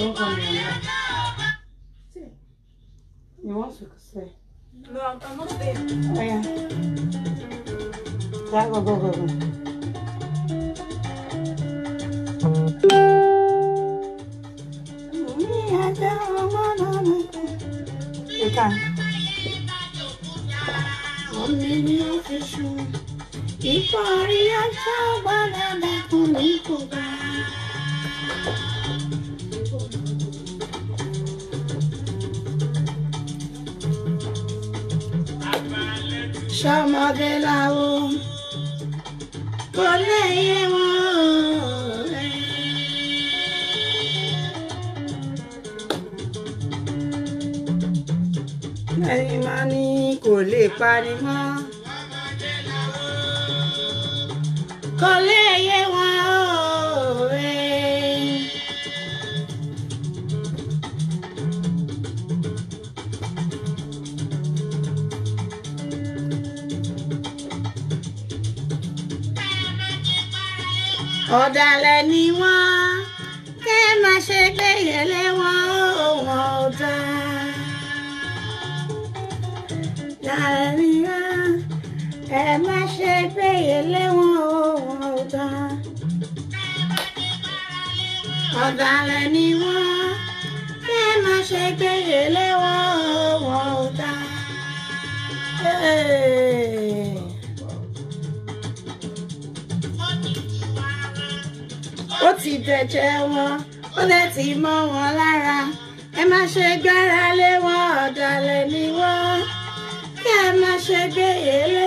Estou comendo. Sim. Nossa, que sei. Não, eu não sei. É. Tá, vou, vou, vou. Vem cá. O menino fechou e faria banana comigo, vai. ṣọmọdé láwo kò lè yé wọn. ẹni máa ní kò lè parí mọ́ kò lè yé wọn. ọ̀dàlẹ̀ ni wọ́n kẹ́ máa ṣe gbẹ̀yẹ̀lẹ̀ wọn ó wọn ò dá. ọ̀dàlẹ̀ ni wọ́n ẹ máa ṣe gbẹ̀yẹ̀lẹ̀ wọn ó wọn ò dá. ọ̀dàlẹ̀ ni wọ́n kẹ́ máa ṣe gbẹ̀yẹ̀lẹ̀ wọn ó wọn ò dá. Hey. ti dẹ̀jẹ̀ wọn ó dẹ̀ ti mọ́ wọn lára ẹ má ṣe gbára lé wọn ọ̀dàlẹ̀ ni wọ́n kí ẹ má ṣe gbé yẹlẹ.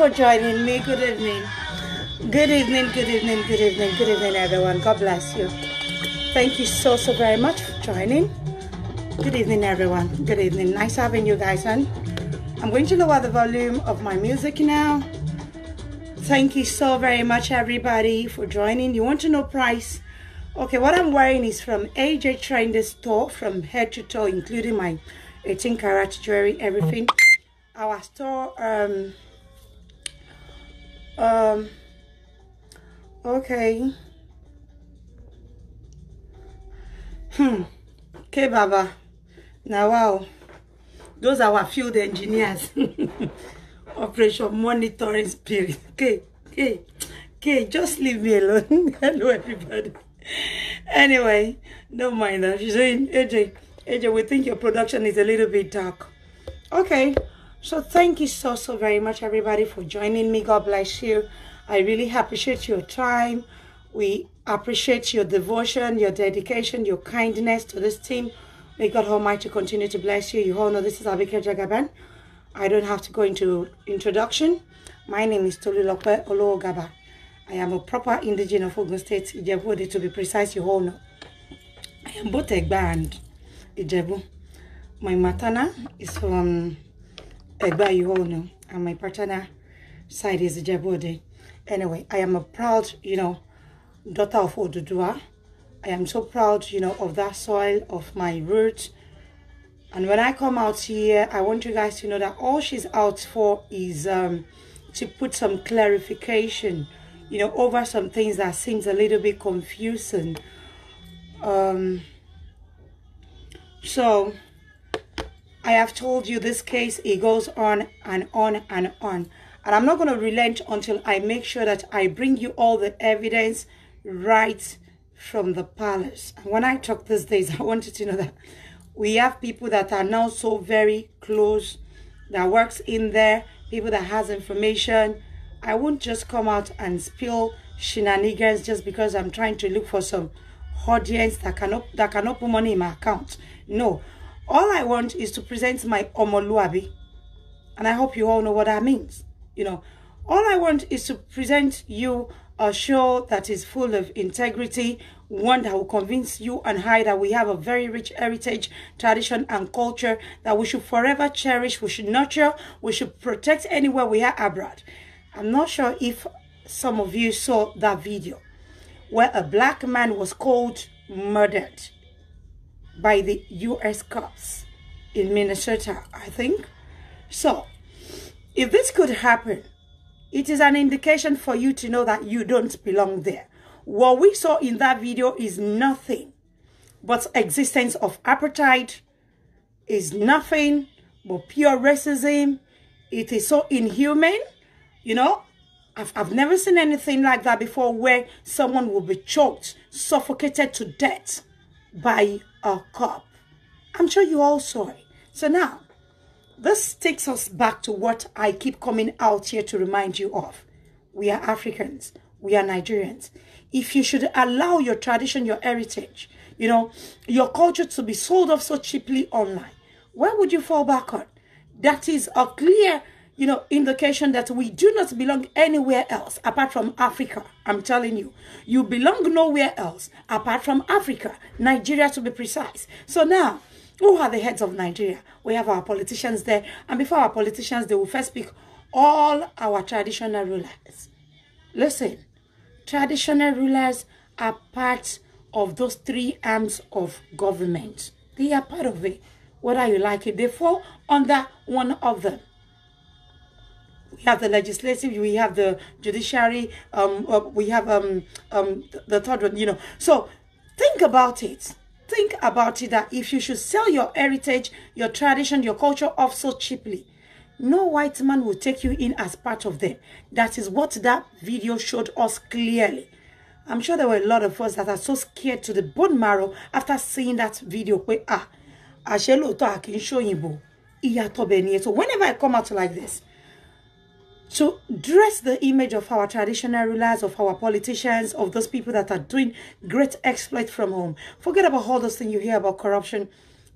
for joining me. Good evening. Good evening, good evening, good evening, good evening, everyone. God bless you. Thank you so, so very much for joining. Good evening, everyone. Good evening. Nice having you guys on. I'm going to lower the volume of my music now. Thank you so very much, everybody, for joining. You want to know price? Okay, what I'm wearing is from AJ Trender store from head to toe, including my 18 karat jewelry, everything. Our store, um, um, okay. Hmm. Okay, Baba. Now, wow. Those are our field engineers. Operation monitoring spirit. Okay, okay, okay. Just leave me alone. Hello, everybody. Anyway, don't mind that. She's saying, AJ, AJ, we think your production is a little bit dark. Okay. So thank you so, so very much, everybody, for joining me. God bless you. I really appreciate your time. We appreciate your devotion, your dedication, your kindness to this team. May God Almighty continue to bless you. You all know this is Abigail Jagaban. I don't have to go into introduction. My name is Tolulope Oloogaba. I am a proper indigenous of Ogun State, Ijebu, to be precise, you all know. I am both Egba and Ijebu. My matana is from... Egba, you all know. And my partner side is Ijebode. Anyway, I am a proud, you know, daughter of Odudua. I am so proud, you know, of that soil, of my roots. And when I come out here, I want you guys to know that all she's out for is um, to put some clarification, you know, over some things that seems a little bit confusing. Um, so I have told you this case, it goes on and on and on. And I'm not going to relent until I make sure that I bring you all the evidence right from the palace. And when I talk these days, I wanted to know that we have people that are now so very close, that works in there, people that has information. I won't just come out and spill shenanigans just because I'm trying to look for some audience that can, that can open money in my account. No, all I want is to present my Omoluabi. And I hope you all know what that means. You know, all I want is to present you a show that is full of integrity, one that will convince you and I that we have a very rich heritage, tradition, and culture that we should forever cherish, we should nurture, we should protect anywhere we are abroad. I'm not sure if some of you saw that video where a black man was called murdered by the U.S. cops in Minnesota, I think. So, if this could happen, it is an indication for you to know that you don't belong there. What we saw in that video is nothing but existence of appetite, is nothing but pure racism. It is so inhuman, you know. I've, I've never seen anything like that before where someone will be choked, suffocated to death by a cup. I'm sure you all saw it. So now, this takes us back to what I keep coming out here to remind you of. We are Africans. We are Nigerians. If you should allow your tradition, your heritage, you know, your culture to be sold off so cheaply online, where would you fall back on? That is a clear you know, indication that we do not belong anywhere else apart from Africa. I'm telling you, you belong nowhere else apart from Africa, Nigeria to be precise. So now, who are the heads of Nigeria? We have our politicians there. And before our politicians, they will first pick all our traditional rulers. Listen, traditional rulers are part of those three arms of government. They are part of it, whether you like it. They fall under one of them we have the legislative, we have the judiciary, um, uh, we have um, um, the third one, you know. So think about it. Think about it that if you should sell your heritage, your tradition, your culture off so cheaply, no white man will take you in as part of them. That is what that video showed us clearly. I'm sure there were a lot of us that are so scared to the bone marrow after seeing that video. Where, ah, í ṣòyìnbó ìyàtọ̀ so whenever I come out like this to dress the image of our traditional rulers, of our politicians, of those people that are doing great exploits from home. Forget about all those things you hear about corruption.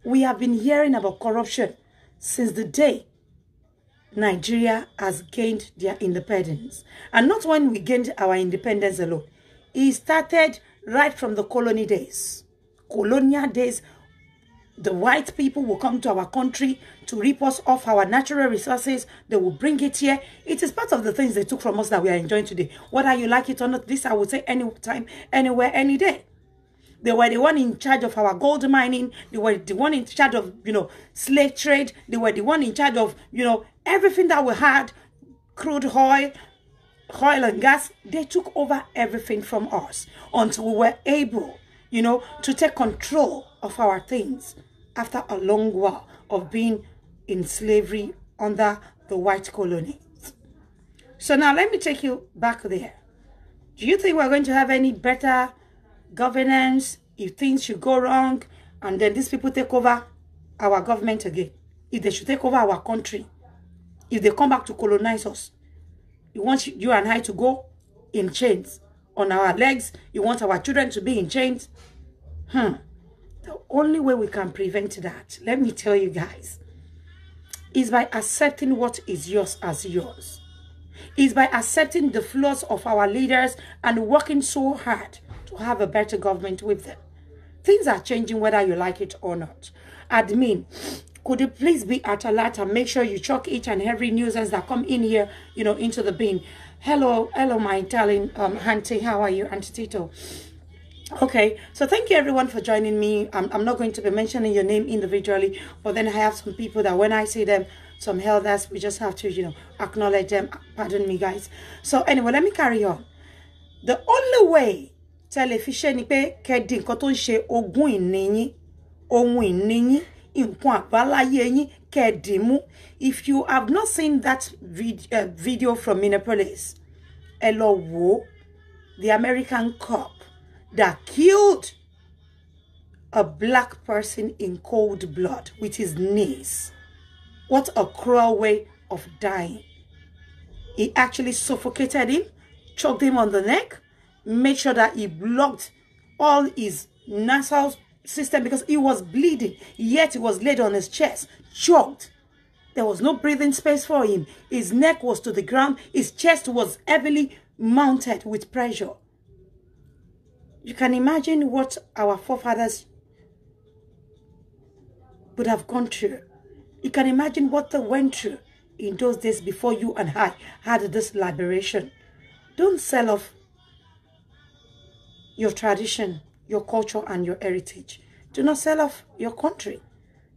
We have been hearing about corruption since the day Nigeria has gained their independence. And not when we gained our independence alone. It started right from the colony days. Colonial days the white people will come to our country to rip us off our natural resources. They will bring it here. It is part of the things they took from us that we are enjoying today. Whether you like it or not, this I would say any time, anywhere, any day. They were the one in charge of our gold mining. They were the one in charge of, you know, slave trade. They were the one in charge of, you know, everything that we had, crude oil, oil and gas. They took over everything from us until we were able, you know, to take control of our things after a long war of being in slavery under the white colonies. So now let me take you back there. Do you think we're going to have any better governance if things should go wrong and then these people take over our government again? If they should take over our country, if they come back to colonize us, you want you and I to go in chains on our legs, you want our children to be in chains? Hmm. The only way we can prevent that, let me tell you guys, is by accepting what is yours as yours. Is by accepting the flaws of our leaders and working so hard to have a better government with them. Things are changing whether you like it or not. Admin, could you please be at alert and make sure you chuck each and every nuisance that come in here, you know, into the bin. Hello, hello, my darling um, auntie. How are you, Auntie Tito? okay so thank you everyone for joining me I'm, I'm not going to be mentioning your name individually but then i have some people that when i see them some elders we just have to you know acknowledge them pardon me guys so anyway let me carry on the only way television kedi kedi mú if you have not seen that eh, video from Minneapolis hello, the American Cup that killed a black person in cold blood with his knees. What a cruel way of dying. He actually suffocated him, choked him on the neck, made sure that he blocked all his nasal system because he was bleeding, yet he was laid on his chest, choked. There was no breathing space for him. His neck was to the ground. His chest was heavily mounted with pressure. You can imagine what our forefathers would have gone through. You can imagine what they went through in those days before you and I had this liberation. Don't sell off your tradition, your culture, and your heritage. Do not sell off your country.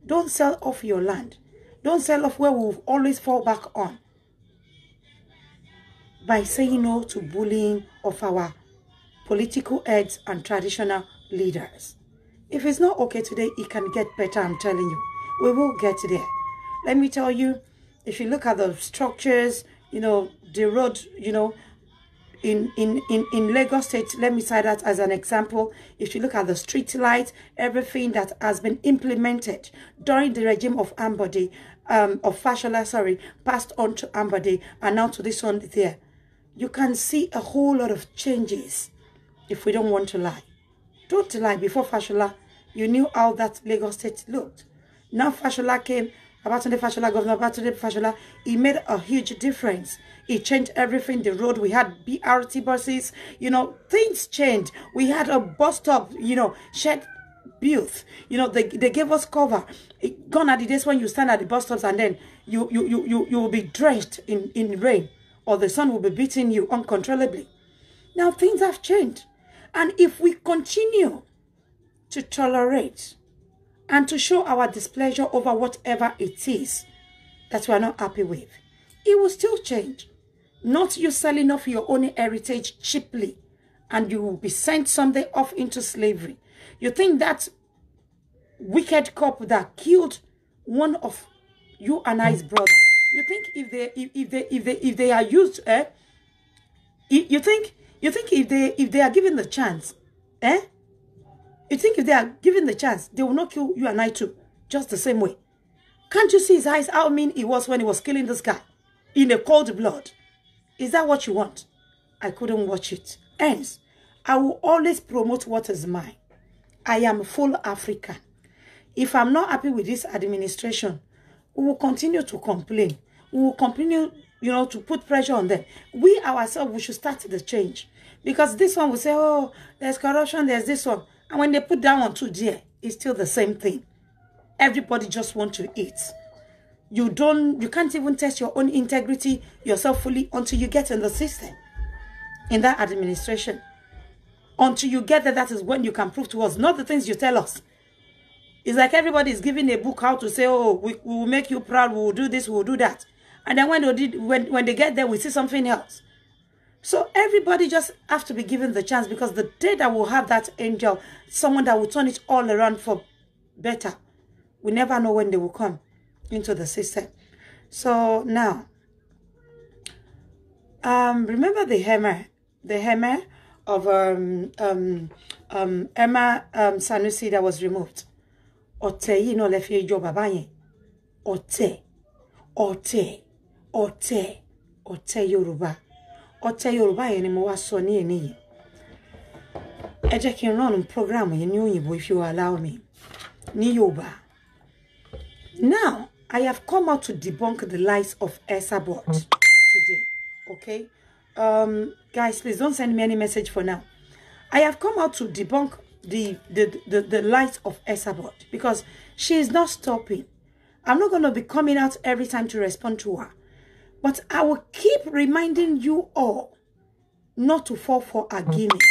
Don't sell off your land. Don't sell off where we always fall back on by saying no to bullying of our political heads and traditional leaders. If it's not okay today, it can get better, I'm telling you. We will get there. Let me tell you, if you look at the structures, you know, the road, you know, in, in, in, in Lagos State, let me cite that as an example. If you look at the street lights, everything that has been implemented during the regime of Ambody, um, of Fashola, sorry, passed on to Ambody and now to this one there, you can see a whole lot of changes if we don't want to lie. Don't lie. Before Fashola, you knew how that Lagos state looked. Now Fashola came, about the Fashola, Governor the Fashola, he made a huge difference. He changed everything. The road, we had BRT buses, you know, things changed. We had a bus stop, you know, shed built. You know, they, they gave us cover. It, gone are the days when you stand at the bus stops and then you, you, you, you, you will be drenched in, in rain or the sun will be beating you uncontrollably. Now things have changed. And if we continue to tolerate and to show our displeasure over whatever it is that we are not happy with, it will still change. Not you selling off your own heritage cheaply and you will be sent someday off into slavery. You think that wicked cop that killed one of you and I's brother, you think if they if, if they if they if they are used, eh? You think you think if they if they are given the chance, eh? You think if they are given the chance, they will not kill you and I too, just the same way. Can't you see his eyes how mean he was when he was killing this guy in the cold blood? Is that what you want? I couldn't watch it. Hence, I will always promote what is mine. I am full African. If I'm not happy with this administration, we will continue to complain. We will continue you know, to put pressure on them. We ourselves, we should start the change. Because this one will say, oh, there's corruption, there's this one. And when they put down on two dear, it's still the same thing. Everybody just want to eat. You don't, you can't even test your own integrity yourself fully until you get in the system, in that administration. Until you get there, that is when you can prove to us, not the things you tell us. It's like everybody is giving a book how to say, oh, we, we will make you proud, we will do this, we will do that. And then when they, did, when, when they get there, we see something else. So everybody just have to be given the chance because the day that we'll have that angel, someone that will turn it all around for better, we never know when they will come into the system. So now, um, remember the hammer, the hammer of um, um, um, Emma um, Sanusi that was removed. Ọ̀tẹ̀ yìí lè jọ Ọ̀tẹ̀. Ọ̀tẹ̀ ọ̀tẹ̀ ọ̀tẹ̀ yorùbá ọ̀tẹ̀ yorùbá yẹn am mo wá sọ ní èní yìí ẹ jẹ́ kí program yẹn ní òyìnbó if you allow me ní yorùbá now I have come out to debunk the lies of Esabot today okay um, guys please don't send me any message for now I have come out to debunk the the the, the light of Esabot because she is not stopping. I'm not going to be coming out every time to respond to her. But I will keep reminding you all not to fall for her gimmicks.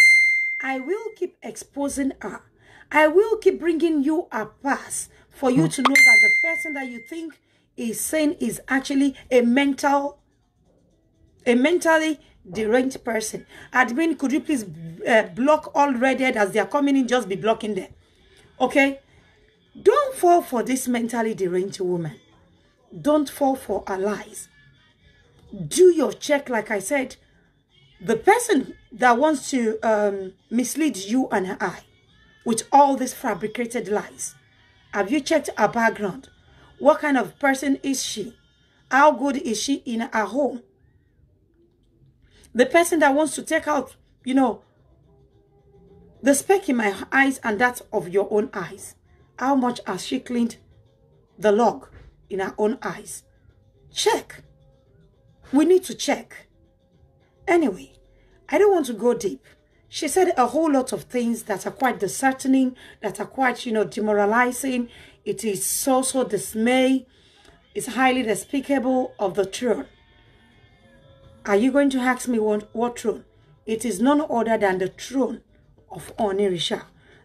I will keep exposing her. I will keep bringing you a pass for you to know that the person that you think is sane is actually a mental, a mentally deranged person. Admin, could you please uh, block all redhead as they are coming in? Just be blocking them. Okay? Don't fall for this mentally deranged woman. Don't fall for her lies do your check like i said the person that wants to um, mislead you and i with all these fabricated lies have you checked her background what kind of person is she how good is she in her home the person that wants to take out you know the speck in my eyes and that of your own eyes how much has she cleaned the log in her own eyes check we need to check. Anyway, I don't want to go deep. She said a whole lot of things that are quite disheartening, that are quite, you know, demoralizing. It is so dismay. It's highly despicable of the throne. Are you going to ask me what, what throne? It is none other than the throne of Onirisha,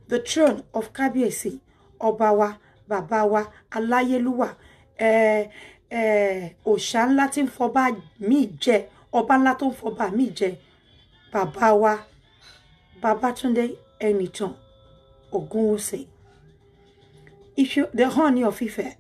the throne of Kabiesi, Obawa, Babawa, Alayeluwa, uh, Eh, òòṣà ńlá tí ń fọba míì jẹ ọba ńlá tó ń fọba míì jẹ bàbá wa Babátúndé Ẹnìtàn Ògúnwùsì if you the honey of Ife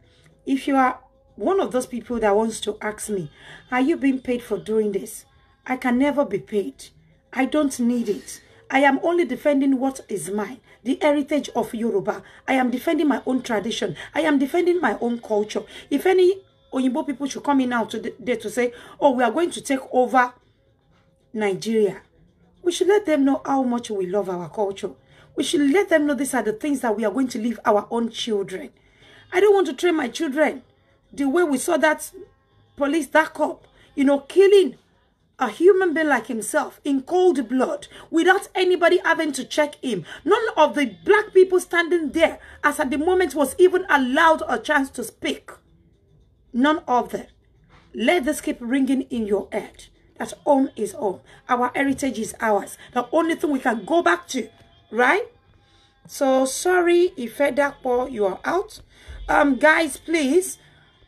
if you are one of those people that wants to ask me are you being paid for doing this I can never be paid I don't need it. I am only defending what is mine, the heritage of Yoruba. I am defending my own tradition. I am defending my own culture. If any Oyinbo people should come in now today to say, oh, we are going to take over Nigeria. We should let them know how much we love our culture. We should let them know these are the things that we are going to leave our own children. I don't want to train my children the way we saw that police, that cop, you know, killing a human being like himself in cold blood without anybody having to check him. None of the black people standing there as at the moment was even allowed a chance to speak. None of that. Let this keep ringing in your head. That home is home. Our heritage is ours. The only thing we can go back to, right? So sorry if Edakpo, you are out. Um, guys, please,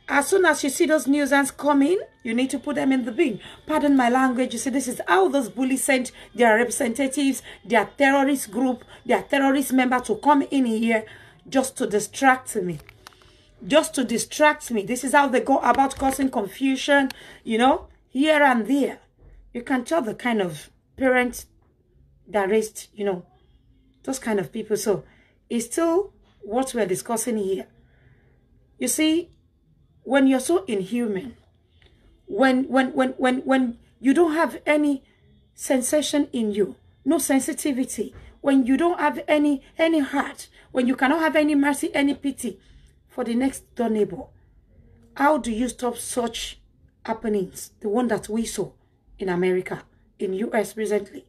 as soon as you see those news ants coming, you need to put them in the bin. Pardon my language. You see, this is how those bullies sent their representatives, their terrorist group, their terrorist member to come in here just to distract me just to distract me. This is how they go about causing confusion, you know, here and there. You can tell the kind of parents that raised, you know, those kind of people. So it's still what we're discussing here. You see, when you're so inhuman, when when when when when you don't have any sensation in you, no sensitivity, when you don't have any any heart, when you cannot have any mercy, any pity, for the next door neighbor. How do you stop such happenings, the one that we saw in America, in US recently?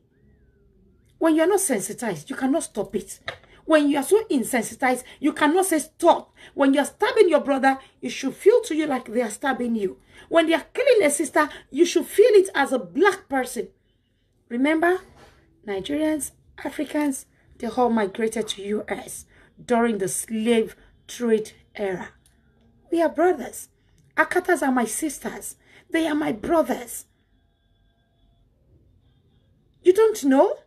When you're not sensitized, you cannot stop it. When you are so insensitized, you cannot say stop. When you're stabbing your brother, it should feel to you like they are stabbing you. When they are killing a sister, you should feel it as a black person. Remember, Nigerians, Africans, they all migrated to US during the slave trade era. We are brothers. Akatas are my sisters. They are my brothers. You don't know?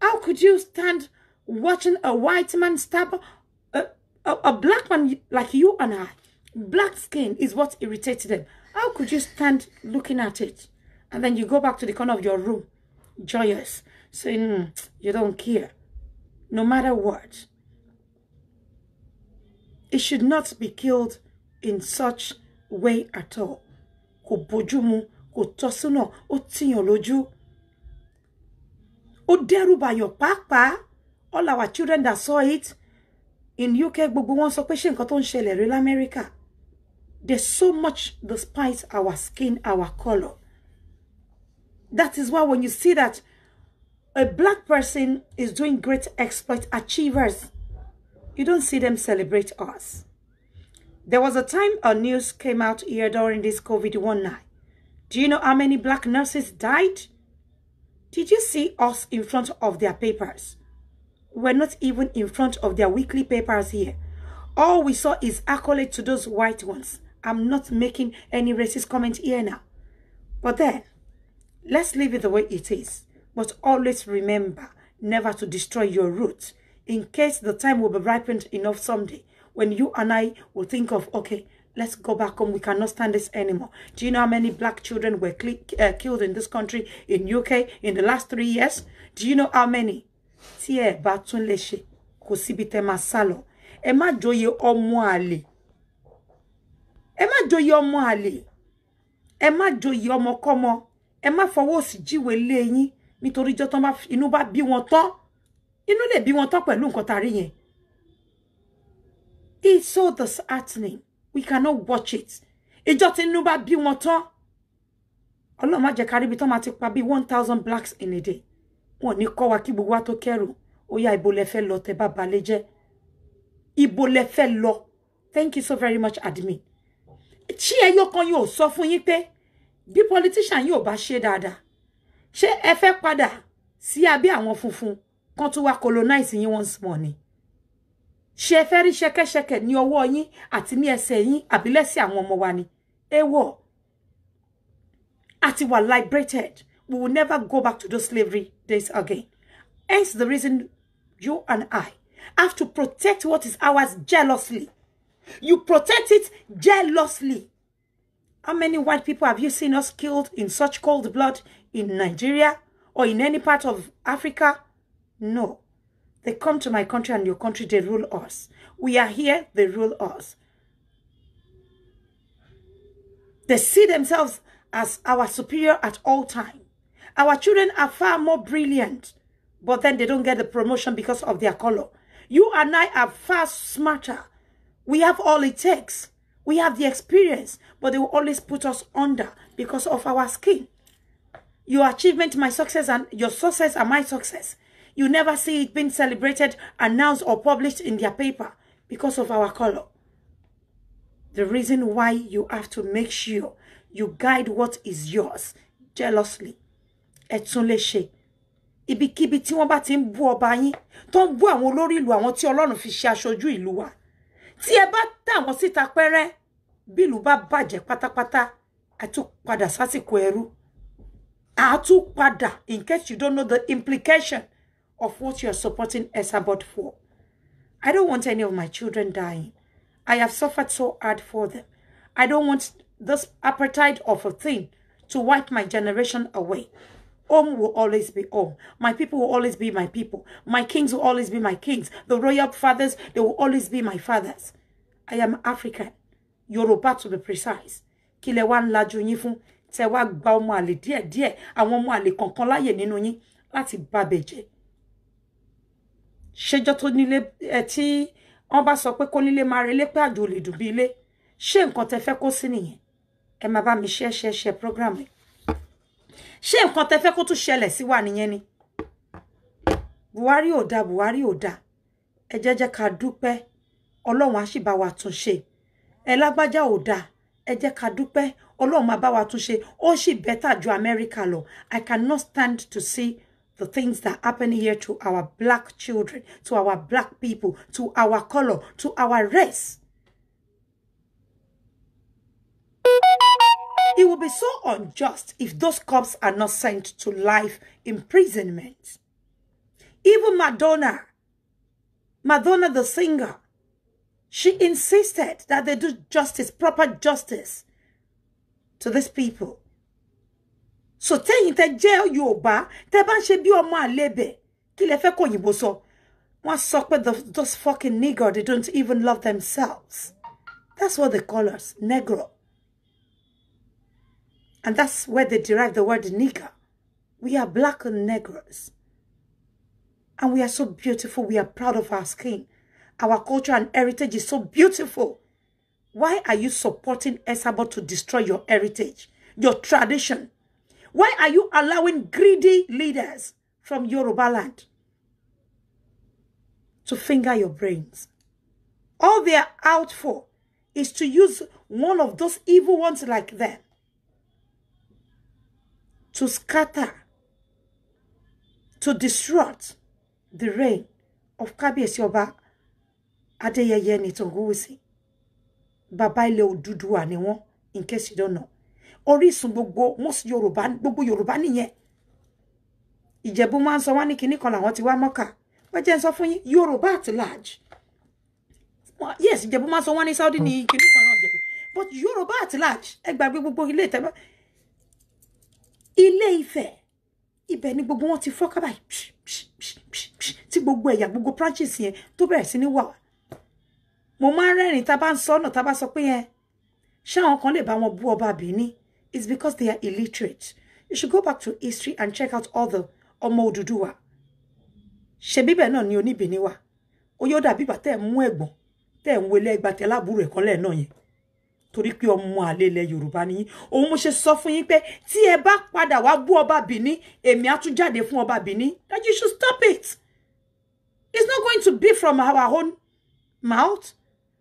How could you stand watching a white man stab a, a, a black man like you and I? Black skin is what irritated them. How could you stand looking at it? And then you go back to the corner of your room, joyous, saying, hmm, you don't care, no matter what. It should not be killed in such way at all. Kò bójúmu, kò tọ́sọ́nà, ó tìyàn o Ó dẹ́rù bàyàn pàápàá. All our children that saw it in UK gbogbo wọn sọ pé ṣé nǹkan tó ń ṣẹlẹ̀ rí l'Amẹ́ríkà. There's so much despite our skin, our color. That is why when you see that a black person is doing great exploit achievers you don't see them celebrate us. There was a time a news came out here during this COVID one night. Do you know how many black nurses died? Did you see us in front of their papers? We're not even in front of their weekly papers here. All we saw is accolade to those white ones. I'm not making any racist comment here now. But then, let's leave it the way it is. But always remember never to destroy your roots in case the time will be ripened enough someday when you and I will think of, okay, let's go back home. We cannot stand this anymore. Do you know how many black children were uh, killed in this country, in UK, in the last three years? Do you know how many? Tí ẹ bá tún lè ṣe, kò síbi tẹ́ ema sá lọ. Ẹ má joyè ọmọ àlè. Ẹ má joyè ọmọ àlè. Ẹ má joyè ọmọkọ́mọ. Ẹ má fọwọ́ sí jíwèé inú lè bí wọn tán pẹ̀lú nǹkan tá a rí yẹn it's so disheartening we cannot watch it ìjọ tí inú bá bí wọn tán ọlọ́run má jẹ́ ká rí ibi tán máa ti pa bíi one thousand blacks in a day wọn ní kọ́ wa kí gbogbo wa tó kẹ́rù ó yá ibo lẹ fẹ́ lọ tẹ bá balẹ̀ jẹ́ ibo lẹ fẹ́ lọ thank you so very much admin ṣí ẹyọ kan yóò sọ fún yín pé bí politician yóò bá ṣe dáadáa ṣé ẹ fẹ́ padà sí abẹ́ àwọn funfun kan tún wá colonize yín once more ni ṣe fẹ́ rí ṣẹkẹ́ṣẹkẹ̀ ní ọwọ́ yín àti ní ẹsẹ̀ yín àbí lẹ́sẹ̀ àwọn ọmọ wa ni ewọ àti wà liberated we will never go back to those slavery days again hence the reason you and I have to protect what is ours jealously you protect it jealously how many white people have you seen us killed in such cold blood in Nigeria or in any part of Africa? No. They come to my country and your country, they rule us. We are here, they rule us. They see themselves as our superior at all time. Our children are far more brilliant, but then they don't get the promotion because of their color. You and I are far smarter. We have all it takes. We have the experience, but they will always put us under because of our skin. Your achievement, my success, and your success are my success. You never see it being celebrated, announced, or published in their paper because of our color. The reason why you have to make sure you guide what is yours jealously. Ẹ tún lè ṣe. Ibikíbi tí wọ́n bá ti ń bú ọba yín, tó ń bú àwọn olórí ìlú àwọn tí Ọlọ́run fi ṣe aṣojú ìlú wa. Tí ẹ bá tà wọ́n síta pẹ́rẹ́, bí ìlú bá bàjẹ́ pátápátá, a tún padà sásìkò ẹrú. in case you don't know the implication of what you're supporting Esabot for. I don't want any of my children dying. I have suffered so hard for them. I don't want this appetite of a thing to wipe my generation away. Home will always be home. My people will always be my people. My kings will always be my kings. The royal fathers, they will always be my fathers. I am African. Yoruba to be precise. Kilewan la ńlajú Tewa fún tẹ́ díẹ̀ díẹ̀ àwọn ọmọ àlè kankan nínú láti babeje. ṣéjọ́ tó nílé ẹ tí wọ́n bá sọ pé kó nílé máa relé pé àjò lè dùn bí ilé ṣé nǹkan tẹ fẹ́ kó sí nìyẹn ẹ máa bá mi ṣe ṣe ṣe program ẹ ṣé nǹkan tẹ fẹ́ kó tún ṣẹlẹ̀ sí wa nìyẹn ni Buhari ò dáa Buhari ò dáa ẹ jẹ́ jẹ́ ká dúpẹ́ Ọlọ́run á sì bá wa tún ṣe ẹ lágbájá ò dáa ẹ jẹ́ ká dúpẹ́ Ọlọ́run máa bá wa tún ṣe ó sì bẹ́tà ju Amẹ́ríkà lọ I cannot stand to see the things that happen here to our black children, to our black people, to our color, to our race. It would be so unjust if those cops are not sent to life imprisonment. Even Madonna, Madonna the singer, she insisted that they do justice, proper justice to these people. so tẹ́yìn tẹ́ jẹ́ Yorùbá tẹ́ bá ń ṣe bí ọmọ àlebẹ̀ kí lẹ fẹ́ kó òyìnbó sọ wọ́n sọ pé those fucking nigger they don't even love themselves that's what they call us negro and that's where they derive the word nigger we are black and negros and we are so beautiful we are proud of our skin our culture and heritage is so beautiful why are you supporting Esabod to destroy your heritage your tradition Why are you allowing greedy leaders from Yoruba land to finger your brains? All they are out for is to use one of those evil ones like them to scatter, to disrupt the reign of Kábíyèsí Ọba Adéyẹyẹ Nítògúwùsì. babaile ilẹ̀ Odùduwà in case you don't know orísun gbogbo most yorùbá gbogbo yorùbá nìyẹn ìjẹ̀bú máa ń sọ wá ní kinní kan làwọn ti wá mọ́kà wọ́n jẹ́ ń sọ fún yín yorùbá at large yes ìjẹ̀bú máa ń sọ wá ní saudi ní hmm. kinní kan náà jẹ̀bú but yorùbá at large ẹ gbàgbé gbogbo ilé ìtẹ́bá ilé ifẹ̀ ibẹ̀ ni gbogbo wọn ti fọ́ kábàáyì tí gbogbo ẹ̀yà gbogbo branches yẹn tó bẹ̀rẹ̀ sí ní wà mo máa ń rẹ́rìn tá a bá ń sọ ọ̀nà tá a bá sọ pé yẹn ṣáwọn kan lè bá wọn bú ọba Benin It's because they are illiterate. You should go back to history and check out all the Omo Odùduwà. Ṣebí no náà ni oníbìíní wà. Ó yóò te ìgbà tẹ́ ẹ̀ mú ẹ̀gbọ́n tẹ́ ẹ̀ ń wọlé ẹgbà tẹ́ láàbúrò ẹ̀kan lẹ́ẹ̀ náà yẹn. Torí pé ọmọ àlè ilẹ̀ Yorùbá ni yín. Òun mo ṣe sọ fún yín pé tí ẹ bá padà wá bú ọba Bìní, èmi That you should stop it. It's not going to be from our own mouth.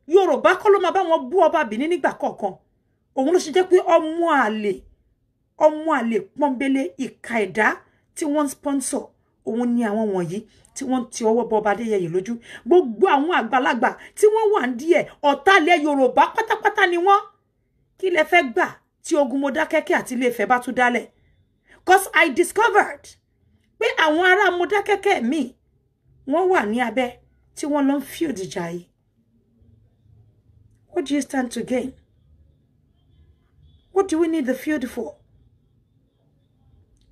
Yoruba kolo ló máa bá wọn bú ọba Bìní nígbà òun ló ṣe jẹ́ pé ọmọ àlè ọmọ àlè pọ́nbélé ìka ẹ̀dá tí wọ́n ń sponsor òun ni àwọn wọ̀nyí tí wọ́n ti ọwọ́ bọ ọba adéyẹyẹ lójú gbogbo àwọn àgbàlagbà tí wọ́n wà ń díẹ̀ ọ̀tálẹ̀ yorùbá pátápátá ni wọ́n kí lẹ fẹ́ gbà tí ogun Mọdákẹ́kẹ́ àti Ilé-Ifẹ̀ bá tún dálẹ̀ cause i discovered pé àwọn ará Mọdákẹ́kẹ́ mi wọ́n wà ní abẹ́ tí wọ́n lọ ń fi òdìjà yìí what do you stand to gain What do we need the field for?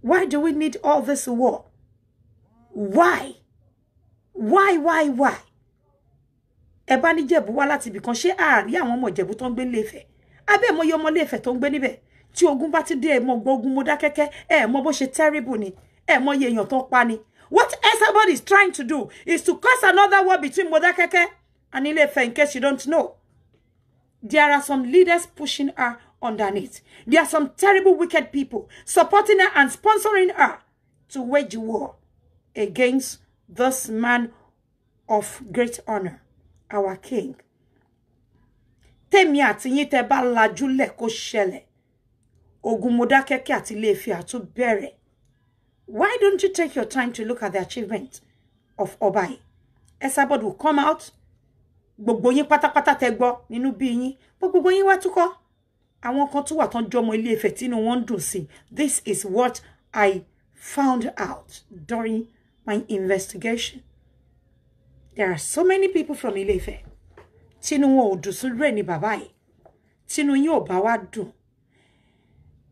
Why do we need all this war? Why? Why, why, why? Ẹ bá ní Jẹ̀bú wá láti ibìkan ṣé àárí àwọn ọmọ Jẹ̀bú tó ń gbé léfẹ̀. Abẹ́ mọ iye ọmọ léfẹ̀ tó ń gbé níbẹ̀. Tí ogun bá ti dé ẹ̀mọ gbógun Mọdákẹ́kẹ́ ẹ̀ mọ bó ṣe terrible ni ẹ̀ mọ iye èèyàn tó pa ni. What everybody is trying to do is to cause another war between Mọdákẹ́kẹ́ and ilé in case you don't know. There are some leaders pushing her underneath. There are some terrible, wicked people supporting her and sponsoring her to wage war against this man of great honor, our king. Tèmi àti yín tẹ́ bá lajú lẹ̀ kó ṣẹlẹ̀. Ogun Modakeke àti Ilé-Ifẹ̀ á tún Why don't you take your time to look at the achievement of Obai? Esabod will come out. Gbogbo yin pátápátá tẹ́ gbọ́ nínú bí yín. Gbogbo yín wá túkọ́ àwọn kan tó wà tán jọmọ ilé Ifẹ̀ tínú wọn ń dùn sí this is what I found out during my investigation there are so many people from Ilé Ifẹ̀ tínú wọn ò dùn sún rẹ̀ ní bàbá yìí tínú yín ò bá wá dùn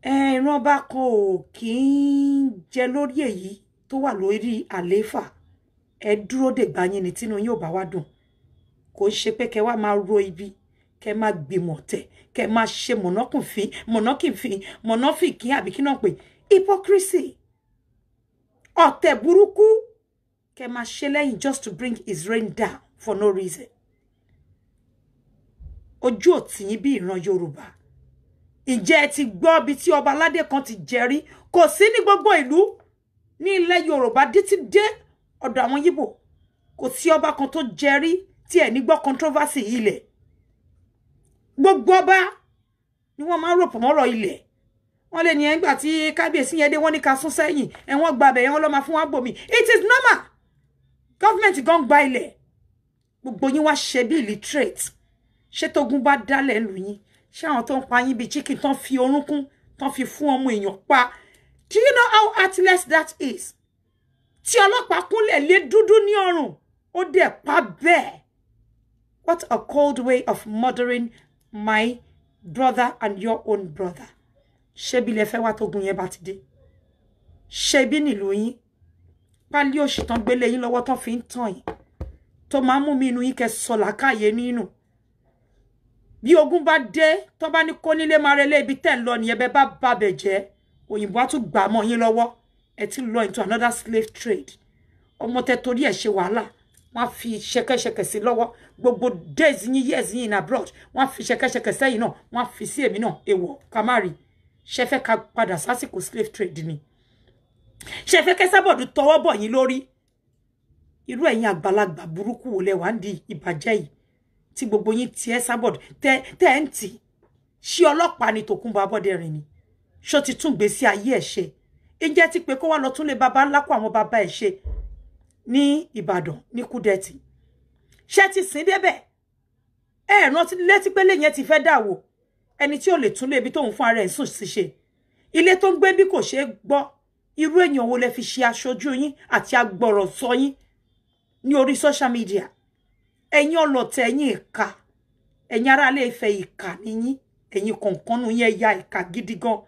ẹran ọba kan ò kì í jẹ lórí èyí tó wà lórí àlééfà ẹ dúró dègbà yín ni tínú yín ò bá wá dùn kò ń ṣe pé kẹ wá máa ro ibi kẹ máa gbìmọ̀ tẹ̀ kẹ máa ṣe mọ̀nàkùnfin mọ̀nàkìnfin mọ̀nàfìkì àbí kí náà pè hypocrisy ọ̀tẹ̀ burúkú kẹ máa ṣe lẹ́yìn just to bring his rain down for no reason ojú òtí yín bí ìran Yorùbá ǹjẹ́ ẹ ti gbọ́ ibi tí ọba aládé kan ti jẹ́rí kò sí ní gbogbo ìlú ní ilẹ̀ Yorùbá títí dé ọ̀dọ̀ àwọn Yíbò kò sí ọba kan tó jẹ́rí tí ẹ̀ ní gbọ́ controversy yìí lẹ̀ gbogbo ọba ni wọ́n máa ń ròpọ̀ mọ́rọ̀ ilẹ̀ wọ́n lè ní ẹ̀ tí kábíyèsí yẹn dé wọ́n ní ká sún sẹ́yìn ẹ̀wọ̀n gba abẹ̀ yẹn wọ́n fún wa gbòmí it is normal gọ́fìmẹ̀ntì gan gba ilẹ̀ gbogbo yín wá ṣe bí illiterate ṣé tógun bá dálẹ̀ lù yín ṣé àwọn tó ń pa yín bíi chicken tán fi orúnkún tán fi fún ọmọ èèyàn pa do you know how heartless that is tí ọlọ́pàá kúnlẹ̀ lé dúdú ní ọrùn ó dẹ̀ pa bẹ́ẹ̀ what a cold way of murdering my brother and your own brother ṣebí lẹ fẹ́ wá tógun yẹn bá ti dé ṣebí nílùú yín pálí òṣì tán gbélé yín lọ́wọ́ tán fi ń tàn yín tó máa ń mú mi inú ke solaka sọ làákàyè nínú bí ogun bá dé tó bá ní kó nílé máa relé lo tẹ̀ ń lọ nìyẹn bẹ́ẹ̀ bá bàbẹ̀ jẹ́ òyìnbó á tún gbà mọ́ yín lọ́wọ́ ẹ ti lọ into another slave trade ọmọ tẹ torí ẹ̀ ṣe wàhálà wọ́n á fi ṣẹ̀kẹ̀ṣẹ̀kẹ̀ sí lọ́wọ́ gbogbo days yín years yín in abroad wọ́n á fi ṣẹ̀kẹ̀ṣẹ̀kẹ̀ sẹ́yìn náà wọ́n á fi sí èmi náà èèwọ̀ ká má ká padà sásìkò slave trade ni ṣe fẹ́ kẹ́ sábọ̀dù tọwọ́ bọ̀ yín lórí irú ẹ̀yin àgbàlagbà burúkú wo lẹ wà ń di ìbàjẹ́ yìí tí gbogbo yín tiẹ́ sábọ̀dù tẹ́ tẹ́ ń tì ṣí ọlọ́pàá ni Tòkunbọ̀ Abọ́dẹrìn ni ṣó ti tún gbèsè ayé ẹ̀ ṣe ǹjẹ́ ti pé kó wá lọ tún lè baba ńlá kó àwọn baba ẹ̀ ṣe Ni Ìbàdàn ni kudeti. ṣé ti sìn débẹ̀ ẹ rántí létí pé lẹ́yìn ti fẹ́ dà wò ẹni tí ò lè tún lé ibi tóun fún ara ẹ̀ sùn sí ṣe ilé tó ń gbé bí kò ṣeé gbọ́ irú wo lẹ fi ṣe aṣojú yín àti agbọ̀rọ̀ sọ yín ní orí social media ẹ̀yin ọlọ̀tẹ̀ ẹ̀yin ìka ẹ̀yin aráalé Ifẹ̀ ìka nìyí ẹ̀yin kọ̀ọ̀kan nù yẹn ya ìka gidi gan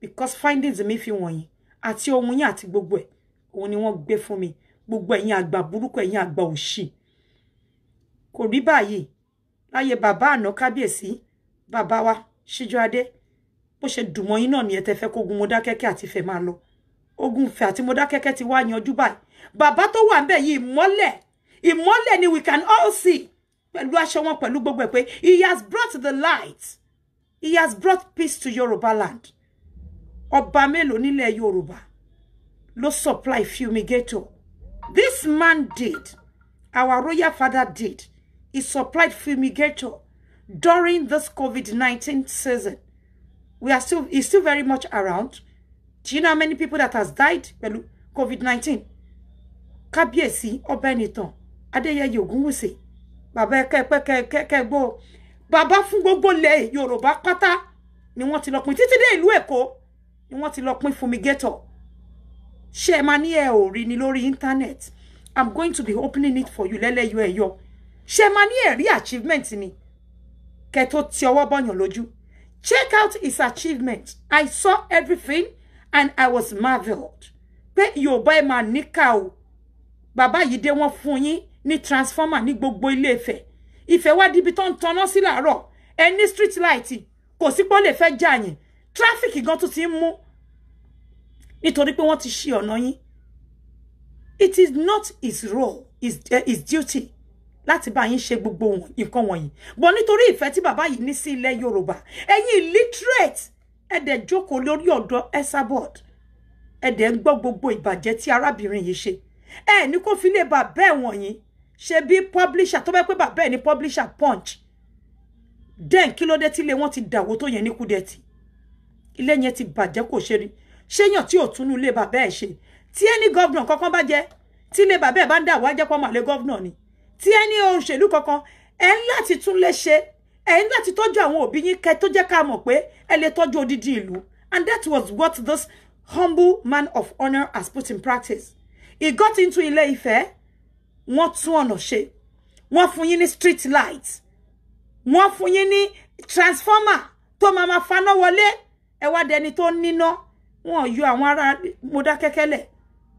because findings mi fi wọ̀nyí àti ohun yín àti gbogbo ẹ̀ òun ni wọ́n gbé fún mi gbogbo ẹ̀yin àgbà burúkú ẹ̀yin àgbà òṣì kò rí báyìí láyé bàbá àná kábíyèsí bàbá wa Síjúadé bó ṣe dùnmọ́ yín náà nìyẹn tẹ́ fẹ́ kógun Mọdákẹ́kẹ́ àti Ifẹ̀ máa lọ ogun Ifẹ̀ àti Mọdákẹ́kẹ́ ti wá yanjú báyìí bàbá tó wà ńbẹ̀ yìí ìmọ́lẹ̀ ìmọ́lẹ̀ ni we can all see pẹ̀lú aṣọ wọn pẹ̀lú gbogbo ẹ̀ pé he has brought the light he has brought peace to Yorùbá land ọba mélòó nílẹ̀ Yorùbá ló supply fumigator This man did, our royal father did, he supplied fumigator during this COVID-19 season. We are still, he's still very much around. Do you know how many people that has died pẹ̀lú COVID-19? Kábíyèsí Ọbẹ̀nìtàn, Adéyẹyè Ògúnwùsì, bàbá kẹ́kẹ́kẹ́kẹ́gbó, bàbá fún gbogbo ilẹ̀ Yorùbá pátá ni wọ́n ti lọ pín títí dé ìlú Èkó ni wọ́n ti lọ pín fumigator ṣé ẹ máa ní ẹ ò rí ni lórí internet i'm going to be opening it for you lẹ́lẹ́yọ ẹ̀yọ ṣé ẹ máa ní ẹ̀rí achievement ni kẹ́ tó ti ọwọ́ bọ̀yàn lójú check out his achievement i saw everything and i was marvelled pé yorùbá ẹ máa níkà o bàbá yìí dé wọ́n fún yín ní transformer ní gbogbo ilé Ifẹ̀ Ifẹ̀ wá dibi tó ń tanná sí làárọ̀ ẹ ní street light kò sí pé ó lè fẹ́ gan tó ti ń mú nítorí pé wọ́n ti ṣí ọ̀nà yín it is not his role his, uh, his duty láti bá yín ṣe gbogbo nǹkan wọ̀nyí bọ̀ nítorí ìfẹ́ tí bàbá yìí ní sí ilẹ̀ Yorùbá ẹ̀yin illiterate ẹ̀dẹ̀ jókòó lórí ọ̀dọ̀ Esabod ẹ̀dẹ̀ ń gbọ́ gbogbo ìbàjẹ́ tí arábìnrin yìí ṣe ẹ̀ ní kó fi lè bàbá ẹ̀ wọ̀nyí ṣe bí publisher tó bẹ́ pé bàbá ẹ̀ ní publisher punch den kí ló dé tí ilé wọn ti dàwó tó yẹn ní kúdẹ́tì ilé yẹn ti bàjẹ́ kò ṣe rí ṣéyàn tí ò túnú ilé bàbá ẹ̀ ṣe tí ẹni gọ́vnà kankan bá jẹ tí ilé bàbá ẹ̀ bá ń dà wá jẹ́ pọ́nmọ́ àlẹ́ gọ́vnà ni tí ẹni òṣèlú kankan ẹ̀ ń láti tún lé ṣe ẹ̀ ń láti tọ́jú àwọn òbí yín kẹ́ tó jẹ́ ká mọ̀ pé ẹ lè odidi ìlú and that was what this humble man of honor has put in practice he got into Ilé Ifẹ̀ wọ́n tún ọ̀nà ṣe wọ́n fún yín ní street light wọ́n fún yín ní transformer tó máa ma faná wọlé ẹ wá dẹni tó níná wọn yọ àwọn ará Mọdákẹ́kẹ́ lẹ̀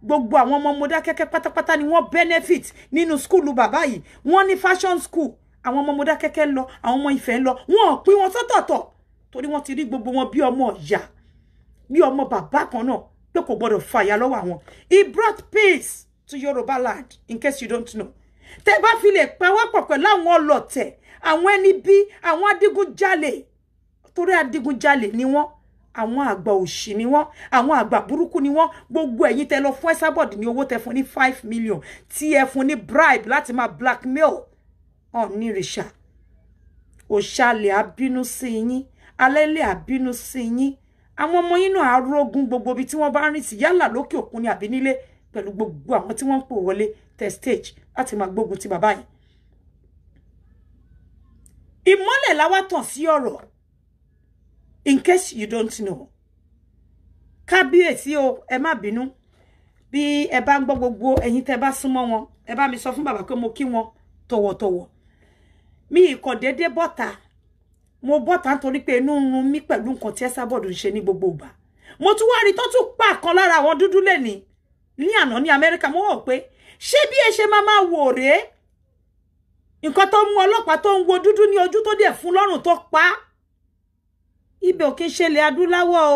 gbogbo àwọn ọmọ Modakeke. pátápátá ni wọ́n benefit nínú skúlù bàbá yìí wọ́n ní fashion school àwọn ọmọ Mọdákẹ́kẹ́ lọ àwọn ọmọ ife. lọ wọn ò pín wọn sọ́tọ̀ọ̀tọ̀ torí wọ́n ti rí gbogbo wọn bí ọmọ ìyá bí ọmọ bàbá kan náà pé kò gbọdọ̀ fàyà lọ́wọ́ àwọn he brought peace to Yorùbá land in case you don't know tẹ bá fi lè pawọ́pọ̀ pẹ̀lú àwọn ọlọ̀tẹ̀ àwọn ẹni bí jale? adigunjalè torí adigunjalè ni wọ́n àwọn àgbà òṣì ni wọ́n àwọn àgbà burúkú ni wọ́n gbogbo ẹ̀yin tẹ lọ fún Esabod ní owó tẹ fún ní five million tí ẹ fún ní bribe láti máa blackmail ọ̀nìrìṣà òṣàlẹ̀ àbínú sí yín alẹ́lẹ̀ àbínú sí yín àwọn ọmọ yín náà arógun gbogbo ibi tí wọ́n bá rìn sí yálà lókè òkun ni àbí nílé pẹ̀lú gbogbo àwọn tí wọ́n ń pò wọlé tẹ stage láti máa gbógun ti bàbá yìí ìmọ́lẹ̀ la wá tàn sí ọ̀rọ̀ in case you don't know kábíyèsí o ẹ má binu bi ẹ bá ń gbọ́ gbogbo ẹ̀yin tẹ́ bá súnmọ́ wọn ẹ bá mi sọ fún bàbá pé mo kí wọn tọ̀wọ̀tọ̀wọ̀ mi ko dede bọ́ta mo bọ́ta nítorí pe inú ń run mí pẹ̀lú nǹkan tí Esabod ń ṣe ní gbogbo ìgbà mo tún wá rí tó tún pa kan lára àwọn dúdú lẹ́ni ní àná ní Amẹ́ríkà mo wọ̀ pé ṣé bí ẹ ṣe máa máa wò rèé nǹkan tó mú ọlọ́pàá tó ń wo dúdú ní ojú tó dẹ̀ fún lọ́rùn tó pa ibẹ̀ ò kí ń ṣẹlẹ̀ adúláwọ̀ o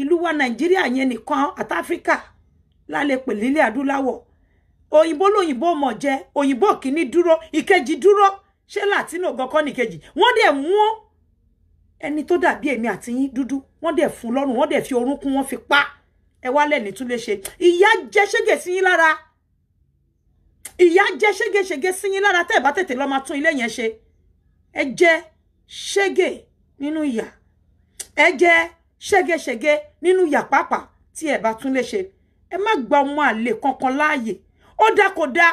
ìlú wa nàìjíríà yẹn nìkan àti áfíríkà lálẹ́ pèlélẹ̀ adúláwọ̀ òyìnbó lòyìnbó mọ̀ jẹ òyìnbó kìíní dúró ìkejì dúró ṣé latino gọkọ nìkejì wọ́n dẹ̀ mú ẹni tó dàbí èmi àti yín dúdú wọ́n dẹ̀ fún lọ́rùn wọ́n dẹ̀ fi orúnkún wọ́n fi pa ẹ wá lẹ́ni tún lè ṣe ìyá jẹ ṣége sí yín lára ìyá jẹ ṣége ṣége sí yín lára tẹ́ ẹ bá tètè lọ máa tún ilé yẹn ṣe ẹ jẹ ṣége nínú ìyá ẹ jẹ́ ṣégeṣége nínú yàpápá tí ẹ bá tún lè ṣe ẹ má gba ọmọ àlè kankan láàyè ó dá kó dá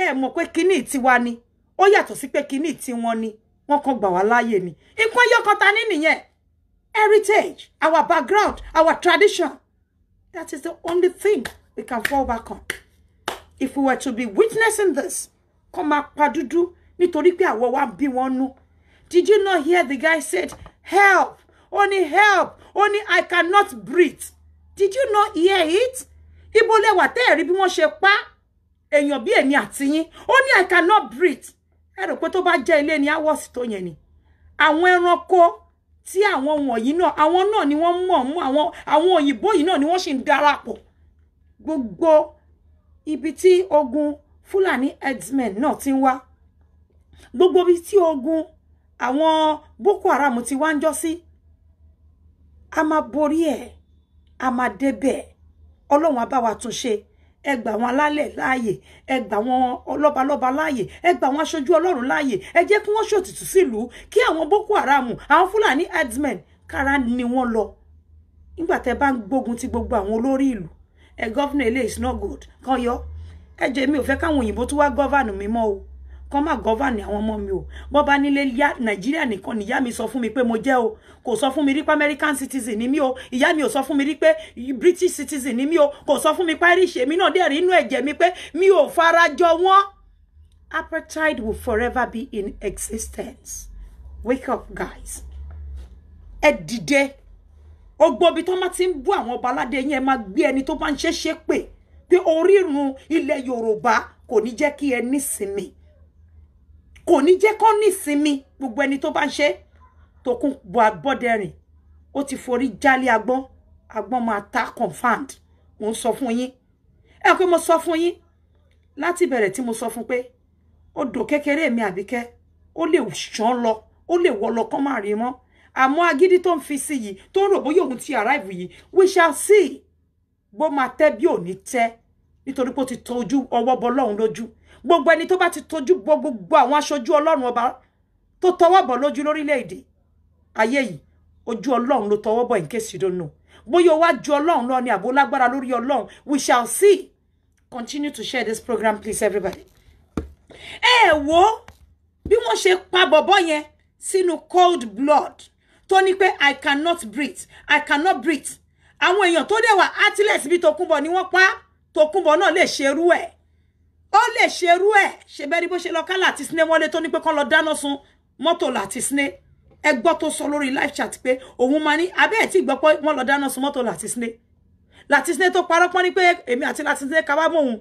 ẹ mọ̀ pé kinní tiwa ni ó yàtọ̀ sí pé kinní tiwọn ni wọ́n kàn gbà wá láàyè ni nǹkan yọkan ní nìyẹn heritage our background our tradition that is the only thing we can fall back on if we were to be witnessing this kọ́ máa pa dúdú nítorí pé àwọ̀ wa bí wọ́n nú did you not hear the guy said help Only help only i cannot breathe did you not hear it ibo lẹwà tẹ́ẹ̀rí bí wọ́n ṣe pa èèyàn bí èmi àti yín ó i cannot breathe Ero rò pé tó bá jẹ́ ilé ni awọ́sì tó yẹn ni àwọn ẹranko tí àwọn wọ̀nyí náà àwọn náà ni wọ́n mọ̀ mú àwọn àwọn òyìnbó yìí náà ni wọ́n sì ń darapọ̀ gbogbo ibi tí ogun Fúlàní herdsmen náà ti ń wá gbogbo ibi tí ogun àwọn Boko Haram ti wá ń jọ a máa borí ẹ̀ a máa débẹ̀ ọlọ́run á bá wa tún ṣe ẹ gbà wọn alálẹ̀ láàyè ẹ gbà wọn ọlọ́balọ́ba láàyè ẹ gbà wọn aṣojú ọlọ́run láàyè ẹ jẹ́ kí wọ́n ṣòtítù sílùú kí àwọn boko haram àwọn fúlàní herdsmen kára ni wọ́n lọ nígbà tẹ́ bá ń gbógun ti gbogbo àwọn olórí ìlú ẹ gọ́fìnà eléyìí is not good kan yọ ẹ jẹ́ mi ò fẹ́ káwọn òyìnbó tún wá gọ́vànù mi mọ́ o kọ́ má gọ́vànì àwọn ọmọ mi o bọ́ bá nílé yá nàìjíríà nìkan nìyá mi sọ fún mi pé mo jẹ́ o kò sọ fún mi rí pé american citizen ni mí o ìyá mi ò sọ fún mi rí pé british citizen ni mí o kò sọ fún mi pé irish èmi náà dẹ̀ rí inú ẹ̀jẹ̀ mi pé mi ò farajọ wọn. apartheid will forever be in existence wake up guys ẹ dìde ọgbọ́n ibi tó máa ti ń bú àwọn ọba aládé yẹn máa gbé ẹni tó bá ń ṣeéṣe pé pé orírun ilẹ̀ yorùbá kò ní jẹ́ kí ẹ nísinmi kò ní jẹ́ kó nísinmi gbogbo ẹni tó bá ń ṣe tòkun bọ agbọ́dẹrìn ó ti forí jálé agbọ́n agbọ́n máa ta confirmed mo ń sọ fún yín ẹ pé mo sọ fún yín láti bẹ̀rẹ̀ tí mo sọ fún pé odò kékeré mi àbíkẹ́ ó lè ṣán lọ ó lè wọ lọ kán má rí mọ́ àmọ́ agídí tó ń fi sí yìí tó ń rò bóyá òun ti arrive yìí we shall see bó máa tẹ́ bí ò ní tẹ́ nítorí pé ó ti tọ́jú ọwọ́ bọ́ lọ́hùn lójú gbogbo ẹni tó bá ti tojú bọ gbogbo àwọn aṣojú ọlọ́run ọba tó tọwọ́ bọ̀ lójú lórílẹ̀‐èdè ayé yìí ojú ọlọ́run ló tọwọ́ bọ̀ in case you don't know bóyá o wá ju ọlọ́run lọ ni àbó lágbára lórí ọlọ́run we shall see continue to share this program please everybody. ẹ ẹ wo bí wọ́n ṣe pa bọ̀bọ̀ yẹn sínú cold blood tó ní pé i cannot breathe i cannot breathe àwọn èèyàn tó dẹ̀ wà heartless bíi Tòkunbọ̀ ni wọ́n pa Tòkunbọ̀ náà lè ṣerú ẹ̀ ó lè ṣerú ẹ̀ ṣe bẹ́ẹ̀ ni bó ṣe lọ ká láti siné wọlé tó ní pé kán lọ dáná sun mọ́tò láti siné ẹ gbọ́ tó sọ lórí live chat pé òun máa ní abẹ́ ẹ̀ tí gbọ́ pé wọ́n lọ dáná sun mọ́tò láti siné láti siné tó parọ́ pọ́n ní pé èmi àti láti siné ká wá mọ̀ òun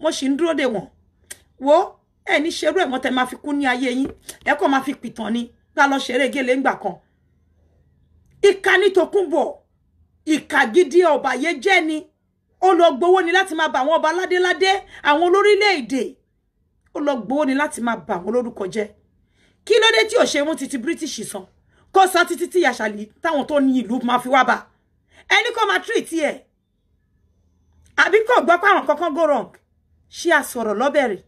mo ń dúró de wọ́n wo ẹ ní ṣerú ẹ̀ mọ́ tẹ máa fi kú ní ayé yín ẹ kọ́ máa fi pìtàn ni bá lọ ṣeré gèlè ńgbà kan ìka ní tòkúnbọ̀ ìka gidi ọ̀bàyéjẹ́ ni ó lọ gbowó ni lati máa bà àwọn ọba ládéládé àwọn olórílẹ̀-èdè ó lọ gbowó ni lati máa bà àwọn olórúkọ jẹ́ kí ló dé tí ò ṣe mú títí british san kó san títí tí àṣàlì táwọn tó ní ìlú máa fi wá bá ẹni kó máa treat ẹ àbí kò gbọ́ pàrọ̀ kankan go wrong ṣé a sọ̀rọ̀ lọ́bẹ̀rẹ̀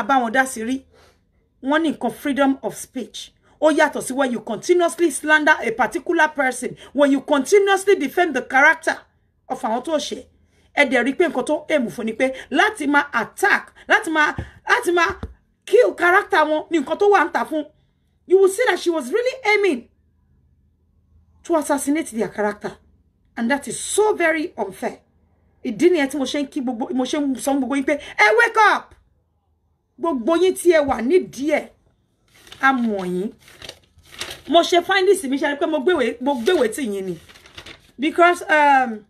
àbáwọn dá sí rí wọ́n ní freedom of speech ó yàtọ̀ sí when you continuously slander a particular person when you continuously defend the character of àwọn tó ṣe ẹ dẹ̀ rí pé nǹkan tó èmù fún ni pé láti máa attack láti máa láti máa kill character wọn ní nǹkan tó wà ń tà fún you will see that she was really aiming to assassinate their character and that is so very unfair ìdí nìyẹn tí mo ṣe ń kí gbogbo mo ṣe ń sọ gbogbo yín pé ẹ wake up gbogbo yín tí ẹ wà nídìí ẹ a mọ̀ yín mo ṣe findings mi ṣe pé mo gbéwèé tí yín ni because. Um,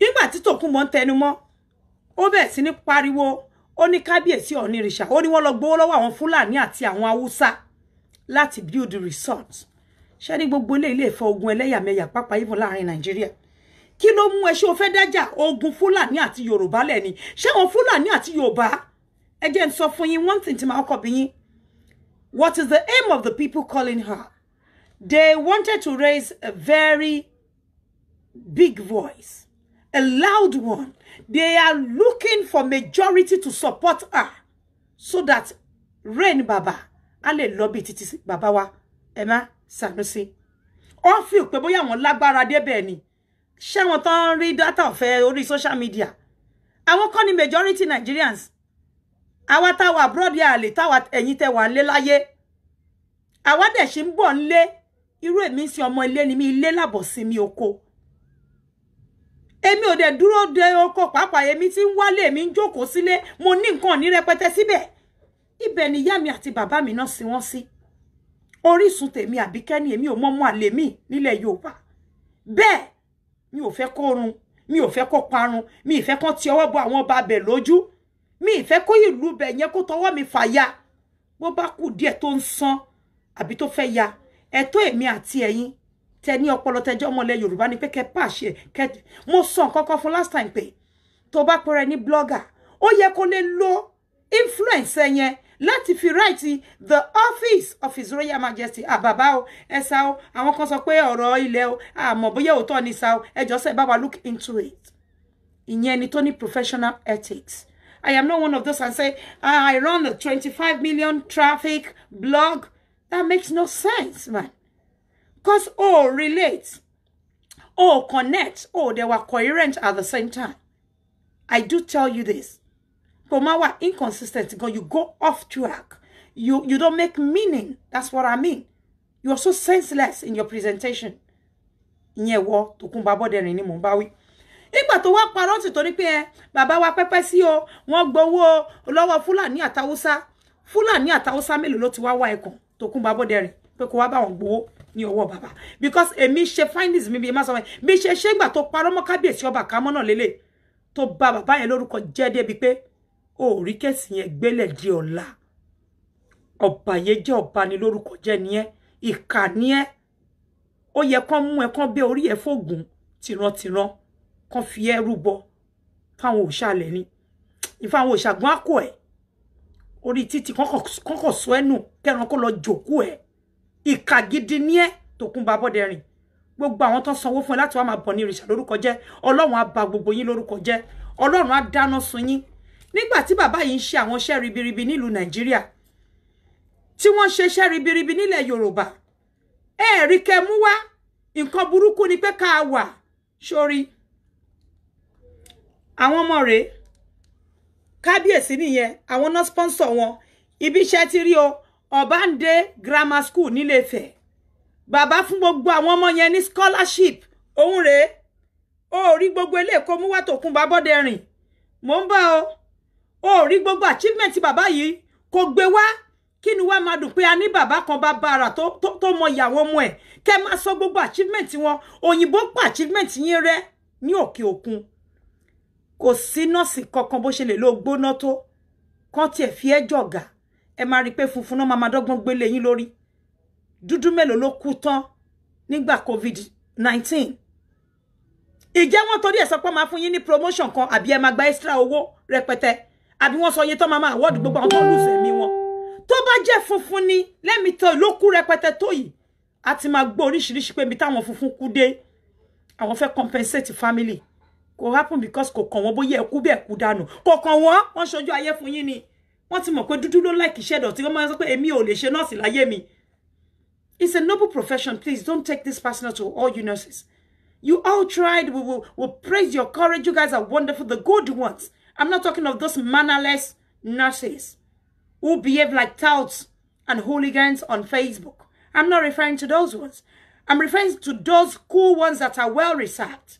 nígbà tí Tòkunbọ̀ ń tẹnumọ́ ó bẹ̀rẹ̀ sí ní pariwo ó ní kábíyèsí ọ̀nìrìṣà ó ní wọ́n lọ gbowó lọ́wọ́ àwọn fúlàní àti àwọn haúsá láti build resort ṣé ní gbogbo ilé ilé ìfẹ́ ogun ẹlẹ́yàmẹ̀yà pápá ìbọn láàrin nàìjíríà kí ló mú ẹ ṣé o fẹ́ dájà ogun fúlàní àti yorùbá lẹ́ni ṣé àwọn fúlàní àti yorùbá ẹ jẹ́ n sọ fún yín one thing tí màá kọ́ bí yín what is the aim of the people calling her they wanted to raise a very big voice a loud one. They are looking for majority to support her so that Rain Baba Ale lè lọ bí títí bàbá wa Emma Sanusi. Wọ́n fi pé bóyá wọ́n lágbára débẹ̀ ni. Ṣé wọ́n tán rí dátà ọ̀fẹ́ orí social media? Àwọn kan ní majority Nigerians. Àwa táwa abroad yà lè táwa ẹ̀yin tẹ wà ń lé láyé. Àwa dẹ̀ ṣì ń bọ̀ ń lé. Irú èmi ń ni mi ilé làbọ̀ sí mi oko èmi ò dẹ̀ dúró de oko pàápàá èmi tí ń wálé èmi ń jókòó sílé mo ní nǹkan ní rẹpẹtẹ síbẹ̀ ibẹ̀ ni ìyá mi àti bàbá mi náà sí wọ́n sí orísun tèmi Àbíkẹ́ ni èmi ò mọ́ àlè mi nílẹ̀ Yorùbá bẹ́ẹ̀ mi ò fẹ́ kó run mi ò fẹ́ kó parun mi ì fẹ́ ti ọwọ́ bọ àwọn ọba abẹ lójú mi ì fẹ́ kó ìlú bẹ̀ yẹn kó tọwọ́ mi fàya bó bá kù díẹ̀ tó ń san àbí tó fẹ́ ya ẹ̀tọ́ èmi àti ẹ̀yin tẹ ní ọpọlọ tẹjọ ọmọlẹ yorùbá ni ke kẹ pàṣẹ kẹ mo sọ nǹkan fun last time pe tó bá pẹrẹ ní blogger ó yẹ kó lè lo influence ẹ yẹn láti fi write the office of his royal majesty àbàbá o ẹ̀sà o àwọn kan sọ pé ọ̀rọ̀ ilẹ̀ o àmọ́ bóyá òótọ́ ni sa o ẹjọ́ sẹ́ bá wa look into it ìyẹn ni tó ní professional ethics I am not one of those and say ah, I run a 25 million traffic blog that makes no sense man Because oh relate, oh connect, oh they were coherent at the same time. I do tell you this. But my were inconsistent because you go off track. You you don't make meaning. That's what I mean. You are so senseless in your presentation. Ìyẹn to Tòkunbọ̀ Abọ́dẹrìn ni mumbawi. ń to wí. Nígbà tó wá parọ́ tì tó ní pé ẹ eh, bàbá wa pẹ́pẹ́ sí o, wọ́n gbowó lọ́wọ́ Fúlàní àtàwùsá. Fúlàní àtàwùsá mélòó ló ti wá wá To Tòkunbọ̀ Abọ́dẹrìn pe kò wá bá wọn gbowó ní ọwọ́ bàbá because èmi ṣe findings mi bí má sọ fún mi bí ṣe to tó parọ́ mọ́ kábíyèsí ọba àkámọ́ náà lélẹ̀ tó ba bàbá yẹn lórúkọ jẹ́ débi pé ó rí kẹ́sì yẹn gbélẹ̀ di ọ̀la ọba ye jẹ́ ọba ni lórúkọ jẹ́ ni ẹ́ ìkà ni ẹ́ ó yẹ kán e ẹ kán bẹ orí ẹ fóògùn tìrantìran kán fi ẹ rúbọ fáwọn òòṣà lẹ ni ìfáwọn òòṣà gan akọ ẹ orí títì kọkọ sọ ẹnu kẹran kó lọ jòkú ẹ ìkà gidi ní ẹ Tòkunbọ̀ Abọ́dẹrìn gbogbo àwọn tó sanwó fún ẹ láti wá máa bọ ní ìrìṣà lórúkọ jẹ Ọlọ́run á bà gbogbo yín lórúkọ jẹ Ọlọ́run á dáná sun yín nígbà tí bàbá yìí ń ṣe àwọn iṣẹ́ ribiribi nílùú Nàìjíríà tí wọ́n ṣe iṣẹ́ ribiribi nílẹ̀ Yorùbá ẹ rí kẹ mú wá nǹkan burúkú ni pé ká wà sórí àwọn ọmọ rèé kábíyèsí nìyẹn àwọn náà sponsor wọn ibi iṣẹ́ ti rí o Ọ̀bándé grammar school nílẹ̀fẹ̀ bàbá fún gbogbo àwọn ọmọ yẹn ní scholarship òun rèé ó rí gbogbo ilé ẹ̀kọ́ mú wá tòkun bábọ́dẹ rìn mò ń bá ọ gbogbo achievement bàbá yìí kò gbé wá kí ni wàá máa dùn pé a ní bàbá kan bá bá ara tó mọ ìyàwó ọmọ ẹ̀ kẹ́ máa gbogbo achievement wọn òyìnbó pa achievement yín rẹ́ ní òkè òkun kò sí nọ́ọ̀sì kankan bó ṣe lè lo gbóná tó kán tiẹ̀ fi ẹ́ ẹ máa rí i pé funfun náà máa máa dọ́gbọ́n gbélé yín lórí dúdú mélòó ló kú tán nígbà covid nineteen ìjẹ́ wọ́n torí ẹ̀ sọ pé máa fún yín ní promotion kan àbí ẹ máa gba extra owó rẹpẹtẹ àbí wọ́n sọ iye tó máa máa àwọ́dù gbogbo àwọn tó ń lùsẹ̀ mí wọn tó bá jẹ́ funfun ni lẹ́mi tó ló kú rẹpẹtẹ tó yìí a ti máa gbọ́ oríṣiríṣi pé ibi táwọn funfun kú dé àwọn fẹ́ compensate family Ko happen because kò kàn wọ́n bóyá ẹ kú bẹ́ẹ̀ kú dànù kò kàn wọ́n wọ́n ṣojú ayé fún ni wọ́n ti mọ̀ pé dúdú ló like iṣẹ́ dọ̀tí wọ́n máa sọ pé Emi ò lè ṣe nọ́ọ̀sì láyé mi it's a noble profession please don't take this personal to all you nurses you all tried we will we praise your courage you guys are wonderful the good ones i'm not talking of those mannerless nurses who behave like touts and hooligans on facebook i'm not referring to those ones i'm referring to those cool ones that are well reserved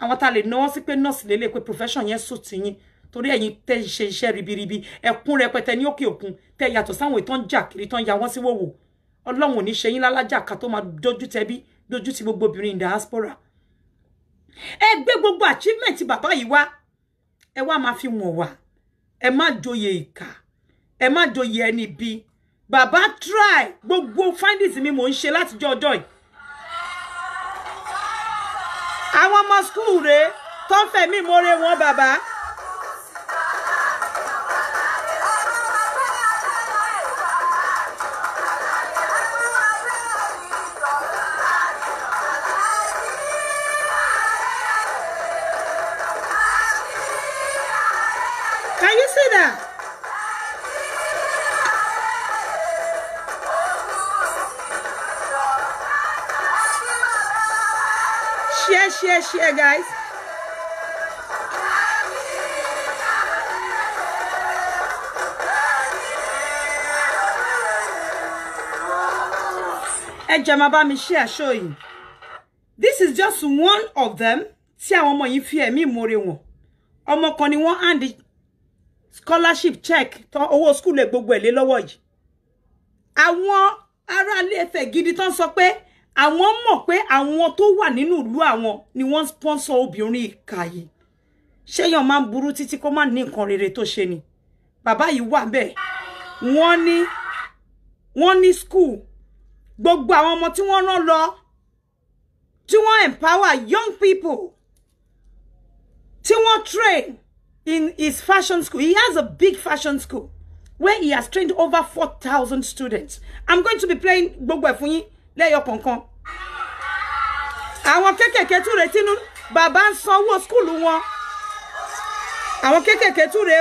àwọn tá a know náwó sí pé nọ́ọ̀sì lélẹ̀ pé profession yẹn sùn tìyín torí ẹ̀yin tẹ́ ṣe iṣẹ́ ribiribi ẹkún rẹpẹtẹ ní òkè òkun tẹ́ yàtọ̀ sáwọn ìtàn jà kiri tán ya wọ́n sí wòwò ọlọ́run ò ní ṣe yín lálájà ká tó máa dojú tẹbí dojú ti gbogbo obìnrin diaspora ẹ gbé gbogbo achievement bàbá yìí wá ẹ wá máa fi wọ̀n wá ẹ má joyè ìkà ẹ má joyè ẹni bí bàbá try gbogbo findings mi mò ń ṣe látijọ́ ọjọ́ yìí àwọn ọmọ skul rèé tó ń fẹ̀mí ìmoore wọn bàbá. share, guys. Ẹ Jama'ba, me share show yìí. This is just one of them. See, àwọn ọmọ yìí fi ẹ̀mí ìmoore wọn. Ọmọ kan ni wọ́n hand scholarship check tó owó school ẹ̀ gbogbo ẹ̀ I want yìí. Àwọn ará ilé Ifẹ̀ gidi tán sọ pé àwọn mọ̀ pé àwọn tó wà nínú ìlú àwọn ni wọ́n sponsor obìnrin ìkà yìí ṣéyàn máa ń burú títí kó má ní nǹkan rere tó ṣe ni bàbá yìí wà bẹ́ẹ̀ wọ́n ní wọ́n ní school gbogbo àwọn ọmọ tí wọ́n rán lọ tí wọ́n empower young people tí wọ́n train in his fashion school he has a big fashion school where he has trained over four thousand students i'm going to be playing gbogbo ẹ̀ fún yín lẹ́yọ kọ̀ọ̀kan àwọn kéékèèké tún retí nú bàbá ń sanwó skúlù wọn àwọn kéékèèké tún rèé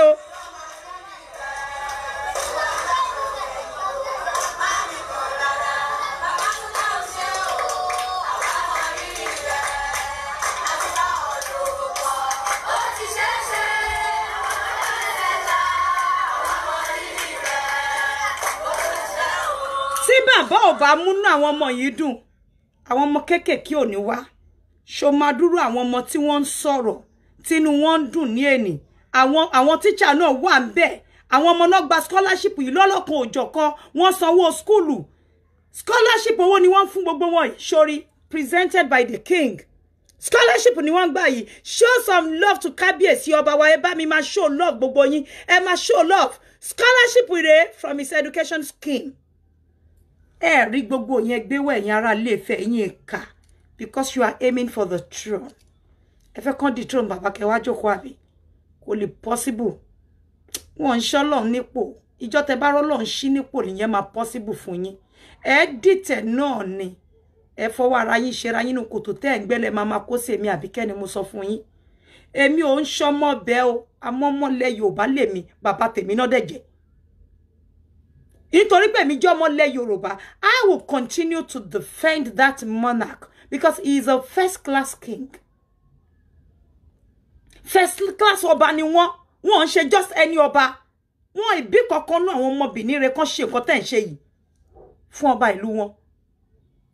bá múnú àwọn ọmọ yìí dùn àwọn ọmọ kéékèèké ò ní wá ṣó máa dúró àwọn ọmọ tí wọ́n ń sọ̀rọ̀ tínú wọn ń dùn ní èní àwọn àwọn tíṣà náà wà ń bẹ̀ àwọn ọmọ náà gba scholarship yìí lọ́lọ́kan òjọ̀kan wọ́n sanwó skúlù scholarship owó ni wọ́n fún gbogbo wọn yìí sórí presented by the king scholarship ni wọ́n gbà yìí show some love to kábíyèsí ọba wa ẹ bá mi máa show love gbogbo yín ẹ máa show love scholarship rèé from his education scheme ẹ rí gbogbo yẹn gbéwọ̀ ẹ̀yin ará ilé Ifẹ̀ yín ìkà because you are aiming for the throne ẹ fẹ́ kàn di throne bàbá kẹwàá jókòó àbí kò lè possible wọn ń ṣọ́ lọ́n nípò ìjọ tẹ bá rọ́lọ́ ń ṣí nípò nìyẹn máa possible fún yín ẹ dìtẹ̀ náà ni ẹ fọwọ́ ara yín ṣera yín nù kòtò tẹ́ ẹ̀ ń gbẹ́lẹ̀ máa máa kó sí èmi àbíkẹ́ ni mo sọ fún yín èmi ò ń ṣọmọ bẹ́ẹ̀ o amọ́mọ́lẹ̀ Yorùbá lèmi bàbá tèmi náà dẹ̀ nítorí pé mi jẹ́ ọmọlẹ̀ Yorùbá I will continue to defend that monarch because he is a first class king first class ọba ni wọ́n wọ́n ń ṣe just any ọba wọn ìbí kankan náà àwọn ọmọbìnrin rẹ kan ṣe nǹkan tẹ́ ń ṣe yìí fún ọba ìlú wọn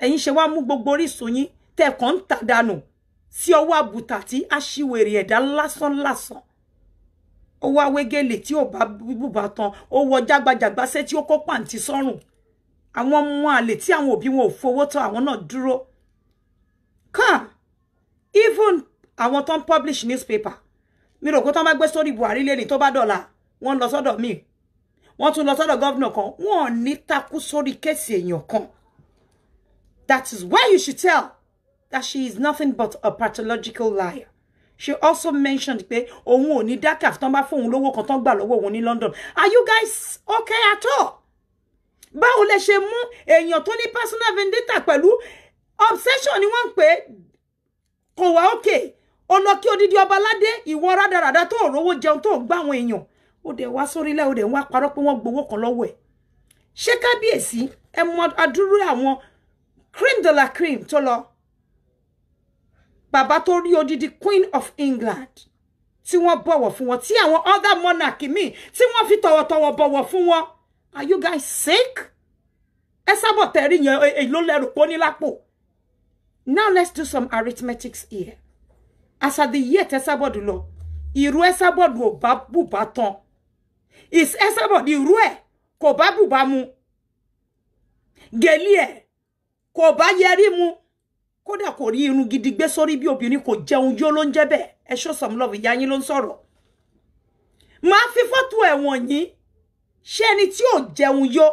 ẹ̀yin ṣe wá mú gbogbo orísun yín tẹ́ kàn ń tà dànù sí ọwọ́ àbùtà tí aṣíwèrè ẹ̀dá lásán lásán ó wá wégélè tí ò bá bùbá tán ó wọ jágbajàgba tí ó kó pàǹtí sọ́rùn àwọn ọmọ àlè tí àwọn òbí wọn ò fowó tán àwọn náà dúró kàn even àwọn tó ń publish newspaper mi rò pé tó ń bá gbé sórí Buhari lẹ́ni tó bá dọ̀la wọ́n lọ sọ́dọ̀ mi wọ́n tún lọ sọ́dọ̀ gọ́vnà kan wọ́n ní takú sórí kéèsì èèyàn kan that is why you should tell that she is nothing but a pathological liar she also mentioned pé òun ò ní dákà tán bá fóun lówó kan tán gbà lọ́wọ́ òun ní London are you guys okay at all báwo lẹ ṣe mú èèyàn tó ní personal vendetta pẹ̀lú obsession ni wọ́n ń pè kò okay ó lọ kí odidi ọba aládé ìwọ rádaràda rowo rówó jẹun tó gbá àwọn èèyàn ó dẹ̀ wá sórílẹ̀ ó dẹ̀ wá parọ́ pé wọ́n gbowó kan lọ́wọ́ ẹ̀ ṣé kábíyèsí ẹ mọ adúrú àwọn cream de la cream tó lọ bàbá tó rí odidi Queen of England tí wọ́n bọ̀wọ̀ fún wọn tí àwọn other monarch mi. tí wọ́n fi tọ̀wọ̀tọ̀wọ̀ bọ̀wọ̀ fún wọn are you guys sick? ẹ sábọ̀ tẹ̀rí e èló lẹ́rù pọ́ ní lápò now let's do some arithmetics here as at the year tẹ́sábọ̀dù lọ ìrú ẹ́sábọ̀dù ò bá bùbá tán is ẹ́sábọ̀dù ìrú ẹ̀ kò bá bùbá mu gèlè ẹ̀ kò bá yẹrí mu kódà kò rí irun gidi gbé sórí bí obìnrin kò jẹun jó ló ń jẹ́ bẹ́ẹ̀ ẹ ṣó some love ìyá yín ló ń sọ̀rọ̀ máa fi fọ́tò ẹ̀wọ̀n yín ṣé ẹni tí ò jẹun yó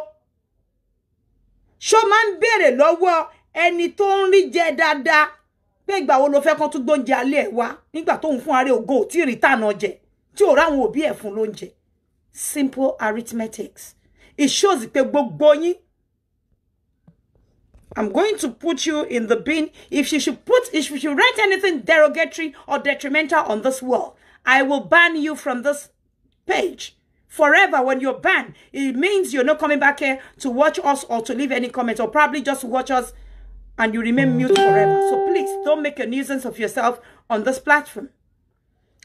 ṣó máa ń béèrè lọ́wọ́ ẹni tó ń rí jẹ dáadáa pé ìgbà wo ló fẹ́ kán tún gbóúnjẹ alẹ́ ẹ̀ wá nígbà tóun fún ara ògo tí ì rí tànà jẹ tí ò ráwọn òbí ẹ̀ fún lóúnjẹ simple arithmetics it shows pé gbogbo yín I'm going to put you in the bin if she should put if she should write anything derogatory or detrimental on this wall. I will ban you from this page forever when you're banned. It means you're not coming back here to watch us or to leave any comments or probably just watch us and you remain mute forever. So please don't make a nuisance of yourself on this platform.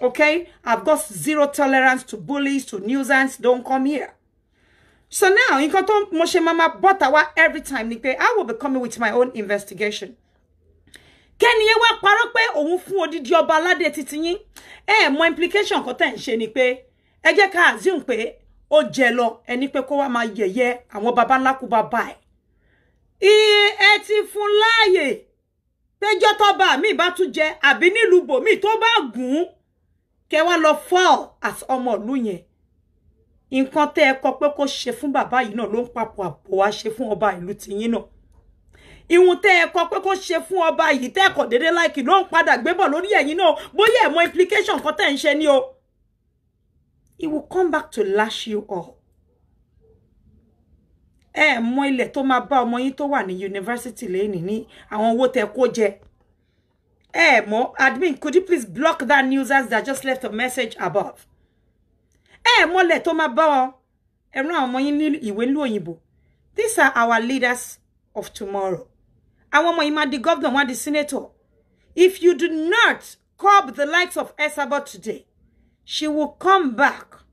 Okay? I've got zero tolerance to bullies, to nuisance. Don't come here. So now, nǹkan tó mo ṣe mama bọ́ta wá every time ni I will be coming with my own investigation. Kẹ́ni yẹn wá parọ́ pé òun fún odidi ọba aládé titi yín. implication kan tẹ̀ ń ṣe ni pé ẹ jẹ́ ká assume pé ó jẹ lọ ẹni pé kó wá máa yẹ̀yẹ́ àwọn baba Iye ẹ ti fún láàyè péjọ́ mi bá tún jẹ àbí nílùú bòmí tó bá gùn ún fall as ọmọ ìlú nǹkan tẹ́ ẹ kọ pé kó ṣe fún bàbá yìí náà ló ń papọ̀ àpò wá ṣe fún ọba ìlú tiyín náà ìhun tẹ́ ẹ kọ pé kó ṣe fún ọba yìí tẹ́ ẹ kọ̀ déédéé láìkì ló ń padà gbébọ̀ lórí ẹ̀yìn náà bóyá ẹ̀ implication kan tẹ́ ẹ ń ṣe ni o he will come back to lash you all ẹ ẹ mọ ilẹ̀ tó máa bá ọmọ yín tó wà ní yunifásitì lẹ́yìn ní àwọn owó tẹ́ kó jẹ ẹ mọ admin could you please block that news as they just left a message above ẹ mole! tó máa bá ọ ẹ rán àwọn ọmọ yín ní ìwé these are our leaders of tomorrow àwọn ọmọ yìí máa di governor wọn á di senator if you do not curb the likes of Esabod today she will come back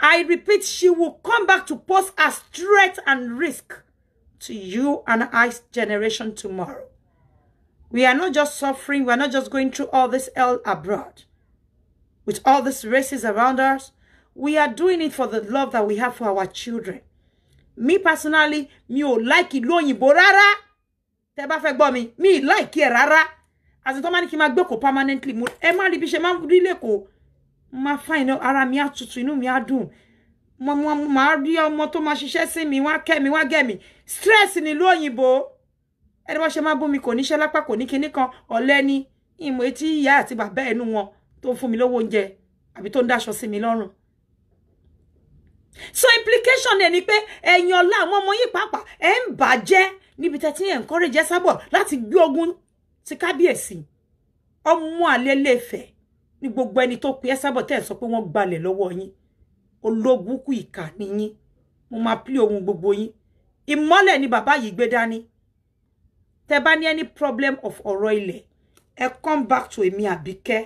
I repeat she will come back to pose a threat and risk to you and I generation tomorrow. We are not just suffering. We are not just going through all this hell abroad. With all this races around us, We are doing it for the love that we have for our children. Me personally, me ò like ìlú òyìnbó rárá. Tẹ́ bá fẹ́ gbọ́ mi, mi like ẹ̀ rárá. As in tó máa ní kí ma gbé ko permanently mo ẹ má rí bí ṣe máa rí leko. Ma fine ara mi á tutù inú mi á dùn. Mo mo máa rí ọmọ tó máa ṣiṣẹ́ sí mi wá kẹ́ mi wá gẹ̀ mi. Stress ni ìlú òyìnbó. Ẹni bó ṣe máa bú mi kò ní ṣe lápá kò ní kinní kan ọ̀lẹ ni ìmọ̀ etí ìyá àti bàbá ẹnu wọn tó ń mi lówó oúnjẹ àbí tó ń dáṣọ mi lọ́rùn so implication ẹ ni pé ẹ̀yin ọ̀la àwọn ọmọ yìí pàápàá ẹ̀ ń bàjẹ́ níbi tẹ́ encourage ẹ sábọ̀ láti gbé ogun ti kábíyèsí ọmọ àlélẹ́fẹ̀ ní gbogbo ẹni tó pe ẹ sábọ̀ tẹ́ ẹ̀ sọ pé wọ́n gbalẹ̀ lọ́wọ́ yín ológun kù ìkà nìyín mo máa pli ohun gbogbo yín ìmọ́lẹ̀ ni bàbá yìí gbé dání tẹ́ bá ní any problem of ọ̀rọ̀ ilẹ̀ ẹ come back to èmi àbíkẹ́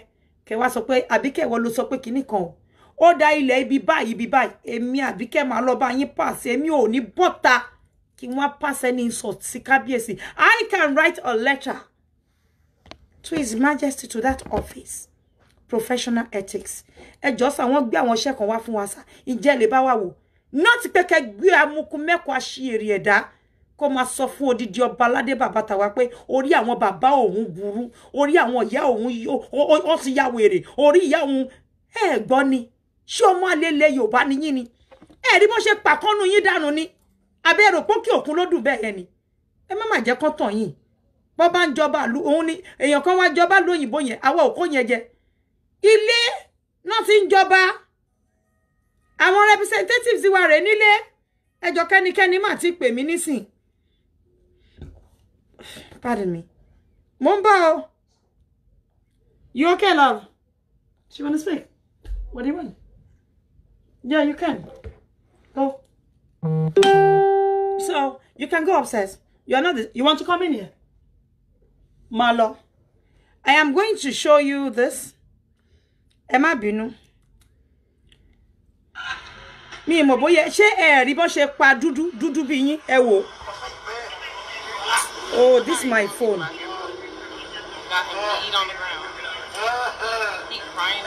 kẹ́ wá sọ pé àbíkẹ́ ìwọ ló sọ pé kinní kan o ó da ilẹ̀ ibi báyìí ibi báyìí èmi àbíkẹ́ máa lọ bá yín pàṣẹ èmi ò ní bọ́ta kí wọ́n pàṣẹ ní insult sí kábíyèsí I can write a letter to his majesty to that office professional ethics ẹjọ́ sà wọ́n gbé àwọn iṣẹ́ kan wá fún wa sà ìjẹ́ lè bá wa wò náà ti pẹ́kẹ́ gbé amukun mẹ́kọ̀ọ́ aṣèrè ẹ̀dá kó máa sọ fún odidi ọba aládé bàbá tàwa pé orí àwọn bàbá òun burú orí àwọn ìyá òun ó ti ya wèrè orí ìyá òun ẹ̀ gbọ́ ni ṣé ọmọ àlè ilẹ̀ yorùbá ni yín ni ẹ rí bó ṣe pàkọ́nù yín dànù ni abẹ́ rò pókí òkun ló dùn bẹ́ẹ̀ yẹn ni ẹ má má jẹ́ kán tàn yín bọ́ bá ń jọba lu òun ni èèyàn kan wá jọba lóyìnbó yẹn àwa ò yẹn jẹ ilé náà ti ń jọba àwọn representatives wa rẹ̀ nílé ẹjọ́ kẹ́nikẹ́ni mà ti pè mí nísìn pardon me mo ń bọ̀ o you okay love she wanna speak what do you want. Yeah, you can. Go. So, you can go upstairs. You are not this. You want to come in here? Malo. I am going to show you this. Emma má Me Mi mọ̀ bóyá ṣé ẹ rí bọ́n ṣe pa dúdú dúdú Oh, this is my phone.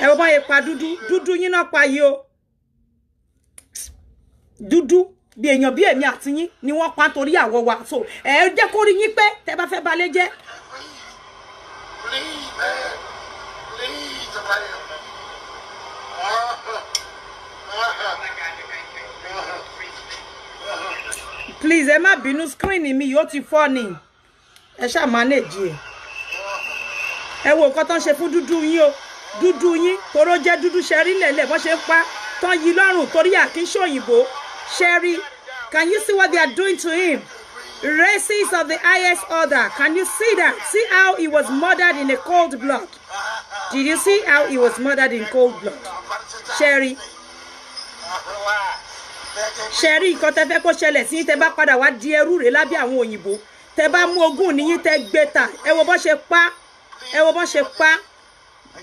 Ẹ wọ́n bá yẹ pa dúdú dúdú pa yìí dúdú bí èèyàn bí èmi àti yín ni wọ́n pa torí àwọ̀ wa so ẹ jẹ́ kó rí yín pé tẹ́ bá fẹ́ balẹ̀ jẹ́. please ẹ má bínú screen mi yóò ti fọ́ ni ẹ ṣáà manage ẹ ẹ wo nǹkan tó ń ṣe fún dúdú yín o dúdú yín toró jẹ́ dúdú ṣe rí lẹ̀lẹ̀ bó ṣe pa tán yí lọ́rùn torí àkínṣe òyìnbó Sherry, can you see what they are doing to him? Racists of the highest order. Can you see that? See how he was murdered in a cold blood. Did you see how he was murdered in cold blood? Sherry. Sherry, nǹkan tẹ fẹ́ kó ṣẹlẹ̀ sí tẹ bá padà wá di ẹrú rẹ̀ lábẹ́ àwọn òyìnbó. Tẹ bá mú ogún níyín tẹ gbé ta. Ẹ wo bó ṣe pa. Ẹ wo bó ṣe pa.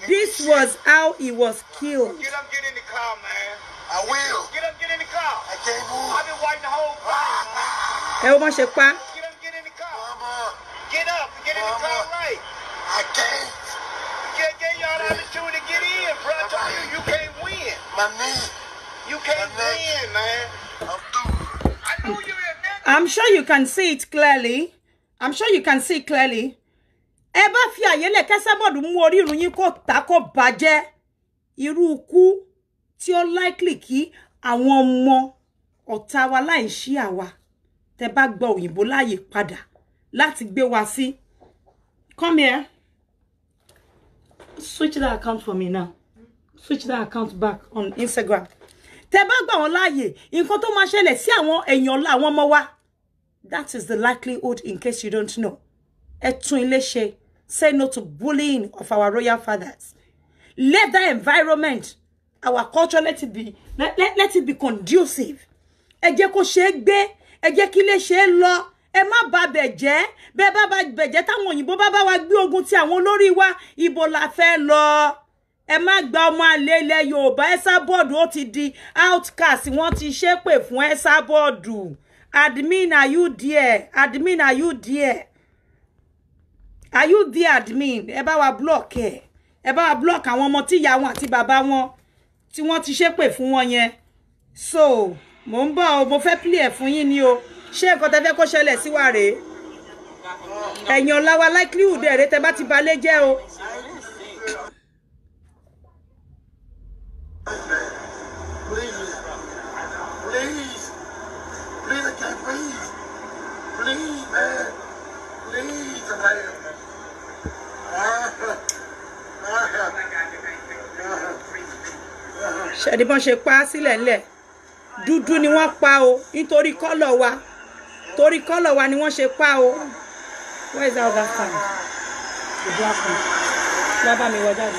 This was how he was killed. Get him, get in the car, man. I will. Get up, get in the car. I can't move. I've been waiting the whole time. Ah, ah, ah. Ẹ ó mọ̀ Get up, get in the car. Mama. Get up, get in the car right. I can't. Get, get y'all the opportunity to get in, bro. I told you, you can't win. My knee. You can't My win, man. I'm I'm sure you can see it clearly. I'm sure you can see clearly. Eba fi àyè lẹ̀ kẹ́sẹ́ bọ́ọ̀dù mú orí irun yín kó ta kó bàjẹ́ irú ikú tí ó likely kí àwọn ọmọ ọ̀tá wa láì ṣí àwa tẹ bá gbọ́ òyìnbó láàyè padà láti gbé wa sí come here switch that account for me now switch that account back on Instagram tẹ bá gbà wọn láàyè nǹkan tó máa ṣẹlẹ̀ sí àwọn èèyàn ọ̀la àwọn ọmọ wa that is the likelihood in case you don't know ẹ tún ilé ṣe say no to bullying of our royal fathers Let that environment our culture let it be let, let, let it be conducive ẹ jẹ́ kó ṣe é gbé ẹ jẹ́ kí ilé ṣe é lọ ẹ má bà bẹ̀ jẹ́ bẹ́ẹ̀ bá bà bẹ̀ jẹ́ táwọn òyìnbó bá wa gbé ogun ti àwọn olórí wa ibo la fẹ́ lọ ẹ má gba ọmọ àlè ilẹ̀ yorùbá ẹ́sà bọ́ọ̀dù ó ti di outcast wọ́n ti ṣépè fún ẹ́sà bọ́ọ̀dù admin are you there admin are you there are you there admin ẹ bá wa block e. ẹ bá wa block àwọn ọmọ tíyá wọn àti bàbá wọn tí wọ́n ti ṣépè fún wọn yẹn so mò ń bọ̀ o mo fẹ́ pílì ẹ̀ fún yín ni o ṣé nǹkan tẹ́ fẹ́ kó ṣẹlẹ̀ sí wa rèé ẹ̀yìn ọ̀la wa likelihood ẹ̀rẹ́ tẹ́ bá ti balẹ̀ jẹ́ o. Please, man. Please, man. Ah, ah, ah ṣẹ̀díbọn ṣe pa á sílẹ̀ ńlẹ̀ dúdú ni wọ́n pa o nítorí kọ́lọ̀ wa torí kọ́lọ̀ wa ni wọ́n ṣe pa o where is that other fan black one wá bá mi wọ jáde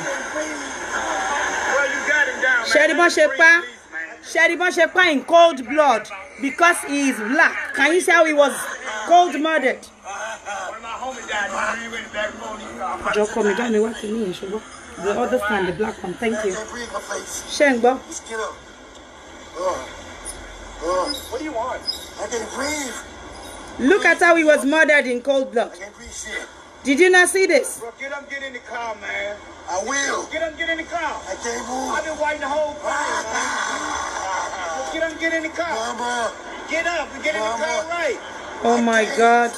ṣẹ̀díbọn ṣe pa ṣẹ̀díbọn ṣe pa in cold blood because he is black can you see how he was cold murdered. jọ kọ mi dá mi wá kí ni ìyẹn ṣùgbọ́n. The other stand, the black one. Thank you. Shengba. Just get up. Ugh. Ugh. What do you want? I can breathe. Look at how he was murdered in cold blood. Did you not see this? Bro, get him, get in the car, man. I will. Get him, get in the car. I can't move. I've been waiting the whole time, ah, man. Get him, get in the car. Mama. Get up and get Mama. in the car right. Oh, my God.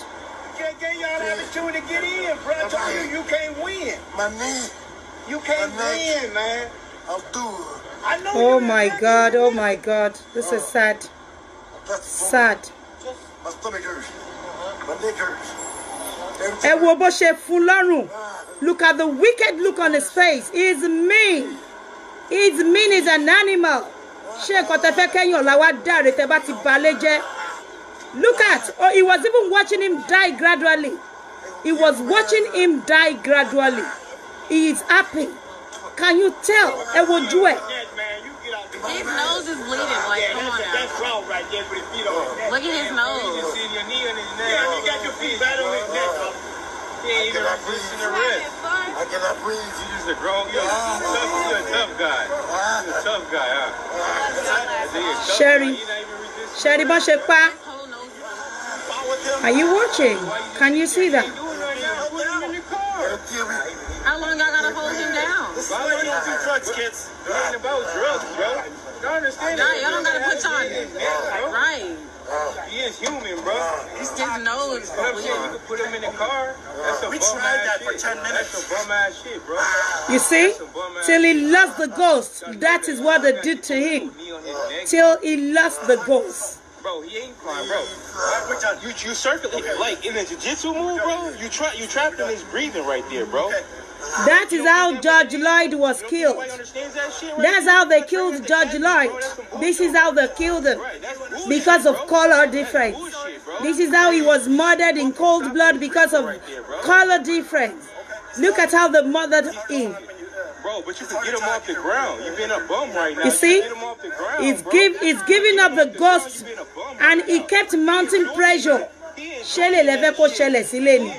Can't get y'all an opportunity to get in, bro. I told you you can't win. My knee. You can't win, man. Abdul. I know oh my God! Oh my God! This uh, is sad. Sad. My stomach hurts. My neck hurts. Ah, look at the wicked look on his face. He is mean. He is mean as an animal. Look at oh he was even watching him die gradually. He was watching him die gradually. He is happy. Can you tell? Ẹ do it. His nose is bleeding. Like, yeah, come on now. That's wrong right there his feet Look at his nose. You can see your knee you got your feet right on his neck. the I cannot breathe. You're just a grown guy. You're a tough guy. You're a tough guy, huh? Sherry. Sherry, what's your pa. Are you watching? Can you see that? Why don't want some drugs, kids? It ain't about drugs, bro. Y'all understand that? Y'all don't gotta put y'all right? He is human, bro. He's his nose. You know what You can put him in the car. we tried that for 10 minutes. That's a bum ass shit, bro. You see? Till he lost the ghost. That is what they did to him. Till he lost the ghost. Bro, he ain't crying, bro. You, you circle Like, in the jiu-jitsu move, bro, you, trap you trapped in his breathing right there, bro. That is how Judge Lloyd was killed. That's how they killed Judge Lloyd. This is how they killed him because of color difference. This is how he was murdered in cold blood because of color difference. Look at how they murdered him. Uh, bro, but you can get him off the ground. You've been a bum right now. You see? He's, give, he's giving up the ghost and he kept mounting pressure. ṣé lè lẹ́fẹ́ kó ṣẹlẹ̀ sílé ni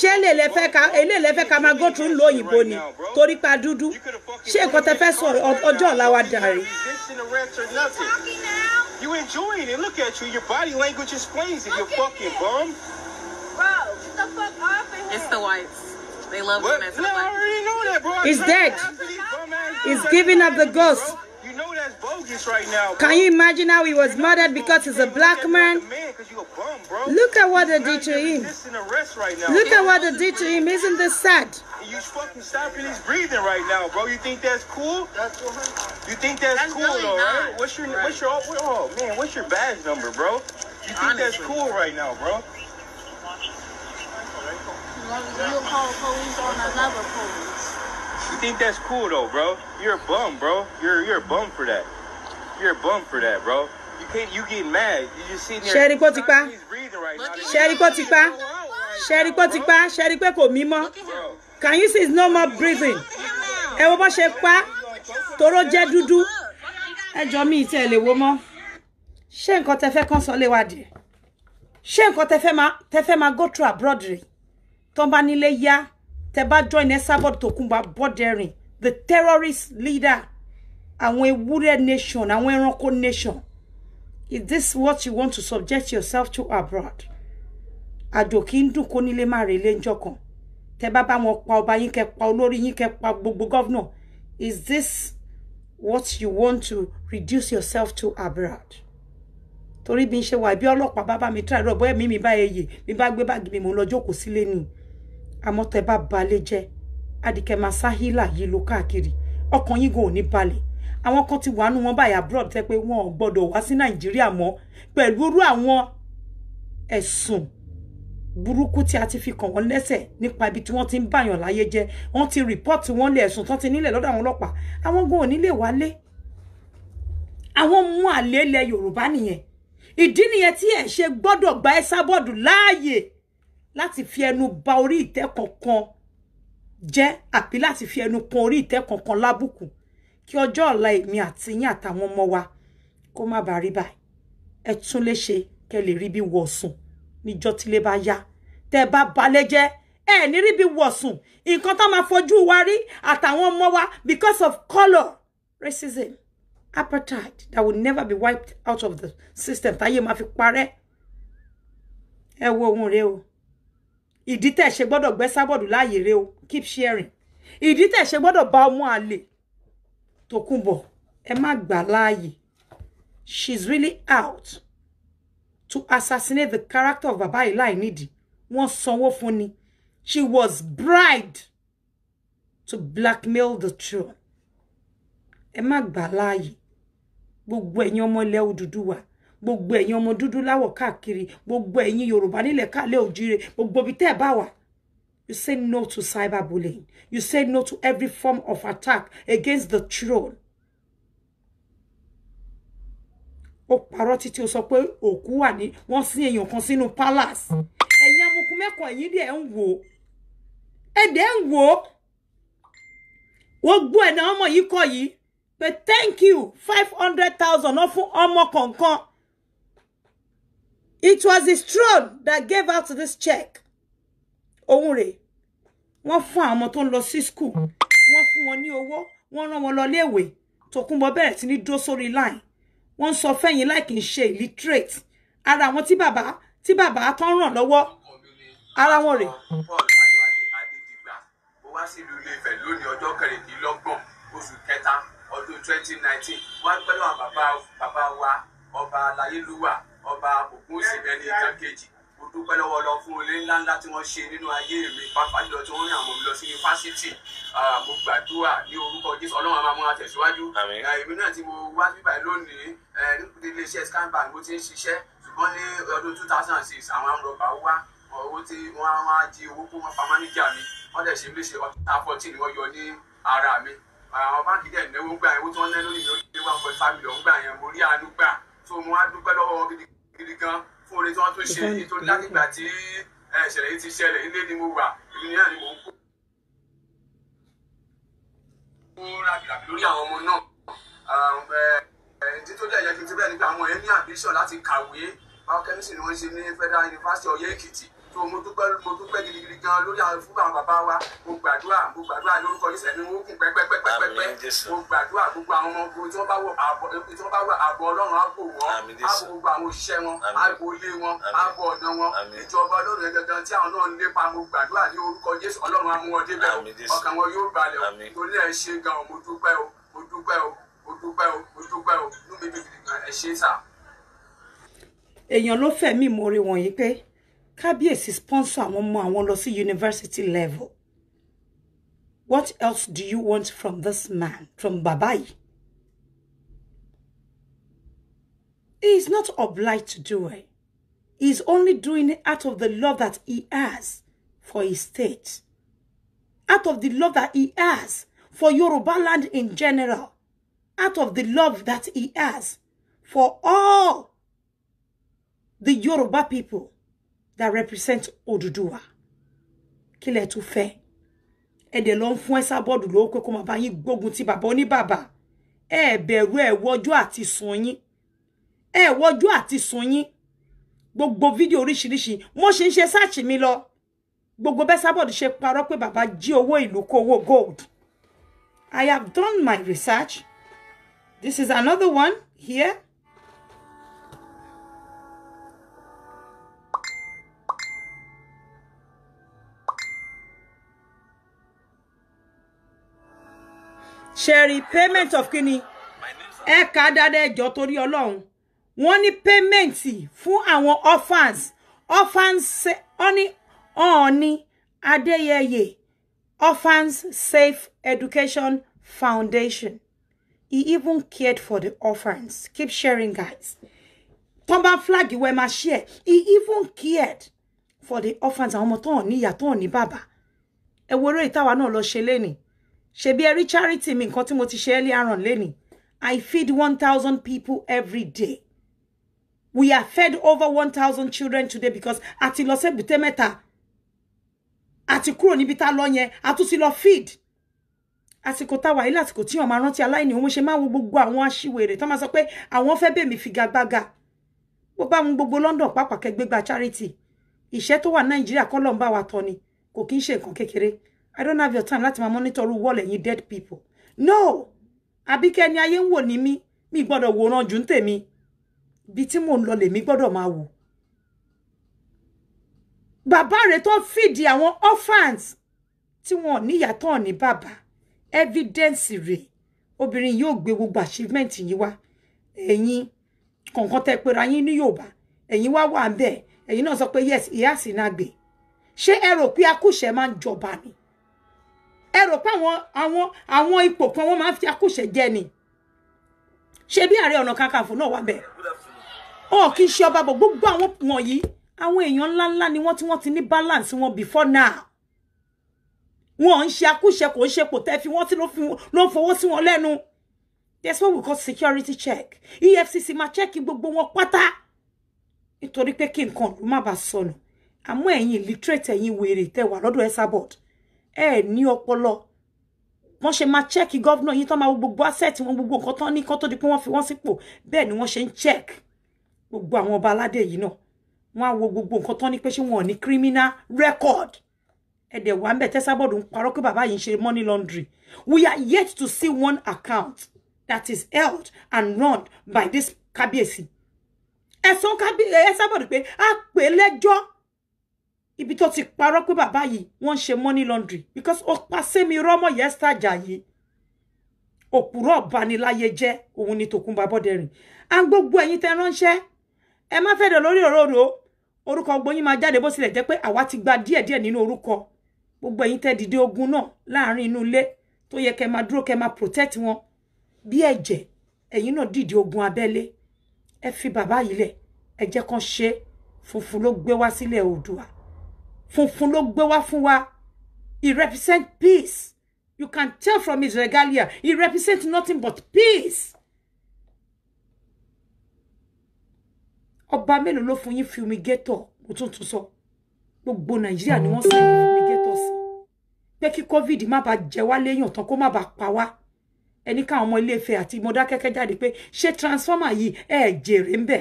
ṣé lè lẹ́fẹ́ ká èlé lẹ́fẹ́ ká máa go through ló òyìnbó ni torí pa dúdú ṣé nǹkan tẹ fẹ́ sọ ọjọ́ ọ̀la wa dàrí. It's the whites. They love what? women. No, I He's dead. He's giving up the ghost. know that's bogus right now. Bro. Can you imagine how he was you murdered because he's a black man? Look at what they did to him. Look at what they did to him. Isn't this sad? You fucking stopping his breathing right now, bro. You think that's cool? That's You think that's, that's cool, really though, right? What's your right. what's your oh, oh man, what's your badge number, bro? You think Honestly. that's cool right now, bro? you call police on another police. You think that's cool though, bro? You're a bum, bro. You're you're a bum for that. You're a bum for that, bro. You can't you get mad. You just sitting there. Sherry Potipa. Sherry Potipa. Sherry Potipa. Sherry pé kò mí mọ́. Can you see it's no more breathing? Ẹ wo bó ṣe pa. Toro jẹ́ dúdú. Ẹ jọ mi tí ẹ lè wo mọ́. Ṣé nǹkan tẹ́ fẹ́ kàn sọ lé wa dé? Ṣé nǹkan tẹ́ fẹ́ máa tẹ́ fẹ́ go through abroad rè? Tọ́n bá nílé yá tẹ́ bá join Esabod Tokunbo Aboderin the terrorist leader àwọn ewúrẹ́ nation àwọn ẹranko nation is this what you want to subject yourself to abroad àjò kì í le kó nílé má relé ńjọ́ kan tẹ́ bá bá wọn pa ọba yín kẹ́ pa olórí yín kẹ́ pa gbogbo governor is this what you want to reduce yourself to abroad Tori bí n ṣe wà bí ọlọ́pàá bá mi tíra ìrọ̀bọ́ ẹ̀mí mi ba ẹyẹ mi bá gbé báàgì mi mò ń lọ jókòó ni àmọ́ tẹ́ bá balẹ̀ jẹ́ adìkẹ́ masahila yìí ló káàkiri ọkàn yín gan ò ní balẹ̀ àwọn kan ti wà nù wọn báyìí abroad tẹ́ pé wọn ò gbọ́dọ̀ wá sí nàìjíríà mọ́ pẹ̀lú irú àwọn ẹ̀sùn burúkú tí a ti fi kàn wọ́n lẹ́sẹ̀ nípa ibi tí wọ́n ti ń bàyàn láyé jẹ́ wọ́n ti rìpọ́ọ̀tì wọ́n lé ẹ̀sùn tán ti nílẹ̀ lọ́dọ̀ àwọn ọlọ́pàá àwọn gan ò nílé wálé àwọn mú àlè ilẹ̀ yorùbá nìyẹn ìdí nìyẹn tí ẹ̀ ṣe gbọ́dọ̀ gba ẹ sábọ́ọ̀dù láàyè láti fi ẹnu ba orí ìtẹ́ kankan jẹ́ àbí láti fi ẹnu kan orí ìtẹ́ kankan lábùkù kí ọjọ́ ọ̀la èmi àti yín àtàwọn ọmọ wa kó má bàa rí báyìí ẹ tún lè ṣe kẹ́ lè rí bí wọ̀sùn níjọ́ tílé bá yá tẹ́ ẹ bá balẹ̀ jẹ́ ẹ ní rí bí wọ̀sùn nǹkan tó máa fojú wa rí àtàwọn ọmọ wa because of colour racism apartheid that will never be wiped out of the system táyé máa fi parẹ́ ẹ wo ohun rẹ o ìdí tẹ̀ ṣe gbọ́dọ̀ gbẹ́ sábọ̀dù láàyè rẹ o keep sharing ìdí tẹ̀ ṣe gbọ́dọ̀ bá ọmọ àlè Tòkunbọ̀ ẹ má gbà láàyè she's really out to assassinate the character of baba yìí láì nídìí wọ́n sanwó fún ni she was bribed to blackmail the throne ẹ má gbà láàyè gbogbo ẹ̀yin ọmọ ilẹ̀ Odùduwà gbogbo ẹ̀yin ọmọ dúdú láwọ̀ káàkiri gbogbo ẹ̀yin yorùbá nílẹ̀ káàlẹ́ òjire gbogbo ibi tẹ́ bá wà you say no to cyberbullying you say no to every form of attack against the throne. ó parọ́ títí ó sọ pé òkú wà ní wọ́n sin èèyàn kan sínú palace ẹ̀yin amukú mẹ́kọ̀ọ́ ẹ̀yin dẹ̀ ń wò ó ẹ̀dẹ̀ ń wò ó wọ́n gbọ́ ẹ̀ náà ọmọ yìí kọ́ yìí pé thank you five hundred thousand náà fún ọmọ kọ̀ọ̀kan It was his throne that gave out this check. Ohun rẹ̀. Wọ́n fún àwọn ọmọ tó ń school. sí school. Wọ́n fún wọn ní owó, wọ́n rán lewe. lọ léèwé. Tòkunbọ̀ bẹ̀rẹ̀ sí ní dó sórí line. Wọ́n sọ fẹ́yìn láì kìí ṣe illiterate. Ara wọn tí bàbá tí bàbá tó ń ràn lọ́wọ́. Ara wọn rẹ̀. Paul Adéwálé Adédìgbà ó wá sí ìlú Ilé-Ifẹ̀ lónìí ọjọ́ kẹrìndínlọ́gbọ̀n oṣù kẹta ọdún ọba ògúnwùsì ẹni ìdàkejì mo dúpẹ́ lọ́wọ́ lọ fún olè ńlá ńlá tí wọ́n ṣe nínú ayé mi pàápàá jùlọ tí wọ́n rìn àwọn lọ sí yunifásitì mo gbàdúrà ní orúkọ jésù ọlọ́run àmọ́ àwọn àtẹ̀síwájú èmi náà tí mo wá bíbà lónìí nípa iléeṣẹ́ scanbank mo ti ń ṣiṣẹ́ ṣùgbọ́n ní ọdún two thousand and six àwọn amúrọ̀bà wá owó tí wọ́n á wá di owó kó wọn pa mánéjà mi wọ́n dẹ̀ ṣe léṣe ọdún àfọ̀tì ni wọ́n yọ ní ara mi àwọn báńkì dẹ̀ náwó gbà yẹn owó tí wọ́n ná lórí mi ó dé one point five million gidi gan fún orin tí wọ́n tún ṣe èyí tó dákìgbà tí ìṣẹ̀lẹ̀ yìí ti ṣẹlẹ̀ ilé ni mo wà ìlú náà ni ń kó. ó rábìràbì lórí àwọn ọmọ náà ìdí dẹ̀ yẹ kí n ti bẹ́ẹ̀ ni àwọn èèyàn ní ambition láti kàwé báwo kẹ́mísì ni wọ́n ṣe ní Federal University Ọ̀yẹ́ Èkìtì tó mo dúpẹ́ mo dúpẹ́ gidigidi gan lórí àwọn fún àwọn bàbá wa mo gbàdúrà mo gbàdúrà lórúkọ yìí sẹ́ni ó kún pẹ́pẹ́pẹ́pẹ́pẹ́ mo gbàdúrà gbogbo àwọn ọmọ ogun tí wọ́n bá wọ àbọ̀ tí wọ́n bá wọ àbọ̀ ọlọ́run á bò wọ́n á bò gbogbo àwọn òṣìṣẹ́ wọn á bò ilé wọn á bò ọ̀dọ̀ wọn ìjọba ọlọ́run gangan tí àwọn náà ń lépa mo gbàdúrà ní orúkọ Jésù ọlọ́run á mú wọn débẹ̀ o ọkàn wọn yóò balẹ̀ o torí ẹ̀ ṣe gan mo dúpẹ́ o mo dúpẹ́ o mo dúpẹ́ o mo dúpẹ́ o inú mi dùn gidigan ẹ ṣe sà. èèyàn ló fẹ̀mí ìmoore wọ̀nyí pé kábíyèsí sponsor àwọn ọmọ àwọn lọ sí university level what else do you want from this man from Baba? yìí he is not obliged to do it he is only doing it out of the love that he has for his state out of the love that he has for Yoruba land in general out of the love that he has for all the Yoruba people that represent Odùduwà kí lẹ tún fẹ́ ẹ dẹ̀ lọ ń fún ẹsà bọ́ọ̀dù lówó pé kó máa bá yín gbógun ti bàbá oníbàbà ẹ bẹ̀rù ẹ wọjú àti sùn yín ẹ wọjú àti sùn yín gbogbo fídíò oríṣiríṣi mo ṣe ń ṣe sáàchì mi lọ gbogbo bẹ́sà bọ́ọ̀dù ṣe parọ́ pé bàbá jí owó ìlú kó owó gold I have done my research this is another one here ṣẹ̀rí payment of kíni ẹ̀ka dáadáa ẹ̀jọ́ torí ọlọ́run wọ́n ní payment fún àwọn orphans orphans ọ̀ní ọ̀ọ́ni adéyẹyẹ orphans safe education foundation he even cared for the orphans keep sharing guys tó bá flag wẹ́ máa share he even cared for the orphans àwọn ọmọ tó hàn ní ìyá tó hàn ní bàbá ẹ wo ìtawà náà lọ ṣe lénìí ṣebí ẹ rí charity mi nǹkan tí mo ti ṣe earlier on lẹ́nìí I feed one thousand people every day we are fed over one thousand children today because a ti lọ sẹ́bùtẹ́ mẹ́ta a ti kúrò níbi tá a lọ yẹn a tún ti lọ feed àsìkò táwa yìí lásìkò tí wọn máa rántí aláìní òun ṣe máa wo gbogbo àwọn aṣiwèrè tó máa sọ pé àwọn fẹ́ bèmí figagbága bó bá mu gbogbo London pàpà kẹgbẹgbà charity ìṣẹ́ tó wà Nàìjíríà kọ́ ló wa tọ́ ni kò kí ń ṣe nǹkan kékeré i don't have your time láti máa monitor irú wọ́ọ̀lù You dead people no Abi Kenya, you ń wò me. Me, mi gbọ́dọ̀ wòran jù ń tèmi bí tí mò ń lọ lèmi gbọ́dọ̀ máa wò bàbá rẹ̀ tó fìdí àwọn orphans tí wọn níyà tó ní bàbá evidence rẹ̀ obìnrin yóò gbé gbogbo achievement yìí wá ẹ̀yin kọ̀ọ̀kan tẹ pera yín ní Yorùbá ẹ̀yin wá wà ń bẹ̀ ẹ̀yin náà sọ pé yes ìyá sì náà gbé ṣé ẹ rò pé akúṣẹ̀ ni ẹ rò pé àwọn àwọn àwọn ipò kan wọ́n máa ń fi akúṣẹ̀ jẹ ni ṣé bí ààrẹ ọ̀nà kakanfò náà wà bẹ́ẹ̀ ọ̀ kì í ṣe ọba bọ̀ gbogbo àwọn wọ̀nyí àwọn èèyàn ńláńlá ni wọ́n tí wọ́n ti ní balance wọn before now wọn ń ṣe akúṣẹ̀ kò ń ṣe kò tẹ́ fi wọ́n tí ló ń fowó sí wọn lẹ́nu that's what we call security check EFCC máa ṣẹ́ẹ̀kì gbogbo wọn pátá nítorí pé kí nǹkan ló má bàa sọnù àmọ́ ẹ̀yin illiterate ẹ̀yin wèrè tẹ́ wà lọ́dọ̀ ẹ̀ sábọ̀dù ẹ ní ọpọlọ wọ́n ṣe máa chẹ́ẹ̀kì gọ́vnà yìí tán máa wo gbogbo asset wọn gbogbo nǹkan tán ní kán tó di pé wọ́n fi wọ́n sípò bẹ́ẹ̀ ni wọ́n ṣe ń check gbogbo àwọn ọba aládé yìí náà wọ́n á wo gbogbo nǹkan tán ní pé ṣé wọn ní criminal record ẹ̀dẹ̀ wà ń bẹ̀ tẹ́sábọ̀dù ń parọ́ pé bàbá yìí ń ṣe money laundry we are yet to see one account that is held and run by this kábíyèsí ẹ̀sán kábíyèsí ẹ̀sábọ̀dù pé a pè lẹ́jọ́ ibi tó ti parọ́ pé bàbá yìí wọ́n ṣe money laundry because ó pa sẹ́mi rọ́mọ Esther Ajayi òpùrọ̀ ọ̀bániláyé jẹ́ òun ni Tòkunbọ̀ Abọ́dẹrìn à ń gbogbo ẹ̀yin tẹ́ ránṣẹ́ ẹ má fẹ́ dọ̀ lórí òróró orúkọ gbóyin máa jáde bó tilẹ̀ jẹ́ pé àwa ti gba díẹ̀díẹ̀ nínú orúkọ gbogbo ẹ̀yin tẹ́ dìde ogun náà láàrin inú ilé tó yẹ kẹ́ máa dúró kẹ́ máa protect wọn bí ẹ̀jẹ̀ ẹ̀yin náà dìde ogun abẹ́lé ẹ fi bàbá yìí lẹ̀ ẹ jẹ́ kán ṣe funfun ló gbé wá sílẹ̀ Oòduà funfun ló gbé wá fún wa he represent peace you can tell from his regalia he represent nothing but peace. ọba mélòó ló fún yín fumigator mo tún tún sọ gbogbo nàìjíríà ni wọ́n sì ní sí pé kí covid má bàa jẹ wá léèyàn tán kó má bàa pa wá ẹni káwọn ọmọ iléefẹ̀ àti Mọdákẹ́kẹ́ jáde pé ṣé transformer yìí ẹ jèrè ń bẹ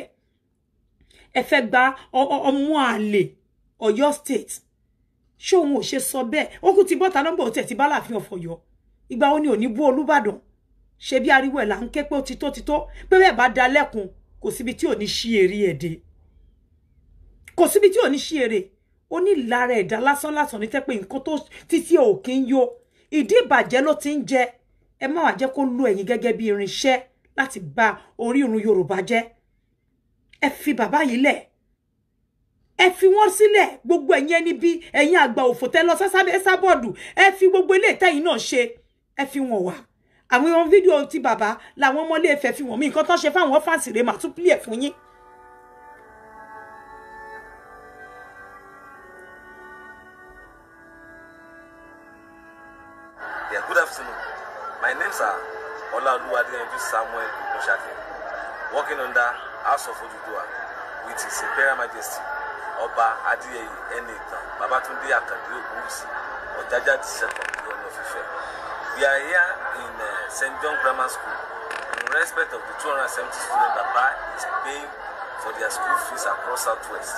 ẹ fẹ́ gba ọmọ àlè Ọ̀yọ́ state ṣé òun ò ṣe sọ bẹ́ẹ̀ ó kú ti bọ́ta nọ́mbà òtẹ̀ ti bá láàfin ọ̀fọ̀yọ́ ìgbà wo ni ò ní bú Olúbàdàn ṣe bí ariwo ẹ̀ là ń ké pé ó ti tó ti tó pé bẹ́ẹ̀ bá da lẹ́kun kò síbi tí ò ní ṣí èrè ẹ̀dẹ́ kò síbi tí ò ní ṣí èrè ó ní ìlara ẹ̀dá lásán lásán ní tẹ́pẹ́ nǹkan tó títí ò kí ń yó ìdí ìbàjẹ́ ló ti ń jẹ ẹ má wàá jẹ́ kó lo ẹ̀yìn gẹ́gẹ́ bí irinṣẹ́ láti ba orírun Yorùbá jẹ́ ẹ fi baba yìí lẹ̀ ẹ fi wọ́n sílẹ̀ gbogbo ẹ̀yin ẹni bí ẹ̀yin àgbà òfò tẹ́ lọ sásábẹ́ sábọ́ọ̀dù ẹ fi gbogbo ilé ìtẹ́yìn náà ṣe ẹ fi wọn wà àwọn ohun fídíò ti bàbá làwọn ọmọlé ẹ̀fẹ̀ fi wọ̀n mí nǹkan tó ṣe fáwọn fáǹsì rẹ̀ màá tún pílẹ̀ fún yín. Yeah, good afternoon. My name's are Olaoluwadeyanju Samuel Ogunshake, working under House of Ojukwu with His Imperial Majesty ọba adéyẹyè ẹni ìtàn babatunde akande ògúnwùsì ọ̀jájá ti sẹ́kọ̀ọ́ ní ọ̀nà we are here in uh, eh, st john grammar school in respect of the two hundred and seventy students that is paying for their school fees across southwest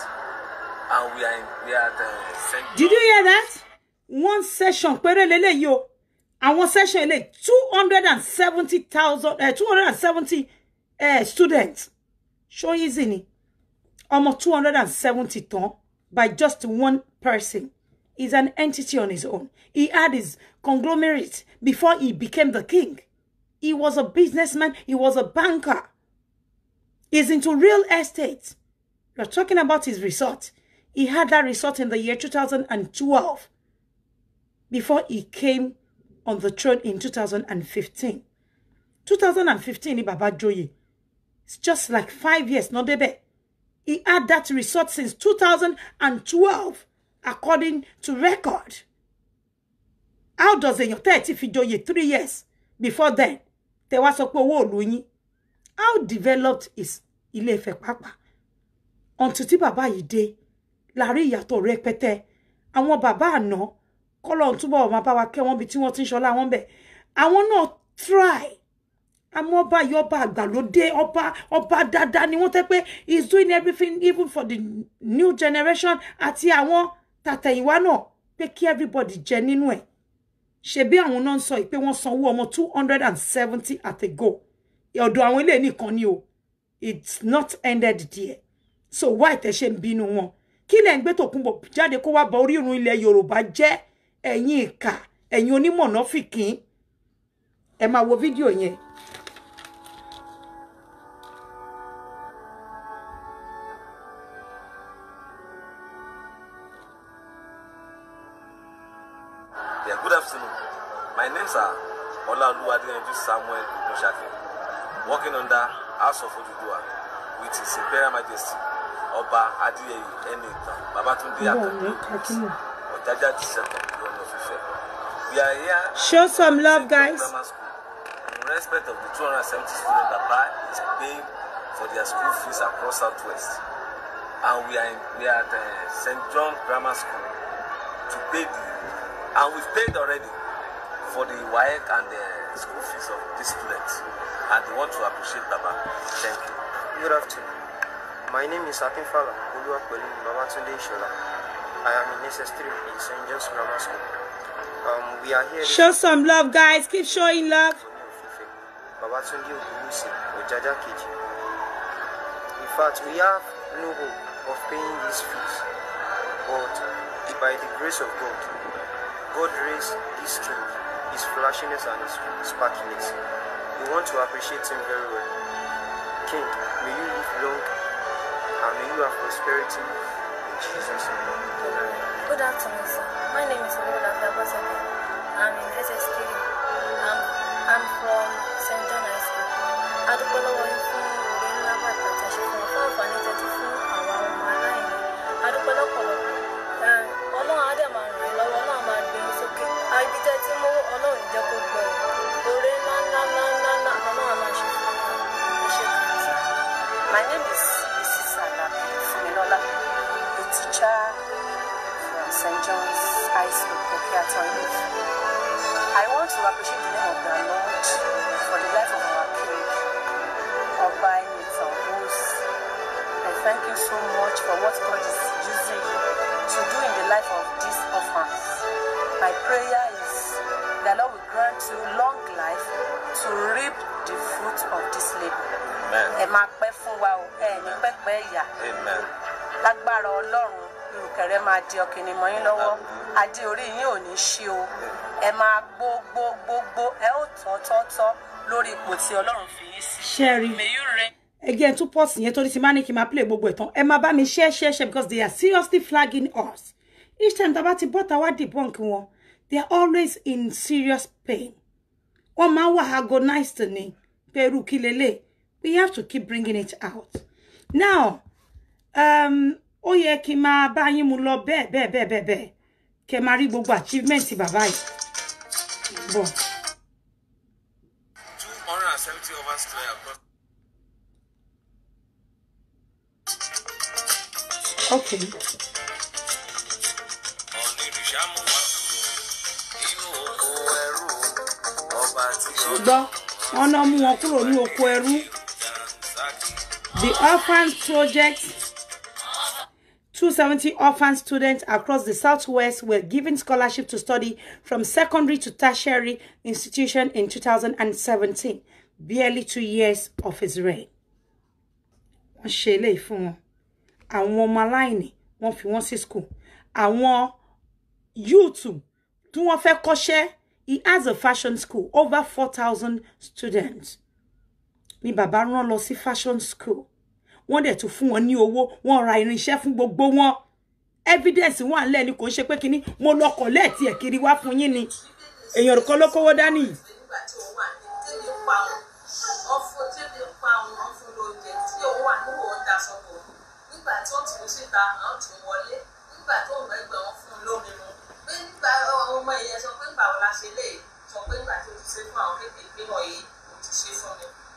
and we are in we are at eh, st john. did you hear that one session péré lélẹ́yìí o àwọn session ilé two hundred and seventy thousand eh, two hundred and seventy students ṣó easy ni. almost 270 ton by just one person is an entity on his own. He had his conglomerate before he became the king. He was a businessman. He was a banker. He's into real estate. We're talking about his resort. He had that resort in the year 2012 before he came on the throne in 2015. 2015 ni Joye. It's just like five years, not debe. He had that resort since 2012, according to record. How does èèyàn tẹ́ ẹ̀ ti fi joyè three years before then? Tẹ wá sọ pé How developed is Ilé-Ifẹ̀ pàápàá? Until tí baba ide, Larry yato ìyàtọ̀ rẹpẹtẹ. Àwọn bàbá àná kọ́lọ̀ túbọ̀ máa bá wa kẹ́ wọ́n bí tí wọ́n ti ń ṣọlá wọn bẹ̀. Àwọn try àmọ́ ọba yìí ọba àgbàlódé ọba ọba dáadáa ni wọ́n tẹ́ pé he doing everything even for the new generation àti àwọn tàtẹ̀yìnwá náà pé kí everybody jẹ nínú ẹ̀ ṣebí àwọn náà ń sọ pé wọ́n sanwó ọmọ two hundred and seventy at a go ọ̀dọ̀ àwọn ilé nìkan ni o it's not ended there so why tẹ́ ṣe ń bínú wọn kí lẹ́ ń gbé Tòkunbọ̀ jáde kó wá bá orírun ilẹ̀ Yorùbá jẹ́ ẹ̀yin ìkà ẹ̀yin onímọ̀nàfìkín ẹ máa wo fídíò yẹn Show some love, guys. In respect of the 270 students that buy is paying for their school fees across Southwest. And we are, in, we are at uh, eh, St. John Grammar School to pay the, and we've paid already for the WAEC and the school fees of these students. And they want to appreciate Baba. Thank you. Good afternoon. My name is Akinfala Oluwapelu Babatunde Ishola. I am in ss in St. John's Grammar School. Um, we are here. Show some love, guys. Keep showing love. Babatunde Ogunwusi Ojaja Keji. In fact, we have no hope of paying these fees, but by the grace of God, God raised this king, his flashiness and his sparkiness. We want to appreciate him very well. King, may you live long and may you have prosperity Jesus. Good afternoon, sir. My name is Omoda Kabasake. I'm in SSK. I'm, I'm from St. John High School. Adúpẹ́lọ́wọ́ yín fún orí ńlá bàtà tẹ̀sí fún fún àǹfààní tẹ̀tí fún àwa ọmọ aláìní. Adúpẹ́lọ́pọ̀lọpọ̀. Ọlọ́run á dẹ̀ Ibi tẹ́ ti mú Ọlọ́run jẹ́ kó gbẹ. Orí ńlá ńlá ńlá ńlá ńlá Ọlọ́run máa My name is John's High School, I I want to appreciate the name of the Lord for the life of our King, our Tongus. And thank you so much for what God is using you to do in the life of these orphans. My prayer is that Lord will grant you long life to reap the fruit of this labor. Amen. Amen. ìrùkẹ̀rẹ̀ máa di ọ̀kìnì mọ́ yín lọ́wọ́ adé orí yín ò ní ṣí o ẹ máa gbó gbó gbó gbó ẹ ó tán tọ́tọ́ lórí ipò tí ọlọ́run fi yín sí. ṣẹ́ẹ̀rì ẹgẹ́ tún pọ́ọ̀sì yẹn tó ti máa ní kí n máa play gbogbo ìtàn ẹ máa bá mi share share share because they are seriously flagging us each time tá a bá ti bọ́ta wá debunk wọn they are always in serious pain wọ́n máa ń wà agonized ní pẹ̀rù kí we have to keep bringing it out now um, ó yẹ kí n máa bá yín mu lọ bẹ́ẹ̀ bẹ́ẹ̀ bẹ́ẹ̀ bẹ́ẹ̀ bẹ́ẹ̀ kẹ máa rí gbogbo achievement bàbá yìí two hundred and seventy over square across. okay. gbọ́ náà mú wọn kúrò ní oko ẹrú the orphan project. 270 orphan students across the Southwest were given scholarship to study from secondary to tertiary institution in 2017, barely two years of his reign. Wọ́n ṣe eléyìí fún wọn. Àwọn ọmọ aláìní wọ́n fi wọ́n sí school. Àwọn youth tí wọ́n fẹ́ kọ́ṣẹ́ he has a fashion school over 4,000 students. Ni bàbá rán lọ sí fashion school wọ́n dẹ̀ tún fún wọn ní owó wọ́n ra irinṣẹ́ fún gbogbo wọn evidence wà ńlẹ̀ ni kò ń ṣe pé kinní mo lọkọ̀ lẹ́ẹ̀tì ẹ̀ kiri wá fún yín ni èèyàn kan ló kówó dání yìí. nígbà tó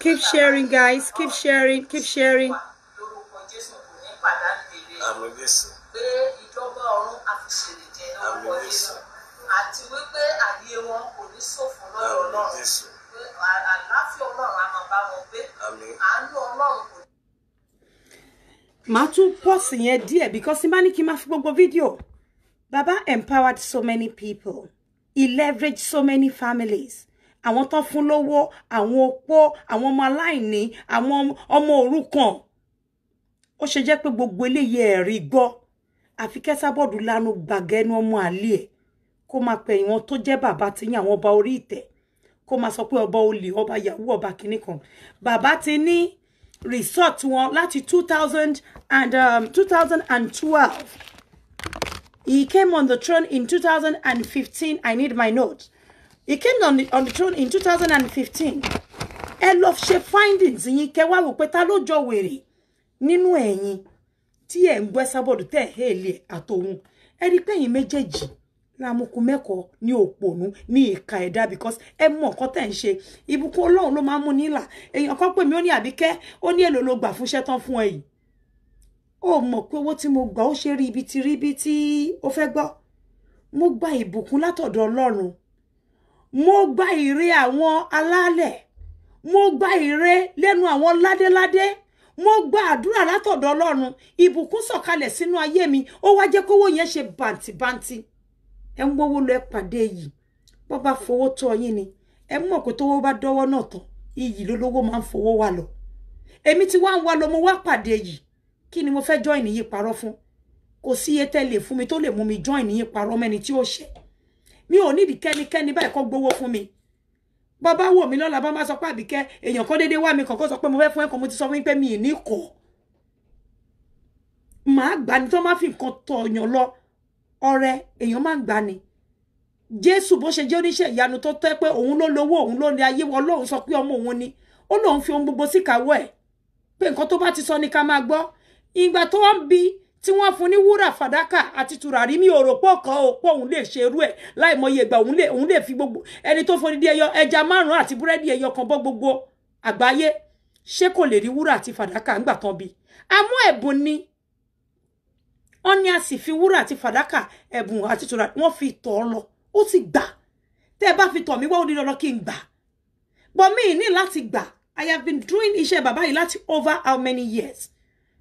Keep sharing, guys. Keep sharing. Keep sharing pàdánù èrè pé ìjọba ọ̀run àfiṣèrè jẹ lórúkọ Jésù àti wípé àyè wọn kò ní ṣòfò lọ́dọ̀ Ọlọ́run pé àlàáfíà Ọlọ́run á bá wọn gbé àánú Ọlọ́run kò màá tún pọ́ọ̀sì yẹn díẹ̀ because ní bá ní kí n máa fi gbogbo fídíò baba empowered so many people he leveraged so many families àwọn tó fún lówó àwọn opó àwọn ọmọ aláìní àwọn ọmọ òrukàn ó ṣe jẹ́ pé gbogbo eléyìí ẹ̀rí gbọ́ àfi kẹ́sàbọ́ọ̀dù lanu gbàgẹ́nu ọmọ àlè ẹ̀ kó máa pẹ̀yìn wọn tó jẹ́ bàbá ti ní àwọn ọba orí ìtẹ́ kó máa sọ pé ọba olè ọba yahoo ọba kìnnì kan bàbá ti ní resort wọn láti two thousand and um, two thousand and twelve he came on the throne in two thousand and fifteen i need my note he came on the, on the throne in two thousand and fifteen ẹ lọ ṣe findings yín kẹwàá wò pé ta ló jọ wèrè nínú ẹ̀yin tí ẹ̀ ń gbọ́ Esabod tẹ̀ ẹ̀ lè àtòun ẹ rí pé ẹ̀yin méjèèjì lámukú mẹ́kọ̀ọ́ ní òpònú ní ìka ẹ̀dá because ẹ mọ̀ nǹkan tẹ̀ ń ṣe ìbùkún ọlọ́run ló máa ń mú nílà èèyàn kan pè mí ó ní àbíkẹ́ ó ní èlò ló gbà fúnṣẹ́ tán fún ẹ yìí ó mọ̀ pé owó tí mo gbà ó ṣe rí ibi tí rí ibi tí ó fẹ́ gbọ́ mo gba ìbùkún látọ̀dọ̀ ọlọ́run mo gba ìre àwọn alálẹ̀ mo gba ìre lẹ́nu àwọn ládéládé wọ́n gba àdúrà látọ̀dọ̀ ọlọ́run ìbùkún sọ̀kalẹ̀ sínú ayé mi ó wá jẹ́ kówó yẹn ṣe bàǹtìbàǹtì ẹ ń gbówó lọ ẹ pàdé yìí wọ́n bá fowó tọ́ yín ni ẹ mọ̀ kó tówó bá dọ́wọ́ náà tán iyì lólówó máa ń fowó wà lọ èmi tí wá ń wá lọ mo wá pàdé yìí kí ni mo fẹ́ join yìí parọ́ fún kò sí iye tẹ́ lè fún mi tó lè mú mi join yìí parọ́ mẹ́ni tí ó ṣe mi ò nídìí kẹ́nikẹ́ni báyìí kó gbowó fún mi bàbá wò mí lọ́la bá má sọ pé àbíkẹ́ èèyàn kan déédéé wá mi kọ̀ọ̀kan sọ pé mo fẹ́ fún ẹ̀kọ́ mo ti sọ wípé mi ì ní kọ̀ màá gbà ní tó má fi nǹkan tọ̀yàn lọ ọrẹ èèyàn má gbà ní jésù bó ṣe jẹ́ oníṣẹ́ ìyanu tó tẹ́ pé òun ló lówó òun ló ní ayé wọn lóun sọ pé ọmọ òun ni ó lóun fi ohun gbogbo síkàwọ́ ẹ̀ pé nǹkan tó bá ti sọ ni ká máa gbọ́ ìgbà tó wọ́n bi tí wọ́n fún ní wúrà fàdákà àti tùràrí mi ò rò pọ̀ kan ò pọ̀ òun lè ṣe irú ẹ̀ láìmọye ìgbà òun lè òun lè fi gbogbo ẹni tó fún ní ẹyọ ẹja márùn àti búrẹ́dì ẹyọ kan bọ́ gbogbo àgbáyé ṣé kò lè rí wúrà àti fàdákà ńgbà kan bí àmọ́ ẹ̀bùn ni wọ́n ní a sì fi wúrà àti fàdákà ẹ̀bùn àti tùràrí wọ́n fi tọ̀ ọ́ lọ ó ti gbà tẹ́ ẹ bá fi tọ̀ mí wá ó ní kí n gbà bọ́ ní láti gbà I have been doing iṣẹ́ bàbá yìí láti over how many years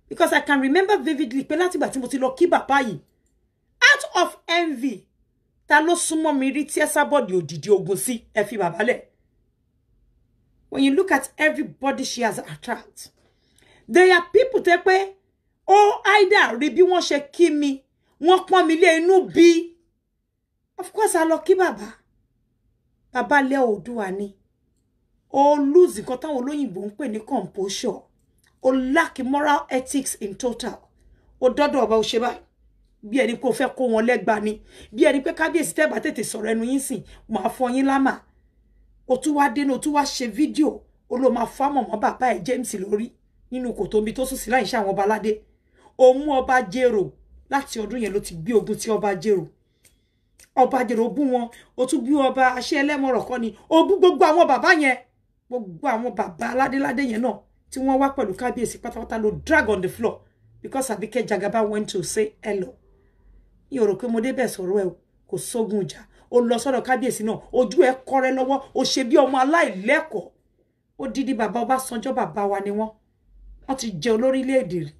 because I can remember vividly pé láti ìgbà tí mo ti lọ kí bàbá yìí out of envy ta ló súnmọ́ mi rí tí Esabod òdìdí ogun sí ẹ fi bàbá lẹ̀ when you look at everybody she has attract there are people tẹ́ pé ó either rí bí wọ́n ṣe kí mi wọ́n pọ́n mi lé inú bí of course a lọ kí bàbá bàbá lẹ́ Oòduà ni ó lose nǹkan táwọn olóyìnbó ń pè ní composure o lack moral ethics in total o dodo ọba o ṣe báyìí bí ẹni pé o fẹ́ kó wọn lẹ́gba ni bí ẹni pé kábíyèsí tẹ́ bá tètè sọ̀rọ̀ ẹnu yín sìn màá fọ yín lámà o tún wá dénú o tún wá ṣe fídíò o ló máa fámọ̀ mọ́ bàbá ẹ̀ James lórí nínú kòtò omi tó sùn sí láì ṣe àwọn ọba aládé o mu ọba jèrò láti ọdún yẹn ló ti gbé ogun tí ọba jèrò ọba jèrò bú wọn o tu bí ọba aṣẹ ẹlẹ́mọ̀rọ̀ kọ́ ni o bu gbogbo àwọn bàbá yẹn gbogbo àwọn lade aládéládé yẹn náà tí wọ́n wá pẹ̀lú kábíyèsí pátápátá ló drag on the floor because Abike Jagaba went to say hello mi ò rò pé mo débẹ̀ sọ̀rọ̀ ẹ̀ kò sógun ìjà ó lọ sọ́dọ̀ kábíyèsí náà ojú ẹ̀ kọ́rẹ́ lọ́wọ́ ó ṣe bí ọmọ aláìlẹ́kọ̀ọ́ ó dídí bàbá Ọbásanjọ́ bàbá wa ni wọ́n wọ́n ti jẹ́ olórí iléèdè rẹ̀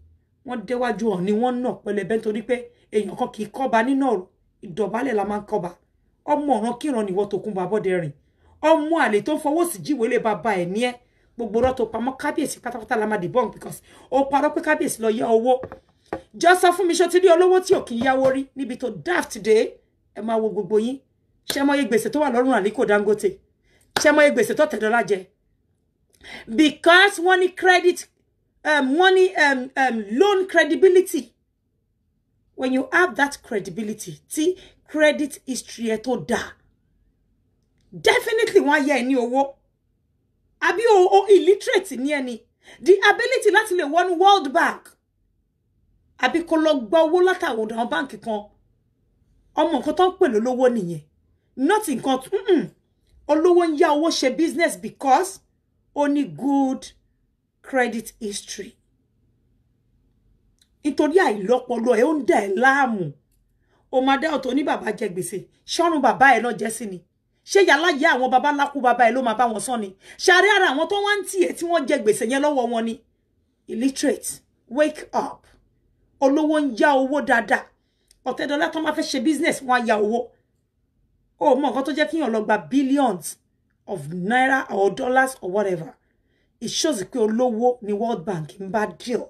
wọ́n déwájú ọ̀hún ni wọ́n nà pẹlẹbẹ nítorí pé èèyàn kan kì í kọ́ba nínà ọ̀rọ̀ ìdọ̀bálẹ̀ la máa ń kọ́ba ọmọ ọ̀ràn kíran nìwọ Tòkunbọ̀ Abọ́dẹrìn ọmọ àlè tó ń fọwọ́ sí jíwèé lè bàbá ẹ̀ ní ẹ́ gbogbo rọ́tò pamọ́ kábíyèsí pátápátá la máa debunk because ó parọ́ pé kábíyèsí lọ yá owó jọ sọ fún mi ṣó ti rí olówó tí ò kì í yáwó rí níbi tó daft dé ẹ máa wo gbogbo yín ṣé mọ iye gbèsè tó wà lọ́rùn Àlíkò Dangote ṣé mọ iye gbèsè tó tẹ̀ dọ́là because wọ́n ní credit um, wọ́n ní um, um, loan credibility when you have that credibility tí credit history ẹ tó dáa definitely wọ́n á yá ẹ ní owó àbí o o illiterate ní ẹni the ability láti lè wọnú World Bank àbí kó lọ gba owó látàwọn àwọn báǹkì kan ọmọ nǹkan tó ń pè lólówó nìyẹn not nǹkan olówó ń yá owó ṣe business because ó ní good credit history nítorí àìlọ́pọlọ ẹ̀ ó ń dà ẹ́ láàmú o máa dá ọ̀tọ̀ ní bàbá jẹ gbèsè ṣọ́run bàbá ẹ̀ náà jẹ́ sí ni ṣé yàrá yẹ àwọn baba ńlá baba ẹ ló máa bá wọn sán ni ṣàárẹ ara àwọn tó wá ń tiẹ tí wọ́n jẹ gbèsè yẹn lọ́wọ́ wọn ni illiterate wake up olówó ń yá owó dáadáa ọ̀tẹ̀dọ́lá tó máa fẹ́ ṣe business wọn á yá owó o mọ nǹkan tó jẹ́ kíyàn lọ gba billions of naira or dollars or whatever it shows pé olówó ni World Bank ń bá deal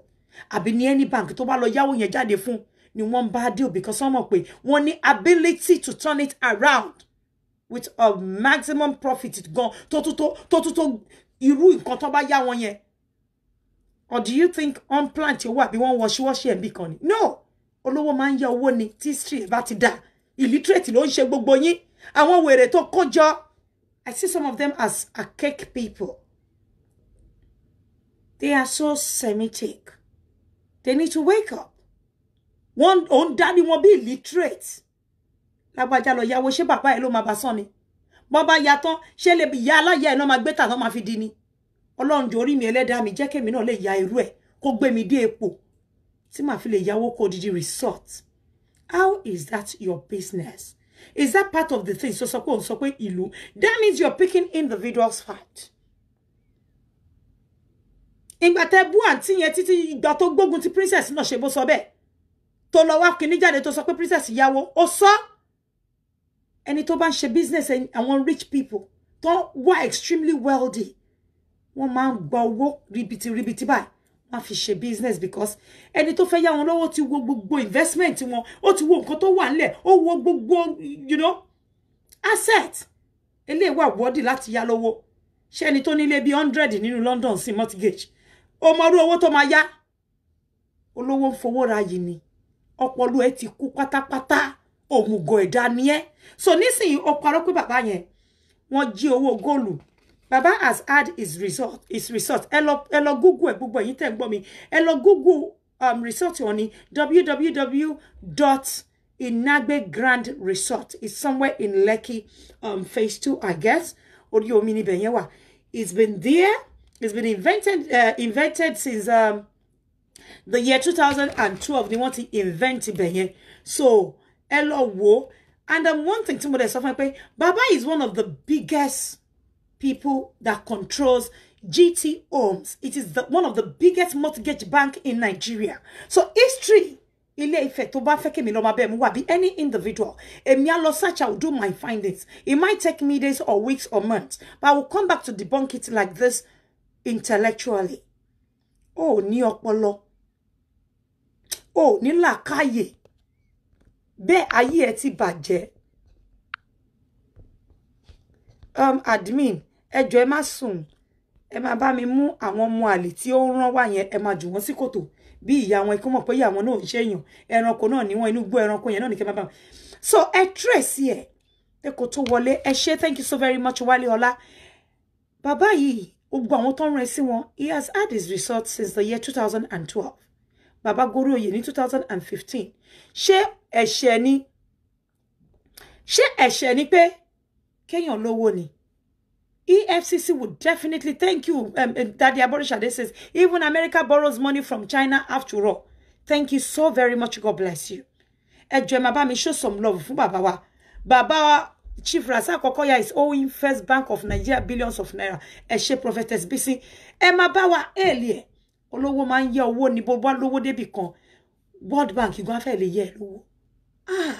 àbí ní any bank tó bá lọ yáwó yẹn jáde fún ni wọ́n ń bá deal because wọ́n mọ̀ pé wọ́n ní ability to turn it around with a maximum profit gan tó tó to tó tó tó irú nǹkan tó bá yá wọn yẹn or do you think unplanned ti owó àbí wọ́n wọṣíwọṣí ẹbí kan ni no olówó máa ń yá owó ni tí history bá ti dá illiterate ló ń ṣe gbogbo yín àwọn wèrè tó kó jọ i see some of them as a cake people they are so semitic they need to wake up One on daddy dá be illiterate lágbájá lọ yáwó ṣé bàbá ẹ ló máa bá sán ni bọ́n bá ya tán ṣé lè ìyá aláya ẹ̀ náà máa gbé tà náà fi di ni ọlọ́run jò mi ẹlẹ́dàá mi jẹ́ kémi náà lè ya irú ẹ̀ kó gbé mi dé ipò tí màá fi lè yáwó kó odidi resort how is that your business is that part of the thing so so pé òun sọ pé that means you're picking individuals fight ìgbà tẹ bú àǹtí yẹn títí ìgbà tó gbógun ti princess náà ṣe bó sọ bẹ́ẹ̀ tó lọ wá kíní jáde tó sọ pé princess yáwó ó So? ẹni tó bá ń ṣe business àwọn rich people tó wà extremely wealthy wọ́n máa ń gba owó ribiti ribiti báyìí wọ́n fi ṣe business because ẹni tó fẹ́ yá wọn lọ́wọ́ ti wo gbogbo investment wọn ó ti wo nǹkan tó wà nílẹ̀ ó wo gbogbo you know, asset eléyìí wà wọ́ọ̀dì láti yá lọ́wọ́ ṣé ẹni tó nílé bíi hundred nínú London sí mortgage ó mọ irú owó tó máa yá olówó ń fowó ra yìí ni ọpọlọ ẹ ti kú pátápátá òmùgọ̀ ẹ̀dá ni so nísìnyí ó parọ́ pé bàbá yẹn wọ́n jí owó góòlù bàbá has had his result his result ẹ lọ ẹ lọ google ẹ gbogbo ẹ̀yin tẹ́ ń gbọ́ mi ẹ lọ google um, resort wọn ni www dot inagbe grand resort is somewhere in lekki um, phase two i guess orí omi níbẹ̀ yẹn wà it's been there it's been invented uh, invented since. Um, the year two thousand and 2012 ni wọ́n ti invent ibẹ̀ yẹn so ẹ lọ wò and um, one thing tí mo dẹ̀ sọ fún ẹ pé baba is one of the biggest people that controls GT Homes it is the, one of the biggest mortgage bank in Nigeria so history ilé Ifẹ̀ tó bá fẹ́ kémi lọ máa bẹ́ẹ̀ mú wá bí any individual èmi á lọ search I will do my findings it might take me days or weeks or months but I will come back to debunk it like this intellectually o ò ní ọpọlọ o ò ní làákàyè bẹ́ẹ̀ ayé ẹ ti bàjẹ́ um, admin ẹjọ ẹ má sùn ẹ máa bá mi mú àwọn ọmọ àlè tí ó ń rán wá yẹn ẹ máa jù wọ́n sí kòtò bí ìyá wọn kó mọ̀ pé ìyá wọn náà ń ṣe ẹranko náà ní inú gbó ẹranko yẹn náà ní kí ẹ máa bá wọn so ẹ tírèsì ẹ ẹ kò tó wọlé ẹ ṣe thank you so very much Wálé Ọlá bàbá yìí gbogbo àwọn tó ń rẹ sí wọn he has had his result since the year two thousand and twelve Baba gorí oyè ní two thousand and fifteen ṣé ẹ̀ṣẹ̀ ni ṣé ẹ̀ṣẹ̀ ni pe. kéèyàn lówó ni EFCC would definitely thank you. Um, um Daddy Aborishade says, even America borrows money from China after all. Thank you so very much. God bless you. Ẹ jọ̀ọ́ má bá mi show some love fún Baba. wa. Bàbá wa Chief Rasak Okoya is owing First Bank of Nigeria billions of naira. Ẹ ṣé Prophetess BC. Ẹ má bá wa earlier olówó máa ń yẹ owó ni bó bá lówó débì kan World Bank gan fẹ́ lè yẹ lówó ah!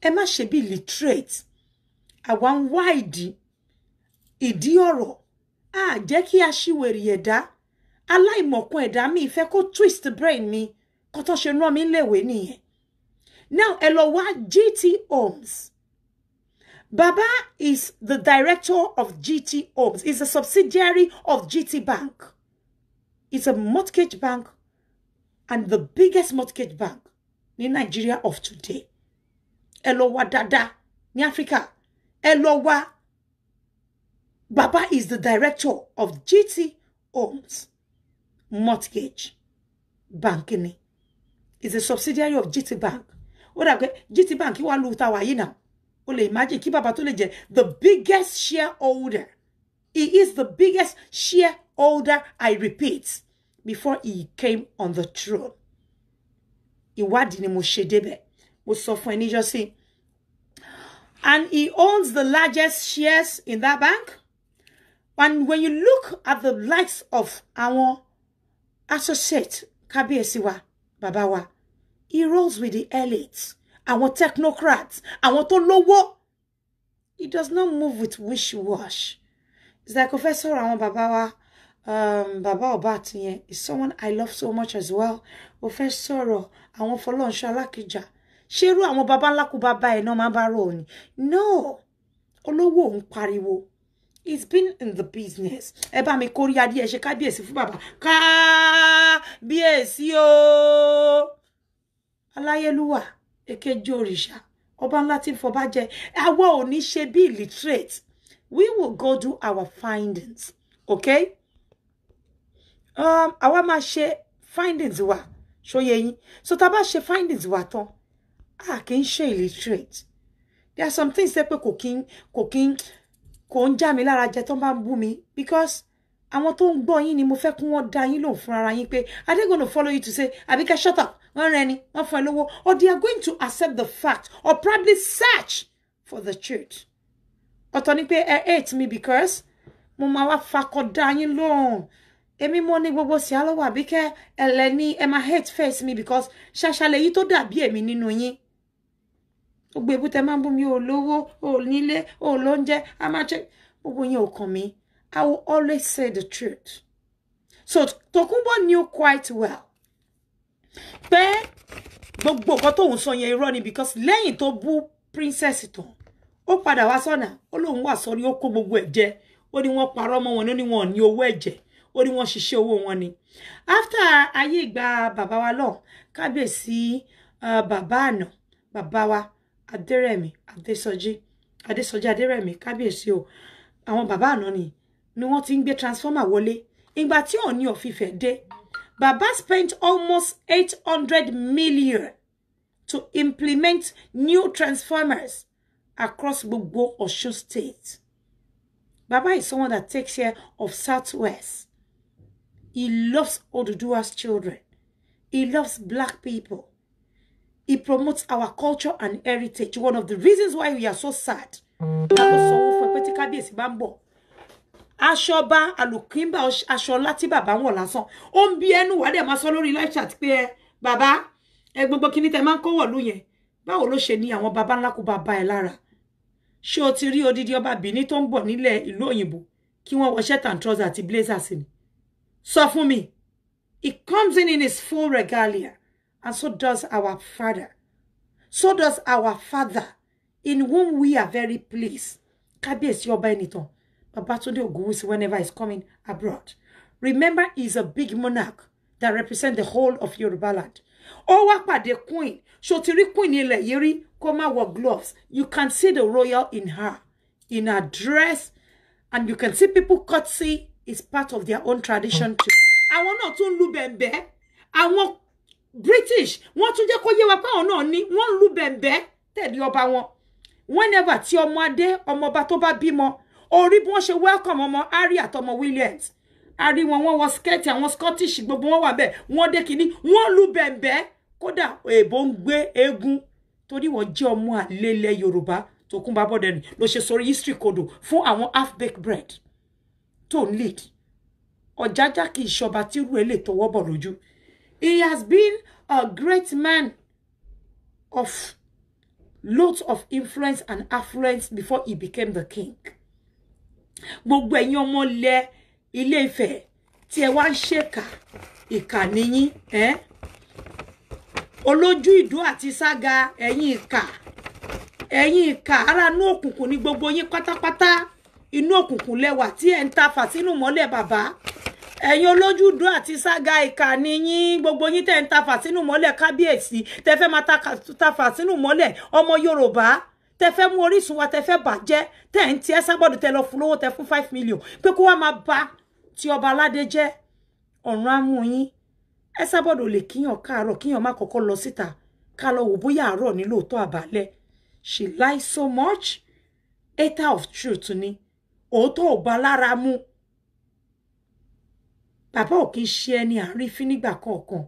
ẹ má ṣe bí literate àwa ń wá ìdí ìdí ọ̀rọ̀ a ah! jẹ́ kí aṣíwèrè ẹ̀dá aláìmọ̀kan ẹ̀dá mi ìfẹ́ kó twist brain mi kó tó ṣe rán mi léwe nìyẹn now ẹ lọ wá GT Homes Baba is the director of GT Homes is a subsidiary of GT Bank. It's a mortgage bank and the biggest mortgage bank in Nigeria of today. Ẹ lọ in Africa. Ẹ lọ Baba is the director of GT Homes Mortgage banking. It's a subsidiary of GT Bank. Ó dàgbé GT Bank wà lóhùn táwa yìí now? O lè imagine keep bàbá tó lè jẹ the biggest shareholder. He is the biggest shareholder older, I repeat, before he came on the throne. Ìwádìí ni mo ṣe débẹ̀, mo sọ fún ẹni And he owns the largest shares in that bank. And when you look at the likes of our associate Kábíyèsí wa, bàbá he rolls with the elites, our technocrats, àwọn tó lówó. He does not move with wish-wash. It's like ó fẹ́ sọ̀rọ̀ um, Baba Obatunye is someone I love so much as well. Ó fẹ́ sọ̀rọ̀ àwọn Fọlọ́runṣọ́ Alákìjà. Ṣé irú àwọn baba ńlá kú bàbá ẹ̀ náà máa bá rò ni? No, olówó òun pariwo. He's been in the business. Ẹ bá mi kórí adé ẹ ṣe kábíyèsí fún ka Kábíyèsí o! Aláyélúwà, èkejì òrìṣà, ọba ńlá tí ń fọba jẹ. Àwa ò ní We will go do our findings, okay? um, àwa máa ṣe findings wa ṣóyẹ yín so tá a bá ṣe findings wa tán a kì í ṣe illiterate there are some things pé kò kí kò kí kò ń já mi lára jẹ tó bá ń bú mi because àwọn tó ń gbọ́ yín ni mo fẹ́ kí wọ́n dá yín lòun fún ara yín pé are they gonna follow you to say Abike shut up wọ́n rẹ ni wọ́n fún ẹ lówó or they are going to accept the fact or probably search for the truth ọ̀tọ̀ ni pé ẹ hate me because mo máa wá fakọ̀ dá yín lóhùn èmi mo ní gbogbo sí alọ́wọ́ Àbíkẹ́ ẹlẹ́ni ẹ máa hate face mi because ṣàṣàlẹ̀ yìí tó dàbí èmi nínú yín gbogbo èbúté máa ń bú mi ò lówó ò nílé ò lóúnjẹ a máa ṣe gbogbo yẹn ò kàn mí I will always say the truth so Tòkunbọ̀ knew quite well pé gbogbo nǹkan tóun sọ yẹn irọ́ ni because lẹ́yìn to bu princess tán ó padà wá sọ́nà ó lóun wà sọ́rí ó kó gbogbo ẹ̀ jẹ ó ní wọ́n parọ́ mọ́ wọn ó ní wọn ò ní owó ó ní wọ́n ṣiṣẹ́ owó wọn ni after ayé ìgbà bàbá wa lọ kábíyèsí bàbá àná bàbá wa adérẹ̀mí adésọjí adésọjí adérẹ̀mí kábíyèsí o àwọn bàbá àná ni ni wọ́n ti ń gbé transformer wọlé ìgbà tí Ọọ̀ni of Ifẹ̀ dé bàbá spent almost eight hundred million to implement new transformers across gbogbo Ọ̀ṣun state bàbá is someone that takes care of southwest He loves Oduduwa's children. He loves black people. He promotes our culture and heritage. One of the reasons why we are so sad. Ashoba Alukimba Aṣọlá tí bàbá wọn lásán. Ó ń bí ẹnu wà dẹ̀ máa live chat pé ẹ bàbá gbogbo kíní tẹ máa ń kówọ̀ lú yẹn. Báwo ló ṣe ní àwọn baba ńlá kó bàbá ẹ lára? Ṣé o ti rí odidi ọba Bìní tó ń bọ̀ nílẹ̀ ìlú òyìnbó kí wọ́n wọṣẹ́ tàn trọ́sà àti blazers ni? So for me, he comes in in his full regalia and so does our father so does our father in whom we are very pleased kábíyèsí ọba ẹnìtàn babatunde ogunwusi whenever he's coming abroad remember he's a big monarch that represents the whole of Yoruba land ó wá pàdé queen ṣó ti rí queen ilẹ̀ yìí rí kó gloves you can see the royal in her in her dress and you can see people curtsy is part of their own tradition too. àwọn náà tún lu bẹ̀m̀bẹ́ àwọn British wọ́n tún jẹ́ kó yé wa pé àwọn náà ní wọ́n ń lu bẹ̀m̀bẹ́ tẹ̀lé ọba wọn whenever tí ọmọ adé ọmọọba tó bá bímọ orí bí wọ́n ṣe welcome ọmọ Harry àtọmọ Williams Harry wọn wọ́n wọ skirt àwọn Scottish gbogbo wọn wà bẹ́ẹ̀ wọ́n dé kínní wọ́n lu bẹ̀m̀bẹ́ kódà èèbó ń gbé eégún torí wọ́n jẹ́ ọmọ àlélẹ̀ Yorùbá Tókunbọ̀ Abọ́dẹrìn ló ṣe sọ̀rọ̀ history kodo fún àwọn half baked bread tó ń leak ọ̀jájá kì í ṣọba tí irú ẹ̀ lè tọwọ́ lójú he has been a great man of lots of influence and affluence before he became the king gbogbo ẹ̀yin ọmọ ilẹ̀ ilé Ifẹ̀ tí ẹ wá ń ṣèkà ìkà nìyí ẹ́ olójú ìdó àti ságà ẹ̀yin ìkà ẹ̀yin ìkà ara inú òkùnkùn ní gbogbo yín pátápátá inú òkùnkùn lẹ́wà tí ẹ̀ ń ta fàsínú mọ́lẹ̀ bàbá ẹ̀yin olójúdó àti ságà ìkà ni yín gbogbo yín tẹ̀ ń ta fàsínú mọ́lẹ̀ kábíyèsí tẹ fẹ́ máa ta fàsínú mọ́lẹ̀ ọmọ yorùbá tẹ fẹ́ mú orísun wa tẹ fẹ́ bàjẹ́ tẹ̀ ń tiẹ́ sábọ̀dù tẹ lọ fún tẹ fún five million pé kó wá máa ba ti ọba aládé jẹ́ ọ̀run á mú yín ẹ sábọ̀dù lè kíyàn káàárọ̀ kíyàn má kọ́kọ́ lọ síta ká lọ wò bóyá àárọ̀ ní lóòótọ́ àbálẹ̀ she lies so much hater of truth ni òótọ́ ò lára mu bàbá ò kì í ṣe ẹni à nígbà kọ̀ọ̀kan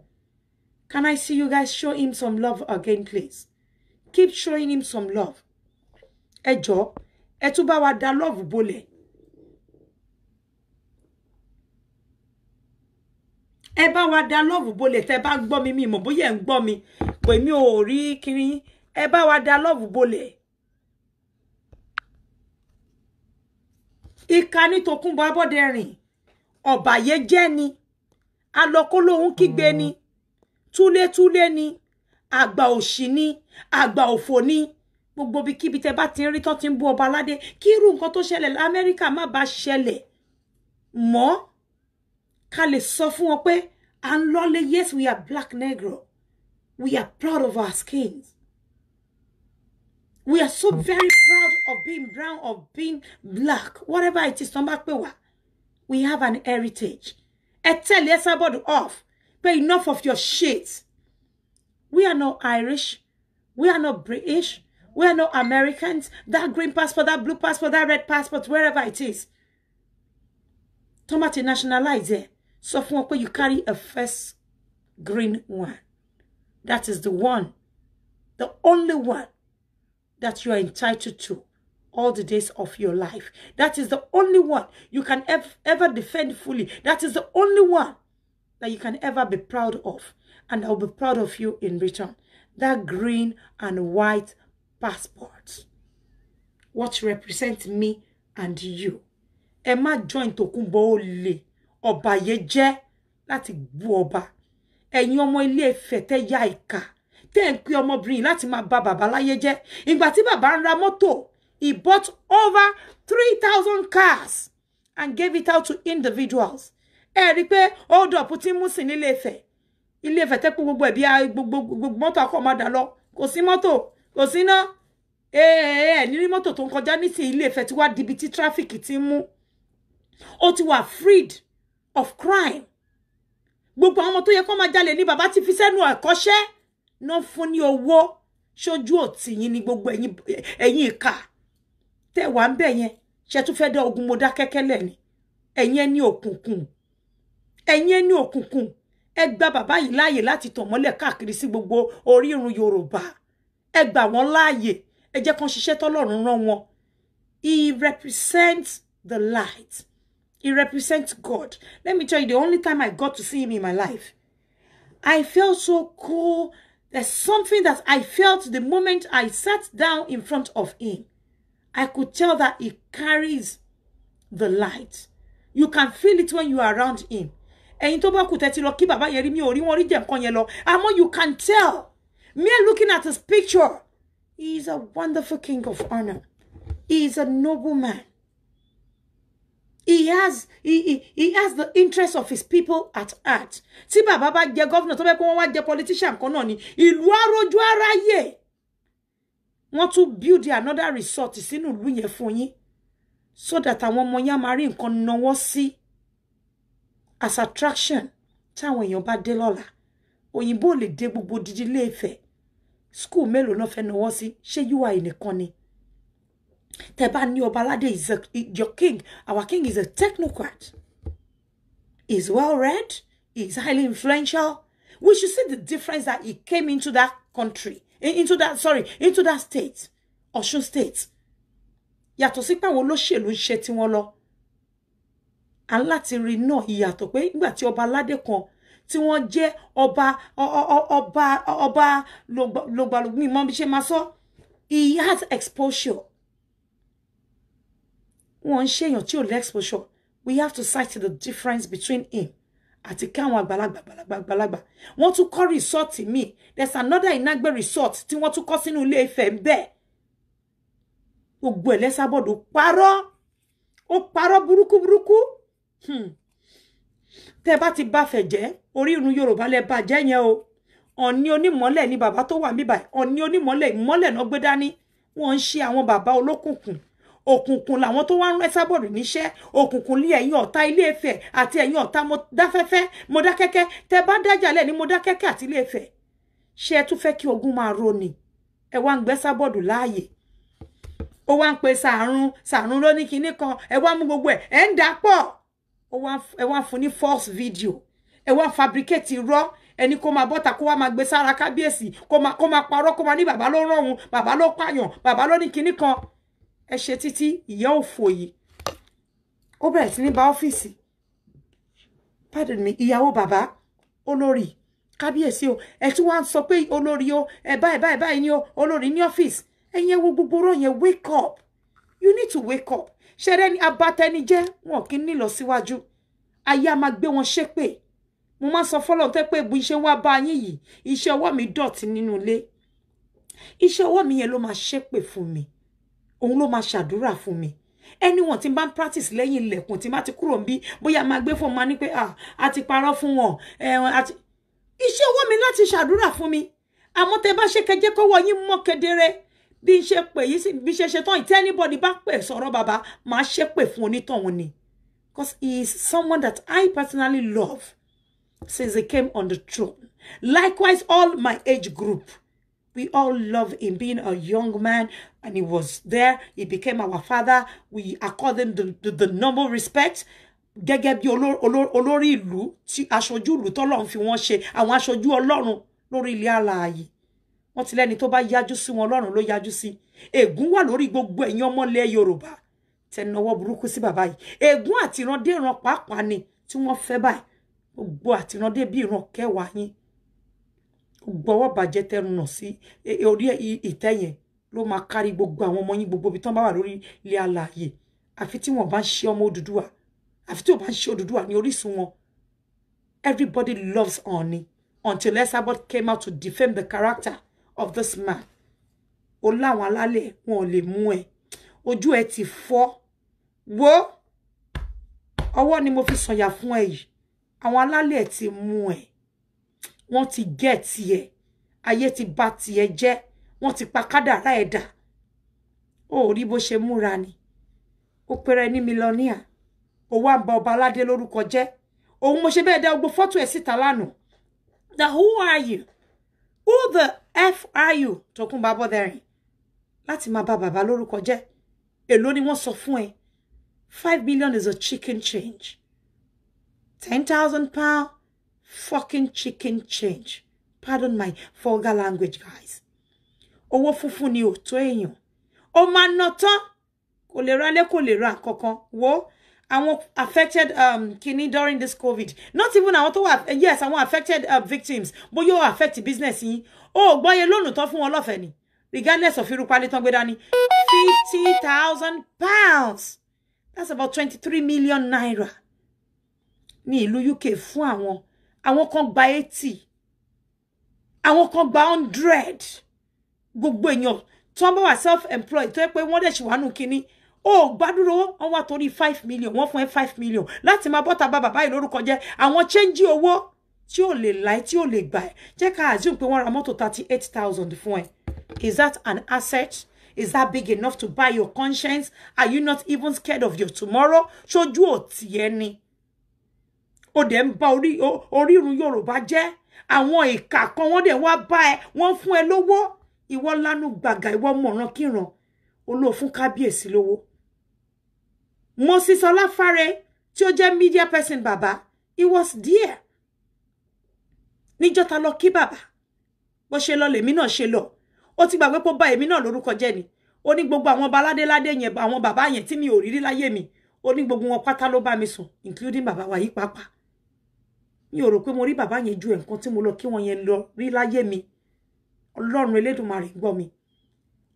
Can I see you guys show him some love again please keep showing him some love ẹ jọ̀ọ́ ẹ tún bá wa da love bolẹ̀ ẹ bá wa da love bolẹ̀ tẹ́ bá ń mi mi mọ̀ bóyá ẹ̀ ń gbọ́ mi pèmí ò rí kiri ẹ bá wa da love bolẹ̀. ìka ní Tòkunbọ̀ Abọ́dẹrìn ọ̀bàyéjẹ́ ni alọ́kólóhùn kígbe ni mm. túlétúlé ni àgbà òṣì ni àgbà òfò ni gbogbo ibikíbi tẹ bá ti ń rí tó ti ń bú ọba aládé kí irú nǹkan tó ṣẹlẹ̀ lamẹ́ríkà má bàa ṣẹlẹ̀ mọ́ ká lè sọ fún wọn pé à ń lọ́lé yes we are black negro we are proud of our skins we are so very proud of being brown of being black whatever it is tán bá we have an heritage I tell tẹ̀lé Esabod off pé enough of your shit we are not Irish we are not British we are not Americans that green passport that blue passport that red passport wherever it is tán nationalize it. So fún you carry a first green one that is the one the only one that you are entitled to all the days of your life. That is the only one you can ever, ever defend fully. That is the only one that you can ever be proud of. And I'll be proud of you in return. That green and white passport. What represents me and you. Emma joined join Tòkunbọ̀ olè ọ̀bàyéjẹ́ láti gbú ọba. Ẹ̀yin ọmọ Ilé Ifẹ̀ tẹ́ yá tẹ́ ń pe ọmọbìnrin yìí láti máa ba bàbá láyé jẹ́ ìgbà tí bàbá ń ra mọ́tò he bought over three thousand cars and gave it out to individuals ẹ rí i pé hold up tí mú sí nílé Ifẹ̀ ilé Ifẹ̀ tẹ́kù gbogbo ẹ̀bí gbogbo mọ́tò akọ́mọdà lọ kò sí mọ́tò kò sí ná ẹ ẹ ní rí mọ́tò tó ń kọjá nísìnyí ilé Ifẹ̀ tí wàá dibi tí tráfíkì ti mú ó ti wà freed of crime gbogbo àwọn ọmọ tó yẹ kó máa jalè ní bàbá ti fi sẹ́nu ẹ̀kọ́ṣẹ́ náà fún ní owó ṣojú òtì yín ní gbogbo ẹ̀yin ìka tẹ́ ń bẹ̀ yẹn ṣe tún fẹ́ dá ogun mo dá kẹ́kẹ́lẹ̀ ni ẹ̀yin ẹni òkùnkùn ẹ̀yin ẹni òkùnkùn ẹ gba bàbá yìí láàyè láti tàn mọ́lẹ̀ káàkiri sí gbogbo orírun Yorùbá ẹ gbà wọ́n láàyè ẹ jẹ́ kán ṣiṣẹ́ tọ́lọ́run rán wọn he represents the light he represents God let me tell you the only time I got to see him in my life I felt so cool There's something that I felt the moment I sat down in front of him. I could tell that he carries the light. You can feel it when you are around him. Ẹ̀yin tó bá kù tẹ́ ti lọ kí mi ò rí wọn rí jẹ nǹkan yẹn you can tell. Me looking at his picture. He is a wonderful king of honor. He is a noble man he has he, he, he has the interest of his people at heart tí bàbá bá jẹ governor tó bẹ pé wọn wá jẹ politician kan náà ni ìlú arójú aráyè wọn tún build another resort sínú ìlú yẹn fún yín so that àwọn ọmọ yẹn máa rí nǹkan náwó sí as attraction táwọn èèyàn bá dé lọ́la òyìnbó lè dé gbogbo dídí ilé Ifẹ̀ school fe náà fẹ́ náwó you are in nìkan corner. Tebani Obalade is a, your king. Our king is a technocrat. He's well read. He's highly influential. We should see the difference that he came into that country, into that, sorry, into that state, Osun state. Yàtọ̀ sí pé àwọn olóṣèlú ń ṣe tí wọ́n lọ. À ń láti rí náà ìyàtọ̀ pé oba tí ọba aládé kan tí wọ́n jẹ́ ọba ọba ọba lògbàlògbìn mọ́ bí ṣe máa sọ. He has exposure wọn ń ṣèyàn tí ò lè exposure we have to cite the difference between him àti káwọn àgbàlagbà àgbàlagbà àgbàlagbà wọ́n tún kọ́ resort mi there's another Inagbe resort tí wọ́n tún kọ́ sínú ilé Ifẹ̀ ń bẹ gbogbo ẹ̀ lẹ́sàbọ̀dọ̀ parọ́ ó parọ́ burúkú burúkú hmm. tẹ́ bá ti bá fẹ̀ jẹ́ orí irun Yorùbá lẹ bá jẹ́ yẹn o ọ̀ní onímọ́lẹ̀ ni bàbá tó wà níbàyí ọ̀ní onímọ́lẹ̀ ìmọ́lẹ̀ náà gbé dání wọ́n ń ṣe àwọn bàbá olókùnkùn òkùnkùn làwọn tó wá ń rán Ẹsábọ̀dù níṣẹ́ òkùnkùn lé ẹ̀yin ọ̀tá ilé Ifẹ̀ àti ẹ̀yin ọ̀tá Mọdákẹ́kẹ́ Mọdákẹ́kẹ́ tẹ bá dájàlẹ̀ ní Mọdákẹ́kẹ́ àti ilé Ifẹ̀ ṣé ẹ tún fẹ́ kí ogun máa ro ni ẹ wá ń gbé Ẹsábọ̀dù láàyè ó wá ń pe sàárùn sàárùn ló ní kinní kan ẹ wá mú gbogbo ẹ ẹ ń dà pọ̀ ẹ wá fún ní false video ẹ wá fabricate irọ́ ẹni kó máa bọ́ta kó wá máa gbé sára kábíyèsí kó máa parọ́ kó máa ní bàbá ló rọ̀hún bàbá ló pààyàn bàbá ló ní kinní kan ẹ ṣe títí ìyá òfò yìí ó bẹ̀rẹ̀ sí ní bá ọ́fíìsì pardon me ìyàwó bàbá olórí kábíyèsí o ẹ tún wá ń sọ pé olórí o ẹ báyìí báyìí báyìí ni o olórí ní ọ́fíìsì ẹ̀yin ẹ gbogbo ọ̀rọ̀ yẹn wake up you need to wake up ṣẹlẹ ni abatẹnijẹ́ wọn kì í nílọ síwájú ayé a máa gbé wọn ṣépè mo máa sọ fọlọ tẹ pé bu iṣẹ́ wa bá yín yìí iṣẹ́ ọwọ́ mi dọ̀tí nínú ilé iṣẹ́ ọwọ́ mi yẹn ló máa ṣépè fún mi òun ló máa ṣàdúrà fún mi anyone tí n bá ń practice lẹ́yìn ilẹ̀kùn tí n bá ti kúrò ń bí bóyá máa gbé fún ma ní pé ah a ti parọ́ fún wọn àti iṣẹ́ ọwọ́ mi láti ṣàdúrà fún mi àmọ́ tẹ bá ṣe kẹjẹ kọ́wọ́ yín mọ́ kedere bí n ṣe pè yí bí n ṣe ṣetán ìtẹ́ anybody bá pè sọ̀rọ̀ bàbá máa ṣe pè fún onítọ̀hún ni because he is someone that I personally love since he came on the throne likewise all my age group We all love him being a young man and he was there. He became our father. We accord him the, the, the normal respect. Gẹ́gẹ́ bí olórí ìlú tí aṣojú ìlú tọ́lọ́run fi wọ́n ṣe àwọn aṣojú ọlọ́run lórí ilé alààyè. Wọ́n ti lẹ́ni tó bá yájú sí wọn ọlọ́run ló yájú sí. Ègún wà lórí gbogbo ẹ̀yin ọmọlẹ̀ Yorùbá. Tẹnuwọ́ burúkú sí bàbá yìí. Ègún àti ìrandé ìran pàápàá ni tí wọ́n fẹ́ báyìí. Gbogbo àtìrandé bí ìran kẹwàá yín gbọ́wọ́ bàjẹ́ tẹnu nà sí e, e, orí ìtẹ́ yẹn ló máa kárí gbogbo àwọn ọmọ yín gbogbo ibi tí wọ́n bá wà lórí ilé alààyè àfi tí wọ́n bá ń ṣe ọmọ Odùduwà àfi tí wọ́n bá ń ṣe Odùduwà ní orísun wọn everybody loves Ọọ̀ni until Esabod came out to defend the character of this man ó láwọn alálẹ̀ wọn ò lè mú ẹ ojú ẹ ti fọ́ wo ọwọ́ ni mo fi sọ̀yà fún ẹ yìí àwọn alálẹ̀ ti mú ẹ wọ́n ti gẹ́ tiẹ̀ ayé ti bà tiẹ̀ jẹ́ wọ́n ti pa kádàrá ẹ̀ dà ó rí bó ṣe múra ni ó pẹrẹ ní mílíọ̀nìà ó wá ń ba ọba aládé lórúkọ jẹ́ òun mo ṣe bẹ́ẹ̀ dá gbogbo fọ́tò ẹ̀ síta lánàá the who are you who the f are you Tókunbọ̀ Abọ́dẹrìn láti máa ba bàbá lórúkọ jẹ́ èló ni wọ́n sọ fún ẹ five million is a chicken change ten thousand pound fucking chicken change pardon my vulgar language guys Owo funfun ni ò tó èèyàn ó máa ná tán kò lè ra wo àwọn affected um, kini during this covid not even àwọn tó wà yes àwọn affected uh, victims but ó affect business Oh, ó gbọ́yé lónìí tán fún wọn lọ́fẹ̀ẹ́ ni regardless of irú pálí tán gbé dání fifty thousand pounds that's about twenty three million naira Ni ìlú UK fún àwọn àwọn kan gba eighty àwọn kan gba hundred gbogbo èèyàn tó ń bá wà self employed tó yẹ pé wọ́n dẹ̀ ṣì wà nù kínní o gbádùn owó wọ́n wá torí five million wọ́n fún ẹ five million láti máa bọ́ta bá bàbá yìí lórúkọ jẹ́ àwọn chẹ́ńjì owó tí ò lè láì tí ò lè gbà ẹ́ jẹ́ ká assume pé wọ́n ra mọ́tò thirty eight thousand fún ẹ is that an asset? Is that big enough to buy your conscience? Are you not even scared of your tomorrow? Ṣojú ò tiẹ̀ ni ó dẹ̀ ori ba orírun yorùbá jẹ́ àwọn ìkà kan wọ́n dẹ̀ wá bá ẹ wọ́n fún ẹ lówó ìwọ lánú gbàgà ìwọ mọ̀ràn kíran olóò fún kábíyèsí lówó moses ọláfáre tí ó jẹ́ media person baba. he was there níjọ́ta ki baba. bàbá bó ṣe lọ lèmi náà ṣe lọ ó ti gbàgbé pé ó bà èmi náà lórúkọ jẹ́ ni ó ní gbogbo àwọn baládéládé yẹn àwọn bàbá yẹn tí mi ò rírí mi ó gbogbo wọn pátá ló bá mi sùn including baba wa yìí pàápàá mi ò rò pé mo rí bàbá yẹn ju nǹkan tí mo lọ kí wọn yẹn lọ rí láyé mi ọlọ́run elédùnmarè ń gbọ́ mi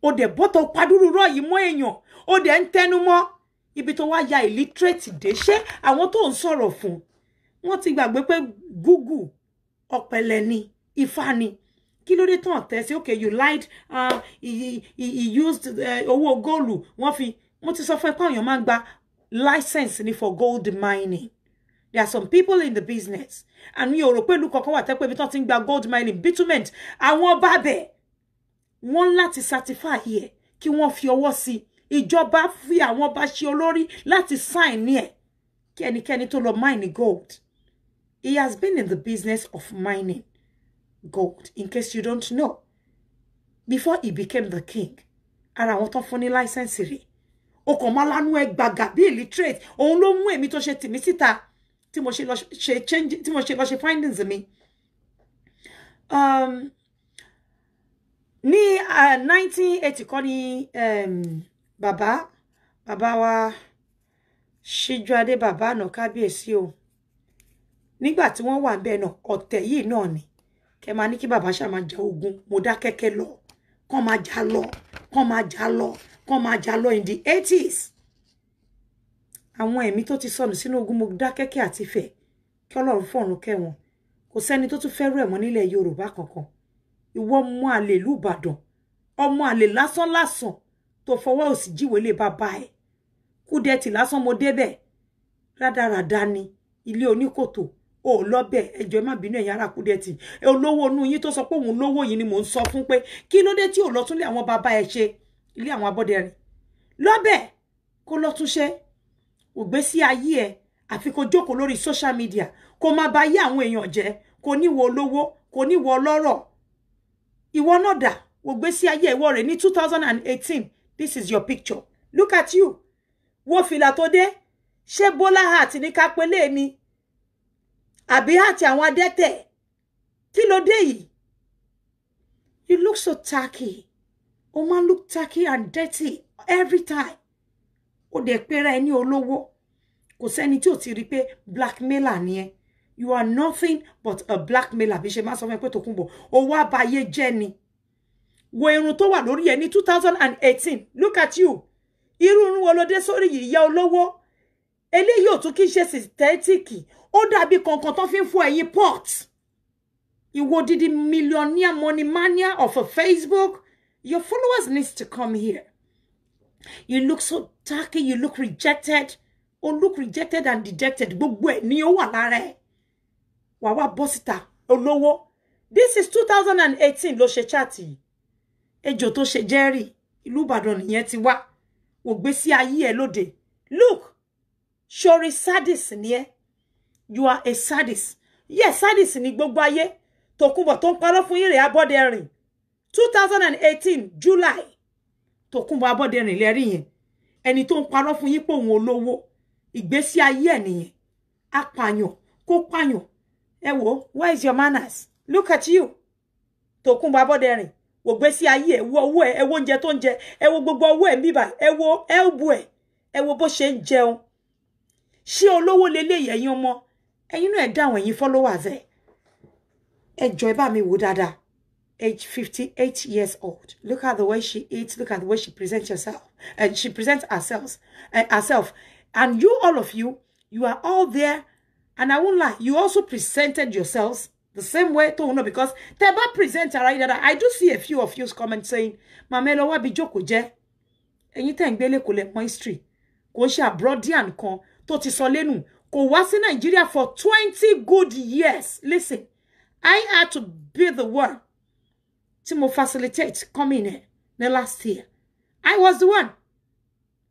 o dẹ̀ bọ́tọ̀ padúrú rọ̀ yìí mọ́ èèyàn o dẹ̀ ń tẹnu mọ́ ibi tó wá ya illiterate dé ṣé àwọn tó ń sọ̀rọ̀ fún wọn ti gbàgbé pé google ọ̀pẹ̀lẹ̀ ni ifá ni kí ló dé tán tẹ̀ sí okay you lied uh, he, he, he used uh, owó góòlù wọ́n fi mo ti sọ fún ẹ pé àwọn èèyàn máa gba license ni for gold mining there are some people in the business and mi ò rò pé ìlú kankan wà tẹ́pẹ́ ibi tán ti ń gba gold mining bitument àwọn ọba bẹ̀ wọ́n láti certify yẹ kí wọ́n fi ọwọ́ sí ìjọba fi àwọn ọba ṣe olórí láti sign ní ẹ̀ Keni ẹnikẹ́ni tó lọ mine gold he has been in the business of mining gold in case you don't know before he became the king ara àwọn tán fún ní láísẹ̀nsì rẹ̀ ọkàn máa lánú ẹ gbàgà bí illiterate òun ló mú èmi tó ṣe tìmí síta tí mo ṣe lọ ṣe change tí mo ṣe lọ ṣe findings mi um, ní uh, nineteen eighty kọ́ ni um, bàbá bàbá wa ṣíjú adé bàbá àná kábíyèsí o nígbà tí wọ́n wà ń bẹ́ẹ̀ náà ọ̀tẹ̀ yìí náà ni kẹ máa ní kí bàbá ṣáà máa ja ogun mo dá kẹ́kẹ́ lọ kán máa jà lọ kán máa jà lọ kán máa jà lọ in the eighties àwọn ẹ̀mí tó ti sọnù sínú ogun Mọdákẹ́kẹ́ àti Ifẹ̀ kí Ọlọ́run fọ̀run kẹ́ wọn kò sẹ́ni tó tún fẹ́ rú ẹ̀mọ́ nílẹ̀ Yorùbá kankan ìwọ ọmọ àlè ìlú Ìbàdàn ọmọ àlè lásán lásán tó fọwọ́ òsì jíwèé lè bàbá ẹ̀ kúdẹ́tì lásán mo débẹ̀ rádaràda ni ilé oníkòtò o lọ bẹ ẹjọ ẹ má bínú ẹ̀yin ará Kúdẹ̀tì olówó inú yín tó sọ pé òun lówó yìí ni mò ń sọ fún pé kí ló dé tí ò lọ tún lé àwọn bàbá ẹ ṣe ilé àwọn abọ́dẹrìn lọ́bẹ̀ kó lọ túnṣe ògbésí ayé ẹ àfi kó jókòó lórí social media kó má ba ayé àwọn èèyàn jẹ́ kó níwọ olówó kó níwọ ọlọ́rọ̀ ìwọ náà dà ògbésí ayé ìwọ rẹ ní two thousand and eighteen this is your picture look at you wo fìlà tó dé ṣé bọ́lá àti ní kápẹ́lẹ́ ni àbí àti àwọn adẹ́tẹ̀ kí ló dé yìí you look so tacky o oh, look tacky and dirty every time ó dẹ̀ pera ẹ ní olówó kò sẹ́ni tí ò ti rí i blackmailer ni ẹ you are nothing but a blackmailer bí ṣe máa sọ fún ẹ pé Tòkunbọ̀ owó àbáyé jẹ́ ni wo irun tó wà lórí ẹ ní two look at you irú irun wo ló dé sórí yìí yá olówó eléyìí ò tún kí n ṣe sìntẹ́tìkì ó dàbí kankan tó fi ń fún port ìwọ dídí millionaire money mania of a Facebook your followers needs to come here you look so tacky you look rejected o look rejected and dejected gbogbo ẹ̀ ni o wà lára ẹ̀ wà wá bọ́ síta this is 2018. thousand and eighteen ló ṣe chaati yìí ejò tó ṣe jẹ́rì ìlú ti wá wò gbé sí ayé ẹ̀ lóde look sori sadis ni ẹ́ you are a sadis. yes sadis ni gbogbo ayé Tòkunbọ̀ tó ń parọ́ fún yìí rẹ̀ abọ́dẹ̀rìn two thousand and July Tòkunbọ̀ Abọ́dẹrìn lẹ́rí yẹn ẹni tó ń parọ́ fún yín pé òun olówó ìgbésí ayé ẹ̀ nìyẹn apààyàn kó pààyàn ẹ wò where is your manners look at you Tòkunbọ̀ Abọ́dẹrìn Wo gbésí ayé ẹ wo owó ẹ ẹ wo oúnjẹ tó ń jẹ wo gbogbo owó ẹ bíbà ẹ wo elbow ẹ ẹ wo bó ṣe ń jẹun ṣé olówó leléyìí ẹ̀yin ọmọ ẹ̀yin náà ẹ dáhùn ẹ̀yin followers ẹ ẹ jọ ẹ bá mi wo dada age 58 years old. Look at the way she eats. Look at the way she presents herself. And she presents herself. And eh, herself. And you, all of you, you are all there. And I won't lie, you also presented yourselves the same way to know because Teba presenter right that I do see a few of you comment saying, Mamelo wa bijoko je. Ẹ̀yin tẹ́ ń bele kò lè mọ history. Kò ṣe abroadian kan tó ti sọ Nigeria for 20 good years. Listen, I had to be the one tí mo facilitate coming ẹ̀ ní last year I was the one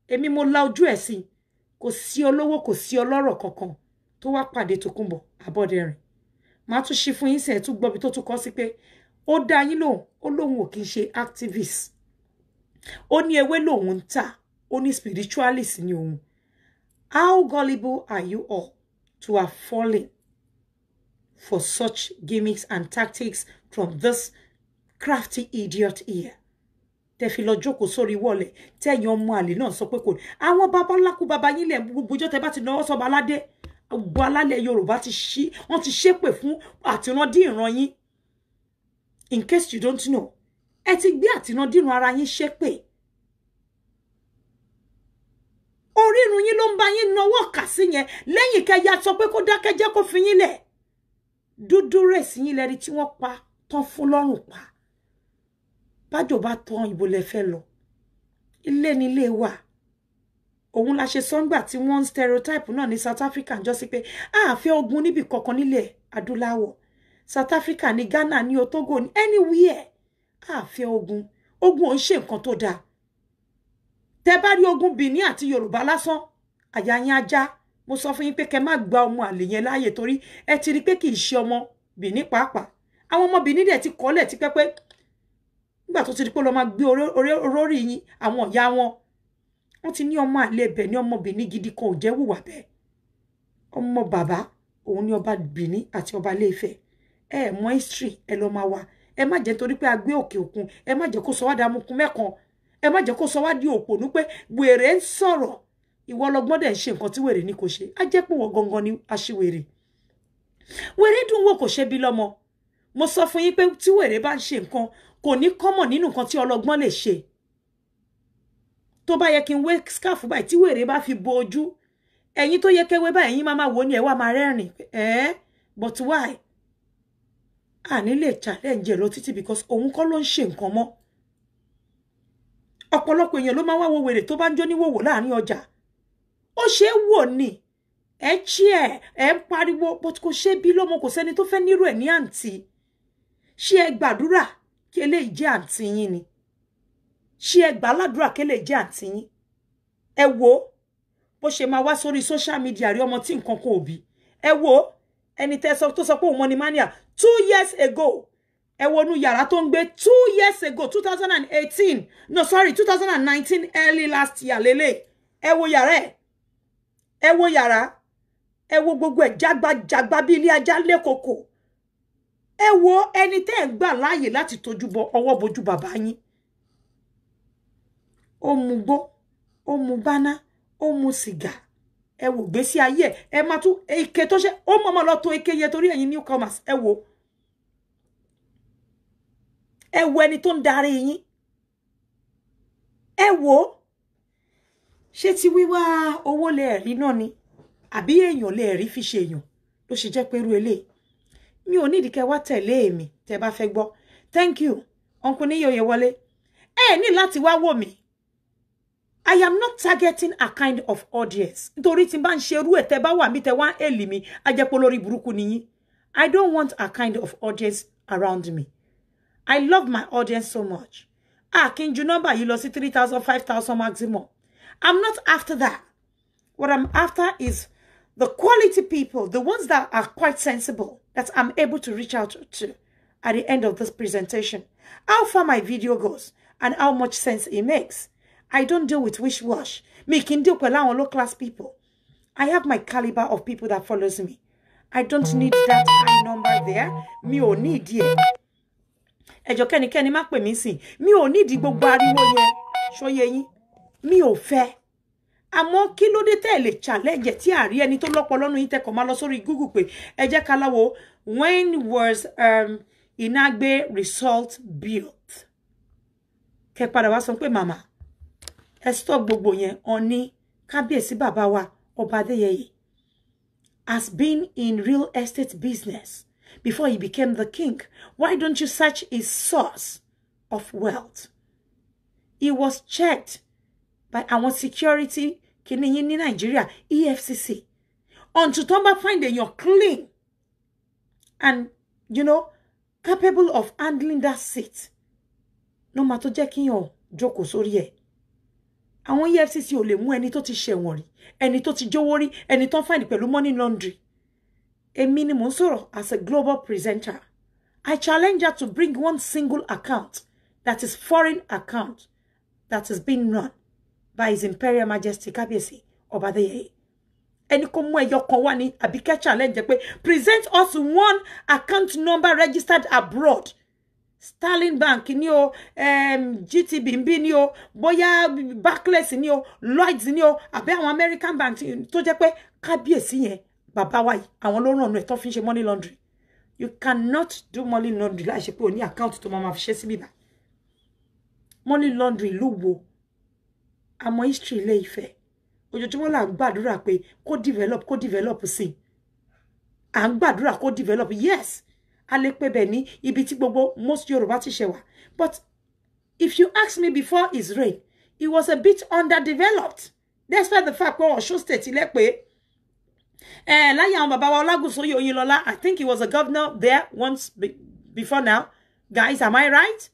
èmi mo la ojú ẹ̀ sí kò sí olówó kò sí ọlọ́rọ̀ kankan tó wá pàdé Tókunbọ̀ Abọ́dẹrìn màá tún ṣe fún yín sẹ́ẹ̀ tún gbọ́bi tó tún kọ́ sí pé ó dá yín lóhùn ó lóhùn ò kì í activist ó ní ewé lòun ń tà ó spiritualist ní òun how gullible are you all to have fallen for such gimmicks and tactics from this crafty idiot ear tẹ fi lọ jókòó sórí wọlé tẹyìn ọmọ àlè náà sọ pé kò ní àwọn baba ńlá kú baba yín lẹ gbogbojọ tẹ bá ti náwó sọba aládé gbogbo alálẹ̀ yorùbá ti ṣí wọn ti ṣépè fún àtìrandí ìran yín in case you don't know ẹ ti gbé di ìran ara yín ṣépè Ori irun yín ló ń bá yín náwó kà sí yẹn lẹ́yìn kẹyà sọ pé kó dákẹ́ jẹ́ kó fi yín le dúdú rẹ̀ sí yín lẹ́ni tí wọ́n pa tán fún lọ́rùn pa bájò bá tán ibo lẹ fẹ́ lọ ilé ni ilé wa òun la ṣe sọ́ngbà tí wọ́n ń stereotype náà ní South Africa jọ sí pé àáfẹ́ ogun níbì kankan nílẹ̀ adúláwọ̀ South Africa ní Ghana ní o ní anywhere àáfẹ́ ogun ogun ò ń ṣe nǹkan tó dáa tẹ bá rí ogun Benin àti Yorùbá lásán àyà yín ajá mo sọ fún yín pé kẹ má gba ọmọ àlè yẹn láàyè torí ẹ ti rí pé kì í ṣe ọmọ Benin pàápàá àwọn ọmọ Benin dẹ̀ ti kọ́lẹ̀ tipẹ́pẹ́ nígbà tó ti di pé lọ́ọ́ máa gbé orórí yín àwọn ọ̀yá wọn wọ́n ti ní ọmọ àlè ẹ̀bẹ̀ ní ọmọ Benin gidi kan ò jẹ́ wùwà bẹ́ẹ̀ ọmọ bàbá òun ní ọba Benin àti ọba Ilé-Ifẹ̀ ẹ ẹ mọ history ẹ lọ máa wà ẹ má jẹ́ torí pé a gbé òkè òkun ẹ má jẹ́ kó sọ wá dàmúkun mẹ́kan ẹ má jẹ́ kó sọ wá di òpònú wèrè ń sọ̀rọ̀ ìwọ lọgbọ́n dẹ̀ ń ṣe nǹkan tí wèrè ní kò ṣe á jẹ́ pé wọ́n gangan ni aṣiwèrè wèrè dùn wò kò ṣe bí lọ́mọ mo sọ fún yín pé tí wèrè bá ń ṣe nǹkan kò ní kọ́mọ̀ nínú nǹkan tí ọlọ́gbọ́n lè ṣe tó bá yẹ kí n wé scarf báyìí tí wèrè bá fi bo ojú ẹ̀yin tó yẹ kẹwé báyìí ẹ̀yin máa máa wò ó ní ẹ̀ wá máa rẹ́rìn ẹ̀ but why àní lè challenge ẹ̀ lọ títí because òun kọ́ ló ń ṣe nǹkan mọ́ ọ̀pọ̀lọpọ̀ èèyàn ló máa wá wo wèrè tó bá ń jó níwòwò láàrin ọjà ó ṣe é wò ni ẹ chí ẹ ẹ ń pariwo but kò ṣe bí lọ́mọ kò sẹ́ni tó fẹ́ nírú ẹ̀ ní àǹtí ṣé ẹ gbàdúrà kí eléyìí jẹ́ àǹtí yín ni ṣé ẹ gbà ládùúrà kí eléyìí jẹ́ àǹtí yín ẹ wo bó ṣe máa wá sórí social media rí ọmọ tí nǹkan kò bí ẹ wo ẹni tó sọ pé òun mọ ni mania two years ago ẹ wọnú yàrá tó ń gbé two years ago two thousand and eighteen no sorry two thousand and nineteen early last year lélẹ̀ ẹ wo yàrá ẹ ẹ wo yàrá ẹ wo gbogbo ẹ jágbajàgba bí ilé ajá lẹ́kọ̀ọ́kọ̀ ẹ wo ẹni tẹ́ ẹ̀ ń gbà láàyè láti tọ́jú bọ ọwọ́ bojú bàbá yín ó mu gbó ó mu báná ó mu sìgá ẹ wò gbèsè ayé ẹ máa tún ike tó ṣe ó mọ̀mọ́ lọ tó ike yẹn torí ẹ̀yin newcomers ẹ wò ẹ wò ẹni tó ń darí yín ẹ wò ṣé ti wíwá owó lè náà ni àbí èèyàn lè fi ṣe èèyàn ló ṣe jẹ́ pé irú eléyìí mi ò nídìí kẹ́ wá tẹ̀lé èmi tẹ́ bá fẹ́ thank you uncle níyì oyèwọlé ẹ ní láti wá wò mí i am not targeting a kind of audience nítorí tí n bá ń ṣe irú ẹ̀ tẹ́ bá wà mí tẹ́ wá èlì mi ajẹpọ lórí burúkú i don't want a kind of audience around me i love my audience so much a kì í ju nọ́mbà yìí lọ sí three thousand five thousand maximum i'm not after that what i'm after is the quality people the ones that are quite sensible that I'm able to reach out to at the end of this presentation. How far my video goes and how much sense it makes. I don't deal with wish-wash. Me can deal with low-class people. I have my caliber of people that follows me. I don't need that high number there. Me ò need it. E. Ẹjọ́ kẹ́nikẹ́ni má pè Me sí. Mi ò need gbogbo ariwo yẹn. Ṣó yé yín. Mi ò fẹ́ àmọ́ kí ló dé tẹ́ challenge tí àrí ẹni tó lọ́pọ̀ lọ́nu yín tẹkọ̀ máa lọ sórí Google pé ẹ jẹ́ ká láwo when was um, Inagbe result built kẹ padà wá sọ pé màmá ẹ stop gbogbo yẹn ọ̀ní kábíyèsí bàbá wa ọba Adéyẹyè has been in real estate business before he became the king why don't you search his source of wealth he was checked by our security kíní yín ní nàìjíríà efcc until tó bá find you're clean and you know capable of handling that seat No matter tó jẹ́ kíyàn jókòó sórí ẹ̀ àwọn efcc ò lè mú ẹni tó ti ṣẹ̀wọ̀n rí ẹni tó ti jówó rí ẹni tó ń find pẹ̀lú money laundry A minimum, mò as a global presenter I challenge her to bring one single account that is foreign account that has been run by his imperial majesty kábíyèsí ọba adéyẹyẹ ẹni kó mú ẹyọ kan wá ní àbíkẹ́ challenge pé present us one account number registered abroad Sterling Bank ni o um, GTB ń bí ni o bóyá Barclays ni o Lloyds ni o àbí àwọn American bank tó jẹ́ pé kábíyèsí yẹn bàbá wa yìí àwọn ló ràn ọ̀nà ẹ̀ tó fi money laundry you cannot do money laundry láì ṣe pé o ní àkáǹtì tó máa ma fi ṣe síbí bá money laundry ìlú wo àmọ́ history ilé Ifẹ̀ ojoojúmọ́ là ń gbàdúrà pé kó develop kó develop sí à ń gbàdúrà kó develop yes a lè pe bẹ̀ ní ibi tí gbogbo most Yorùbá ti ṣẹ̀ wá but if you ask me before Israel it was a bit underdeveloped despite the fact pé Ọ̀ṣun state ilẹ̀ pé láyé àwọn bàbá wa Ọlágùnsóyè Oyinlọ́lá I think he was a governor there once before now guys am I right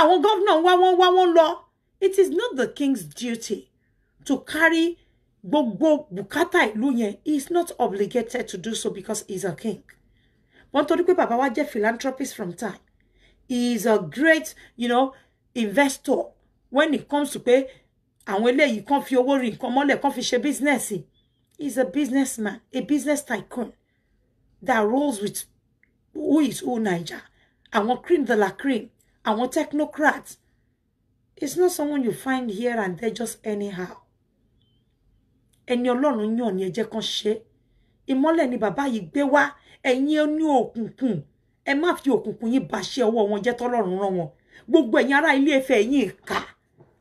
àwọn gómìnà wá wọ́n wá wọ́n lọ it is not the king's duty to carry gbogbo bùkátà ìlú yẹn he is not obligated to do so because he is a king wọ́n torí pé bàbá wa jẹ́ philanthropist from time he is a great you know, investor when it comes to pé àwọn eléyìí kan fi owó rí nǹkan mọ́lẹ̀ kan fi ṣe business he is a businessman a business tycoon that rolls with who is who naija àwọn cream the la cream àwọn technocrats it's not someone you find here and there just anyhow ẹni ọlọ́run nyo ni ẹ jẹ́ imole ṣe ìmọ́lẹ̀ ni bàbá yìí gbé wá ẹ̀yin oní òkùnkùn ẹ má fi òkùnkùn yín bàṣẹ ọwọ́ wọn jẹ́ tọ́lọ́run rán wọn gbogbo ẹ̀yin ará ilé Ifẹ̀ yín ìka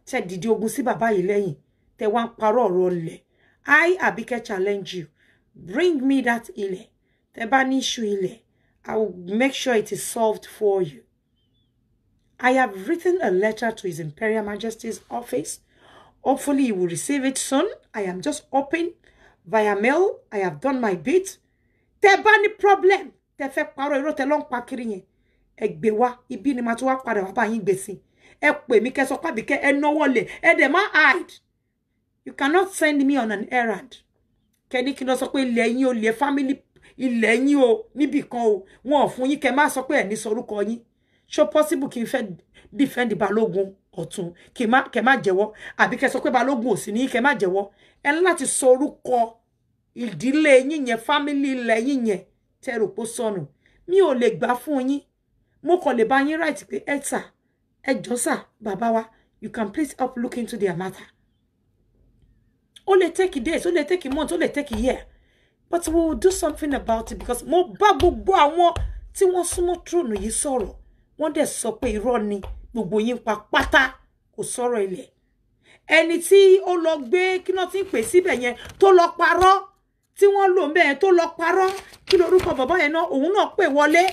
te dìde ogun sí bàbá yìí lẹ́yìn tẹ wá ń parọ́ ọ̀rọ̀ ilẹ̀ I Abike challenge you bring me that ile te bá ní iṣu ilẹ̀ I will make sure it is solved for you I have written a letter to His Imperial Majesty's office. Hopefully, he will receive it soon. I am just hoping via mail. I have done my bit. Tẹ́ bá ní problem. Tẹ́ fẹ́ parọ́ irọ́ tẹ́ lọ ń pa kiri ibi ni màá tún wá padà wá bá yín gbé sí. Ẹ pè mí kẹ́ sọ pé Àbíkẹ́ ẹ náwó lẹ̀. hide. You cannot send me on an errand. Keni kí n lọ le pé ilẹ̀ yín o, ilẹ̀ family ilẹ̀ yín o níbì kan o. Wọn ò fún yín kẹ́ má sọ pé ẹ̀ ní ṣó possible ki n defend balógun ọ̀tún kí má kẹ́ má jẹ́wọ́ àbí kẹ́ sọ pé balógun ò sí ní kẹ́ má jẹ́wọ́ ẹ láti sọ orúkọ ìdílé yín yẹn fámílì ilẹ̀ yín yẹn tẹ́ rò pó sọnù mi ò lè gbà fún yín mo kàn lè bá yín right pé ẹ sà ẹ jọ sà wa you can please up look into their matter ó lè take days ó lè take months ó lè take year but we will do something about it because mo bá gbogbo àwọn tí wọ́n súnmọ́ tróònù yìí sọ̀rọ̀ wọ́n dẹ̀ sọ pé irọ́ ni gbogbo yín pa pátá kò sọ̀rọ̀ ilẹ̀ ẹni tí ó lọ gbé kí náà ti ń pè síbẹ̀ yẹn tó lọ parọ́ tí wọ́n lò ń bẹ́ẹ̀ tó lọ parọ́ kí lorúkọ bàbá yẹn náà òun náà pè wọlé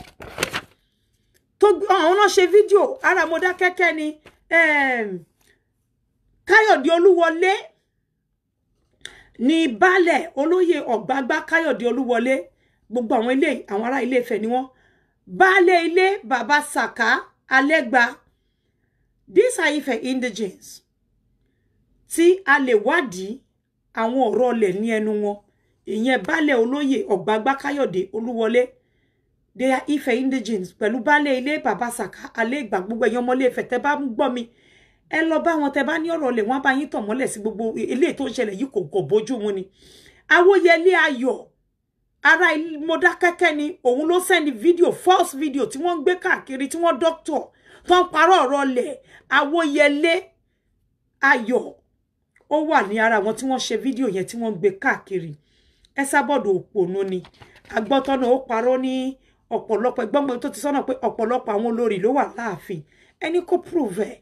tó àwọn náà ṣe fídíò ara mo dá ni ehm, káyọ̀dé olúwọlé ní baálẹ̀ olóyè ọ̀gbágbá káyọ̀dé olúwọlé gbogbo àwọn ilé àwọn ará ilé Ifẹ̀ ni wọ́n baálé ilé bàbá saka alẹ́gba these are Ifẹ̀ indigenes tí a lè wádìí àwọn ọ̀rọ̀ ọlẹ̀ ní ẹnu wọn ìyẹn baálé olóyè ọ̀gbágbá káyọ̀dé olúwọlé they are ife indigens. pẹ̀lú baálé ilé bàbá saka alẹ́gba gbogbo ẹ̀yàn ọmọlé Ifẹ̀ tẹ́ bá ń gbọ́ mi ẹ lọ bá wọn tẹ́ bá ní ọ̀rọ̀ ọlẹ̀ wọn bá yín tàn mọ́lẹ̀ sí gbogbo eléyìí tó ń ṣẹlẹ̀ yìí kò kò bójú mu ni awóyẹlé ayọ̀ ara Mọdákẹ́kẹ́ ni òun ló sẹ́ni fídíò false video tí wọ́n ń gbé káàkiri tí wọ́n dọ́kítọ̀ tó ń parọ́ ọ̀rọ̀ lẹ̀ Awóyẹlé Ayọ̀ ó wà ní ara wọn tí wọ́n ṣe fídíò yẹn tí wọ́n ń gbé káàkiri ẹ sábọ̀dọ̀ òpònú ni agbọ́tọ́nà ó parọ́ ní ọ̀pọ̀lọpọ̀ ẹgbọ́n tó ti sọ́nà pé ọ̀pọ̀lọpọ̀ àwọn olórí ló wà láàfin ẹni kò prove ẹ̀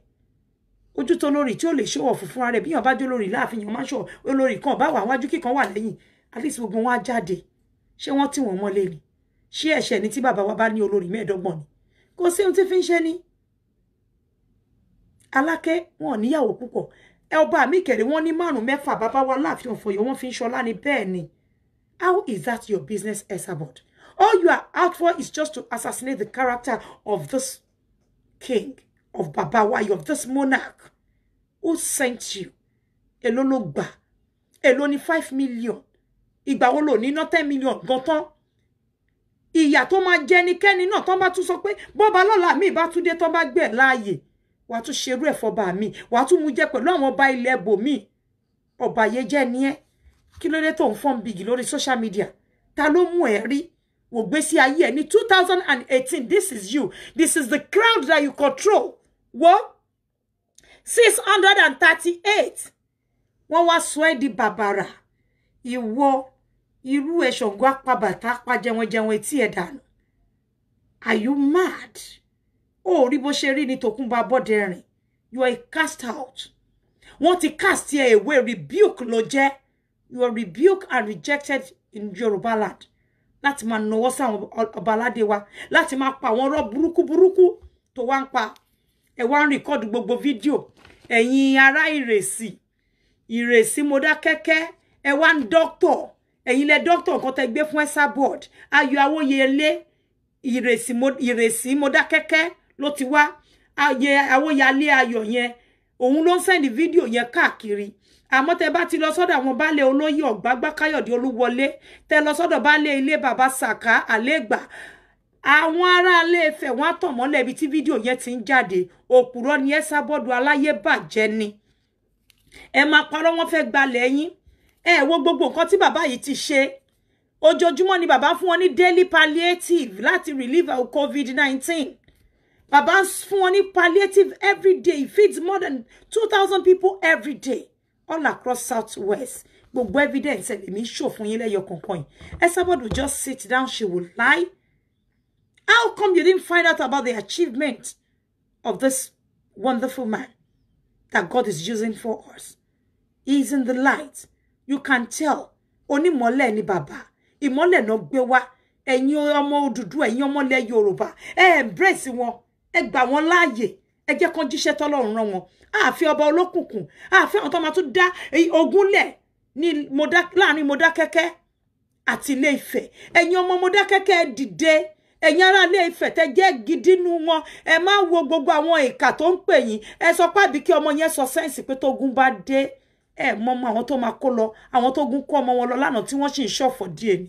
ojú tó lórí tí ó lè ṣòwò fún fúnra rẹ̀ bí yàn bá jó lórí láàfin yàn máa ṣòwò olórí kan bá wà wájú kíkan wà lẹ́yìn at least gbogbo wọn á jáde ṣé wọ́n tì wọ́n mọ́lé ni ṣé ẹ̀ṣẹ̀ ni tí bàbá wa bá ní olórí mẹ́ẹ̀ẹ́dọ́gbọ̀n ni kò sí ohun tí fi ń ṣe ni. alákẹ́ wọn ò níyàwó púpọ̀ ẹ ọba mi kẹ̀rẹ̀ wọ́n ní márùn mẹ́fà bàbá wa láàfin ọ̀fọ̀yọ́ wọ́n fi ń ṣọlá ni bẹ́ẹ̀ ni how is that your business Esabod all you are out for is just to assassinate the character of this king of baba wayo of this monarch who sent you èló ló gbà èló ni five million ìgbà wo lò ní ná ten million gan tán ìyà tó máa jẹ ẹnikẹ́ni náà tán bá tún sọ pé bọ́ba lọ́la mi bá tún dé tán bá gbẹ̀ láàyè wàá tún ṣerú ẹ̀ ba mi wàá tún mú jẹ pẹ̀lú àwọn ọba ilẹ̀ ẹbòmí ọba ye jẹ́ ni ẹ́ kí ló dé tó ń fọ́n bìgì social media ta ló mú ẹ rí wò gbé sí ayé ẹ ní two thousand and eighteen this is you this is the crowd that you control wo six hundred and thirty-eight wọ́n wá sọ ẹ́ di bàbàrà ìwọ irú ẹ apabàtà pa jẹwọnjẹwọn etí ẹ dànù are you mad ó rí bó ṣe rí ní Tòkunbọ̀ Abọ́dẹrìn you are a cast out wọ́n ti cast ẹ ìwé rebuke ló jẹ́ you are rebuked and rejected in Yorùbá land láti máa nawọ́ sáwọn ọba aládé wa láti máa pa àwọn ọ̀rọ̀ burúkú burúkú tó wá ń pa ẹ wá ń rìkọ́dù gbogbo fídíò ẹ̀yin ará ìrèsì ìrèsì Mọdákẹ́kẹ́ ẹ wá ń dọ́kítọ̀ ẹ̀yin lẹ dókítà nǹkan tẹ gbé fún ẹ́sà board ayọ̀ awóyelé ìrèsí mọ́dákẹ́kẹ́ ló ti wá ayẹ awóyalé ayọ̀ yẹn òun ló ń sẹ́ndì fídíò yẹn káàkiri àmọ́ tẹ bá ti lọ sọ́dọ̀ àwọn baálẹ̀ olóyè ọ̀gbágbá káyọ̀dé olúwọlé tẹ lọ sọ́dọ̀ baálé ilé bàbá sàká àlégbà àwọn aráalé Ifẹ̀ wọn àtọ̀mọ́lẹ̀ ibi tí fídíò yẹn ti ń jáde òpùrọ́ ni ẹ́sà bọ́ọ̀dù aláyé bàjẹ́ ni ẹ máa parọ́ wọn fẹ́ gbalẹ̀ yín ẹ eh, wo gbogbo nǹkan tí bàbá yìí ti ṣe ojoojúmọ́ ni bàbá fún wọn ní daily palliative láti relieve our covid nineteen. bàbá fún wọn ní palliative every day it feeds more than two thousand people every day all across south west gbogbo evidence ẹ lèmi ṣòfin yín lẹ́yọ kankan yìí ẹ sábọdù just sit down she will lie how come you didn't find out about the achievement of this wonderful man that God is using for us he is in the light you can tell onímọ̀lẹ̀ ni bàbá ìmọ̀lẹ̀ náà gbé wá ẹ̀yin ọmọ òdùdú ẹ̀yin ọmọlẹ̀ yoruba. ẹ embrace wọn ẹ gbà wọn láàyè ẹ jẹ́ kán jíṣẹ́ tọ́lọ́run rán wọn àfi ọba olókùnkùn àfi da tó máa tún dá ogúnlẹ̀ ní keke ati àti Ilé Ifẹ̀ ẹ̀yin ọmọ Mọdákẹ́kẹ́ dìde ẹ̀yin ará Ilé Ifẹ̀ tẹ́ jẹ́ gidinu wọn ẹ má wo gbogbo àwọn ìkà tó ń pè yín ẹ sọ pé àbí kí ọmọ yẹn sọ sẹ́ǹsì pé tógun bá dé ẹ mọ ọmọ àwọn tó máa kó lọ àwọn tó gún kó ọmọ wọn lọ lánàá tí wọ́n sì ń ṣọ̀fọ̀ díẹ̀ ni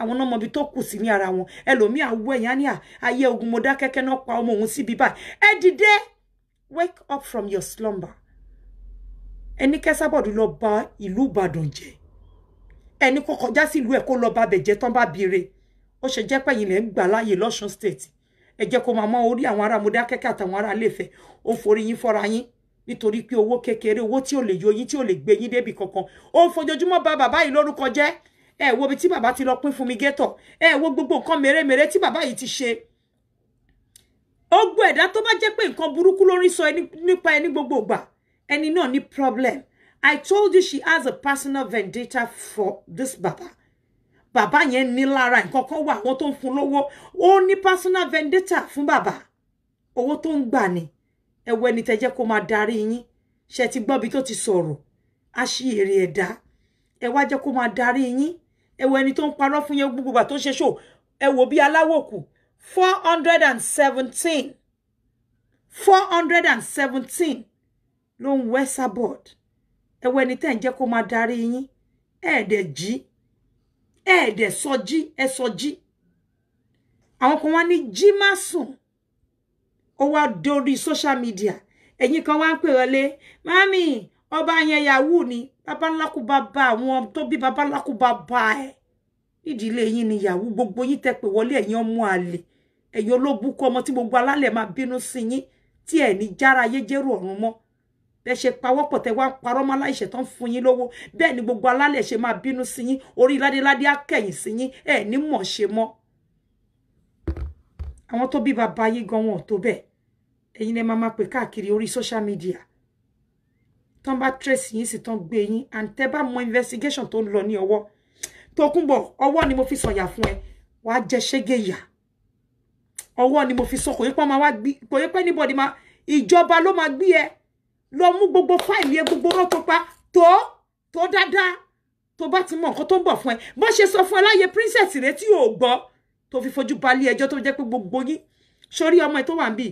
àwọn náà mọbi tó kù sí ní ara wọn ẹlòmíì àwọ ẹ̀yà ní ayé ogun mo dákẹ́kẹ́ náà pa ọmọ òun síbi báyìí ẹ dìde wake up from your slumber ẹni kẹsàbọ̀dù lọ ba ìlú Ìbàdàn jẹ́ ẹni kó kọjá sí ìlú ẹ̀ kó lọ bàbẹ̀ jẹ́ tán bá bire ó ṣe jẹ́ pẹ̀yìn lẹ́ ń gbà láàyè lọ́sùn state ẹ jẹ́ kó máa mọ orí àwọn ará mo dákẹ́kẹ́ àtàwọn ará ilé Ifẹ̀ ó forí yín fọ́ra yín nítorí pé owó kékeré owó tí ò lè yọ yín tí ò lè gbé yín débi kankan ó ń fojoojúmọ́ bá bàbá yìí lórúkọ jẹ́ ẹ wo ibi tí bàbá ti lọ pín fún mi gétọ̀ ẹ wo gbogbo nǹkan mèremère tí bàbá yìí ti ṣe ogun ẹ̀dá tó bá jẹ́ pé nǹkan burúkú lórí sọ nípa ẹni gbogbo ìgbà ẹni náà ní problem I told you she has a personal vendetta for this baba bàbá yẹn ní lára nǹkan kan wà àwọn tó ń fún lówó ó ní personal vendetta fún bàbá owó tó ń gbà ni ẹ ni ẹni tẹ́ jẹ́ kó máa darí yín ṣe ti gbọ́ bí tó ti sọ̀rọ̀ á ṣí èrè ẹ̀dá ẹ wá jẹ́ kó máa darí yín ẹ wo tó ń parọ́ fún yín gbogbo tó ń ṣe ṣò ẹ wo bí aláwòkù four hundred and seventeen four hundred and seventeen ló ń wẹ́sàbọ̀d ẹ wo ẹni tẹ́ ń jẹ́ kó máa darí yín ẹ̀ẹ́dẹ̀ jí ẹ̀ẹ́dẹ̀ sọjí ẹ sọjí àwọn kan wá ní jí má sùn ó wá dórí social media ẹ̀yin kan wá ń pè wọlé mami ọba yẹn yahoo ni babalákúba bá àwọn tó bí babalákúba bá ẹ ìdílé yín ni yahoo gbogbo yín te pè wọlé ẹ̀yin ọmọ àlè ẹ̀yin olóbùkọ ọmọ tí gbogbo alálẹ̀ máa bínú sí yín tí ẹ̀ ní jára ayé jẹ́rù ọ̀run mọ́ bẹ ṣe pawọ́pọ̀ tẹ wá ń parọ́ mọ́ aláìṣẹ̀ tán fún yín lówó bẹ́ẹ̀ ni gbogbo alálẹ̀ ṣe máa bínú sí yín orí ládéládé á kẹ̀yìn sí yín ẹ̀ ní mọ̀ ṣe mọ́ àwọn tó bí bàbá yìí gan wọn ò tó bẹ́ẹ̀ ẹ̀yin lẹ máa máa pè káàkiri orí social media tán bá trace yín sì tán gbé yín and tẹ́ bá mọ investigation tó ń lọ ní ọwọ́ Tókunbọ̀ ọwọ́ ni mo fi sọ̀yà fún ẹ wàá jẹ ṣége yà ọwọ́ ni mo fi sọ kò yẹ pé ọmọ wa gbí kò yẹ pé anybody ma ìjọba ló máa gbé ẹ lọ mú gbogbo fáìlì ẹ gbogbo ọ̀rọ̀ tó pa tó tó dáadáa tó bá ti mọ nǹkan tó ń bọ̀ fún ẹ bó ṣe sọ fún ẹ láyé princess rẹ tí yóò gbọ́ tó fi fojú balẹ̀ ẹjọ́ tó jẹ́ pé gbogbo yín sórí ọmọ ẹ̀ tó wà ń bì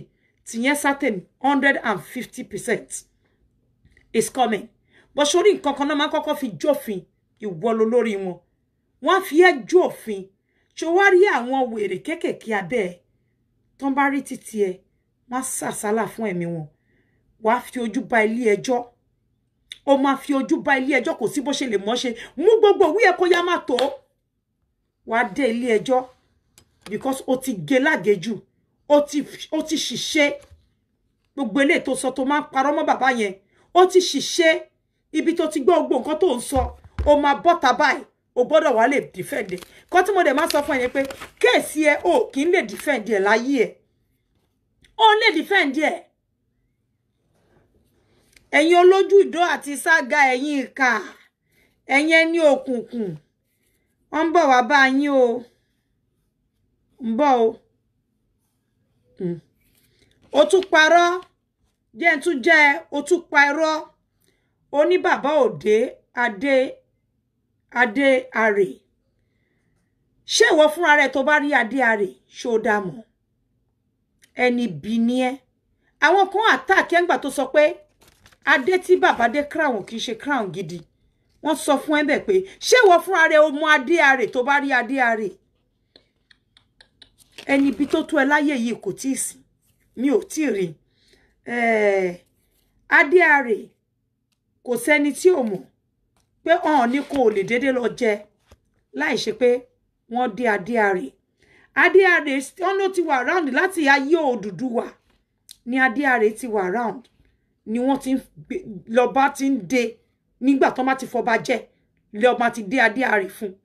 tìyẹn certain hundred and fifty percent is coming but sórí nǹkan kan náà máa kọ́kọ́ fi jófin ìwọ lo lórí wọn wọ́n fi ẹ́ jófin ṣó wá rí àwọn wèrè kéékèèké abẹ́ ẹ tán bá rí títí ẹ wọ́n á sàsálà fún ẹ̀mí wọn wàá fi ojú ba ilé ẹjọ́ o máa fi ojú ba ilé ẹjọ́ kò sí bó ṣe lè mọ́ ṣe mú gbogbo òwú ẹ̀ kó yá má tó wàá dé ilé ẹjọ́ because o ti gé lágejù o ti o ti ṣiṣẹ́ gbogbo eléyìí tó sọ tó máa ń parọ́ mọ́ bàbá o ti ṣiṣẹ́ ibi tó ti gbọ́ gbogbo nǹkan tó ń sọ o máa bọ́ta báyìí o gbọ́dọ̀ wá lè defend ẹ̀ kọ́ tí mo dẹ̀ máa sọ fún ẹ yẹn pé kéèsì ẹ o kì í lè defend ẹ láyé ẹ o lè defend ẹ ẹ̀yin olójú ìdó àti ságà ẹ̀yin ìka ẹ̀yin ẹni òkùnkùn wọ́n ń bọ̀ wá bá yín o ń bọ̀ o ó hmm. tún parọ́ jẹ́ ń tún jẹ́ ó tún pa irọ́ ó ní bàbá òde adé adé àrè ṣé ìwọ fúnra rẹ tó bá rí adé àrè ṣó dáa mọ́ ẹni bí ni ẹ àwọn kan àtàkì ẹgbà tó sọ pé adé tí bàbá dé crown kì í ṣe crown gidi wọ́n sọ fún ẹbẹ pé ṣé ìwọ fúnra rẹ o mọ adé àrè tó bá rí adé àrè ẹni ibi tó tó ẹ láyé yìí kò tí ì sí mi ò tí ì rí eh, adéarè kò sẹ́ni tí ò mọ̀ pé ọ̀hún ni kò lè déédéé lọ jẹ láì ṣe pé wọ́n dé adéarè adéarè ọ̀nà ti wà round láti ayé Odùduwà ni adéarè ti wà round ni wọ́n ti lọ́ba ti ń de nígbà tó má ti fọba jẹ́ lọ́ba ti dé adéarè fún un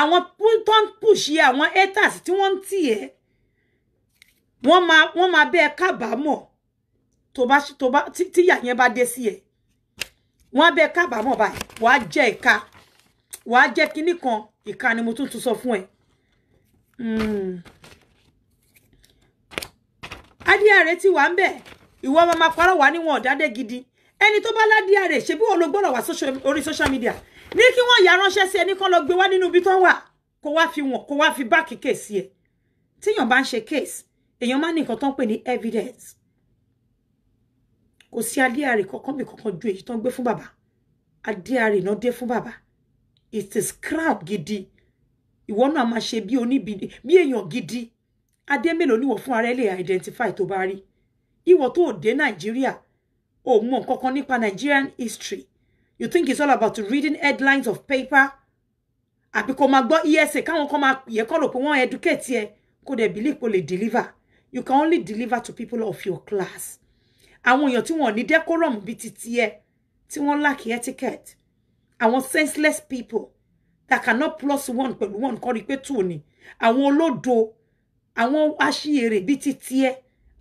àwọn tó ń pùṣì àwọn haters tí wọ́n ń tì ẹ́ wọ́n máa wọ́n máa bẹ́ẹ̀ kábàámọ̀ tó bá tó bá tíyà yẹn bá dé sí ẹ̀ wọ́n á bẹ́ẹ̀ kábàámọ̀ báyìí wàá jẹ́ ìka wàá jẹ́ kinní kan ìka ni mo tún tún sọ fún ẹ. Hmm. adíàrè ti wà ń bẹ̀ ìwọ ọmọ máa parọ́ wà níwọ̀n ọ̀dádẹ́ gidi ẹni tó bá ládìá rẹ̀ ṣe bí wọ́n lo gbọ́dọ̀ wá orí social media ní kí wọ́n yà ránṣẹ́ sí ẹnì kan lọ gbé wá nínú ibi tó wà kó wá fi wọ́n kó wá fi báàkì kéèsì ẹ̀ tíyàn bá ń ṣe kéèsì èèyàn má ní nǹkan tó ń pè ní evidence kò sí adéarè kankan bí kankan ju èyí tó ń gbé fún bàbá adéarè náà dé fún bàbá it is crap gidi ìwọ náà máa ṣe bí oníbi bí èèyàn gidi adé mélòó níwọ fún ara ẹ identify tó bá rí ìwọ tó dé nàìjíríà ò mọ nǹkan kan nípa Nigerian history You think it's all about reading headlines of paper? Àbí kò máa gbọ́ ESA káwọn kan máa yẹ kọ́ rò pé wọ́n educate yẹ kò dẹ̀ believe kò lè deliver. You can only deliver to people of your class. Àwọn èèyàn tí wọ́n ní decorum bíi ti tiẹ̀ tí wọ́n lack etiquette. Àwọn senseless people that cannot plus one pẹ̀lú one kọ́ rí pé two ni. Àwọn olódo, àwọn aṣiyèrè bíi ti tiẹ̀,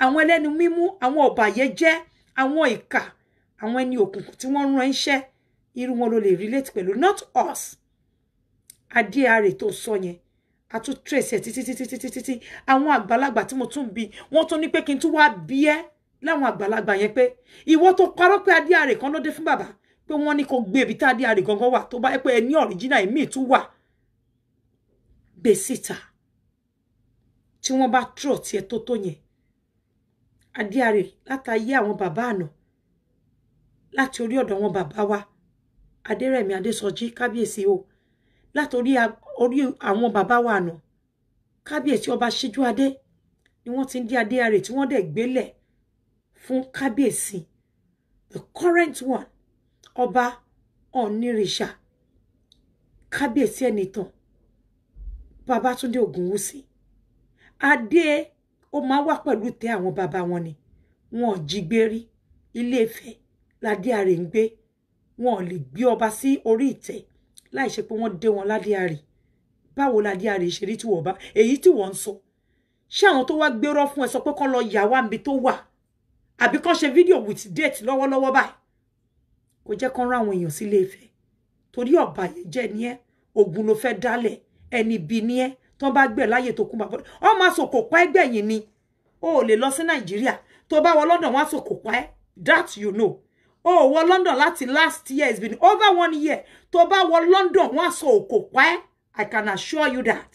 àwọn ẹlẹ́nu mímú, àwọn ọ̀bàyẹ́jẹ́, àwọn ìkà, àwọn ẹni òkùnkùn tí wọ́n rán iṣẹ́ irú wọn ló lè relate pẹ̀lú not us adéarè tó sọ yẹn a tún trace ẹ títí títí títí títí àwọn àgbàlagbà tí mo tún bí wọn tún ní pé kí n tún wá bí ẹ láwọn àgbàlagbà yẹn pé ìwọ tó parọ́ pé adéarè kan ló dé fún bàbá pé wọ́n ní kó gbé ibi tá adéarè gangan wà tó bá yẹ pé ẹ ní ìmíì tún wà gbé síta tí wọ́n bá trọ̀ tiẹ̀ tó tó yẹn adéarè látàyé àwọn bàbá àná láti orí ọ̀dọ̀ wọn bàbá wa adérẹ̀mí adésọjí kábíyèsí o látòrí orí àwọn bàbá wa àná kábíyèsí ọba ṣíjú adé ni wọ́n ti ń dí adé ààrẹ tí wọ́n dẹ̀ gbélẹ̀ fún kábíyèsí the current one ọba ọ̀nìrìṣà kábíyèsí ẹnìtàn babatunde ògúnwùsì adé ó máa wà pẹ̀lú tẹ àwọn bàbá wọn ni wọn ò jí gbé rí ilé ládé ààrẹ ń gbé wọn ò lè gbé ọba sí orí ìtẹ́ láì ṣe pé wọ́n dé wọn ládé àrè báwo ládé àrè ṣe rí tí wọ́n bá èyí tí wọ́n ń sọ ṣé àwọn tó wá gbérọ́ fún ẹ sọ pé kán lọ yà wá níbi tó wà àbí kán ṣe fídíò with date lọ́wọ́lọ́wọ́ báyìí kò jẹ́ kán rán àwọn èèyàn sílé Ifẹ̀ torí ọ̀bà yẹn jẹ́ ni ẹ́ ogun ló fẹ́ dálẹ̀ ẹni bí ni ẹ́ tán bá gbẹ̀ láyè tó kún bàbá ọmọ àsòkò pa ẹ́ gbẹ̀yìn ni o ò lè lọ sí Nàìjíríà tó bá wọ London wọn àsòkò pa ẹ́ that you know o wọ London láti last year it's been over one year tó bá wọ London wọ́n á sọ òkò pa I can assure you that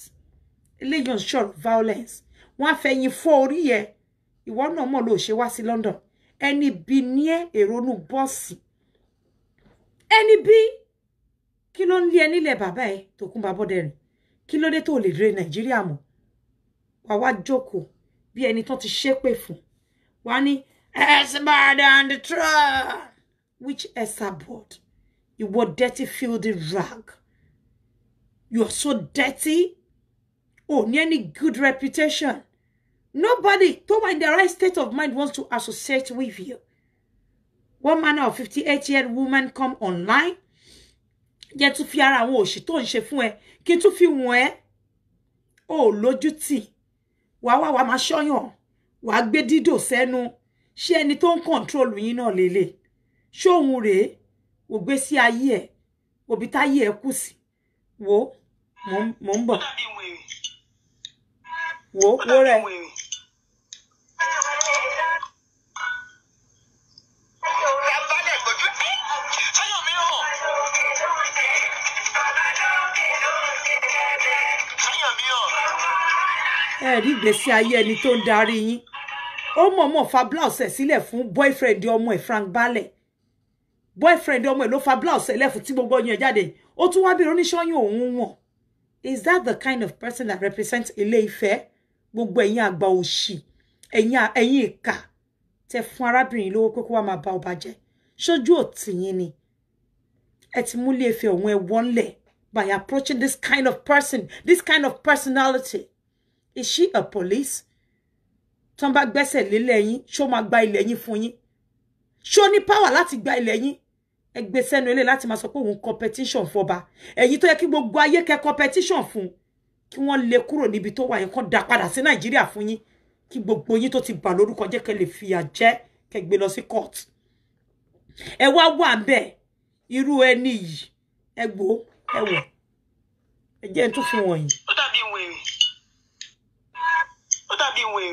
eléyìí ń sọ̀rọ̀ violence wọ́n á fẹ̀yìn fọ́ orí yẹ ìwọ náà mọ̀ ló ṣe wá sí London ẹni bí ní èrònú bọ́ọ̀sì ẹni bí kí ló ń lé ẹ nílẹ̀ bàbá ẹ Tókunbọ̀ Abọ́dẹrìn kí ló dé tó lè re Nàìjíríà mọ́ wàá wá jókòó bí ẹni tán ti ṣépè fún wàá ní ẹsẹ̀ bá a dáa ń which Esabod, you were dirty, filthy rag. You are so dirty. Oh, ní any good reputation. Nobody, tó wà in the right state of mind, wants to associate with you. One manner of 58 year woman come online. Get to fi ara àwọn òṣì tó ń ṣe fún to Kí tún fi wọ́n ẹ. Ó oh, lójú tì. Wà wá wá máa ṣọ́yàn. Wà á gbé dídò sẹ́nu. Ṣé ẹni tó control, you know, Lily ṣóhun rèé wò gbé sí ayé ẹ òbí táyé ẹ kù sí wò mò ń bọ̀ wò wò rẹ. ẹ rí ìgbésí ayé ẹni tó ń darí yín ó mọ̀ọ́mọ̀ fa blouse ẹ̀ sílẹ̀ fún boyfriend ọmọ ẹ̀ Frank Balẹ̀ boyfriend ọmọ ẹ̀ ló fa blouse ẹlẹ́fù tí gbogbo ọyàn jáde ó tún wá bí oníṣọ́yún òun wọn is that the kind of person that represents Ilé-Ifẹ̀ gbogbo ẹ̀yin àgbà òṣì ẹ̀yin ẹ̀yin ìkà tẹ fún arábìnrin lówó pé kó wá máa ba ọba jẹ́ ṣojú òtì yín ni ẹ ti mú ilé òun ẹ wọ́nlẹ̀ by approaching this kind of person this kind of personality is she a police tán bá gbẹ́sẹ̀ lélẹ̀ yín ṣó máa gba ilẹ̀ yín fún yín ṣó ní power láti gba ilẹ̀ ẹ gbé sẹ́nu ilé láti máa sọ pé òun competition fọba ẹ̀yin tó yẹ kí gbogbo ayé kẹ́ competition fún kí wọ́n lè kúrò níbi tó wà yẹn kán da padà sí nàìjíríà fún yín kí gbogbo yín tó ti bà lórúkọ jẹ́ kẹ́ lè fìyà jẹ kẹ́ gbé lọ sí court ẹ wá wà bẹ́ẹ̀ irú ẹni yìí ẹ gbọ́ ẹ wọ ẹ jẹ́ n tún fún wọn ó dàbí wèrè ó dàbí wèrè.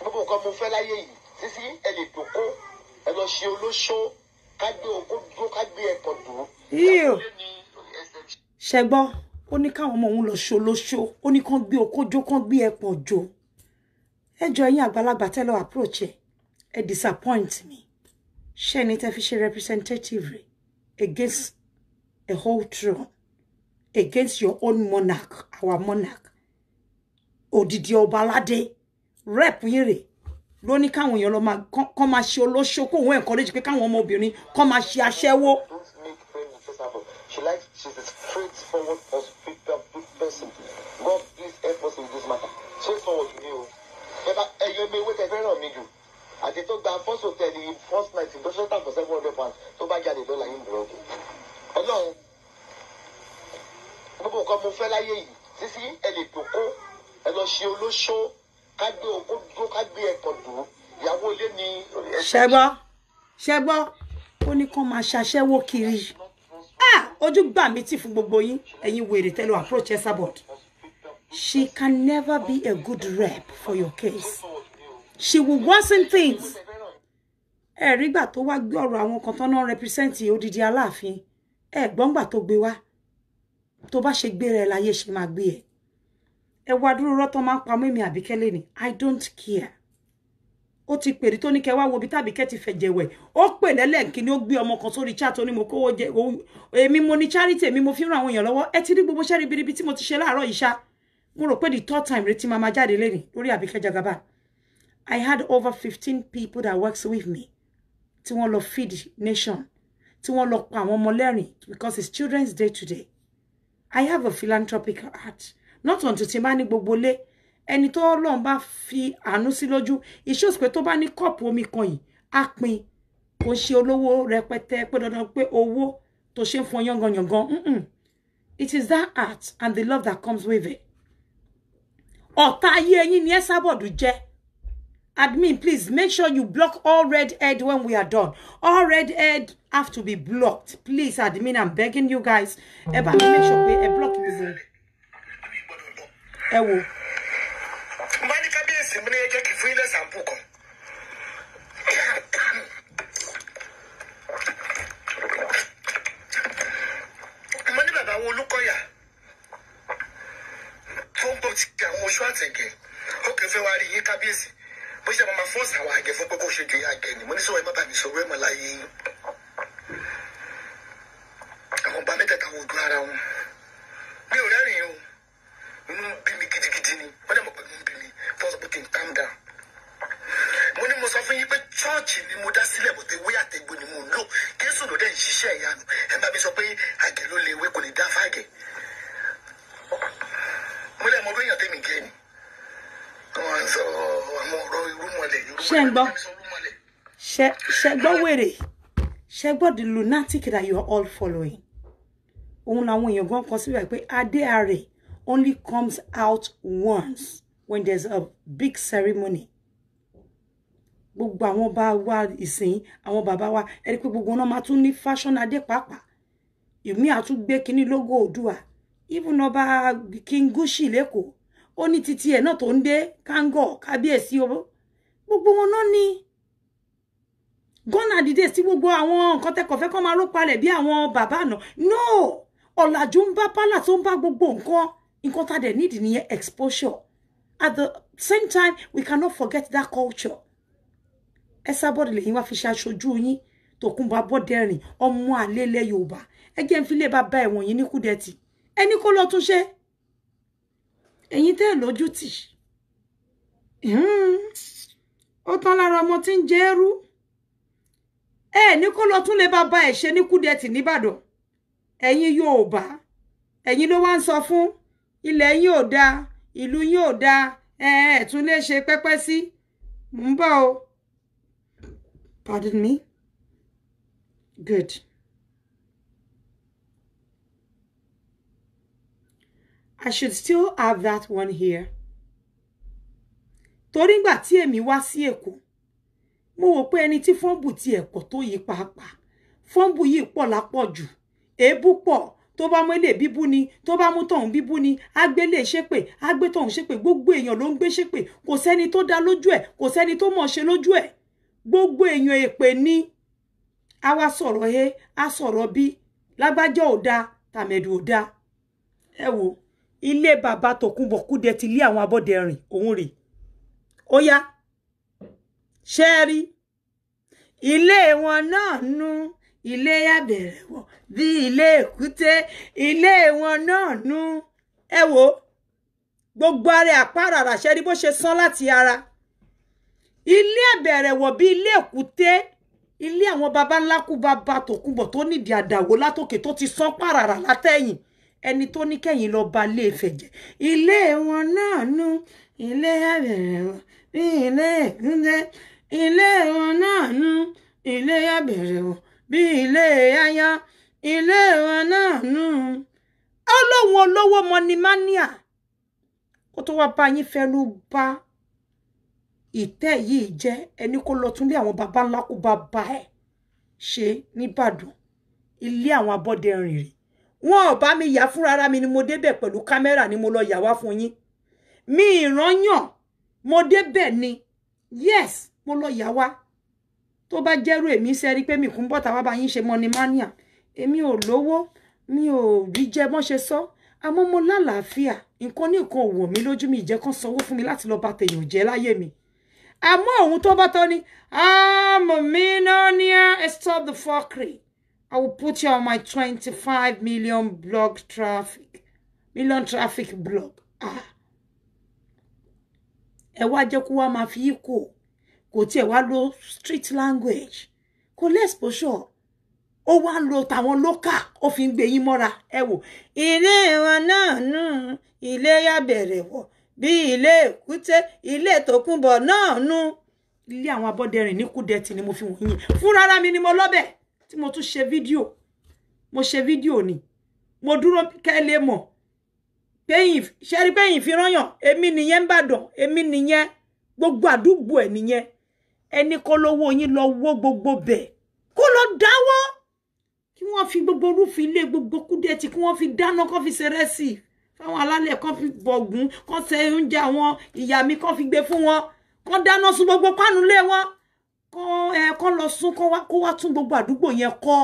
gbogbo nǹkan mo fẹ́ láyé yìí sísí ẹ lè dòkó ẹ lọ ṣe olóṣó ká gbé okó dúró ká gbé ẹ̀pọ̀ dúró. yíyọ ó ní káwọn ọmọ òun lọ ṣe olóṣó ó ní kán gbé okó kán gbé ẹ̀pọ̀ jó ẹjọ ẹ̀yin àgbàlagbà tẹlọ approach ẹ ẹ disappoint me ṣé ẹni tẹ́ fi ṣe representative against a whole throne against your own monarch our monarch odidi ọba aládé rep yín rèé ló ní káwọn èèyàn lọ máa kọ́ máa ṣe olóṣó kó òun encourage pé káwọn ọmọbìnrin kọ́ máa ṣe aṣẹ́wó. She likes, she's a straightforward person. God, please help us in this matter. Straightforward with you. Ẹyọ mi owó tẹ fẹ́ràn mi jù. Àti tó gba first hotel ní first night in Boston for seven hundred pounds tó bá jáde lọ́la yín bùrọ̀ kù. Ọlọ́run gbogbo nǹkan mo fẹ́ láyé yìí sísí ẹ lè dòkó ẹ lọ ṣe olóṣó ká gbé òkú dúró ká gbé ẹ̀kọ́ dúró ìyàwó ilé ni. ṣẹgbọ́ ṣẹgbọ́ ó ní kán máa ṣaṣẹ́wó kiri ah, ojú gbà mí tì fún gbogbo yín ẹ̀yin wèrè tẹ́lẹ̀ approach ẹ̀ sábọ̀d. She can never be a good rep for your case. She will worsen things. Ẹ̀rí gbà tó wá gbé ọ̀rọ̀ àwọn kan tó náà represent odidi aláàfin. Ẹ̀gbọ́n gbà tó gbé wá. Tó bá ṣe gbé rẹ̀ láyé ṣe máa gbé ẹ̀ ẹ wá dúró rọ́tọ́ máa ń pamọ́ èmi àbíkẹ́ lẹ́ni i don't care ó ti pèrè tó ní kẹ wá wo ibi tábìkẹ́ ti fẹ̀jẹ̀ wẹ̀ ó pè lẹ́lẹ́kì ni ó gbé ọmọ kan sórí chat onímọ̀ kówó jẹ èmi mo ní charity èmi mo fi ń ran àwọn èèyàn lọ́wọ́ ẹ ti rí gbogbo ṣẹ́ ribiribi tí mo ti ṣe láàárọ̀ yìí ṣá mo rò pé the third time retí máa máa jáde lẹ́ni lórí àbíkẹ́ jagaba i had over fifteen people that works with me tí wọ́n lọ feed nation tí wọ́n lọ pa àwọn ọmọ lẹ́rìn because it's children's day today i have a philanthropic heart not until tí n bá ní gbogbo lé ẹni tó Ọlọ́run bá fi àánú sí lójú it shows pé tó bá ní kọ́ọ̀pù omi kan yìí á pin kò ṣe olówó rẹpẹtẹ owo dandan pé owó tó ṣe ń fún yanganyangan it is that art and the love that comes with it Ota ayé ẹyin ni ẹ sábọ̀dù admin please make sure you block all red head when we are done all red head have to be blocked please admin i'm begging you guys ẹ make sure we ẹ block gbogbo ẹ wo. mo ní kábíyèsí mi ní ẹ jẹ́ kí fún ilé sàǹpù kan. mo ní bàbá wọn olúkọ̀yà tó ń bọ̀ ti àwọn oṣù àtẹ̀gẹ̀ ó kẹ́ fẹ́ wá rí yín kábíyèsí bó ṣe máa fọ́ọ̀sì àwọn àgẹ̀ fún pé kó ṣe jòyè àgẹ̀ ni mo ní sọ̀rọ̀ ẹ má bàa mi sọ̀rọ̀ ẹ mọ̀ láyé yín àwọn ọba mẹ́tẹ̀ẹ̀ta wo du ara wọn mi ò rẹ́rìn-ín o inú bí mi gidigidi ni wọ́n dẹ̀ mọ̀ pé inú bí mi wọ́n sọ pé kí calm down mo ní mo sọ fún yín pé chọ́ọ̀chì ni mo dá sílẹ̀ bọ̀tẹ́ wé àtẹ̀gbò ni mo ń lò Jésù ló dẹ̀ ń ṣiṣẹ́ ìyanu ẹ bá mi sọ pé àgẹ̀ ló lè wé kò ní dá fàgẹ̀ mo lẹ́ mọ bẹ́yàn tẹ́mi gẹ́ ni wọ́n sọ àwọn ọ̀rọ̀ irúmọlẹ̀ irúmọlẹ̀ ṣe wèrè ṣe the lunatic that you are all following òun làwọn èèyàn gan kan síbẹ̀ pé adé ààrẹ only comes out once when there's a big ceremony gbogbo àwọn bá wa ìsìn àwọn Baba wa ẹni pé gbogbo wọn máa tún ní fashion adé pàápàá ìmí àtúgbé kínní lógo Oòduà even ọba King Gushi leko, Oni titi e ẹ náà tó ń dé kángọ kábíyèsí owó gbogbo wọn náà ní gọ́nà dìde sí gbogbo àwọn nǹkan tẹ́kọ̀ọ́ fẹ́ kọ́ máa ró palẹ̀ bí àwọn bàbá àná no ọ̀làjú ń la pálà tó ń gbogbo nǹkan In contrast, they need nìyẹn exposure at the same time we cannot forget that culture Esabod lèyìn wá fi ṣe aṣojú yín Tòkunbọ̀ Abọ́dẹrìn ọmọ àlélẹ̀ Yorùbá ẹ jẹ́ n fi lè bá bá ẹ̀wọ̀n kolo ní Kúdẹ̀tì ẹni kó lọ tún ṣe ẹ̀yin tẹ́ ẹ̀ lójú tì hmm. ó tán lára ọmọ tí ń jẹ́ ẹrú ẹ ní kó lọ tún lè bá bá ẹ̀ ilẹ̀ yín ò dáa ìlú yín ò dáa ẹ ẹ tún lè ṣe pẹ́pẹ́ sí mò ń bọ̀ o pardon me good. I should still have that one here. Torí ngbà tí èmi wá sí Èkó, mo wò pé ẹni tí fọ́nbù ti ẹ̀kọ́ tó yí pàápàá. Fọ́nbù yìí pọ̀ lápọ̀jù, èébú pọ̀, tó bá mú ilé bíbú ni tó bá mú tọ̀hún bíbú ni àgbé lè ṣépè àgbé tọ̀hún ṣépè gbogbo èèyàn ló ń gbé ṣépè kò sẹ́ni tó dá lójú ẹ̀ kò sẹ́ni tó mọ̀ ṣe lójú ẹ̀ gbogbo èèyàn èpè ni a wá sọ̀rọ̀ he a sọ̀rọ̀ bí lágbájá ò da tàmẹ̀dù ò da ẹ wo ilé bàbá Tòkunbọ̀ Kúdẹ ti lé àwọn abọ́dẹ rìn òun rè ó yá ṣẹ́ẹ́rí ilé wọn náà nú. No, ilé àbẹ̀rẹ̀ wọn bí ilé èkúté ilé wọn náà nú ẹ wo gbogbo ara àpárá àràṣẹ rí bó ṣe sán láti ara ilé àbẹ̀rẹ̀ wọ̀ bí ilé èkúté ilé àwọn baba ńlá kú baba tòkunbọ̀ tó nídìí àdàwó látòkè tó ti sán pàràrà látẹ̀yìn ẹni tó ní kẹ́yìn lọ ba ilé Ifẹ̀ jẹ́ ilé wọn náà nú ilé àbẹ̀rẹ̀ wọn bí ilé èkúté ilé wọn náà nú ilé àbẹ̀rẹ̀ wọn bí ilé ayan ilé wọn náà nù ọlọ́run olówó mọ́nímánìà kó tó wá bá yín fẹ́nu bá ìtẹ́ yìí jẹ́ ẹni kó lọ tún lé àwọn baba ńlá kó bá bá ẹ̀ ṣe nìbàdàn ilé àwọn abọ́dẹrìn rè wọn ò bá mi yà fúnra mi ni mo débẹ̀ pẹ̀lú kámẹ́rà ni mo lọ yà wá fún yín mi ìrànyàn mo débẹ̀ ni yes mo lọ yà wá tó bá jẹ́rú èmi sẹ́rí pé mi kún bọ́ta wá bá yín ṣe mọ́ni mania èmi ò lówó mi ò rí jẹ mọ́ ṣe sọ àmọ́ mo lálàáfíà nǹkan ní nǹkan òwò mi lójú mi ìjẹ́ kan sanwó fún mi láti lọ bá tèèyàn jẹ́ láyé mi àmọ́ òun tó bá tọ́ ni I'm a millionaire stop the fuckery I will put you on my twenty five million blog traffic million traffic blog ah. ẹ wá jẹ́ kó wá máa fi í kò kò tiẹ̀ wá lo street language kò lẹ́sposure ó wá ń lo tàwọn lókà ó fi ń gbé yín mọ́ra ẹ wò ilé wọn náà nù ilé yá bẹ̀rẹ̀ wọ̀ bí ilé èkúté ilé tòkunbọ̀ náà nù ilé àwọn abọ́dẹrìn ní kúdẹ́tì ni mo fi wọ̀nyí fúnra ara mi ni mo lọ́bẹ̀ tí mo tún ṣe fídíò mo ṣe fídíò ni mo dúró kẹ́ lè mọ̀ pẹ́yìn ṣẹ́rí pẹ́yìn fi rányàn èmi nìyẹn ń bàdàn èmi nìyẹn gbogbo àdúgbò ẹ̀ nìyẹn ẹni kó lówó yín lọ wó gbogbo bẹ̀ kó lọ dáwọ́ kí wọ́n fi gbogbo rúfin ilé gbogbo kúdẹ̀tì kí wọ́n fi dáná kó fi ṣeré sí i fáwọn alálẹ̀ kó fi bọ̀gùn kó ṣe oúnjẹ àwọn ìyá mi kó fi gbé fún wọn kó dáná sun gbogbo pánú lé wọn kó ẹ kó lọ sún kó wá kó wá tún gbogbo àdúgbò yẹn kọ́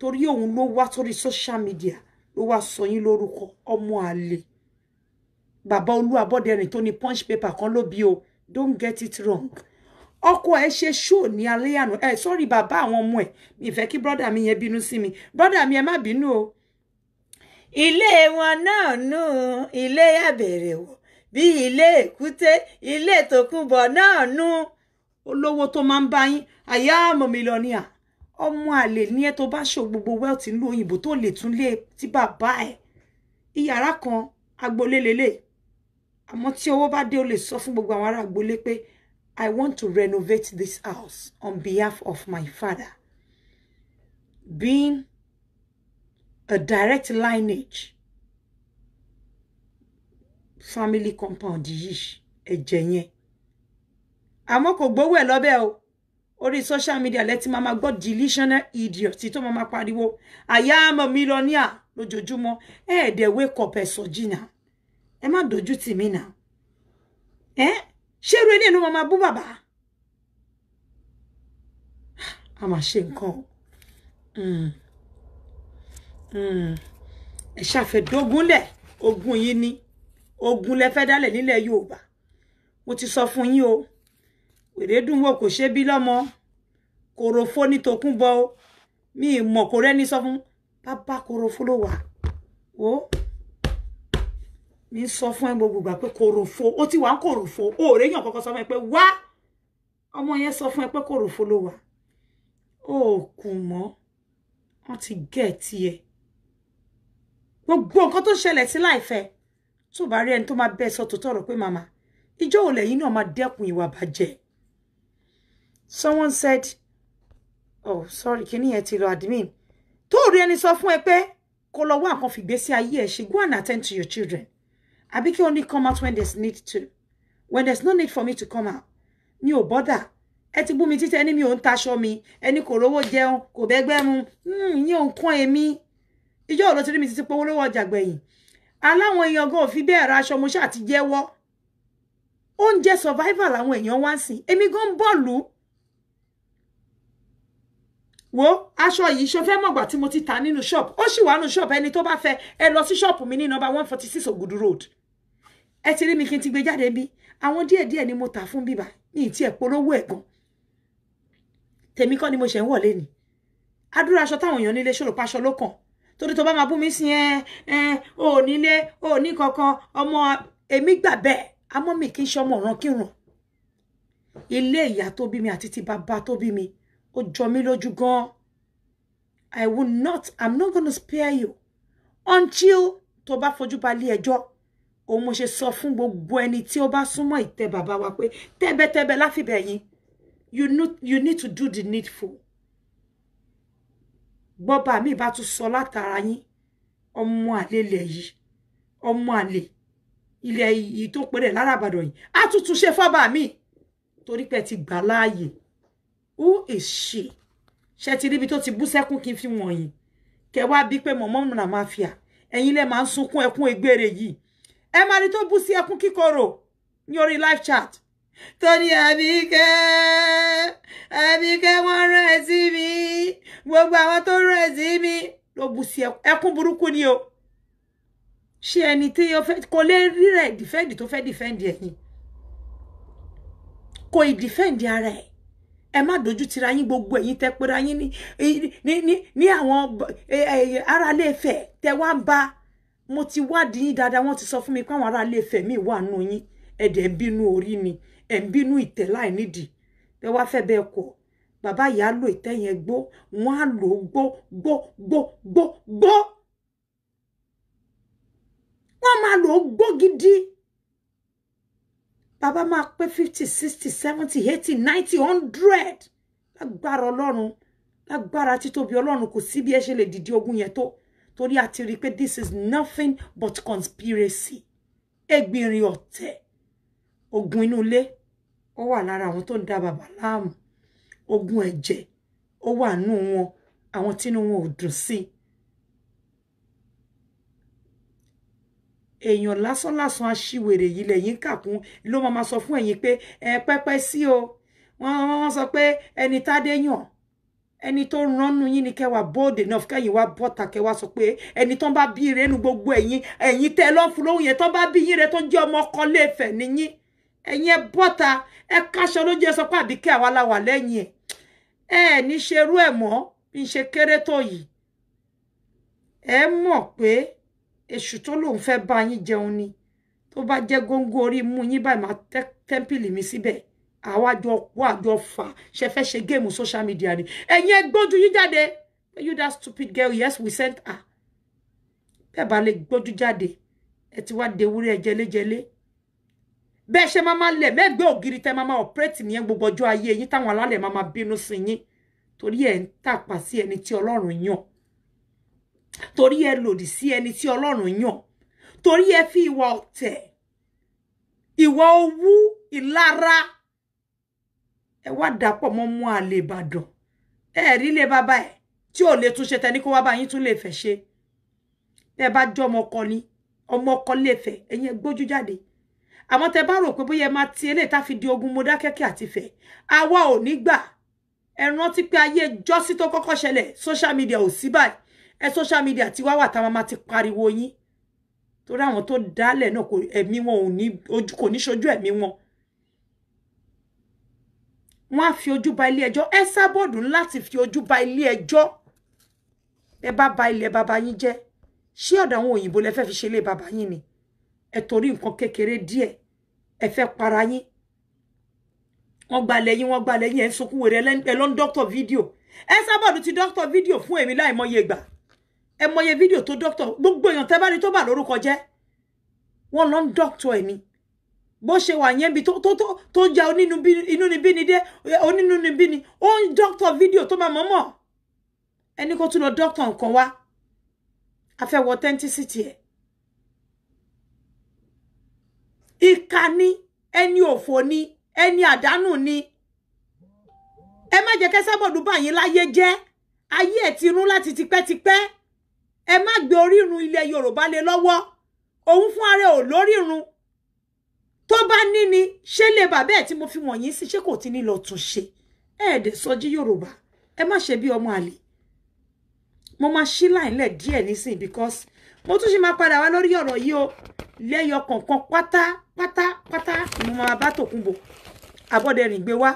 torí òun ló wá torí social media ló wá sọ yín lórúkọ ọmọ àlè bàbá olú abọ́dẹrìn tó ní punch paper kan ló bí o don't get it wrong ọkọ ẹ ṣe ṣó ní alẹ́ àná ẹ eh, sọ́rí bàbá àwọn ọmọ ẹ̀ mi fẹ́ kí brọ́dà mi yẹn bínú sí mi brọ́dà mi ẹ má bínú o. ilé wọn náà nù ilé àbẹ̀rẹ̀ wọ̀ bí ilé èkúté ilé tòkunbọ̀ náà nù olówó tó máa ń bá yín àyà àmọ̀ mílíọ̀nìyà ọmọ àlè ní ẹ tó bá ṣò gbogbo wealth ìlú òyìnbó tó lè tún lé tí bàbá ẹ ìyàrá kan agbolélélẹ̀ àmọ́ tí owó bá dé o lè sọ fún gbogbo àwọn ará agbolé pé I want to renovate this house on behalf of my father. Being a direct lineage, family compound yìí, ẹ̀jẹ̀ yẹn. Àmọ́ kò well, ẹ̀ lọ́bẹ̀ the social media let mama gbọ́ delusional idiot tó mama máa I am a millionaire No jojumo. Eh, they wake up ẹ̀ Sojina. Emma dojuti mina. eh? ṣé irú eléyìí ló máa bú bàbá a máa ṣe nǹkan hmm. Hmm. ẹ ṣàfẹ́dógúnlẹ̀ ogun yìí ni ogun lẹ fẹ́ dálẹ̀ nílẹ̀ Yorùbá mo ti sọ fún yín o wèrèdúnwó kò ṣe bí lọ́mọ kòròfó ní tòkúnbọ o mi ì mọ̀ kò rẹ́ni sọ fún bàbá kòròfó ló wà o. Oh mi sọ fún ẹ gbogbo ìgbà pé kòròfo ó ti wà ń kòròfo ó rẹ yàn kọ́kọ́ sọ fún ẹ pé wá ọmọ yẹn sọ fún ẹ pé kòròfo ló wà ó kù mọ́ wọ́n ti gẹ̀ tiẹ̀ gbogbo nǹkan tó ṣẹlẹ̀ sí láìfẹ́ tó bá rí ẹni tó máa bẹ́ẹ̀ sọ tòótọ́ pé màmá ìjọ òòlẹ̀ yìí náà máa dẹ́kun ìwà bàjẹ́ someone said oh sorry kíní yẹn ti lọ admin tó rí ẹni sọ fún ẹ pé kó lọ wá nǹkan fìgbésí ayé ẹ ṣe go and attend to your children I be only come out when there's need to. When there's no need for me to come out. Mi bother. Ẹ ti bú mi títí ẹni mi ò ń taṣọ mi. Ẹni kò rówó jẹun, kò bẹ́gbẹ́ mu. Hmm, yín ò ń kán èmi. Ìjọ́ òlò ti rí mi títí powó lówó ọjà gbẹ̀yìn. Aláwọn èèyàn gan go fi bẹ́ẹ̀ ra aṣọ mo ṣáà ti jẹ́wọ́. Oúnjẹ survival làwọn èèyàn wá ń sìn. Èmi gan ń bọ̀lù wo aṣọ yìí ṣe fẹ́ mọ̀gbà tí mo ti tà nínú ṣọ́ọ̀bù ó sì wà nínú ṣọ́ọ̀bù ẹni tó bá fẹ́ ẹ lọ sí mi ní nọ́mbà one forty six Ogudu road ẹ ti rí mi kí n ti gbé jáde bí àwọn díẹ̀ díẹ̀ ni mo tà fún bíbá ní ìtí ẹ̀ polówó ẹ̀ gan tèmi kọ́ ni mo ṣe ń wọ̀lé ni àdúrà aṣọ táwọn èèyàn nílé ṣòro paṣọ ló kàn torí tó bá máa bú mi sin ẹ ẹ ò nílé ò ní kankan ọmọ èmi gbà bẹ́ẹ̀ amọ́ mi kì í ṣe ọmọ ọ̀ràn kí ràn ilé ìyá tó bí mi àti ti bàbá tó bí mi ó jọ mí lójú gan I will not I'm not gonna spare you until tó bá fojú balẹ̀ ẹjọ́. E òun mo ṣe sọ fún gbogbo ẹni tí ó bá súnmọ́ ìtẹ́ bàbá wa pé tẹ́bẹ́tẹ́bẹ́ láfibẹ̀ yín you, you need to do the needful Baba mi bá tún sọ látara yín Omo àlè ilẹ̀ yìí ọmọ àlè ilẹ̀ yìí tó péré lárabàdàn yìí á tún tún mi torí pé ti gbà láàyè who is she ṣe ti ríbi tó ti bú sẹ́kún kí n fi wọ̀nyí kẹ wá bí pé mọ̀mọ́ nàmáfíà ẹ̀yin lẹ́ máa ń sunkún ẹkún egbére yìí ẹ máa rí tó bú sí ẹkún kíkorò ní orí live chat tó ní àbíkẹ́ àbíkẹ́ wọ́n rán ẹ sí mi gbogbo àwọn tó rán ẹ sí mi ló bú sí ẹkún burúkú ni o ṣé ẹni tí kò lè rí rẹ̀ dìfẹ́ǹdì tó fẹ́ dìfẹ́ǹdì ẹ̀yìn kò ì dìfẹ́ǹdì ara ẹ̀ ẹ má dojú tira yín gbogbo ẹ̀yin tẹ pera yín ní àwọn aráalé Ifẹ̀ tẹ wá ń bá mo ti wádìí yín dáadáa wọ́n ti sọ fún mi pé àwọn aráalé ìfẹ́ mi wà nù yín ẹ̀dẹ̀ ń bínú orí ni ẹ̀ ń bínú ìtẹ́ láì nídìí ẹ wá fẹ́ bẹ́ẹ̀ kọ́ bàbá yìí á lo ìtẹ́ yẹn gbó wọ́n á lò ó gbó gbó gbó gbó gbó wọ́n máa lò ó gbó gidi bàbá máa pé fifty sixty seventy eighty ninety hundred lágbára ọlọ́run lágbára títóbi ọlọ́run kò sí bí ẹ ṣe lè dìde ogun yẹn tó torí a ti rí pé this is nothing but conspiracy ẹgbìnrin ọ̀tẹ̀ ogun inú ilé ó wà lára àwọn tó ń da bàbá láàmú ogun ẹ̀jẹ̀ ó wà nù wọn àwọn tínú wọn ò dùn sí i èèyàn lásánlásán aṣiwèrè yìí lẹ́yìn kàkún ló máa sọ fún ẹ̀yin pé ẹ pẹ́pẹ́ sí o wọ́n sọ pé ẹni tá dé yàn ẹni tó ránnu yín ni kẹ́ wà bold enough kẹ́yìn wá bọ́ta kẹ́ wá sọ pé ẹni tó ń bá bí rẹ nu gbogbo ẹ̀yin ẹ̀yin tẹ́ lọ́fun lóhùn yẹn tó bá bí yín rẹ tó jẹ́ ọmọ ọkọ léèfẹ̀ nìyín ẹ̀yin ẹ bọ́ta ẹ káṣọ lójú ẹ sọ pé àbíkẹ́ àwa la wà lẹ́yìn ẹ̀ ẹ̀ ní ṣerú ẹ̀ mọ́ bí n ṣe kéré tó yìí ẹ mọ̀ pé èṣù tó lòun fẹ́ bá yín jẹun ni tó bá jẹ́ góńgó orí mú yín báyìí máa tẹ́ńpìlì mi síbẹ̀ àwa jọ wà jọ fà ṣe fẹ́ ṣe géèmù social media ni ẹ̀yin ẹ gbójú yín jáde you that stupid girl yes we sent her bẹ́ẹ̀ bá lè gbójú jáde ẹ ti wá de ewúrẹ́ ẹ jẹlẹ́jẹlẹ́ bẹ́ẹ̀ ṣe máa máa lẹ̀ mẹ́gbẹ́ ògiri tẹ́ máa máa ọ̀pẹ́rẹ́tì nìyẹn gbogbo ọjọ́ ayé yín táwọn alálẹ̀ máa máa bínú sí yín torí ẹ̀ ń tàpá sí ẹni tí ọlọ́run yàn torí ẹ lòdì sí ẹni tí ọlọ́run yàn torí ẹ fi ìwà ọ̀tẹ̀ ìwà owú ìlara ẹ wá dàpọ̀ mọ́ mú àlè ìbàdàn ẹ rí lè bàbá ẹ tí ò lè tún tẹni kó wá bá yín tún lè fẹ́ ṣe tẹ bá jọ ọmọ ọkọ ni ọmọ ọkọ lè fẹ́ ẹ̀yin ẹ gbójú jáde àmọ́ tẹ bá rò pé bóyá ẹ máa ti eléyìí tá fi di ogun Mọdákẹ́kẹ́ àti Ifẹ̀ àwa ò ní gbà ẹ rántí pé ayé jọ́sí tó kọ́kọ́ ṣẹlẹ̀ social media ò sí báyìí ẹ social media ti wá wà táwọn máa ti pariwo yín torí àwọn tó dálẹ̀ náà ẹ̀mí wọn ò ní ojú kò ní ṣojú ẹ̀mí wọn wọ́n á fi ojú ba ilé ẹjọ́ ẹ sá bọ́ọ̀dù láti fi ojú ba ilé ẹjọ́ ẹ bá ba ilẹ̀ bàbá yín jẹ́ ṣé ọ̀dọ̀ àwọn òyìnbó lẹ fẹ́ fi ṣe ilé bàbá yín ni ẹ torí nǹkan kékeré díẹ̀ ẹ fẹ́ para yín wọ́n gba lẹ́yìn wọ́n gba lẹ́yìn ẹ̀ ń sunkún wèrè ẹ lọ́n dọ́kítọ̀ fídíò ẹ sá bọ́ọ̀dù ti dọ́kítọ̀ fídíò fún èmi láì mọye ìgbà ẹ mọye fídíò tó dọ́kítọ̀ gbogbo èèyàn tẹ́ bá rí tó bà lórúkọ jẹ́ wọ́n lọ́n dọ́kítọ̀ ẹ̀ ni bó ṣe wà yẹn bi tó tó tó tó ja onínúbíni dé onínúbíni ó ń dọ́kítọ̀ fídíò tó máa mọ̀ọ́mọ̀ ẹni kó tún lọ dọ́kítọ̀ nǹkan wá afẹ́wọ̀ authenticity ẹ̀ ìka ni ẹni òfò ni ẹni àdánù ni ẹ má jẹ́ kẹ́sàbọ̀dù bá yín láyé jẹ́ ayé ẹ̀ ti rún láti tipẹ́tipẹ́ ẹ má gbé orírun ilẹ̀ Yorùbá lé lọ́wọ́ òun fún ara ẹ̀ ò lórírun tó bá ní ni ṣé lè bàbá ẹ̀ tí mo fi wọ̀nyí sí ṣé kò ti ní lọ tún ṣe ẹ̀ẹ́dẹ̀ sọjí yorùbá ẹ má ṣe bí ọmọ àlè mo máa ṣí láìlẹ̀ díẹ̀ nísìnyí because mo tún ṣe máa padà wá lórí ọ̀rọ̀ yìí o lẹ́yọ kọ̀ọ̀kan pátá pátá pátá mo máa bá tòkunbọ̀ abọ́dẹrìn gbé wá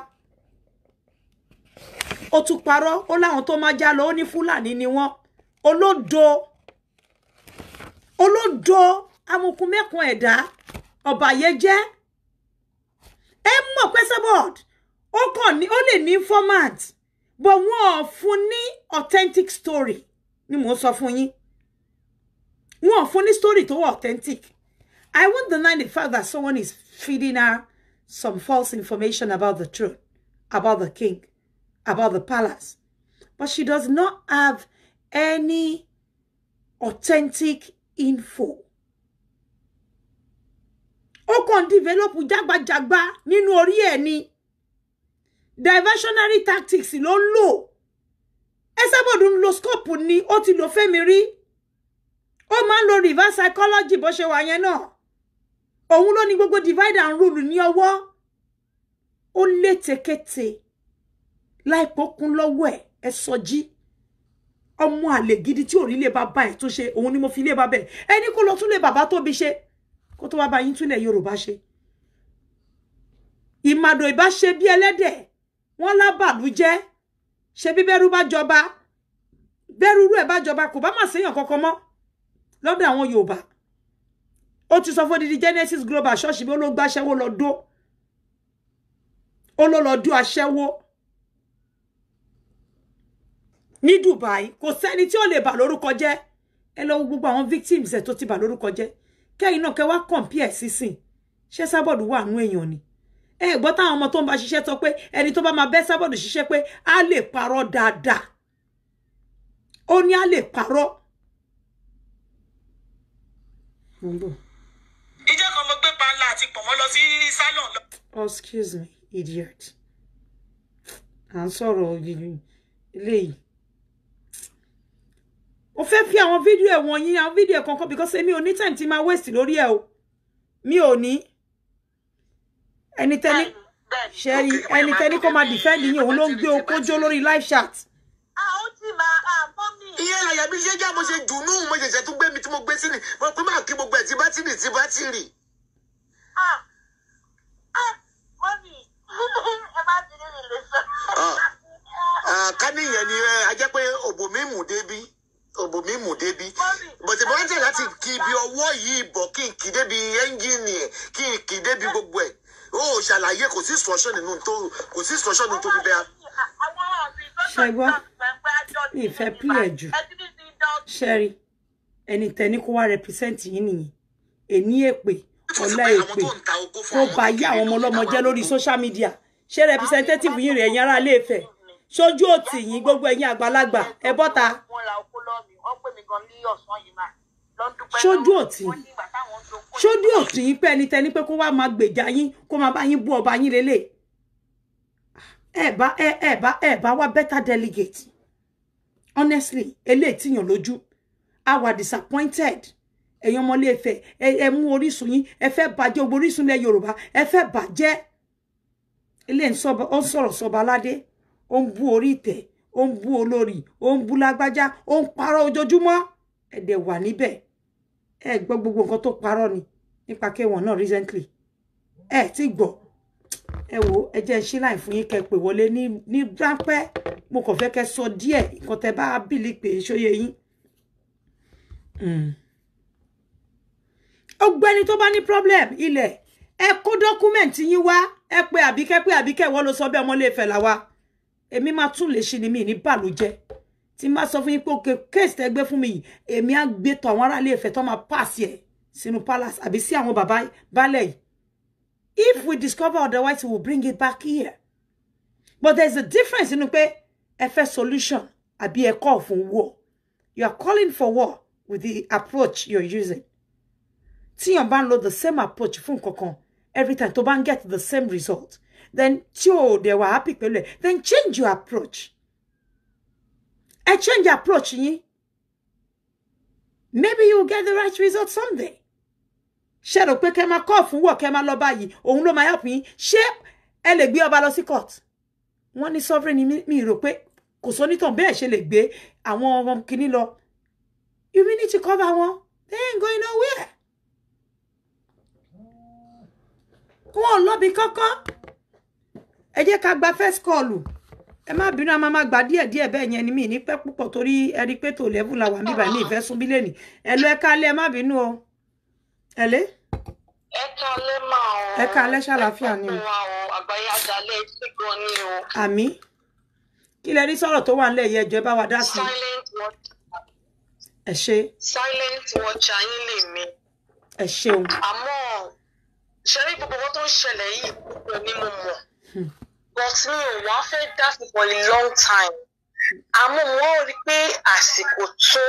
ó tún parọ́ ó láwọn tó máa já lọ ó ní fúlàní ni wọ́n olódo olódo amukun mẹ́kan ẹ̀dá ọ̀bàyéjẹ́ ẹ mọ̀ pé Esabod ó kàn ní ó lè ní format but wọn ò fún ní authentic story ni mò ń sọ fún yín wọn ò fún ní story tó wà authentic I won't deny the fact that someone is feeding her some false information about the truth about the king about the palace but she does not have any authentic info ó kàn develop jágbajàgba nínú orí ẹ̀ ni diversionary tactics ló ń lò Esabod ń lo scope ni ó ti lò fẹ́mi rí ó máa ń lo reverse psychology bó ṣe wà yẹn náà òun ló ní gbogbo divide and rule ní ọwọ́ ó létekete láìpẹ́ kún lọ́wọ́ ẹ̀ ẹ sọjí ọmọ àlè gidi tí ò rí lè bàbá ẹ̀ tó ṣe òun ni mo fi lè bàbá ẹ̀ ẹni kó lọ tún lè bàbá tóbi ṣe kó tó wá bá yín túnlẹ̀ yorùbá ṣe ìmàdò ìbá ṣe bí ẹlẹ́dẹ̀ wọ́n lábàlú jẹ́ ṣe bí bẹ́rú bá jọba bẹ́rú rú ẹ̀ bá jọba kò bá mà séèyàn kankan mọ́ lọ́dọ̀ àwọn yorùbá ó ti sọ fún odidi genesis global ṣọ́ọ̀ṣì bí ó ló gbá aṣẹ́wó lọ dó ó ló lọ dó aṣẹ́wó ní dubai kò sẹ́ni tí ó lè bà lórúkọ jẹ́ ẹ lọ gbogbo àwọn victims ẹ̀ tó ti bà lórúkọ jẹ́ kẹ́yìn náà kẹ́ wá compare sísìn ṣé sábọ̀dù wà nú èèyàn ni ẹ gbọ́ táwọn ọmọ tó ń bá ṣiṣẹ́ sọ pé ẹni tó bá máa bẹ́ sábọ̀dù ṣiṣẹ́ pé á lè parọ́ dáadáa ó ní á lè parọ́. ìjẹ́ kan mo gbé panla àti pọ̀nmọ́ lọ sí salon oh, excuse me idiot à ń sọ̀rọ̀ eléyìí mo fẹ́ fi àwọn fídíò ẹ̀ wọ̀nyí àwọn fídíò ẹ̀ kankan because èmi ò ní time tí máa waste lórí ẹ̀ o mi ò ní ẹnitẹ́ni ṣẹ́rí ẹnitẹ́ni kó máa defend yín òun ló ń gbé okójó lórí live chat. iye àyà mi ṣe jẹ́ mo ṣe dùnú mo ṣẹ̀ṣẹ̀ tún gbé mi tí mo gbé sínú mo pín máa kí gbogbo ẹ̀ tí bátìrì tí bátìrì. Ah, ah, ká ní ìyẹn ni ẹ ajẹ́ pé òbò mi mú débi òbòmí mú débi bọ̀tẹ̀ bọ́ ń tẹ̀ láti kí ibi ọwọ́ yìí bọ̀ kí n kì í débi ẹ́ńgíìnì ẹ̀ kí n kì í débi gbogbo ẹ̀ ó oh, ṣàlàyé kò sí instruction nínú tó kò sí instruction nínú tó fi bẹ́ẹ̀. ṣẹgbọ́n ìfẹ́ pílẹ̀ jù ṣẹ́rí ẹni tẹ́ni kó wá represent yín nìyẹn èní èpè ọ̀la èpè kó bá yé àwọn ọmọ ọlọ́mọ jẹ́ lórí social media ṣé representative yín rẹ̀ ẹ̀yin ará ilé Ifẹ̀ ṣojú òtì yín gbogbo ẹ̀yin àgbàlagbà ẹ bọ́ta. ṣojú òtì ṣojú òtì yín pé ẹni tẹni pé kó wá máa gbèjà yín kó máa bá yín bú ọba yín lélẹ̀ ẹ bá ẹ ẹ bá ẹ bá wá better delegate honestly eléyìí tìyàn lójú I wà disappointed èèyàn ọmọlé ẹfẹ ẹ mú orísun yín ẹ fẹ́ bàjẹ́ ogbó orísun ilẹ̀ yorùbá ẹ fẹ́ bàjẹ́ eléyìí ń sọ̀rọ̀ sọba aládé ó ń bú orí ìtẹ̀ ó ń bú olórí ó ń bú lágbájá ó ń parọ́ ojoojúmọ́ ẹ̀dẹ̀ wà níbẹ̀ ẹ gbọ́ gbogbo nǹkan tó parọ́ ni nípa kéwọn náà recently ẹ ti gbọ́ ẹ wo ẹ jẹ́ ń ṣí láì fún yín kẹ́ pè wọlé ní ní ráńpẹ́ mo kàn fẹ́ kẹ́ sọ díẹ̀ nǹkan tẹ́ bá bìlì pé ṣóyè yín. Hmm. ọ̀gbẹ́ni tó bá ní problem ilẹ̀ ẹ kó dọ́kúmẹ̀ntì yín wá ẹ pé àbíkẹ́ pé àbíkẹ́ wọ́n ló sọ bẹ́ẹ̀ ọmọléèfẹ̀ làwa èmi máa tún lè ṣe ni mi ní bàlójẹ́ tí n bá sọ fún yín pé òkè kéèsì tẹ́ mi yìí èmi á gbé tọ̀ àwọn aráàlú Ifẹ̀ tó máa pàṣẹ sínú palace àbí sí àwọn bàbá balẹ̀ if we discover otherwise we will bring it back here but there's a difference nínú pé ẹ fẹ́ solution àbí ẹ call fún war you are calling for war with the approach you're using tíyàn bá ń lo the same approach fún kankan every time to bá get the same result then tí they were happy pẹ̀lú then change your approach ẹ change approach yín maybe you get the right result someday ṣe rò pé kẹ máa kọ́ fún wọ̀ kẹ máa lọ báyìí òun ló help me ṣé ẹ lè gbé ọba lọ sí court wọ́n ní sovereign mi rò pé kò sónítàn bẹ́ẹ̀ ṣe lè gbé àwọn ọmọ kìíní lọ you mean to cover one? they ain't going nowhere wọn ò lọ́bi kankan ẹ jẹ́ ká gba first call ẹ má bínú a máa má gba díẹ̀ díẹ̀ bẹ́ẹ̀ yẹn ni mí ní pẹ́ púpọ̀ torí ẹ rí pé tó level la wà mí báyìí mi ìfẹ́ sún bí lẹ́nì ẹ lọ ẹ kálẹ́ ẹ má bínú o ẹ lé. ẹ kálẹ́ máa o ẹ kálẹ́ ṣàlàáfíà ni o àgbáyé àjálẹ̀ sí gan ni o. àmì kí lẹ rí sọ̀rọ̀ tó wà nílẹ̀ yẹn ẹjọ́ ẹ bá wa dá sí i. ẹ ṣe. silent watcher yín lè mi. ẹ ṣeun. àmọ́ ṣe rí gbogbo owó tó ń ṣẹlẹ̀ yìí ni mo mọ̀. Hmm but mi ò wá fẹ́ dá for a long time àmọ́ wọ́n rí pé àsìkò tó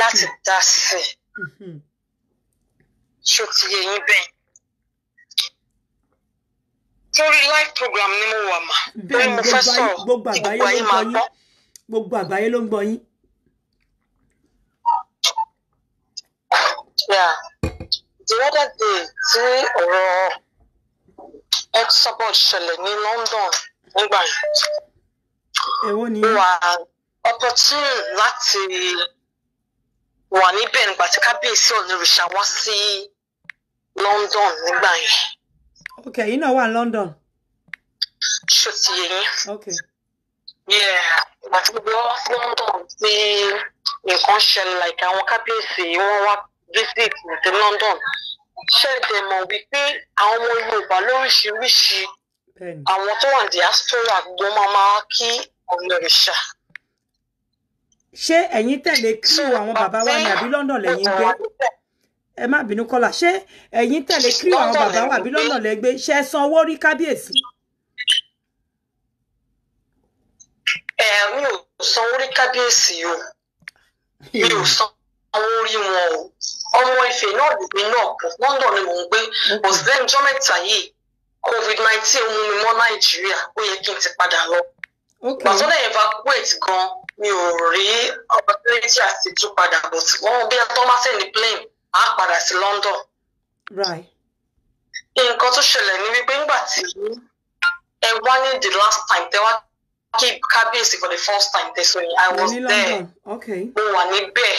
láti dá sí mm-hmm. ṣó ti yẹ yín bẹ́ẹ̀ torí live program ni mo wà mà lórí mo fẹ́ sọ̀rọ̀ tí gbogbo ayé máa gbọ́. gbogbo àgbáyé ló ń gbọ́ yín. the other day tí ọ̀rọ̀ exobot ṣẹlẹ̀ ní London nígbà yẹn. èwo ni. wà opportune láti wà níbẹ̀ nígbà tí kábíyèsí onírìṣà wá sí London nígbà yẹn. ok yìí náà wà London. ṣó ti yẹ yín. ok. yeah ìgbà tí gbogbo wọn sí London tí nǹkan ṣẹlẹ̀ like àwọn kábíyèsí wọn wá visit ní London ṣẹ̀dẹ̀ mọ̀ wípé àwọn ọmọ Yorùbá lóríṣiríṣi àwọn tó wà ní diaspora gbọ́n máa máa kí ọ̀nà ìṣà. ṣé ẹ̀yin tẹ̀lé kírò àwọn bàbá wa ní àbí London lẹ́yìn gbé ẹ má bínú kọ́lá ṣé ẹ̀yin tẹ̀lé kírò àwọn bàbá wa àbí London lẹ́gbẹ́ ṣe é san owó rí kábíyèsí. ẹ mi ò san orí kábíyèsí o mi ò hmm. san àwọn orí wọn o ọmọ Ifẹ̀ náà lèmi náà London ni mò ń gbé kò sí lẹ́nu jọ́ mẹ́ta yìí covid nineteen mú mi mọ́ Nàìjíríà ó yẹ kí n ti padà lọ gbàtọ́ lẹ́yìn evacuate gan mi ò rí opportunity àti tún padà bọ̀ sí wọn bí atọ́másẹ́ ní plane á padà sí London. Right. nǹkan tó ṣẹlẹ̀ ni wípé ńgbà tí ẹ wá ní the last time tẹ Keep kábíyèsí for the first time tẹ̀sán yìí I was there mo wà níbẹ̀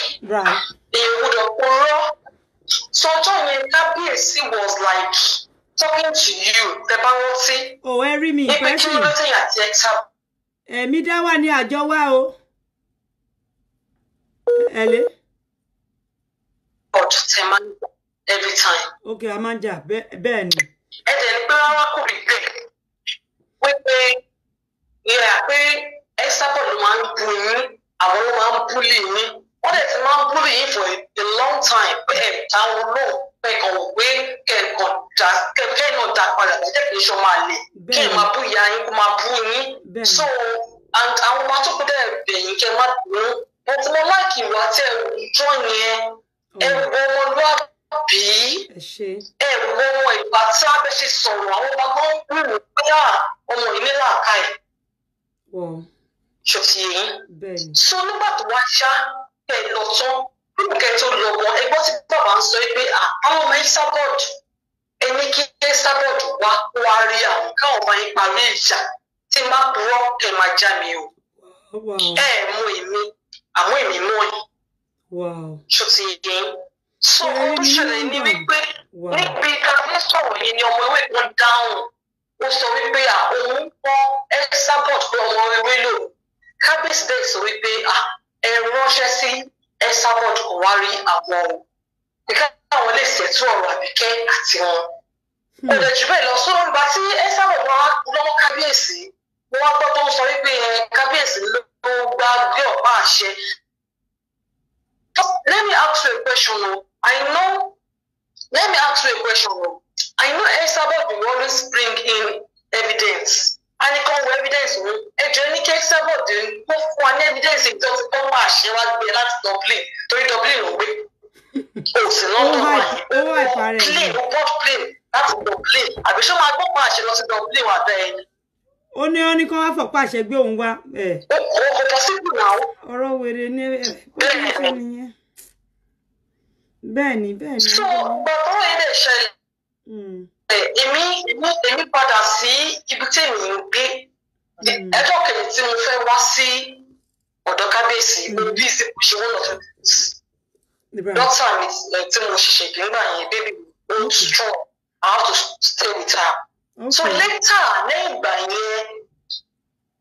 èyí gbọ́dọ̀ kúrò so ọjọ́ yẹn was like talking to you tẹ bá rántí nípa kí ló dé àti ẹ̀ta. ẹ̀mí dá wà ní àjọ wa o. ẹ̀lẹ́. ọ̀dọ̀ tẹ máa ń jà every time. Okay, a Ben. ń jà bẹ́ẹ̀ ni. ẹ dẹ̀ ní pé rárá yẹra pé Esther ló máa ń bu yín àwọn ló máa ń búlì yín wọ́n dẹ̀ ti máa ń búlì yín for a long time pé ẹ̀ dáwọn lóò pé kàn wò pé kẹ̀kọ́ dá kẹ̀kẹ́ náà dá padà kí ẹ̀kẹ́ iṣan máa lè kí ẹ̀ máa bú ìyá yín kó máa bú yín so and àwọn ọmọ tó kú dẹ̀ bẹ̀yìn kẹ́ má dùn mo ti mọ láìkì ìwà tẹ ìjọ yẹn ẹ oh. wo ọmọlúwàbí ẹ wo ọmọ ìgbà tí abẹ́ ṣe sọ̀rọ̀ àwọn ọmọ gan ń wù wọ́n pé ọmọ ìnílà ká ṣó ti so nígbà tó wá ṣá ẹ lọ tán nígbà kẹ tó lọ gan ẹgbọ́n tí bàbá ń sọ pé àwọn ọmọ yín sábọ̀d ẹni kí ẹ sábọ̀d wá kó wá rí àwọn káwọn ọmọ yín parí ìjà tí má purọ́ ẹ máa já mi o ẹ mú èmi àmọ́ èmi mọ́ ẹ ṣó ti so ohun tó ṣẹlẹ̀ ni wípé níbi ká yìí ni ọmọ ewé kan dáhùn ó sọ wípé òun kọ́ Esabod pé ọmọ rere lò kábíyèsí dẹ̀ sọ wípé ẹ ránṣẹ́ sí Esabod kò wá rí àwọn o nìkan àwọn lè ṣètò ọ̀rọ̀ àbíkẹ́ àti wọn. kò hmm. jù bẹ́ẹ̀ lọ sọ́run gba tí Esabod wá lọ́wọ́ kábíyèsí wọ́n wá gbọ́ tó ń sọ wípé kábíyèsí ló gbá gbé ọ̀pá àṣẹ. Let me ask you a question o I know let me ask you a question o. I know El Sabbath will always bring in evidence. and ní come with evidence wo. Ẹjọ́ ní kí El Sabbath kó fún wa ní evidence tó ti kọ́ wá àṣẹ wá gbé láti Dublin torí Dublin ló gbé. O sì London wà yìí. Ó wà ìparẹ́ yìí. Plane ó board plane láti Dublin. Àbí ṣé máa gbọ́ pa àṣẹ lọ sí Dublin wà bẹ́ẹ̀ ni? Ó ní wọ́n ní kí wọ́n fọ̀pá àṣẹ gbé òun wá. Ó kò possible náà. Ọ̀rọ̀ wèrè ni ẹ̀ bẹ́ẹ̀ ni bẹ́ẹ̀ ni. So gbàgbọ́ yìí lè ṣẹlẹ̀. Hmm. èmi èmi padà sí ibi tí èmi ń gbé hmm. ẹjọ́ kejì tí mo fẹ́ wá sí ọ̀dọ̀ kábíyèsí lórí hmm. ìsìnkú ṣe wọ́n lọ́tọ̀ dọ́kítà mi tí mo ṣẹ̀ṣẹ̀ gbé ńgbà yẹn baby o n strong I have to stay with her so later lẹ́yìn ìgbà yẹn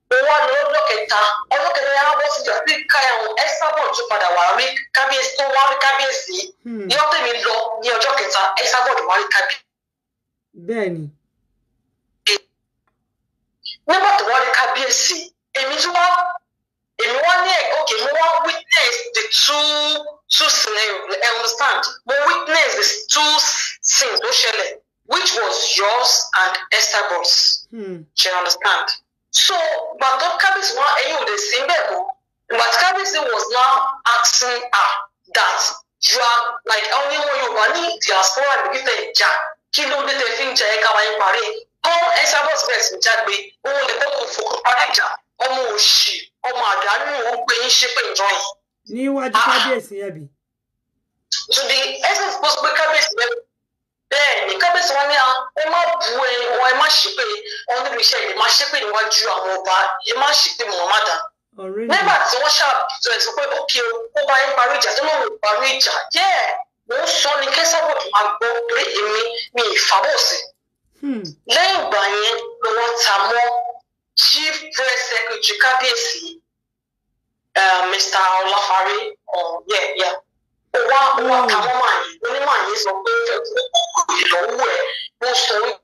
mo wá ní ọjọ́ kẹta ọjọ́ kẹta yẹn wọ́n sì jà sí káyọ̀hún ẹ́sàbọ̀n tó padà wá rí kábíyèsí tó wá rí kábíyèsí ní ọ̀tẹ̀ mi lọ ní ọjọ́ kẹta ẹ́sàbọ̀n tó wá rí kábíyèsí bẹ́ẹ̀ ni. nígbà tí wọ́n rí kábíyèsí èmi tí wọ́n èmi wọ́n ní ẹ̀kọ́ kì mí wọ́n witness the two two scenarios. I understand mo witness the two scenes ló ṣẹlẹ̀ which was yours and Esther boss hmm. she understand so gbàtọ́ kábíyèsí wọn ẹ̀yin ò lè sí bẹ́ẹ̀ mọ́ but kábíyèsí was now asking her that you are like only one you wà ní diaspora nígbà ìjà kí ló dé tẹ fi ń jẹ ẹka wáyé parí kọ́ Esabod bẹ̀rẹ̀ sí jágbe òun lè kọ́kọ́ fòkàn parí ìjà ọmọ òṣì ọmọ àdánù ó gbé yín ṣépè ìjọ yìí. níwájú ah. kábíyèsí yẹn bi. to the essence post pé kábíyèsí yẹn bẹ́ẹ̀ ni kábíyèsí wọn ní à ẹ má bu ẹ wọn ẹ má ṣépè wọn níbi iṣẹ́ ẹ má ṣépè níwájú àwọn ọba ẹ má ṣépè mọ̀ má dá nígbà tí wọ́n ṣàbẹ̀sọ pé òkè ó bá yín parí ìjà tó lóun mo ń sọ ni kẹsàbọ máa gbọ́ pé èmi mi ìfàbọsẹ hmm. lẹ́yìn ìgbà yẹn lọ́wọ́ ta mọ́ chief press secretary kábíyèsí mr ọláfárẹ ọyẹ yẹ ó wá ó wá ta mọ́ màá yìí onímọ̀ yìí sọ pé ìlọ́wọ́ ẹ̀ ló sọ wípé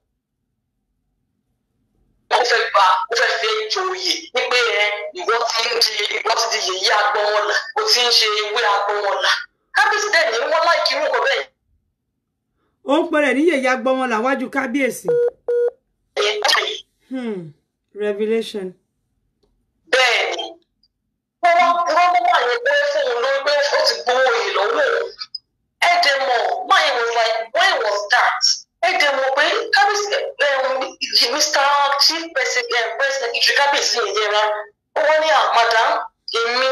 ó fẹ́ gba ó fẹ́ fẹ́ joyè wípé ẹ ìwọ ti di ìwọ ti di yèyí agbọ́n wọn là ó ti ń ṣe ewé agbọ́n wọn là. ó ń pẹrẹ ní yèyà gbọmọ làwájú kábíyèsí. Hmm, revelation. bẹ́ẹ̀ni wọn wọn mú àyè pé fóun ló pé ó ti gbowó ìlọ́wọ́ ẹdẹmọ mine was like when was that ẹdẹmọ pé kábíyèsí um, mr chief president president ìtúkábíyèsí yẹn yẹra ó wọ́n ní àmàdá ah, èmi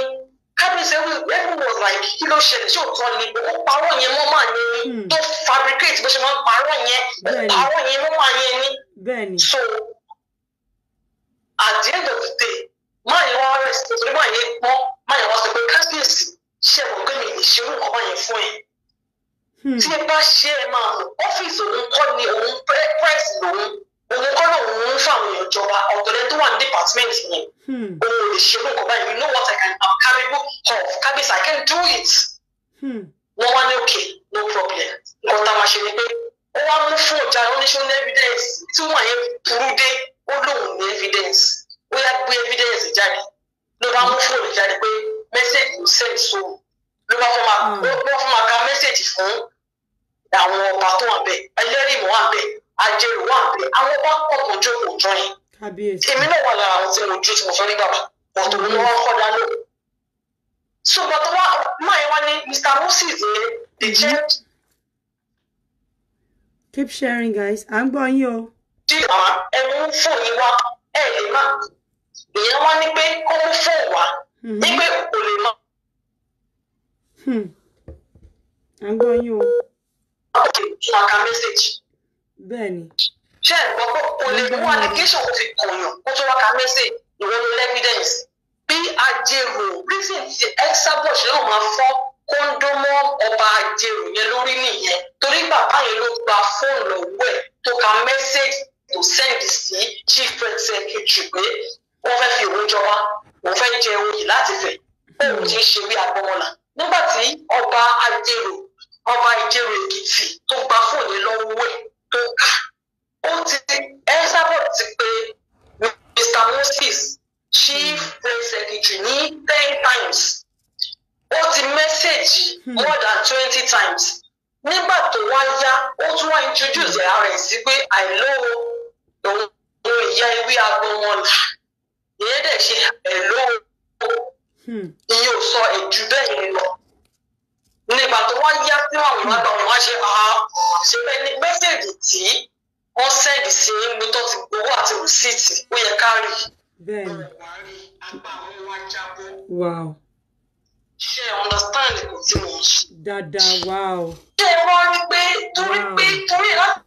kábíyèsí everyone was like kí ló ṣẹlẹ̀ tí òótọ́ ni ó parọ́ yẹn mọ́ máa yẹn ni hmm. tó fabricate bó ṣe máa ń parọ́ yẹn ó parọ́ yẹn mọ́ máa yẹn ni so at the end of the day máa yẹn wá rẹ̀ sí torí máa yẹn gbọ́ máa yẹn wá sọ pé kábíyèsí ṣe mọ̀ pé mi ìṣe orúkọ máa yẹn fún ẹ hmm. tí ẹ bá ṣe ẹ máa mọ̀ ọ́fíìsì òun kọ́ ni òun pẹ́ẹ́sì lòun òun kọ́ lòun ń fàwọn èèyàn jọba ọ̀dọ̀lẹ́ tó wà ní dìpátímẹ́ǹtì yẹn o lè ṣe olóko báyìí you know what I can am capable of kábíyèsí I can do it. Hmm. No one okay, no problem nǹkan tá a máa ṣe ni pé ó on mú fún ọjà oníṣẹ́ ní evidence tí wọ́n yẹn burú dé ó lóun ní evidence ó yá gbé evidence jáde ló bá mú fún ọjà ni pé message ló send so ló bá fọ́ máa ló hmm. fọ́ máa ka message fún àwọn ọba tó wà bẹ́ẹ̀ ẹlẹ́rìí mọ́ wà bẹ́ẹ̀ ajẹ́rù wà bẹ́ẹ̀ àwọn ọba pọ̀ tó jókòó jọyìn èmi náà wà lára àwọn tí mo mo fẹ́ ní bàbá ọ̀tọ̀ mi ni wọ́n kọ́ dá lò so but wá máa wá ní Mr. Moses ní the church. keep sharing guys I'm going yo. yín o. di àwọn ẹmu fóònù yín wá ẹ lè má ìyẹn wá ní pé kó mú fóònù wá mhm. ní pé kò lè má. Hmm. à ń gbọ́ yín o. ok kí message. bẹ́ẹ̀ ṣé ẹ gbọ́ pé kò lè mú allegation kò fi kọyàn kó tó wá ka message ìwọ ló evidence bí ajérò reason ti exabush ló máa fọ́ kóńdómọ́ ọba ajérò yẹn lórí nìyẹn torí bàbá yẹn ló gba fóònù lọ́wọ́ ẹ̀ tó ka message tó send sí chief secretary pé wọ́n fẹ́ fi òun jọ wá òun fẹ́ jẹ oyè láti fẹ̀ òun ti ń ṣe wí agbọ́mọlà nígbà tí ọba ajérò ọba ìjẹrò èkìtì tó gba fóònù lọ́wọ́ ẹ̀ tó kà á ó ti elzabod ti pè Mr. Moses chief hmm. press secretary ní ten times ó ti mẹ́sẹ̀gì hmm. more than twenty times nígbà tó wá yá ó tún wá introduce ara ẹ̀ sí pé àìló òun ìyá ewé agbọn wọn là ìyẹn dẹ̀ ṣe àìló iye hmm. ò sọ èjú bẹ́ẹ̀ yẹn lọ nígbà tó wá yá tí wọn àwọn ìwádìí wọn wá ṣe àṣẹ mẹ́sẹ̀gì tí wọ́n sẹ́ẹ̀dì sí ibi tó ti gbowó àti rìsíìtì ó yẹ ká rí. bẹ́ẹ̀ni apá wow. ṣé understand kò tí mò ń ṣe. dáadáa wow. ṣé ẹ wọ́n rí pé torí pé torí ẹ̀ láti.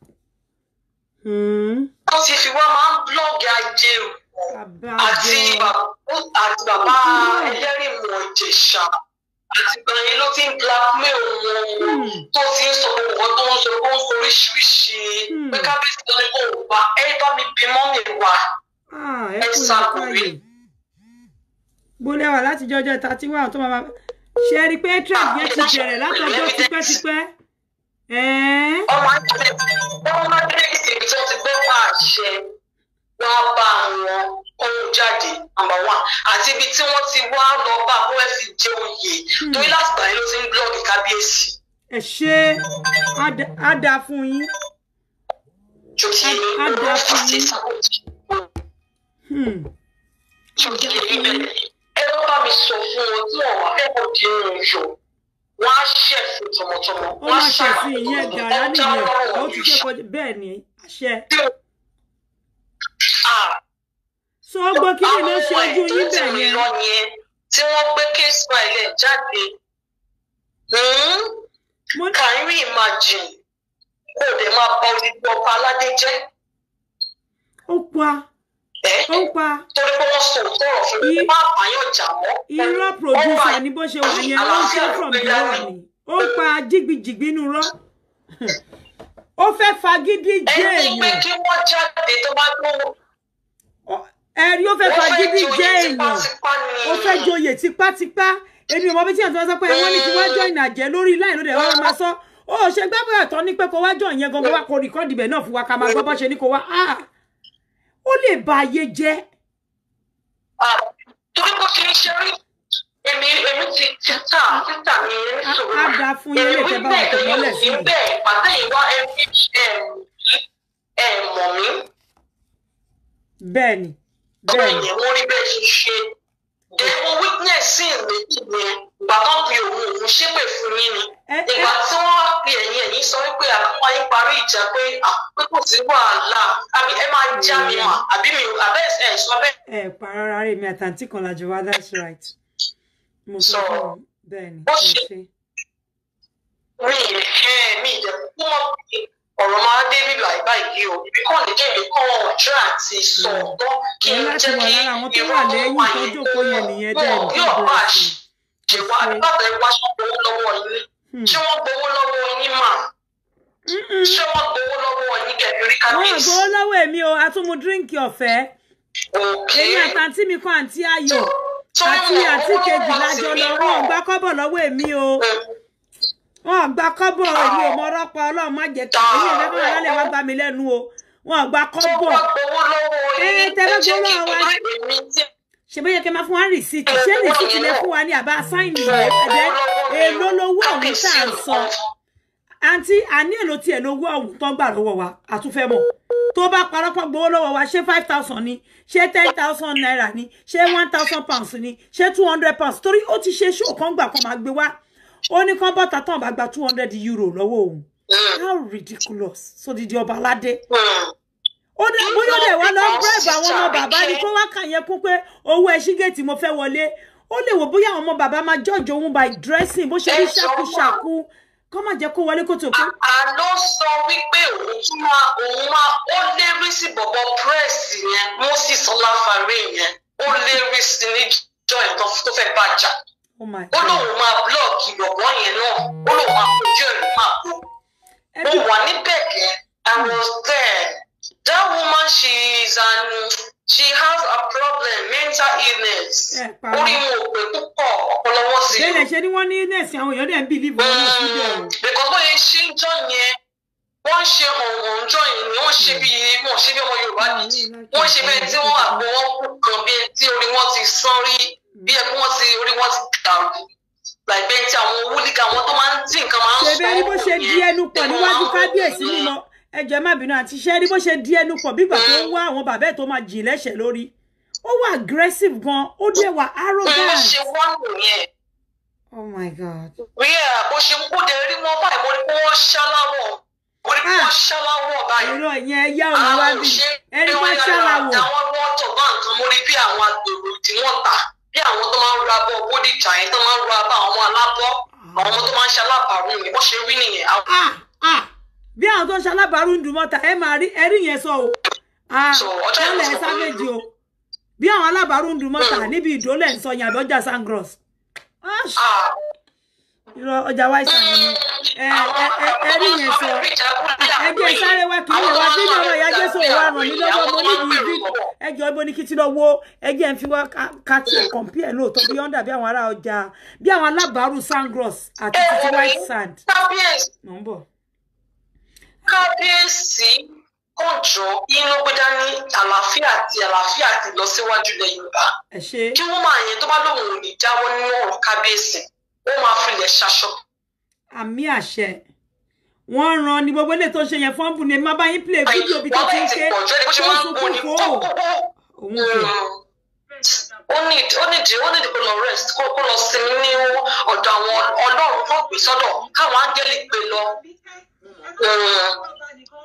wọ́n hmm. ti fi wá máa ń blọ́ọ̀gì ajé o àti bàbá ẹlẹ́rìí mọ̀ ìjẹ̀ṣà àtìgbà yẹn ló ti ń blackmail hmm. wọn tó ti ń sọ gbogbo tó ń sọ tó oríṣiríṣi hmm. pé kábíyèsí ló ní kó o wá ẹ bá mi bí mọ́mì wá ah, ẹ ṣàkórí. gbólẹ́wà láti jọjọ́ ìta tí wàá tó máa ṣe é rí pé trade yẹn ti ah, bẹ̀rẹ̀ látọjọ́ tipẹ́tipẹ́. ọmọ ayélujára ọmọ ayélujára ti gbé wá àṣẹ wá bá wọn kóhun jáde number one àti ibi tí wọ́n ti wá lọ bá kó ẹ fi jẹ oyè hmm. torí láti gbà yín ló ti ń blọọgì kábíyèsí. ẹ ṣe á dáa fún yín. á dáa fún yín. Hmm. ẹ lọ bá mi sọ fún wọn tí wọn wá fẹ́ kó di irun yọ wọ́n á ṣe fún tọmọtọmọ. ó máa ṣe fún ìyẹn gàrá nìyẹn ó ti jẹ́ kọjá bẹ́ẹ̀ ni àṣẹ so gbọ́ kí ni ló ṣe ojú yín bẹ̀ yẹn. tí wọ́n gbé case file ẹ̀ jáde hmm? can you imagine kó o dẹ̀ máa bọ olùgbò ọba aládé jẹ́. ó pa ó pa. torí pé wọ́n sọ òótọ́ ọ̀rọ̀ fún mi má bàyàn jà mọ́. irọ́ producer ni bó ṣe wà yẹn ó ń ṣe from the one ó pa jìgbìjìgbì nù rọ́. ó fẹ́ fagídí jẹ́ èèyàn. ẹni pé kí wọ́n jáde tó bá tó. ẹ̀rí ó fẹ́ fagídí jẹ́ èèyàn ó fẹ́ joyè tipátipá èmi ò mọ bí tí àti wọn sọ pé wọn ní kí wọn jọ ìnàjẹ lórí láì lóde wọn máa sọ ó ṣe gbàgbé ẹ̀tọ́ ní pé kó wá jọ ìyẹn gan wá kó rìkọ́dì bẹ̀ náà fún wa ká máa gbọ́ bọ́ ṣe ní kó wá ah! ó lè ba ayé jẹ́. Ah! torí bó ṣe ń ṣe rí èmi èmi ti títà títà mi ní sòrò èmi bẹ́ẹ̀ èmi ò sí bẹ́ẹ̀ pàtẹ́ ìwà ẹni ẹ̀ mọ̀ mí. bẹ́ẹ̀ni bẹ́ẹ̀ni. mo rí bẹ́ẹ̀ ṣe ṣe dẹ́wọ́ witnessing méjì yẹn ìgbà tó fi òun òun ṣépè fún yín ni ìgbà tí wọ́n pe ẹ̀yìn ẹ̀yìn sọ wípé àkọ́kọ́ yín parí ìjà pé pé kò sí wàhálà àbí ẹ máa já mi mà àbí mi àbẹ́ ẹ̀ sọ bẹ́ẹ̀. ẹ pàrọ̀ rárá èmi àtàntí kan làjọ wá that's right so ó ṣe mi ẹ mi ìjẹ kó mọ pé ọ̀rọ̀ máa dé nílò àìbá yìí o ibi kan lè jẹbi kan ọjọ́ àti sọ ọgbọ́n kí n jẹ kí irú àwọn wáyé náà yóò bá ṣe wá bàbá ẹ wá ṣọgbọwọ lọ́wọ́ yín hmm. ṣé wọ́n gbowó lọ́wọ́ yín mà ṣé wọ́n gbowó lọ́wọ́ yín kẹfì rí kábíyèsí. wọ́n gbowó lọ́wọ́ èmi o a tún mu díríǹkì ọ̀fẹ́ èmi àtàntí mi kan àǹtí ayọ̀ àti àti kejì lájọ lọ wọn ò gba kọ́bọ̀ lọ́wọ́ èmi o wọn gba kọ́bọ̀ èmi ò mọ ọlọ́pàá Ọlọ́run má jẹ́ ká èyí ẹgbẹ́ wọn lálẹ́ wá gbá mi lẹ́nu o wọn ò gba kọ́bọ̀ ee tẹlẹ gbọwọ wa ṣèbéyẹ kẹ máa fún wa rìsíìtì ṣé rìsíìtì lè fún wa ní àbá sáìnì rẹ ẹdẹ èló lowó ọ̀hún tá à ń sọ àǹtí àní èló tiẹ̀ lówó ọ̀hún tó gbà lọ́wọ́ wa àtúfẹ́ mọ̀ tó bá parọ́ gbowó lọ́wọ́ wa ṣé five thousand ni ṣé ten thousand naira ni ṣé one thousand pounds ni ṣé two hundred pounds torí ó ti ṣe ṣó kan gbà kan máa gbé wá ó ní kán bọ́ta tán bá gba two hundred euro lọ́wọ́ òun hmm. how ridiculous so didi ọba aládé ó dẹ hmm. bóyá ó dẹ wá lọ hmm. bẹ́ẹ̀ àwọn ọmọ bàbá ni kó wá kà yẹn kún pé owó ẹ ṣígẹ́ẹ̀tì mo fẹ́ wọlé ó lè wò bóyá àwọn ọmọ bàbá máa judge òun by dressing bó ṣe rí ṣàkúṣàkú kọ́ má jẹ́ kó wọlé kó tó pé. àná sọ wípé òun tún máa òun máa ó lérí sí bọ̀bọ̀ pírẹ́sì yẹn Moses Ọláfárè yẹn ó lérí sí níjọ yẹn tó fẹ́ bàjá oh ó lóun máa búlọ̀kì bọ̀bọ̀ yẹn náà ó lóun máa kojú ẹ̀rù máa kó mo wà níbẹ̀ yẹn I was there that woman she is an. Um, she has a problem mental illness orí wọn ò pé púpọ̀ ọpọlọ wọn sì. bẹ́ẹ̀ ṣe ni wọ́n ní nẹ́ẹ̀sì àwọn èèyàn dẹ̀ ń bìlíìfù wọn náà mm, síbẹ̀ o. bẹ̀kọ́ bóyá ṣé ń jọ yẹn wọ́n ṣe ọ̀wọ̀ ń jọ yẹn ni wọ́n ṣe bí wọ́n ṣe bí ọmọ Yorùbá nìyí mm, mm, wọ́n ṣe bẹ́ẹ̀ tí wọ́n àgbo wọn kú kan bí ẹ tí orí wọn ti sán rí bí ẹ kí wọ́n ti orí wọn ti dàrú láìpẹ́ tí àwọn wúlíkà wọn tó máa ń tì nǹkan máa ń sọ ọ́ ṣe bẹ́ẹ̀ ni bó ṣe di ẹnu pọ̀ níwájú kábíyèsí nínú ẹjọ má bínú àti iṣẹ́ rí bó ṣe di ẹnu pọ̀ bígbà tó ń wá àwọn bàbá ẹ̀ tó máa jì lẹ́sẹ̀ lórí ó wà aggressive gan ó dẹ̀ wà arrogant. bó ṣe wá nìyẹn. oh my god. wíyà bó ṣe kú dé rí wọn báyìí mo ní kó wọn ṣáláwọ mo ní kó wọn ah. ṣáláwọ báyìí. irọ́ yẹn yá òun wá bí ẹni bá ṣáláwọ. àwọn wọn tọ̀ bá nǹkan mo rí bí àwọn agbèrò tí wọ́n ta bí àwọn tó máa ń ra bọ́ bódìjà yẹn tó máa ń ra bá àwọn alábọ́ àwọn tó máa ń ṣe alábàárù bí àwọn tó ń ṣalábàárù ń dùn mọ́ta ẹ máa rí ẹrí yẹn sọ o àlẹ́ ẹ sáméjì o bí àwọn alábàárù ń dùn mọ́ta hmm. níbi ìdólẹ̀ ń sọ yẹn àbí ọjà sangros ah. irọ́ ọjà wáìsà ni ẹrí yẹn sọ ẹgbẹ́ sáré wa kì í lè wá sí ilé ọmọ ìyá jésù òwò àrùn mi lọ́wọ́ mo ní ìlú ìlú ẹjọ́ ibo ní kìtì lọ́wọ́ ẹgbẹ́ ń fi wá kàtí kọ̀m̀pì ẹ̀ lóòótọ́ bí ọ̀ndà bí àwọn ará ọjà bí àwọn alábàárù sangros àti títí eh, white sand. mo ń bọ̀ kábíyèsí kànjọ inú gbé dání àlàáfíà àti àlàáfíà àti ìlọsíwájú ilẹ̀ yorùbá kí wọ́n máa yẹn tó bá lóun ò ní jáwọ́ nínú ọ̀rọ̀ kábíyèsí ó máa filẹ̀ ṣaṣọ. àmì àṣẹ wọ́n ran ni gbogbo ilé tó ṣe yẹn fọ́nbù ni má bá yín play fídíò bí tó ti ń ké wọ́n sunkún fún o. òun kò ó nídìí ó nídìí ó nídìí kó lọ rest kó lọ sinmi ní ọ̀dọ̀ àwọn ọlọ́run tó gbé sọ́dọ̀ káwọn áńgẹ́lì gbé lọ ẹ wò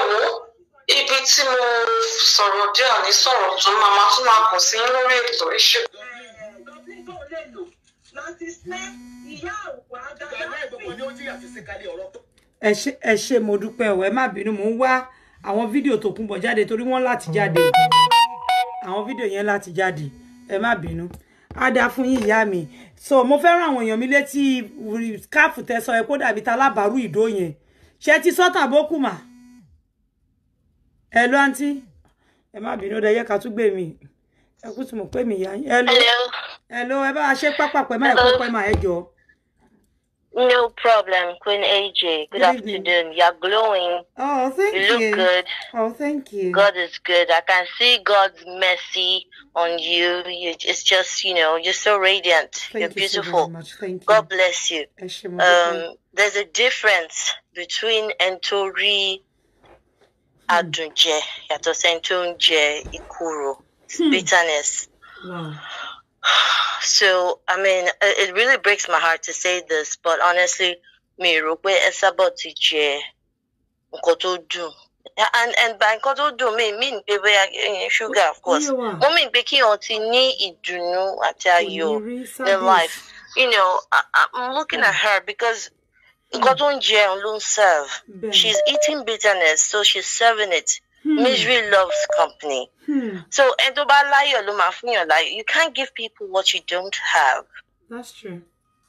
ó ibi tí mo sọ̀rọ̀ dé àní sọ̀rọ̀ tó máa máa tún máa kàn sí lórí ètò ìṣe. ẹ ṣé ẹ ṣé mo dúpẹ́ o ẹ má bínú mò ń wá àwọn fídíò tó kún bọ̀ jáde torí wọ́n láti jáde àwọn fídíò yẹn láti jáde ẹ má bínú á dá fún yín ìyá mi so mo fẹ́ rán àwọn èèyàn mi létí káàpù tẹ́sọ ẹ kó dàbí talábàárù ìdó yẹn ṣe ti sọ́tà bókù mà ẹ ló àǹtí ẹ má bínú dẹ yẹ ká tún gbé mi ẹ kú tí mo pè mí yá ẹ ló ẹ ló ẹ bá a ṣe pápá pẹ́ má ẹ pẹ́ má ẹ jọ. No problem, Queen AJ. Good, good afternoon. Evening. You're glowing. Oh, thank you. You look good. Oh, thank you. God is good. I can see God's mercy on you. it's just, you know, you're so radiant. Thank you're you beautiful. So much. Thank you. God bless you. Um, there's a difference between Entori hmm. Adunje, Yato Sentunje Ikuro, hmm. bitterness. Wow. So, I mean, it really breaks my heart to say this, but honestly, me rò is about ti tó And and by nǹkan tó dùn mean pé eh, sugar of course. Mommy mean onti kí wọ́n ti ní ìdùnnú àti ayọ̀ life. You know, I, I'm looking at her because nǹkan mm. tó ń serve. She's eating bitterness, so she's serving it. Misery hmm. loves company. Hmm. So, and tó bá láyọ̀ ló You can't give people what you don't have. That's true.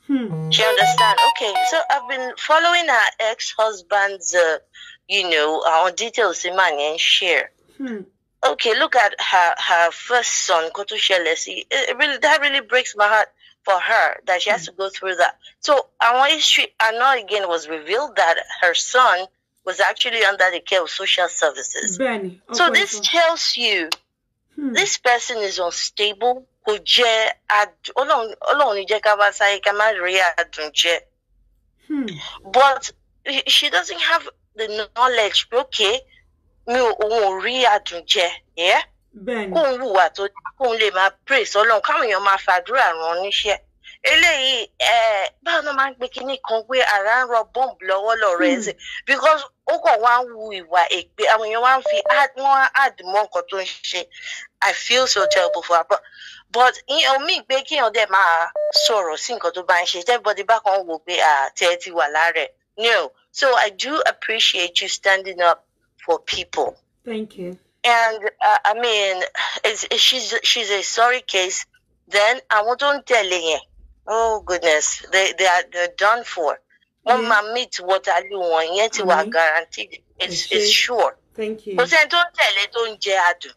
She hmm. understand. Okay, so I've been following her ex-husband's, uh, you know, our details in and share. Hmm. Okay, look at her her first son, Koto Shelesi. It really that really breaks my heart for her that she has hmm. to go through that. So our history, I know again was revealed that her son was actually under the care of social services. Benny, okay, so this so. tells you hmm. this person is unstable. Kò jẹ́ Ọlọ́run ní jẹ́ ká bá sáyé ká má rí àdùn jẹ. Hmm. But she doesn't have the knowledge pé okay mi ò òun ò rí àdùn jẹ kóun hùwà tó kóun lè máa praise Ọlọ́run káwọn èèyàn máa fàdúrà ràn níṣẹ́ eléyìí ẹ eh, báwo ló máa ń gbé kinní kan pé ara ń rọ bọ́ǹbù lọ́wọ́ lọ́rọ̀ hmm. ẹ̀ because ó kàn wá ń wu ìwà ègbé àwọn èèyàn wá ń fi wọ́n add mọ́ nǹkan tó ń i feel so terrible for her but but ìyẹn omi ìgbé kéèyàn dẹ̀ máa sọ̀rọ̀ sí nǹkan tó bá ń ṣe everybody bá kàn wò be a ti walare. no so i do appreciate you standing up for people. thank you. and uh, i mean it's, it's, she's she's a sorry case then àwọn tó ń tẹ̀lé yẹn oh goodness they they are they're done for. wọ́n mm-hmm. máa meet waterloo wọn ìyẹn ti wà mm-hmm. guaranteed it's it's sure kò sẹ́ni tó ń tẹ̀lé tó ń jẹ adùn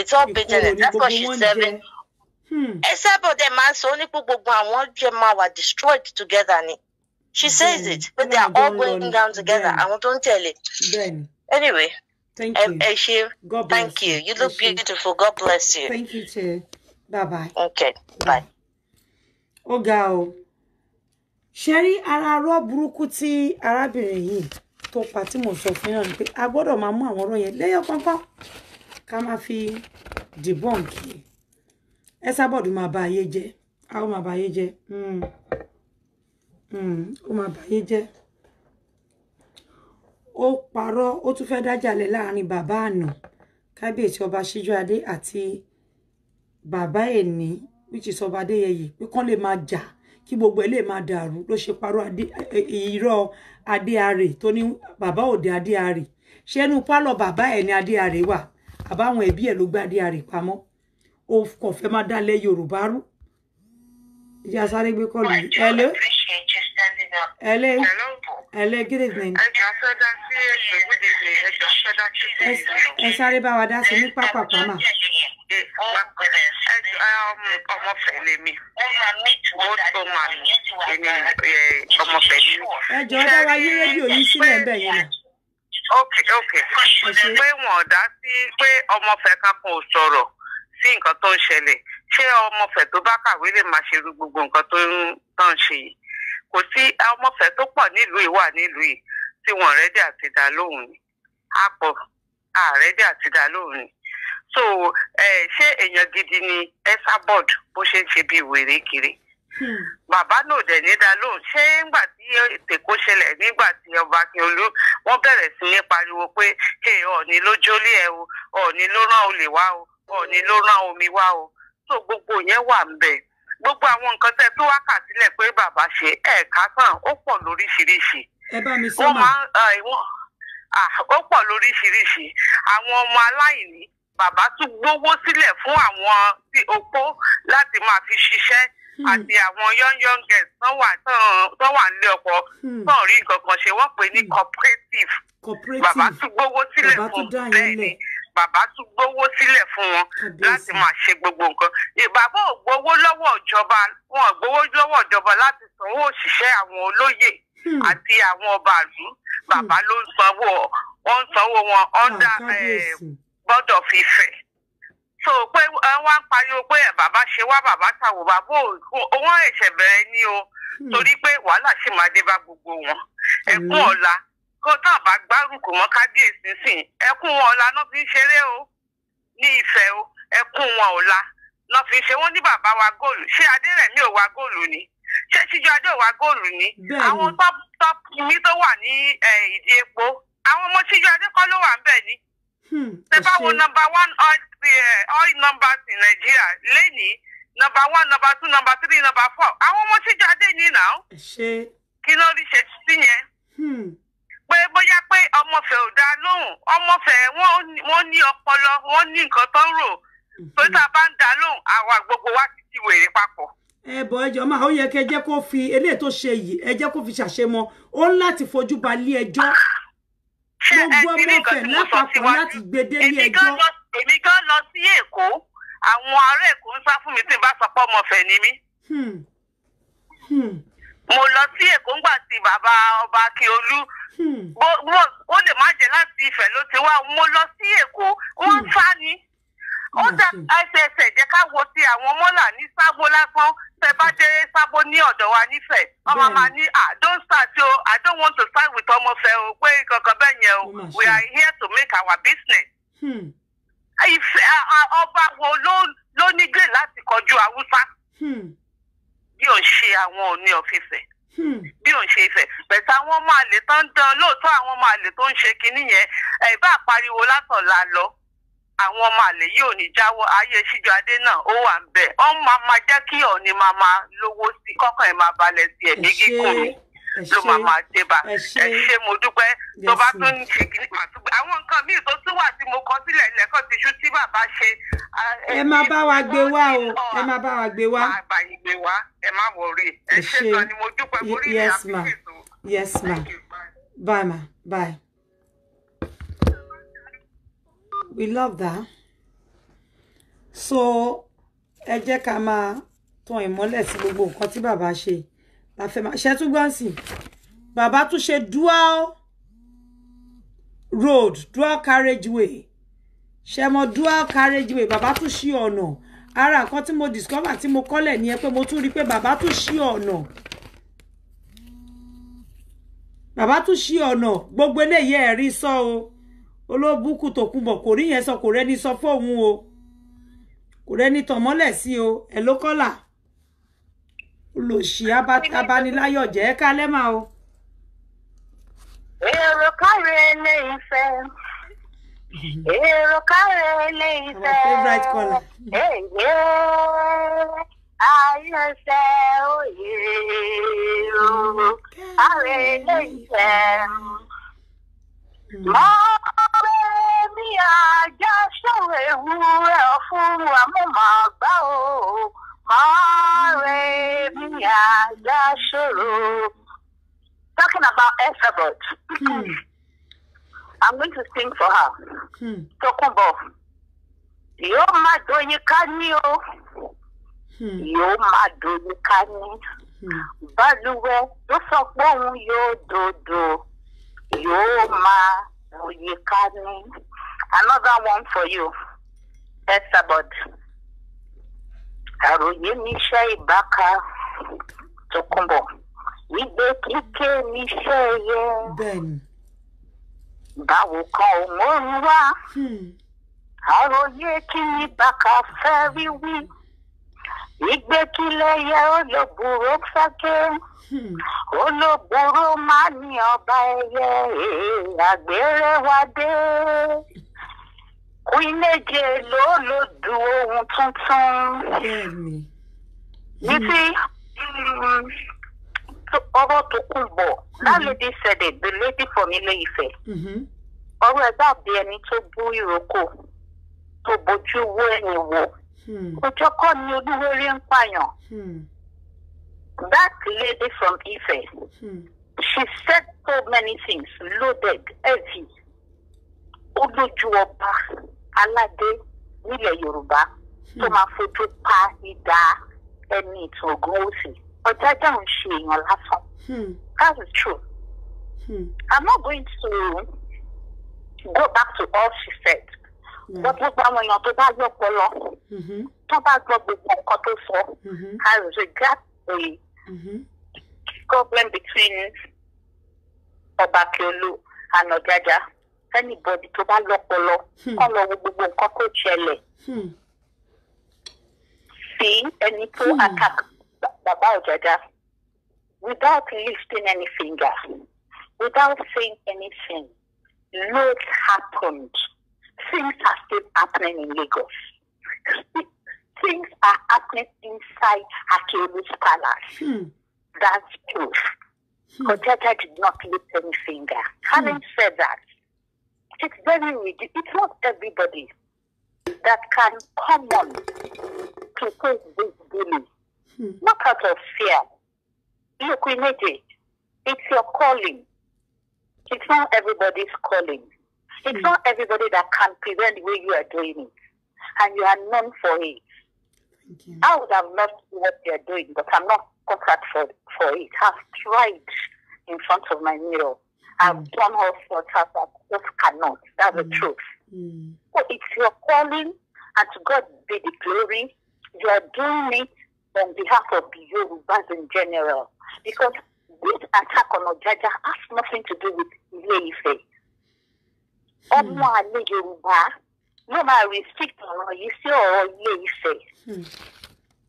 it's all bitterness that's what she's serving except for them man, ń sọ ó ní pé gbogbo àwọn jẹ máa wà destroyed together ni she says it but they are all going down together àwọn tó ń tẹ̀lé anyway. Thank you. Thank you. You look beautiful. God bless you. Thank you too. Bye bye. Okay. Bye. Ó ga o ṣe rí ara rọ́ burúkú tí arábìnrin yìí tó pa tí mo sọ fún yàn ni pé a gbọ́dọ̀ máa mú àwọn ọ̀rọ̀ yẹn lẹ́yọ̀ kankan ká máa fi dìbọ́ǹkì ẹ sábọ̀dù máa ba ayé jẹ́ a ó máa ba ayé jẹ́ hmm. Hmm. ó máa ba ayé jẹ́ ó parọ́ ó tún fẹ́ẹ́ dájàlẹ̀ láàrin bàbá àná kábíyèsí ọba Síjúadé àti bàbá ẹni which is ọba Adéyẹyè pé kán lè máa jà. Ja kí gbogbo ẹ lè máa dàrú ló ṣe parọ́ irọ́ adéarè tó ní bàbá òde adéarè ṣẹ́nu pálọ̀ bàbá ẹ̀ ní adéarè wà àbáwọn ẹbí ẹ̀ ló gbé adéarè pamọ́ ó kàn fẹ́ máa dálẹ̀ yorùbá rú ìyá sáré gbé kọlù hello hello. Hello, good evening. Ẹ sáré bá wa dá sí ní pápá pàmà. Ọmọfẹ́ lè mi. Ó tó máa mi. Èmi ọmọfẹ́ lè mi. Ẹ wa yí rédíò yìí sílẹ̀ ń yẹn nà. Ok ok. Pé wọ́n dá sí pé ọmọfẹ́ kankan ò sọ̀rọ̀ sí nǹkan tó ń ṣẹlẹ̀. Ṣé ọmọfẹ́ tó bá kàwé lè máa ṣe gbogbo nǹkan tó ń ṣe yìí? kò sí ọmọfẹ́ tó pọ̀ nílùú yìí wà nílùú yìí tí wọ́n rẹ́dí àti dá lóhùn ni a pọ̀ àrẹ́dí àti dá lóhùn ni so ṣé èèyàn gidi ni Esabod bó ṣe ń ṣe bíi wèrè kiri hmm. bàbá náà dẹ̀ ní dá lóhùn ṣé ńgbà tí tèkó ṣẹlẹ̀ nígbà tí ọba Akínolú wọ́n bẹ̀rẹ̀ sí ní pariwo pé ọ̀ọ́ni ló jólé ẹ o ọ̀ọ́ni ló rán olè wá o ọ̀ọ́ni ló rán omi wá o so gbogbo yẹn wà ń bẹ̀ gbogbo àwọn nǹkan tẹ́ tó wákà sílẹ̀ pé bàbá ṣe ẹ̀ka tán ó pọ̀ lóríṣiríṣi. ẹ bá mi sọ ma ó pọ̀ lóríṣiríṣi àwọn ọmọ aláìní bàbá tún gbówó sílẹ̀ fún àwọn tí opó láti máa fi ṣiṣẹ́ hmm. àti àwọn young girls tán wà tán wà nílé ọkọ hmm. tán rí nǹkan kan ṣe wọ́n pè ní hmm. cooperative bàbá tún gbówó sílẹ̀ fún bẹ́ẹ̀ ni bàbá tún gbówó sílẹ̀ fún wọn láti máa ṣe gbogbo nǹkan ìbàbá ò gbówó lọ́wọ́ ìjọba wọn ò gbówó lọ́wọ́ ìjọba láti sanwó òṣìṣẹ́ àwọn olóyè hmm. àti àwọn ọba àlú bàbá hmm. ló ń sanwó wọn ń sanwó wọn ah, under eh, board of Ife so pé eh, wọn ń pariwo pé bàbá ṣe wá bàbá tàwọ bàbá wọn ẹsẹ bẹ̀rẹ̀ ni o hmm. torí pé wàhálà sì máa dé bá gbogbo wọn ẹkún ọ̀la kó tá a bá gbárùkù mọ́ kábíyèsí sìn ẹkún wọn ọ̀la náà fi ń ṣeré o ní Ifẹ̀ o ẹkún wọn ọ̀la náà fi ń ṣe wọ́n ní bàbá wa góòlù ṣé Adérẹ̀mí ò wa góòlù ni ṣé Síjú Adé ò wa góòlù ni àwọn top mi tó wà ní ìdí epo àwọn ọmọ Síjú Adé kọ́ ló wà ń bẹ̀ ni hmm, ṣé báwo number one oil, oil numbers in Nigeria lẹ́nìí number one number two number three number four àwọn ọmọ Síjú Adé ní náà kí ló rí ṣe sí yẹn. Hmm pé bóyá pé ọmọfẹ́ ò dá lóhùn ọmọfẹ́ wọ́n ní ọpọlọ wọ́n ní nǹkan tó ń rò tó tá a bá ń dá lóhùn àwa gbogbo wa ti ti wèrè papọ̀. ẹ bọ ẹjọ máa ó yẹ kí ẹ jẹ́ kó fi eléyìí tó ṣe yìí ẹ jẹ́ kó fi ṣàṣemọ ó ń láti fojú ba ilé ẹjọ́ gbogbo ọmọfẹ́ lápapọ̀ láti gbede ilé ẹjọ́. èmi gan lọ sí èkó àwọn ará èkó ń sá fún mi tí n bá sọ pé ni mí. Hmm. Hmm mo lọ sí èkó ńgbà tí bàbá ọba akíolú hmm. ó lè má jẹ láti Ifẹ̀ ló ti wá mo lọ sí èkó wọ́n fá hmm. ni ó dá ẹsẹ̀ ẹsẹ̀ ká wo ti àwọn mọ́là ní sábó lásán tẹ́ bá dé sábó ní ọ̀dọ̀ wa nífẹ̀ ọmọ máa ní à ah, don't start o I don't want to start with ọmọ o pé kankan bẹ́ẹ̀ yẹn o we are here to make our business. Ifẹ̀ hmm. ọba wo ló ní gbè láti kọjú Haúsá bí ò ń ṣe àwọn Ọọ̀ni of Ifẹ̀ bí ò ń ṣe Ifẹ̀ bẹ̀tẹ̀ àwọn ọmọ àlè tó ń dán lóòótọ́ àwọn ọmọ àlè tó ń ṣe kinní yẹn ẹ̀ bá pariwo látàn la lọ àwọn ọmọ àlè yìí ò ní jáwọ́ ayé síjọ adé náà ó wà ń bẹ ọ máa máa jẹ́ kí Ọọ̀ni máa máa lówó sí kọ́kàn ẹ̀ máa balẹ̀ sí ẹ̀mí gígùn mi ló máa máa dé bá ẹ ṣé mo dúpẹ́ tó bá tún ń ṣe kìíní pàtúgbà àwọn nǹkan míì tó tún wà tí mo kọ sílẹ̀ lẹ́kọ̀ọ́ ti ṣú tí bàbá ṣe. ẹ má bá wa gbé wá o ẹ má bá wa gbé wá. bàbá yìí gbé wá ẹ má wọrí ẹ ṣé tán ni mo dúpẹ́ mo rí ìyá mi fèsò. yes ma bye ma bye. we love that so ẹ jẹ́ ká máa tan ìmọ́lẹ̀ sí gbogbo nǹkan tí bàbá ṣe la fẹ́ máa ṣe tún gbọ́ sí bàbá tún dual road dual carriageway ṣe mo dual carriageway bàbá tún ṣí ọ̀nà ara nǹkan tí mo discover tí mo kọ́lẹ̀ ni ẹ pé mo tún rí i pé bàbá tún ṣí ọ̀nà bàbá tún ṣí ọ̀nà gbogbo eléyìí ẹ̀rí sọ o olóbùkù tó kún bọ̀ kò rí yẹn sọ kò rẹ́ni sọ fóun o kò rẹ́ni tàn mọ́lẹ̀ sí o ẹ̀ ló kọ́là olòṣì abániláyọ̀jẹ́ kálẹ́ mà o. èrò káre ilé Ifẹ̀ èrò káre ilé Ifẹ̀ èyẹ ayọ̀sẹ̀ òye èrò káre ilé Ifẹ̀ mọ́ pé mi àjọṣe òwúrẹ́ fún wa mo o. Mare Mia Yashuru. Talking about Ethabot. Hmm. I'm going to sing for her. Hmm. Tokumbo. Yóò máa doyin ká ní o. Hmm. Yóò máa doyin ká ní. Hmm. Balùwẹ̀ ló sọ pé òun yóò dodo. Yóò máa doyin ká ní. Another one for you. Ethabot àròyé níṣẹ́ ìbáka tòkunbọ̀ igbe kíké níṣẹ́ ẹyẹ báwo kan òun ń wá àròyé kí ni bàkà fẹ́ rí wí igbe kí lẹ́yẹ olóbùrò fẹ́kẹ́ olóbùrò máa ní ọba ẹyẹ àgbèrè wa dé ìlẹ́jẹ̀ ló ló du ohun tuntun. ní mm. tí mm, ọ̀rọ̀ tó kù bọ̀ lálẹ́dí sẹ̀dẹ̀ gbẹ̀lẹ́dì fọ̀ nílé ìfẹ́ ọ̀rọ̀ ẹ̀ dàbí ẹni tó bú ìrókò tó bójú wó ẹ̀yìn wò hmm. ọjọ́ kọ́ ni olúwerí ń pààyàn. Hmm. That lady from Ife, hmm. she said so many things loaded, heavy, ó ọba aládé nílẹ̀ yorùbá tó hmm. máa fojú pa idà ẹni ìtàn ògùn òsì ọ̀jájá ń ṣe èèyàn lásán hmm. that is true hmm. i'm not going to go back to all she said wọ́n tún gba àwọn èèyàn tó bá yọ ọpọlọ tó bá gbọ́ gbogbo nǹkan tó sọ i regard the problem between Ọbákiolú and Ọjájá. Anybody tó that local? kọ́ lọ wo gbogbo nǹkan hmm. See, any two hmm. attack bàbá Ọ̀jájá without lifting any finger without saying anything loads happened things are still happening in Lagos things are happening inside Akebu's palace hmm. that's proof. Hmm. Ọ̀jájá did not lift any finger. Having hmm. said that, it's very rigid. It's not everybody that can come on to take this bully. Hmm. Not out of fear. You we need it. It's your calling. It's not everybody's calling. It's hmm. not everybody that can prevent the way you are doing it. And you are known for it. I would have loved to what they are doing, but I'm not comfortable for, for it. I've tried in front of my mirror. I've done all sorts of stuff. I just cannot. That's the mm. truth. Mm. So it's your calling, and to God be the glory. You are doing it on behalf of the Yorubas in general, because this attack on Ojaja has nothing to do with Ile-Ife. Hmm. Ọmọ àlè Yorùbá ló máa not, you yii yìí sí ọ̀rọ̀ Ile-Ife. Hmm.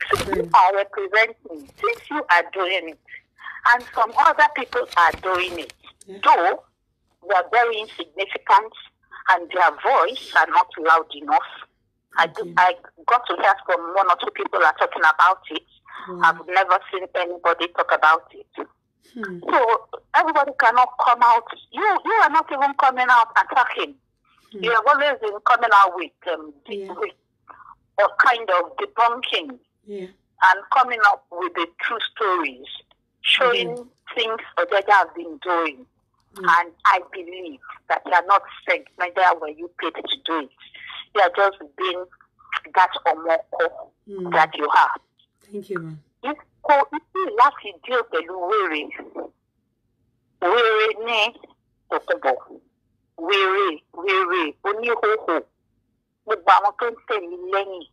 So you hmm. are representing since you are doing it and some other people are doing it though they are very insignificant and their voice are not loud enough. I, okay. I got to hear from one or two people are talking about it. Hmm. I've never seen anybody talk about it. Hmm. So everybody cannot come out. You you are not even coming out attacking. Hmm. You have always been coming out with um, yeah. with a kind of debunking yeah. and coming up with the true stories, showing yeah. things that they have been doing. Mm. And I believe that you are not sent, neither were you paid to do it. You are just being that ọmọkọ mm. that you are. Thank you, If Ikọ̀ ikú láti deal pẹ̀lú wèrè. Wèrè ní Òkùnbọ̀. Wèrè wèrè oníhòhò. Gbogbo àwọn tó ń tẹ̀lé lẹ́yìn.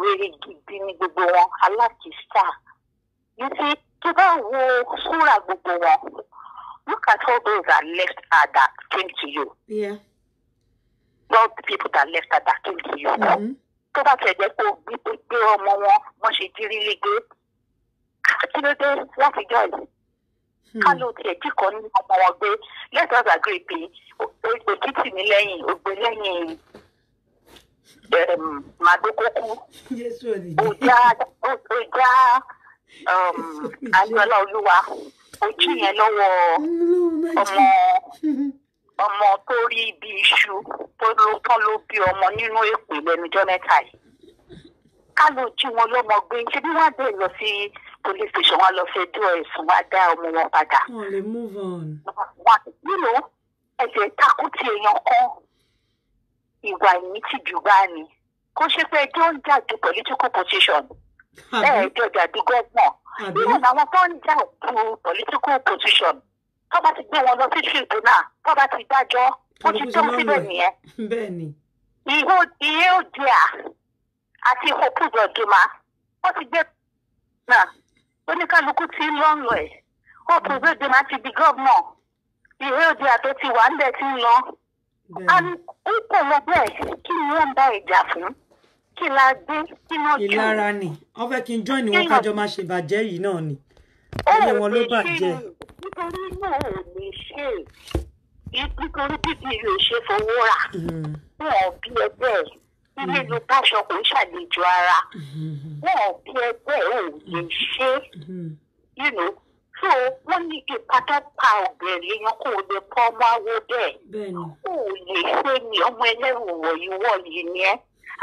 Wèrè gidi ni gbogbo wọn alákìísà. Yìí ti tó bá wo súrà gbogbo wọn. Look at all those that left her that came to you. Yeah. All the people that left her that came to you. Mm-hmm. a bá tẹ̀ jẹ́ pé ó gbé ọmọ wọn, wọ́n ṣe jírí légbé. Kí ló dé láti jọ yìí? Ká ló tiẹ̀ tí kan ní ọmọ wọn gbé. Let us agree pé òkìtì ní lẹ́yìn, ògbé lẹ́yìn um, Màdókókú. Ó já Agbọ́lá Olúwa ẹtù yẹn lọ́wọ́ ọmọ ọmọ tó rí ibi iṣu tó ló tán ló bí ọmọ nínú èpè lẹ́nujọ́ mẹ́ta yìí ká ló jí wọn lọ́mọ gbé ṣe bí wọ́n á dé lọ sí police station wọ́n lọ fẹ́ dú ẹ̀sùn wá dá ọmọ wọn padà. wọ́n lè move on. wọn nílò ẹsẹ̀ takùtì èèyàn kan ìwà ìmítìjú bá ní kó ṣe pé ẹjọ́ ń jà ju political position bẹ́ẹ̀ jọjà di gọ́gbọ̀n níwọ̀n àwọn tó ń jà òkú political position tó bá ti gbé wọn lọ sí tribunal tó bá ti dájọ́ ó ti tó síbẹ̀ nìyẹn. bẹ́ẹ̀ni. ìhó ìhé òjì à àti òkú ìjọ̀jùmá wọ́n ti gbé náà oníkálukú ti ń lọ́nlọ́ ẹ̀ òkú ìjọ̀jùmá ti di gọ́gbọ̀n ìhé òjì à tó ti wà ń bẹ̀ ti ń lọ. ó kò lọ bẹ́ẹ̀ kí ni wọ́n ń bá ìjà fún kí la gbé kí náà jù. ìlara ni wọ́n fẹ́ kí n join wọn kájọ máa ṣe bàjẹ́ yìí náà ni ilé wọn ló bàjẹ́. nítorí náà ò lè ṣe nítorí bíbí yóò ṣe fowó rà mm-hmm. wọn ò bí ẹgbẹ́ ilé ló bá ṣọkọ ń ṣàlejò ara mm-hmm. wọn ò bí ẹgbẹ́ ò lè ṣe mm-hmm. so wọ́n ní ìpàdé pa òbẹ̀rẹ̀ yẹn kó o lè pọ́ ọmọ awo bẹ́ẹ̀ kó o lè ṣe ni ọmọ ẹlẹ́rù wọ̀nyí wọ̀nyí ni ẹ́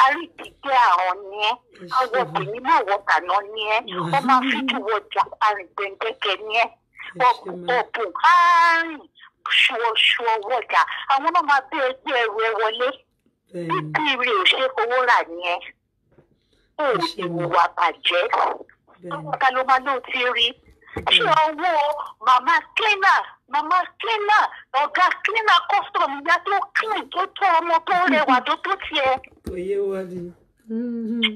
àrídìdẹ́ àwọn ni ẹ́ àwọn obìnrin náà wọ kàná ni ẹ́ wọ́n máa fi jù wọ jà àrìndẹ̀ndẹ̀kẹ̀ ni ẹ́ ọ̀bùn àárín ṣùọṣù ọwọ́jà àwọn náà máa bẹ́ ẹgbẹ́ ẹrù ẹ wọlé bíbí rè ò ṣe owó rà ni ẹ́ ó lè wùwà bàjẹ́ àwọn ló máa lóò ti rí ṣé owó màmá cleaner màmá kílínà ọ̀gá kílínà custom ìyá tó clean tó tó ọmọ tó rẹwà tó tó tiẹ̀. òye wa ni.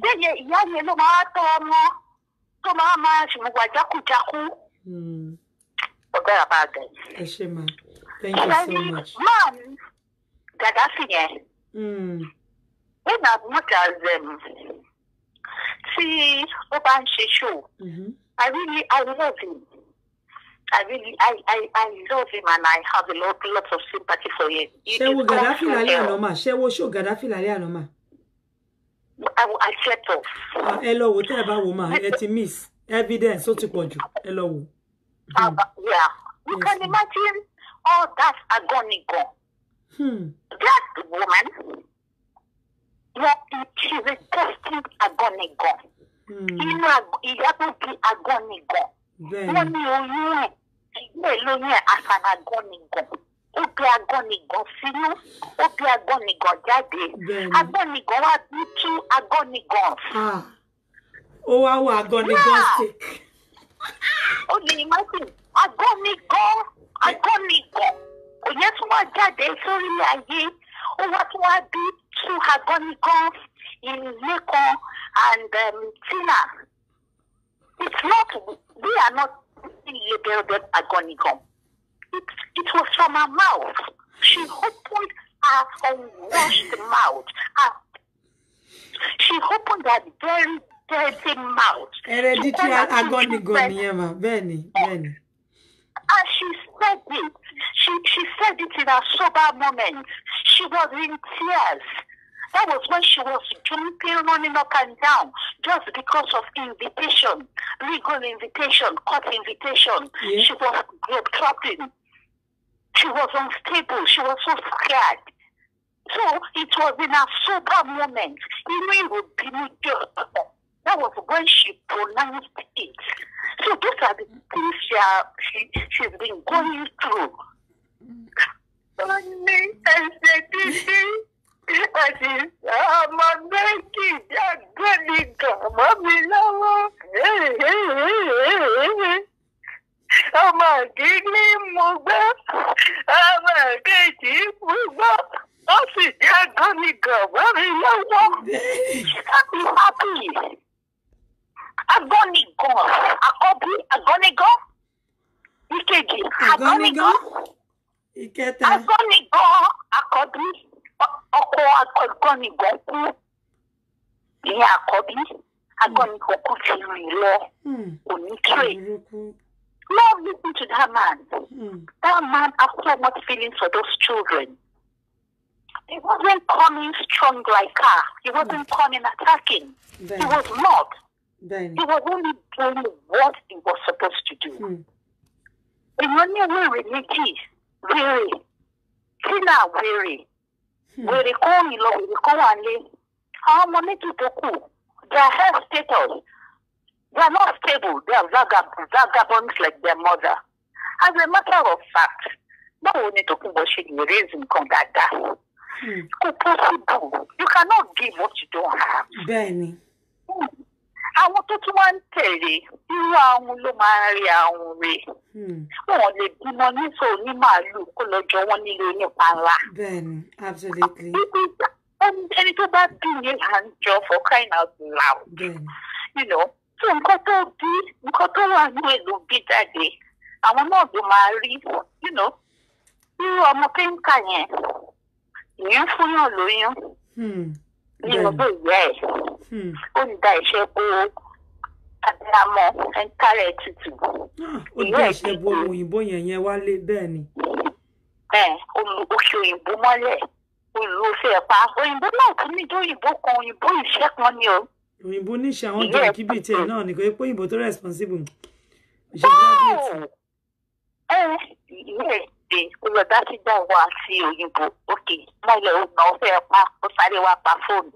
bẹ́ẹ̀ ìyá yẹn ló máa tọ́ ọmọ tó máa máa ṣùgbọ́n jákujàku. ọ̀gá yàrá bá gẹ̀. ẹ ṣe ma thank you so much. máa mi gàdáfì yẹn. in as much as tí ó bá ń ṣe ṣó mm-hmm. i really i I really, I, I, I love him and I have a lot, lots of sympathy for him. Ṣéwó Gaddafi lálẹ́ àná mà, ṣéwó ṣó Gaddafi lálẹ́ àná mà. I, will accept off. Ah, ẹ lọ wo tẹ́ ẹ bá wo miss evidence ó ti pọ̀ jù, ẹ lọ wo. Ah, hmm. Yeah, you yes. can imagine all that agony gone. Hmm. That woman, yeah, she's a destined agony gone. Hmm. he ìyá tó be agony gone wọ́n ní oyún rẹ̀ ilé lóyún ẹ̀ afaraganìgàn ó bí agọ́nìgàn sínú ó bí agọ́nìgàn jáde agọ́nìgàn wá bí tú agọ́nìgàn. ó wá wọ agọ́nìgàn sí. ó lè imagine agọ́nìgàn agọ́nìgàn òye tí wọ́n jáde sórílẹ̀ ayé ó wá tí wọ́n bí tú agọ́nìgàn in Lekan and um, It's not, we are not labeled agonigum. It, it was from her mouth. She opened her unwashed mouth. Her, she opened her very dirty mouth. Hereditary agonigum, Yema. Benny, Benny. And she said it. She, she said it in a sober moment. She was in tears. That was when she was jumping, running up and down, just because of invitation, legal invitation, court invitation. Yeah. She was globe-trotting. She was unstable. She was so scared. So it was in a sober moment. Even would be uh, that was when she pronounced it. So those are the things she, are, she she's been going through. Mm. àṣìṣe ọmọ méjì jágbé ni gàmọ́ mi lọ́wọ́ ọmọ àdínní mo gbọ́ ọmọ àkejì mo gbọ́ ó sì jágbọ́ ni gàmọ́ mi lọ́wọ́ happy happy agọ́nigàn àkọ́bí agọ́nigàn ìkejì agọ́nigàn ìkẹta agọ́nigàn àkọ́bí ọkọ agọ́nìgbọ̀n kú ìyẹn àkọ́bí agọ́nìgbọ̀n kú ti rìn lọ òní tré no listen to that man hmm. that man has so much feeling for those children he wasn't coming strong like her he wasn't hmm. coming attacking he was not he was only doing what he was supposed to do hmm. èèyàn ní wèrè méjì wèrè tí náà wèrè. Hmm. wèrè kó òyìn lọ wèrè kó wà lé àwọn ọmọ méjì tó kù their health status they are not stable they are vagabonds like their mother as a matter of fact báwo ni tòkunbọ̀ ṣe lè raise nǹkan dáadáa hmm. kò possible you cannot give what you don't have. bẹ́ẹ̀ni. Mm àwọn tó tún wá ń tẹ̀lé irú àwọn ló máa ń rí àwọn rè hmm. wọn lè bímọ nífò ní màálù kó lọ jọ wọn nílé nípa ńlá. bẹ́ẹ̀ni absolutely. ẹni tó bá bí ní à for crying out loud. bẹ́ẹ̀ni. you know so nǹkan tó bí nǹkan tó wà ní èlò bí jáde àwọn náà ló máa rí you know irú ọmọ kéńkà yẹn ìyẹn fún yàn lóyún. Hmm ní mo bẹ ìyá ẹ ó ń da ìṣe po abiyamọ ẹńkárẹ tutù ah, ìyá ẹ ti kú òyìnbó yẹn yẹn wálé bẹ́ẹ̀ ni. bẹ́ẹ̀ oṣù òyìnbó mọ́lẹ̀ olùwòsè ẹ̀pá òyìnbó náà kò ní dóyìnbó kan òyìnbó ìṣẹ́ kan ni o. òyìnbó níṣẹ́ àwọn jẹ́ kíbi náà nìkan pé òyìnbó tó responsible ìṣèjọba ẹ ẹ dìde ó lọ dá sígbà wa àti òyìnbó òkè mọ́lẹ̀ ó nà ó fẹ́ pa ó sáré wá pa fóònù.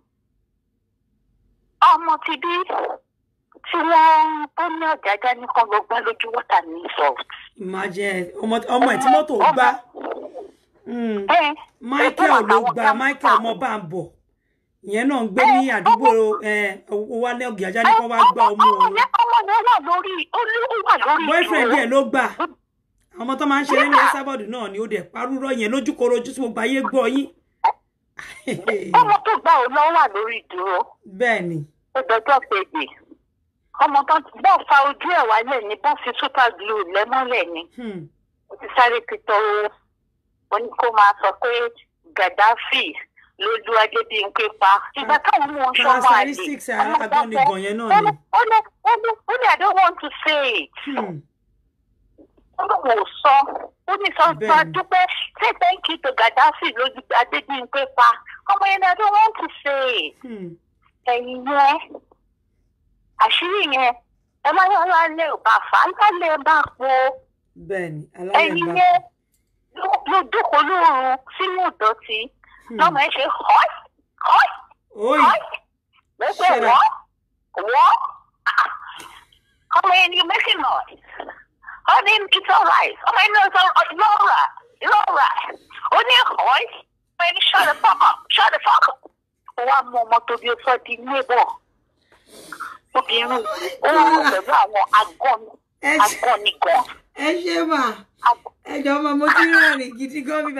ọmọ ti bí tí wọ́n tó ní ọ̀jájá nìkan lọ gbá lójú wọ́tà ní salt. máa jẹ ọmọ ẹ tí mọ́tò gbá hmm. michael ló gba michael ọmọ bá ń bọ̀ ìyẹn náà ń gbé ní àdúgbò wálé ọ̀gì ajá ní kó wá gbá ọmọ òun. ọmọ yẹn wà lórí boyfriend ẹ ló gbà àwọn ọmọ tó máa ń ṣe nínú sábọ̀dù náà ni ó dẹ̀ parúrọ̀ yẹn lójúkorojú tí gbogbo ayé gbọ́ yín. ọmọ tó gbà ó lọ wà lórí ìdúró. bẹ́ẹ̀ni. ó dọjọ́ pèbè ọmọ tó bọ́ fa ojú ẹ̀ wálẹ̀ ni bọ́ fi super glue lẹ́mọ́lẹ̀ ni. Hmm. ó ti sáré pitọ́ o ó ní kó máa sọ pé Gaddafi lójú ajé bí n pé pa ìgbà hmm. táwọn mú un ṣọmọ àlè ọmọ tó fẹ́ ó ní I don't want to say it. Hmm ó lóun ò dúpẹ́ say thank you to Gaddafi lójú Adégbímpé pa ọmọ yẹn ni I don't want to say hmm. ẹ̀yìn yẹn àṣírí yẹn ẹ má yọ lálẹ́ ò bá fà á lálẹ́ bá po ẹ̀yìn yẹn ló dúkọ lóorun sínú ìdọ̀tí hmm. lọ́mọ ẹ ṣe họ́ì họ́ì họ́ì lẹ́gbẹ̀ẹ́ wọ́ wọ́ ah, ọmọ yẹn ni you make noise ọ ní it's alright ọmọ inú ọ̀sán lọ́ọ̀rà lọ́ọ̀rà ó ní ọ̀hún ọmọ inú shut the fuck up shut the fuck up ó wá mú ọmọ tóbi ó sọ di neighbor obìnrin ó rú pẹ̀lú àwọn agọ́ni agọ́ni gan. ẹ ṣe mà ẹ jọ ọmọ mo ti rọrùn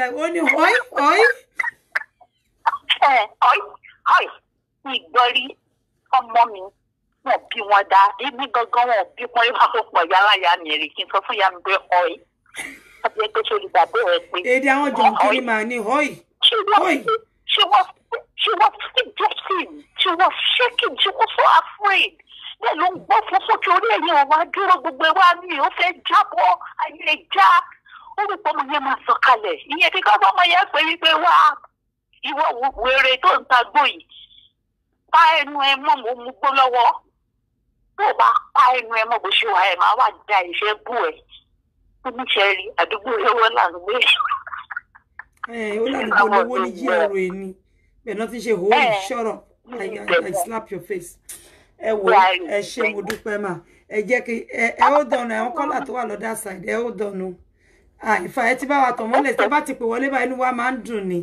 ọmọ mi wọn bí wọn dá ibi gangan wọn bí wọn yóò kó pọ̀ yàrá ya mìíràn kí n sọ fún yàrá pé ọ̀ẹ́ àti ẹgbẹ́ sórí bàbá ẹ pé. èdè àwọn jọ̀ǹkiri máa ní hoi hoi. she was she was fidgeting she was shaking she was so afraid bẹ́ẹ̀ ló ń gbọ́ fún sókè orí ẹ̀yìn ọ̀wá dúró gbogbo ẹ̀wá mi ó fẹ́ jábọ́ ayé já ó rò pé ọmọ yẹn máa sọ kalẹ̀ ìyẹn fi kọ́ ọmọ yẹn pé wípé wá ìwọ wèrè tó ń ta gbòyì pa ẹnu ẹ mọ́ mo mú gbó lọ́wọ́ bẹ́ẹ̀ bá pa ẹnu ẹ mọ̀ bó ṣe wà ẹ̀ máa wà da ìfẹ́ bù ẹ̀ tó ní ṣe rí àdúgbò lówó là ń gbé. ẹ ó ládùúgbò lówó ní jí ẹrù ẹ ni bẹ́ẹ̀ náà ti ṣe hó oh, ìṣọ̀rọ̀ I, I, slap your face ẹ wò ẹ ṣe mo dúpẹ́ mà ẹ jẹ́ kí ẹ ẹ ó dọ̀nà ẹ̀wọ̀n kọ́là tó wà lọ́dà side ẹ ó dọ̀nà àìfà ẹ ti bá wa tọ̀ mọ́lẹ̀ tẹ bá ti pè wọlé báyìí inú wa máa ń dùn ni.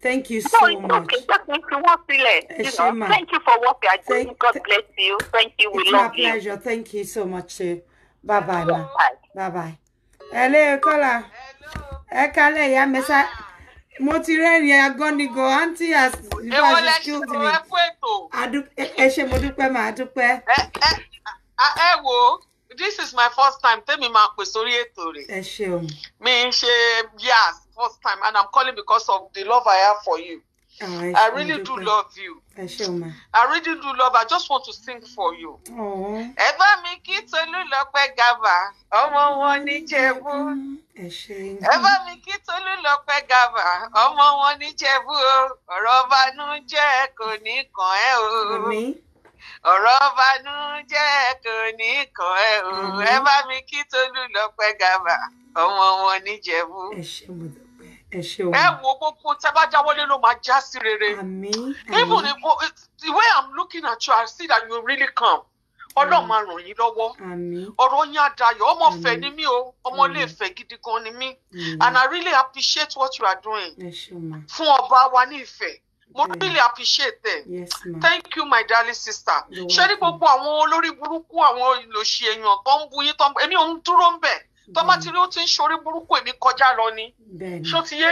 Thank you so no, it's much. Okay. Just want to walk you know. Thank you for what you are doing. Thank, God bless you. Thank you. We it's my pleasure. You. Thank you so much Bye bye. Hello. Bye bye. Hello, caller. Hello. Ẹ kálẹ̀ ya mesa. Ah. Mo ti rẹ́rìn agọ́nigo aunty as you have killed me. Ẹ ṣé ma dúpẹ́ Eh, eh. dúpẹ́. Ẹ wo this is my first time Tell me pè sórí ètò rẹ̀. Ẹ ṣeun. Mi ń ṣe yas first time and i'm calling because of the love i have for you oh, i, I really do love you I, I really do love i just want to sing for you. ẹ bá mi kí Tolú lọ́pẹ́ gàbà ọmọ wọn ní Jẹ̀bú. ẹ bá mi kí Tolú lọ́pẹ́ gàbà ọmọ wọn ní Jẹ̀bú o ọ̀rọ̀ banújẹ́ kò ní kàn ẹ́ o ọ̀rọ̀ banújẹ́ kò ní kàn ẹ́ o ẹ bá mi kí Tolú lọ́pẹ́ gàbà ọmọ wọn ní Jẹ̀bú ẹ wo gbogbo tẹ bá jáwọ́lé ló máa já sí rere even if the way i'm looking at you i see that you really calm ọlọ́run máa ràn yín lọ́wọ́ ọ̀rọ̀ yín á dayọ̀ ọmọ fẹ́ ni mí o ọmọ lè fẹ́ gidi gan ni mí and i really appreciate what you are doing fún ọba wa ní ìfẹ́ mo really appreciate it thank you my darling sister ṣé ní gbogbo àwọn olórí burúkú àwọn ìlòṣì èèyàn tó ń bu yín tó ń bu èmi òun dúró ń bẹ̀ tó bá ti mm. rí ó ti ń ṣorí burúkú èmi kọjá lọ ni ṣó ti yé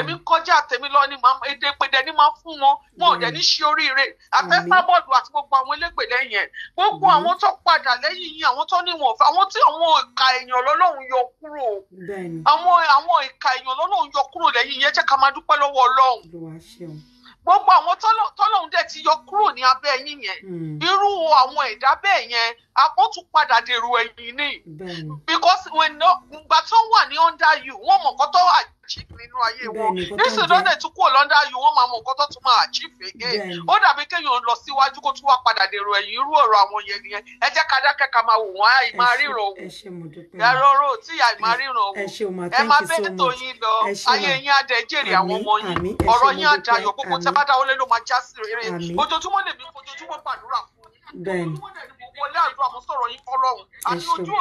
èmi kọjá tèmi lọ ni èdè pèdè ni máa fún wọn wọn ò dẹ̀ ní ṣe oríire àfẹ́fà bọ́ọ̀lù àti gbogbo àwọn elégbè lẹ́yìn ẹ̀ gbogbo àwọn tó padà lẹ́yìn yìí àwọn tó níwọ̀n ọ̀fẹ́ àwọn tí àwọn ìka èèyàn lọ́lọ́run yọ kúrò àwọn àwọn ìka èèyàn lọ́lọ́run yọ kúrò lẹ́yìn yẹn jẹ́ ká máa dúpẹ́ lọ́wọ́ ọlọ́run gbogbo àwọn tọ́lọ́hún dẹ̀ ti yọ kúrò ní abẹ́ yín yẹn hmm. irú àwọn ẹ̀dá bẹ́ẹ̀ yẹn àpò tún padà dèrò ẹ̀yìn ni because when no ìgbà tó wà ní under you wọ́n mọ̀ nǹkan tó achieve nínú ayé wọn nísìnyí lọ́dẹ̀ tún kúrò lọ́dà you wọ́n máa mọ̀ nǹkan tó tún máa achieve again ó dàbí kéèyàn lọ síwájú kó tún wá padà dèrò ẹ̀yìn irú ọ̀rọ̀ àwọn yẹn nìyẹn ẹ jẹ́ ká dákẹ́ ká máa wò wọ́n àì máa ríran wò ẹ̀rọ rò tí àì máa ríran wò ẹ máa bẹ́ẹ̀ tó yín lọ ayé yín á dẹ jèrè àwọn ọmọ yín ọ̀rọ̀ yín á gbogbo tẹ́ bá dáwọ́lé ló máa já sí rere ojoojúmọ́ lèmi ojoojúmọ́ gbàdúrà fún bẹ́ẹ̀ni wọlé àdúrà mo sọ̀rọ̀ yín fọlọ́run àti ojú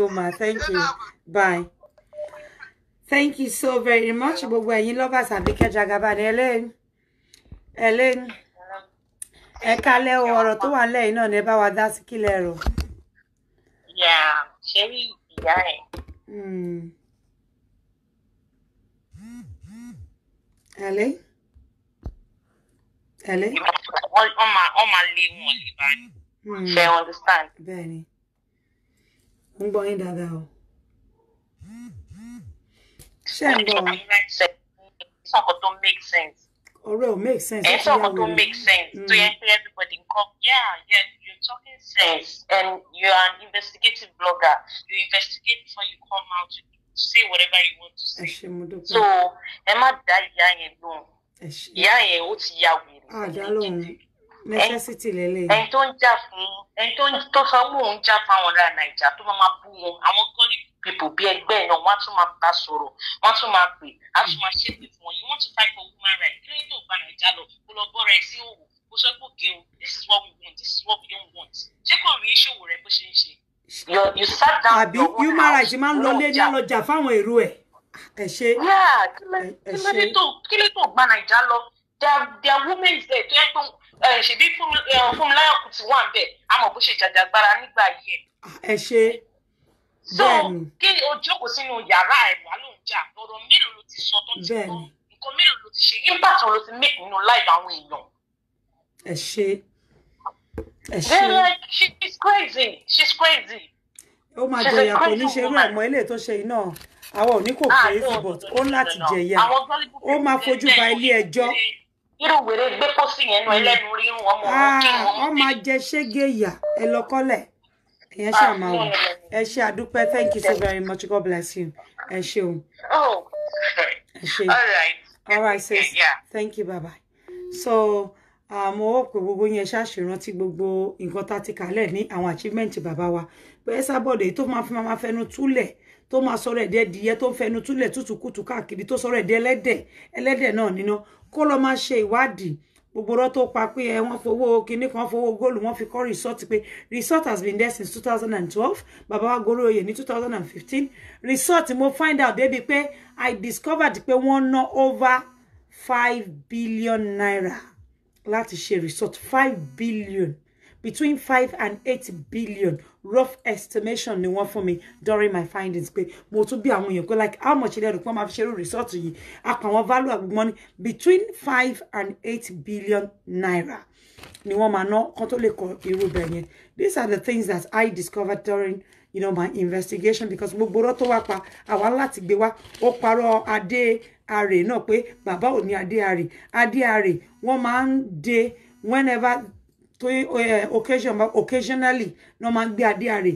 òní ma thank you bye thank you so very much gbogbo ẹ̀yin lovers Àbíkẹ́ Jagaban ẹlẹ́yìn ẹlẹ́yìn ẹ kalẹ̀ o ọ̀rọ̀ tó wà lẹ́yìn náà ni ẹ bá wa dá sí kílẹ̀ ṣé ìyá ẹ̀. Hmm. Hello? Hello? Wọ́n máa wọ́n máa lé wọn lè bá ní. Hmm. Ṣé you understand? Bẹ́ẹ̀ni, ń gbọ́ yín dáadáa o. Ṣé make sense. Oh, real make sense. Ẹ sọ̀kọ̀ make sense. So hmm. everybody come. Yeah, yeah, you're talking sense and you're an investigative blogger. You investigate before you come out with say whatever you want to say so Emma, that dá ìyá yẹn lóhùn ìyá yẹn ó ti ya wèrè necessity lele. And don't ń jà fún ẹni tó ń tó sọ pé òun jà fún àwọn ará nàìjà tó máa bú wọn àwọn gọ́ọ̀lì pipo bí ẹgbẹ́ náà wọ́n á tún máa bá sọ̀rọ̀ wọ́n á tún you want to fight for woman right kí ló ń bá nàìjà lọ kó lọ bọ́ra ẹ sí òwò kó sọ this is what we want this is what we don't want Check on the issue. We're bó ṣe ń you you sat down. àbí you marriage máa ń lọ lé ní ọlọjà fáwọn èrò ẹ ẹ ṣe. kílódé tó kílódé tó gba nàìjà lọ their their women there tó yẹ pé ṣèbí fúnmiláyọ̀ kù ti wà ń bẹ̀ bó ṣe jàjàgbara nígbà yìí. ẹ ṣe. so kí o jókòó sínú yàrá ẹ wà ló ń jà ọ̀rọ̀ mélòó ló ti sọ tó ti gbọ́ nǹkan mélòó ló ti ṣe impact ló ti make nínú life àwọn èèyàn. ẹ ṣe. She like she's crazy she's crazy. Oh my jẹyà kò ní ṣerú ẹ̀ mọ́ eléyìí tó ṣe iná àwọn òní kò ah, crazy but ó ń láti jẹyà ó máa fojú ba ilé ẹjọ́. irú wèrè gbé pósí yẹn nù hmm. ẹlẹ́nu rí wọn mọ̀ wọn kí ah, wọn. ó máa jẹ ṣégeyà ẹ lọ kọ́lẹ̀ ìyẹn ṣáà máa wò ẹ ṣe àdúpẹ́ thank you so very much god bless you ẹ ṣeun. Oh, ẹ ṣe all right all right sis thank you bye bye so àmọ́ pé gbogbo yẹn ṣàṣìrántí gbogbo nǹkan tá a ti kàlẹ̀ ní àwọn achievement bàbá wa pé Ẹ̀sàbọ̀dé tó máa fi máa fẹnu túlẹ̀ tó máa sọ̀rọ̀ ẹ̀dẹ́ díẹ̀ tó ń fẹnu túlẹ̀ tútùkùtù káàkiri tó sọ̀rọ̀ ẹ̀dẹ́ ẹlẹ́dẹ̀ ẹlẹ́dẹ̀ náà níná kó lọ máa ṣe ìwádìí gbogbo ọ̀rọ̀ tó pa pé ẹ wọ́n fowó kinní kan fowó góòlù wọ́n fi kọ́ resort pé resort has been there since two thousand and twelve bàbá wa gorí oyè ní two thousand and fifteen resort mo find out débi pé I discovered pé wọ́n ná over five billion naira láti ṣe resort five billion between five and eight billion rough estimation ni wọ́n fún mi during my findings pé mo tún bí àwọn èèyàn pé like how much lẹ́rù pé wọ́n máa fi ṣerú resort yìí apò àwọn value àgbègbè money between five and eight billion naira ni wọ́n máa ná kán tó lè kọ irú bẹ̀ yẹn these are the things that I discovered during you know my investigation because gbogbo ọ̀rọ̀ tó wá pa àwa láti gbé wá ó parọ́ adé Àrè náà pé bàbá ò ní adé àrè adé àrè wọ́n máa ń de whenever to uh, occasion occasionally náà máa ń gbé adé àrè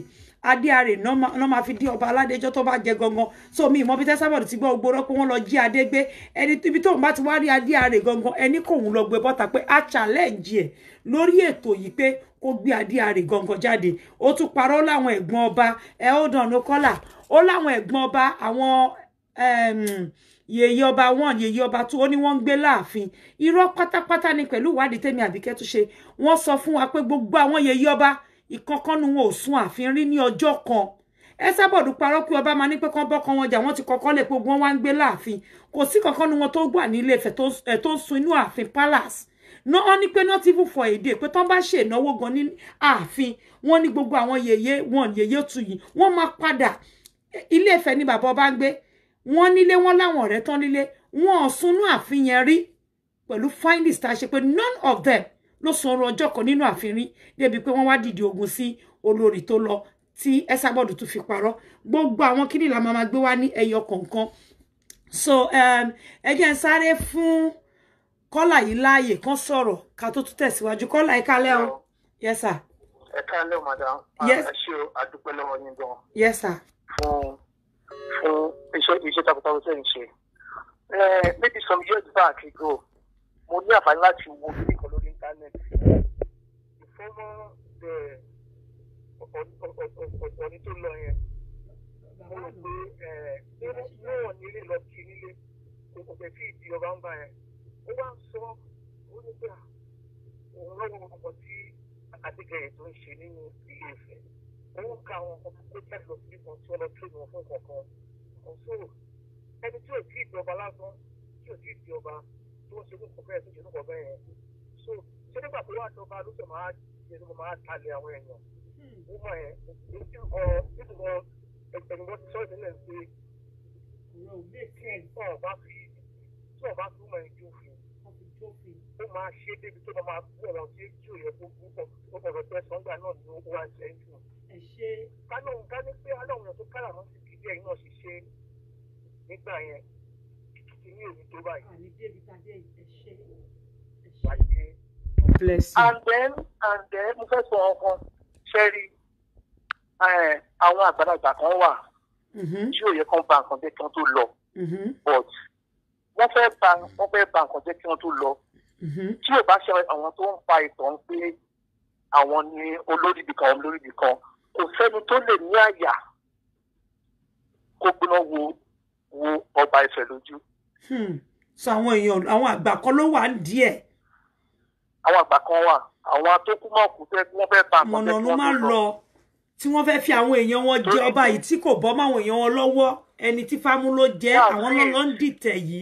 adé àrè náà máa fi dé ọba aládéjọ́ tó bá jẹ gangan so mi ìmọ̀ bíi tẹ́sábọ̀dù ti gbọ́ gbọ́rọ́ pé wọ́n lọ jí adé gbé ẹni ibi tóun bá ti wá rí adé àrè gangan ẹni kòun lọ gbé bọ́ta pé a challenge ẹ̀ lórí ètò yìí pé kó gbé adé àrè gangan jáde ó tún parọ́ láwọn ẹ̀gbọ́n ọba ẹ̀ ó dànù kọ́là ó láwọn ẹ̀gbọ́n ọba àwọn yèyé ọba one yèyé ọba two ó ní wọ́n ń gbé láàfin irọ́ pátápátá ni pẹ̀lú ìwádìí tèmi àbíkẹ́ tó ṣe wọ́n sọ fún wa pé gbogbo àwọn yèyé ọba ìkankan nu wọn ò sùn àfin rí ní ọjọ́ kan ẹ sábọ̀dù parọ́ pé ọba máa ní pé kán bọ́kọ wọn jà wọ́n ti kọ́kọ́ lè pé wọ́n wá ń gbé láàfin kò sí kankan nu wọn tó gbà ní ilé tó ń sun inú ààfin palace náà wọ́n ní pé not even for èdè pé tán bá ṣe ìnáwó gan ní ààfin wọ́n ní gbogbo àwọn yèyé wọn yèyé tù yìí máa padà Ilé-Ifẹ̀ ni bàbá ọba ń gbé wọ́n nílé wọ́n láwọn ọ̀rẹ́ tán nílé wọ́n ò sunú ààfin yẹn rí pẹ̀lú findings tá ṣe pé none of them ló sun oorun ọjọ́ kan nínú ààfin rí débi pé wọ́n wá dìde ogun sí olórí tó lọ tí Esabod tún fi parọ́ gbogbo àwọn kíní la máa gbé wá ní ẹyọ kọ̀ọ̀kan so um, ẹ jẹ́ n sáré fún kọ́là yìí láàyè kan sọ̀rọ̀ ká tó tún tẹ̀síwájú kọ́là yìí kálẹ̀ o yes sir. ẹ kálẹ̀ madam. yes ẹ ṣé o lọ́wọ́ yín gan. yes sir. fún fún iṣẹ́ iṣẹ́ takuntakun tẹ̀ ń ṣe. maybe some years back ago mo ní àǹfààní láti wo bí nìkan lórí íńtánẹ́ẹ̀tì. ìfọwọ́ bẹ̀ ọ̀nì tó lọ yẹn mo rò pé níwọ̀n eh, nílé lọ kí nílé kò bẹ̀ sí ìdí ọba ń bá yẹn. ó wá ń sọ ó ní pé ah, òun lọ́wọ́ ọkọ̀ tí adékẹ̀yẹ tó ń ṣe nínú ilé ìfẹ́ wọ́n ka àwọn ọkọ̀ tó tẹ̀ lọ sí ìbọn tí wọ́n lọ tún wọn fún kọ̀ọ̀kan ọ̀ṣọ́ ẹni tí ò tí ì di ọba lásán tí ò tí ì di ọba tí wọ́n ṣe ní kọ̀ọ̀kan ẹ̀ tó ṣe ní kọ̀ọ̀kan ẹ̀ so ṣé nígbà tó wà dọ́ba ló fẹ́ máa ṣe ló máa talẹ̀ àwọn èèyàn wọ́n hmm. mọ̀ ẹ́ èyí tí ọ níbi wọn ẹgbẹ̀rún wọn ti sọ́ọ̀dì náà ṣe tí ọba fi tí ọba fi mọ̀ ẹ́ jófin ó máa ṣe débi tó máa bú ọ̀rọ̀ tí ó yẹ kó bú ọ̀rọ̀ tẹ̀sán gbà náà ni ó wá ṣẹ́yìn ìṣe kálọ̀hún ká ní pé aláwọn tó kára wọn sì kíbi ẹ̀yìn náà sì ṣe nígbà yẹn kí ní tó báyìí. and then and then mo fẹ́ sọ ọkọ ṣẹ́rí àwọn àgbàlagbà kan wà mm-hmm. tí òye kan ba nǹkan jẹ́ kí wọ́n tó lọ mm-hmm. but wọ́n fẹ́ ba wọ́n fẹ́ ba nǹkan jẹ́ kí wọ́n tó lọ mm-hmm. tí ò bá ṣe àwọn tó ń pa ìtàn pé àwọn ni olórí ibìkan olórí ibìkan kò sẹ́ni tó lè ní àyà kó gbóná wo wo ọba Ifẹ̀ lójú. Hmm. so àwọn èèyàn àwọn àgbà kan ló wà díẹ̀. àwọn àgbà kan wà àwọn atókù máa kú tẹ wọn fẹ́ẹ́ ta àkọsẹ tí wọn fi lọ. tí wọ́n fẹ́ẹ́ fi àwọn èèyàn wọn jẹ ọba yìí tí kò bọ́ máwọn èèyàn wọn lọ́wọ́ ẹni tí fámú ló jẹ́ àwọn lọ́lọ́ ń dìtẹ̀ yìí.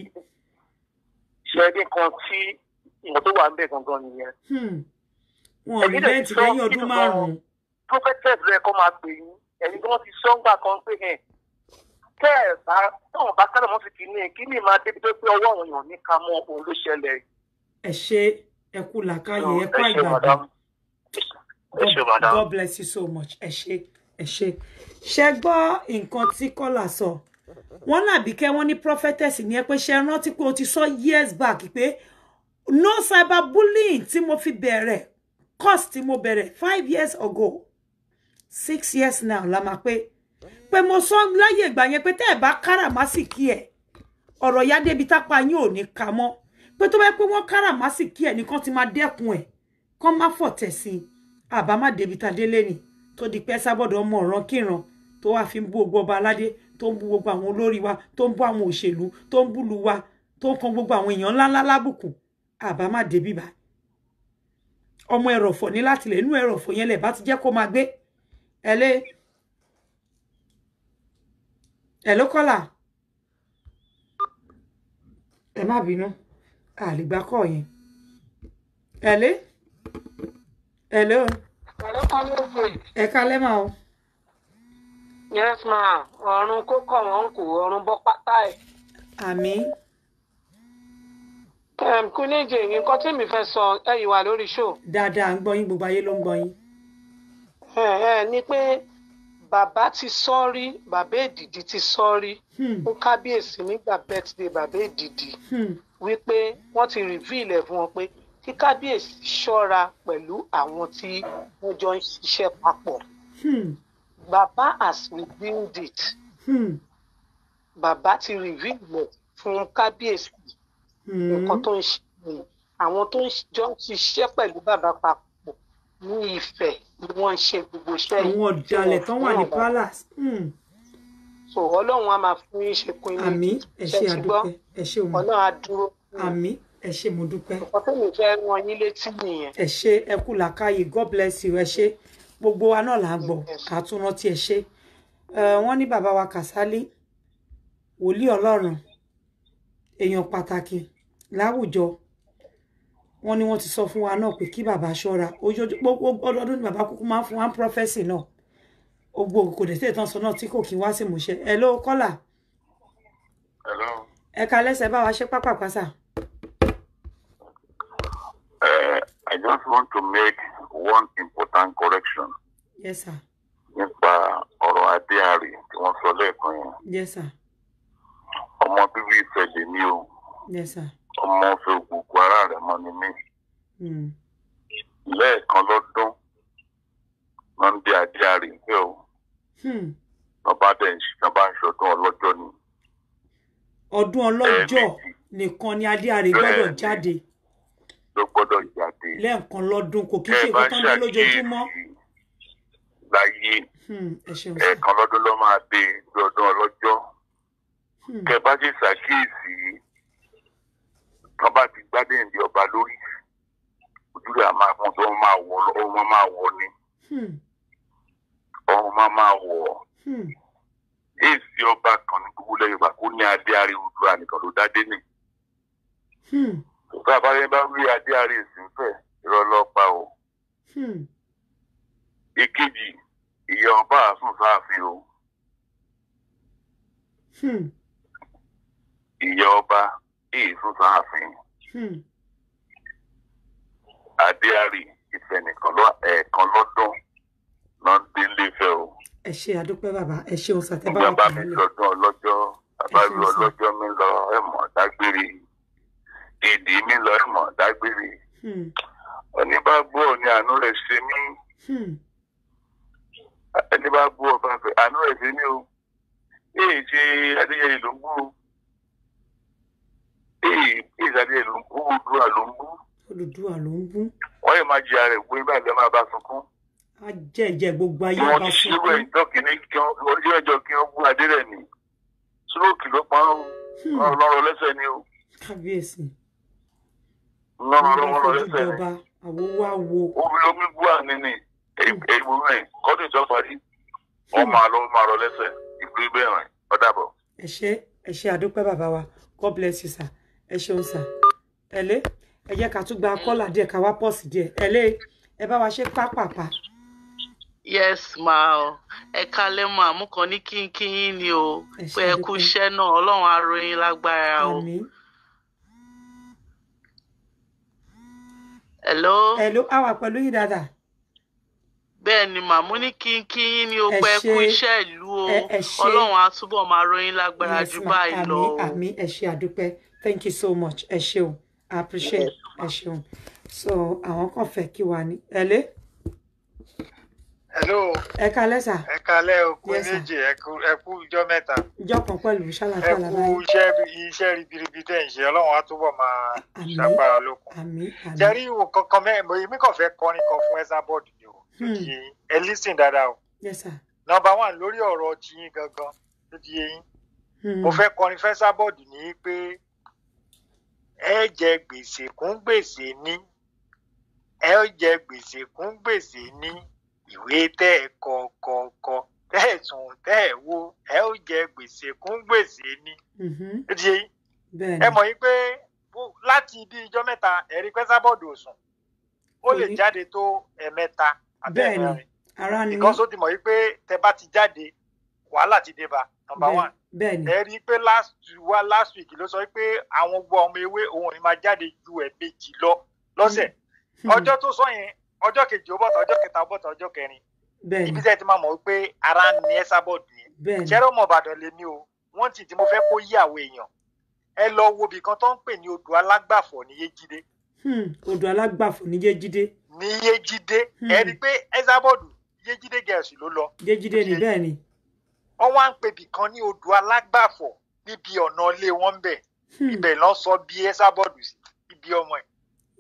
ṣe ẹni kan tí ìwọ̀n tó wà ń bẹ̀ gangan nìyẹn. Hmm. wọn ò rí bẹ́ẹ̀ tì lẹ́yìn ọdún márùn-ún prophetess rẹ kọ́ máa pè yín ẹ̀yin tí wọ́n ti sọ́ngbà kan pé hẹ̀ tẹ́ ẹ̀ bá tọ̀hún bá kálọ̀ mọ́ sí kínní kínní máa débi tó pé ọwọ́ àwọn èèyàn ní ká mọ ohun ẹ ṣe ẹ kú làkàyè ẹ kú àgbàdo God bless you so much ẹ ṣe ẹ ṣe ṣe gbọ́ nǹkan tí kọ́là sọ wọ́n làbíkẹ́ wọ́n ní prophetess ni ẹ pé ṣe rántí pé o ti sọ years back pé no cyber bullying tí mo fi bẹ̀rẹ̀ course tí mo bẹ̀rẹ̀ five years ago six years now la máa Pe pé mo sọ láyé ìgbà yẹn pé tẹ́ ẹ̀ bá káràmásìkí ẹ̀ ọ̀rọ̀ ya débi tápá yín ò ní ka mọ́ pé tó bá pé wọ́n káràmásìkí ẹ̀ nìkan ti máa dẹ́kun ẹ̀ kán má fọ̀tẹ̀ sí i àbá má débi tá délé ni tó di pẹ́ sábọ̀dọ̀ mo ọ̀ràn kíran tó wàá fi ń bú gbogbo ọba aládé tó ń bú gbogbo àwọn olórí wa tó ń bú àwọn òṣèlú tó ń búlu wa tó ń kan gbogbo àwọn èèyàn ńláńlá lábùkù àbá má débi bá ọmọ ẹ̀rọ̀fọ̀ ní látilẹ̀ inú ẹ̀rọ̀fọ̀ yẹn lẹ̀ bá ti jẹ́ kó máa gbé hello hello caller ẹ má bínú a lè gba kọ́ yẹn hello hello ẹ kálẹ́ mà o. yes ma ọ̀run kókọ̀ wọn kò ọ̀run bọ́ pátá ẹ̀. àmín kúnlẹ̀ èjì nǹkan tí mi fẹ́ sọ ẹ̀yìn wà lórí ṣó. dáadáa ń gbọ́ yín gbogbo ayé ló ń gbọ́ yín. Eh, eh, ni pé bàbá ti sọ rí bàbá èdìdì ti sọ rí hmm. fún kábíyèsí nígbà birthday bàbá èdìdì hmm. wípé wọ́n ti reveal ẹ̀ fún wọn pé kí kábíyèsí ṣọ́ra pẹ̀lú àwọn tí wọ́n jọ ń ṣiṣẹ́ papọ̀ hmm. bàbá has revealed it bàbá ti reveal ẹ̀ fún kábíyèsí nǹkan tó ń ṣe àwọn tó ń jọ ń ṣiṣẹ́ pẹ̀lú bàbá papọ̀ ní Ifẹ̀ ni wọ́n ń ṣe gbogbo iṣẹ́ yìí. àwọn ọ̀dàlẹ̀ tán wà ní palace. Hmm. so ọlọ́run á máa fún yín ṣe kún yín. àmín ẹ ṣé àdúpẹ́ ẹ ṣé òun. ọlọ́run á dúró. àmín ẹ mo dúpẹ́. ọkọ fẹ́ ran yín létí nìyẹn. ẹ ṣé ẹ god bless you ẹ ṣé gbogbo wa náà là á gbọ́ àtúrántí ẹ ṣé wọ́n ní bàbá wa Kàsálí wòlíì ọlọ́run èèyàn pàtàkì láwùjọ wọ́n ní wọ́n ti sọ fún wa náà pé kí bàbá ṣọ́ra ọdọọdún ni bàbá kúkú máa ń fún wa prọfẹsì náà ogbó kò dé ìtàn sọ náà tí kò kí wá sí ìmúṣẹ ẹ ló kọlà. ẹ ká lẹ́sẹ̀ bá wa ṣe pápákọ̀ sà. Eh, I just want to make one important correction. Yes, sir. Nípa ọ̀rọ̀ Adéhàrí tí wọ́n sọ lẹ́ẹ̀kan yẹn. Yes, sir. Ọmọ bíbí Ifẹ̀ lèmi o. Yes, sir ọmọ fẹ́ gbogbo ara rẹ̀ mọ́ ni mí. Hmm. lẹ́ẹ̀kan lọ́dún hmm. wọ́n ń dé adé ààrẹ ìgbẹ́ o. bàbá dẹ̀ ń ṣiṣẹ́ bá ń ṣọdún ọlọ́jọ́ ni. ọdún ọlọ́jọ́ nìkan ni adé ààrẹ gbọ́dọ̀ jáde. ló gbọ́dọ̀ jáde. lẹ́ẹ̀kan lọ́dún kò kí ṣe nǹkan tán ní lójoojúmọ́. láyé hmm, ẹ̀ẹ̀kan lọ́dún ló máa dé lọ́dún ọlọ́jọ́. kẹ bá ti ṣàkíyèsí tán bá ti gbádùn ìdí ọba lórí ojúlé a máa fún wọn máa wọ ọrùn máa máa wọ ni hmm. ọrùn máa máa wọ hmm. èsì ọba kan ní gbogbo lẹ́yìn ìgbà kó ní adé ariwo ju ànìkan ló dá dé nì. òkú hmm. àbálẹ́ bá rí adé ariwo ìsìnfẹ́ ìrọlọ́pàá o. èkejì ìyá ọba àsùn sáàfin o. ìyá ọba yìí tuntun ààfin hmm. adéárì ìfẹ́ nìkan ẹ̀ẹ̀kan lọ́dún náà délé fẹ́ o. ẹ ṣe àdúpẹ́ bàbá ẹ ṣeun sàtẹ́bá wọn kàn lọ. bàbá mi lọ́dún ọlọ́jọ́ bàbá mi ọlọ́jọ́ mi lọ ẹ̀mọ́ dágbére ìdí mi lọ ẹ̀mọ́ dágbére hmm. ẹni bá bú ọ ni àánú rẹ̀ ṣe mí hmm. ẹni bá bú ọ bá fẹ́ àánú rẹ̀ ṣe mí o èyí ṣe adéyẹyẹ ló ń ìsàlẹ̀ ló ń bú Odùduwà ló wọ́n yóò máa jẹ ààrẹ gbé bá ilẹ̀ máa bá sunkún. a jẹ́ ìjẹ́ gbogbo ayé bá sunkún. wọ́n ti ṣírò ẹjọ́ kí wọ́n ṣírò ẹjọ́ kí wọ́n bú ló pa ọlọ́rọ̀ hmm. lẹ́sẹ̀ ni o. kábíyèsí. ọlọ́rọ̀ lẹ́sẹ̀ ni. àwọn wá wo. omi omi bú àníní èyí wọ́n rìn hmm. kọ́tù wọ́n máa lọ máa rọ lẹ́sẹ̀ ìgbé bẹ́ẹ̀ rìn ọ̀dàbọ̀. ẹ ṣé ẹ ṣé àdúpẹ́ bàbá wa God bless you sir. Ese ṣeun sà ẹlẹ ẹ ká tún gba kọ́là díẹ̀ ká wá ẹlẹ ẹ bá wa ṣe pápápá. yes ma o ẹ kalẹ̀ mọ́ àmúkan ní kínkín ni o pé ẹ kú iṣẹ́ náà ọlọ́run á lágbára o. hello. bẹ́ẹ̀ ni màmú ní kínkín yín kú iṣẹ́ ìlú o ọlọ́run máa ròyìn lágbára jù báyìí lọ. thank you so much ẹ ṣeun i appreciate ẹ ṣeun so àwọn kan fẹ́ kí wa ní ẹlẹ. hello. ẹ kalẹ́ sà. ẹ kalẹ́ okun méje ẹ kú ijọ́ mẹ́ta. ijọ́ kan pẹ̀lú ṣàlàyé. ẹ kú iṣẹ́ iṣẹ́ ribiribi tẹ̀ ń ṣe ọlọ́run á túbọ̀ máa ṣàgbára lókun. àmín àmín. jẹ́rí ìwò kankan mẹ́rin èmi kàn fẹ́ kọrin kan fún ẹ́sà bọ́ọ̀dù ni o. Hmm. ẹ lísìn dáadáa o. yes sir. nọ́mbà one lórí ọ̀rọ̀ tiyín gangan ló ti yé yín. Hmm. mo fẹ́ kọrin fẹ́ sábọ̀dù ní pé ẹ jẹ gbèsè kún gbèsè ní ẹ jẹ gbèsè kún gbèsè ní ìwé tẹ ẹ kọ kọ kọ tẹ ẹ sùn tẹ ẹ wo ẹ ó jẹ gbèsè kún gbèsè ní. Mm-hmm. ẹ mọ̀ yín pé láti ibi ijọ́ mẹ́ta ẹ̀rí pẹ́sábọ́ọ̀dù òsùn ó lè jáde tó ẹ̀mẹ́ta abẹ́rẹ́ rẹ̀ because ó ti mọ̀ yín pé tẹ bá ti jáde wàhálà ti dé bá number one ẹ rí i pé last wa last week ló sọ pé àwọn gbọ́ ọmọ ewé òun ni máa jáde ju ẹ̀ẹ̀mejì lọ lọ́sẹ̀ hmm. Hmm. ọjọ́ tó sọ yẹn ọjọ́ kejì ó bọ̀tọ̀ ọjọ́ kẹta ó bọ̀tọ̀ ọjọ́ kẹrin ibi tẹ́ ẹ ti máa mọ̀ pé ara ń ní ẹ sábọ̀dù yẹn ṣẹ́rọ̀ mọ̀ Ìbàdàn lèmi o wọ́n ti tí mo fẹ́ kó yí àwọn èèyàn ẹ lọ wo ibìkan tó ń pè ní odò alágbàfọ̀ ní Yéjídé. Hmm, odò alágbàfọ̀ ní Yéjídé. ní Yéjídé ẹ rí i pé ẹ sábọ̀dù Yéjídé gẹ̀ẹ́sì ló lọ. Yéjídé ni bẹ́ẹ̀ ni wọ́n wá ń pèbì kan ní odò alágbàfọ̀ níbi ọ̀nà ilé wọn ń bẹ̀ hmm. ibẹ̀ lọ́ sọ bí ẹ sábọ̀dù sí ibi ọmọ ẹ̀.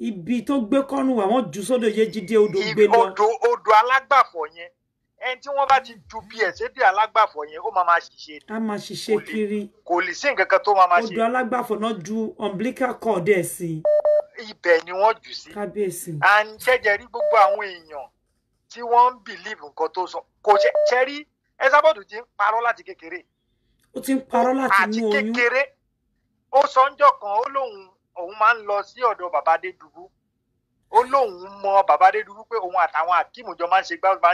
ibi tó gbé kọ́nù àwọn jù sódò Yéjídé odò gbé lọ. odò odò alágbàfọ̀ yẹn ẹni tí wọ́n bá ti ju bí ẹ̀ ṣé bí alágbàfọ̀ yẹn ó máa máa ṣiṣẹ́ a máa ṣiṣẹ́ kiri kò lè sí nǹkan kan tó máa máa ṣe. odò alágbàfọ̀ náà ju umbilical cord ẹ̀ sí. ibẹ̀ ni wọ́n jù sí. kábíyèsí. à ń jẹ́jẹ́ rí gbogbo àwọn èèyàn tí wọ́n ń bìlíìfù nǹkan tó sọ kò ṣe rí Ẹsábọ̀dù ti ń parọ́ láti kékeré. Ó ti ń parọ́ láti mú oyún. Àti kékeré ó sọ ńjọ́ kan ó lóun òun máa ń lọ sí ọ̀dọ̀ bàbá Adédùbú ó lóun mọ bàbá Adédùbú pé òun àtàwọn Akeem jọ máa ń ṣe gbàgbà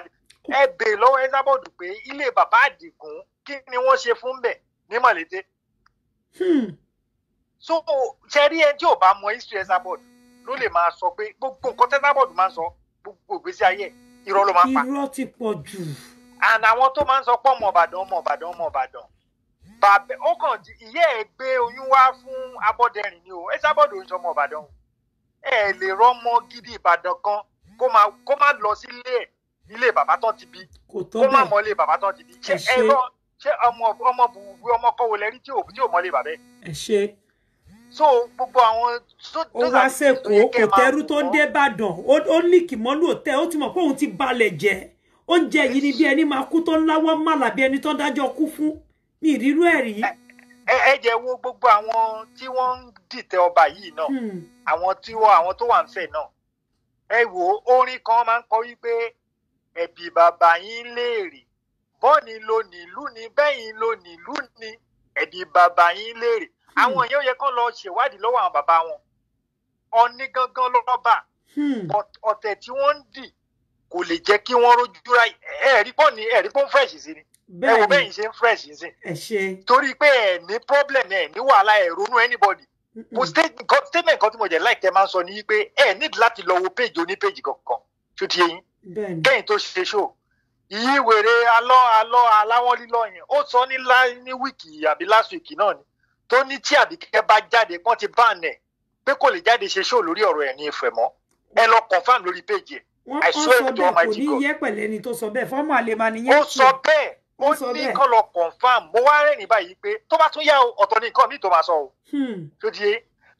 ẹ bèè lọ́wọ́ Ẹsábọ̀dù pé ilé bàbá Àdìgún kí ni wọ́n ṣe fún bẹ̀ ní Mọ̀lété. Hmm. so ṣe rí ẹni tí ò bá mọ history Ẹsábọ̀dù ló lè máa sọ pé gbogbo nǹkan tẹ́sábọ̀dù máa sọ gbogbo ìgbésí ayé irọ́ ló máa pa. irọ́ ti pọ̀ jù and àwọn tó máa ń sọ pé ọmọ Ìbàdàn ọmọ Ìbàdàn ọmọ Ìbàdàn bàbá ó kàn di ìyá ẹ gbé oyún wá fún Abọ́dẹrìn ni o ẹ sábọ̀dọ̀ oúnjẹ ọmọ Ìbàdàn ẹ lè rọ́mọ gidi Ìbàdàn kan kó máa kó máa lọ sílé ilé bàbá tán ti bí kó máa mọ ilé bàbá tán ti bí ṣé ẹ rọ ṣé ọmọ ọmọ bùbù ọmọ kọwọ lẹrí tí ò tí ò mọ ilé bàbá ẹ. ẹ ṣe so gbogbo àwọn. ó wá sẹ́kọ̀ọ́ kò tẹ́rú tó dé Ìbàdàn ó ní kìmọ́lù òtẹ́ ó ti mọ̀ pé òun ti balẹ̀ jẹ́ oúnjẹ yìí ni bí ẹni máa kú tó láwọ́ màlà bí ẹni tó dájọ́ kú fún ní ìrírú ẹ̀ rí. ẹ jẹ́ wo gbogbo àwọn tí wọ́n ń dìtẹ̀ ọba yìí náà hmm. àwọn tí wọ́n àwọn tó wà ń fẹ̀ náà ẹ wo orin kan máa ń kọ wípé ẹ̀bì bàbá yín léèrè bọ́ọ̀nì lo nílùú ni bẹ́yìn lo nílùú ni ẹ̀bì bàbá yín léèrè hmm. àwọn èèyàn yẹ kán lọ ṣèwádìí lọ́wọ́ àwọn bàbá wọn ọ̀ní gangan lọ́ba hmm. ọ̀tẹ̀ tí wọ́n ń dì kò lè jẹ́ kí wọ́n rójú ra ẹ̀rí pọ̀ ní ẹ̀rí pọ̀ ń fresh sí ni ẹ wo bẹ́ẹ̀ yìí ṣe ń fresh sí ni torí pé ẹ̀ ní problem ẹ̀ ní wàhálà ẹ̀ ronú anybody mo statement kan tí mo jẹ́ láìpẹ́ máa ń sọ ni pé ẹ̀ nídìí láti lọ wo page oní page kankan tó ti yẹn kẹ́yìn tó ṣe show yìí wèrè alọ́ alọ́ aláwọ̀ lílọ́ yẹn ó sọ ní ní wíìkì àbí last week náà ni tó ní tí àbíkẹ́ bá jáde wọ́n ti bá ànẹ̀ pé kò lè jáde ṣe show lórí ọ̀rọ̀ ẹ̀ ní ìfẹ́ mọ́ ẹ lọ confam lórí page yẹn wọ́n sọ bẹ́ẹ̀ kò ní yẹ pẹ̀lẹ́ ni tó sọ bẹ́ẹ̀ fọ́mọ àlèmà nìyẹn. ó sọ bẹ́ẹ̀ ó ní kọ́ lọ confam mo wá rẹ́rìn báyìí pé tó bá tún yá o ọ̀tọ̀ ní nǹkan mi tó máa sọ o. tó hmm. di yé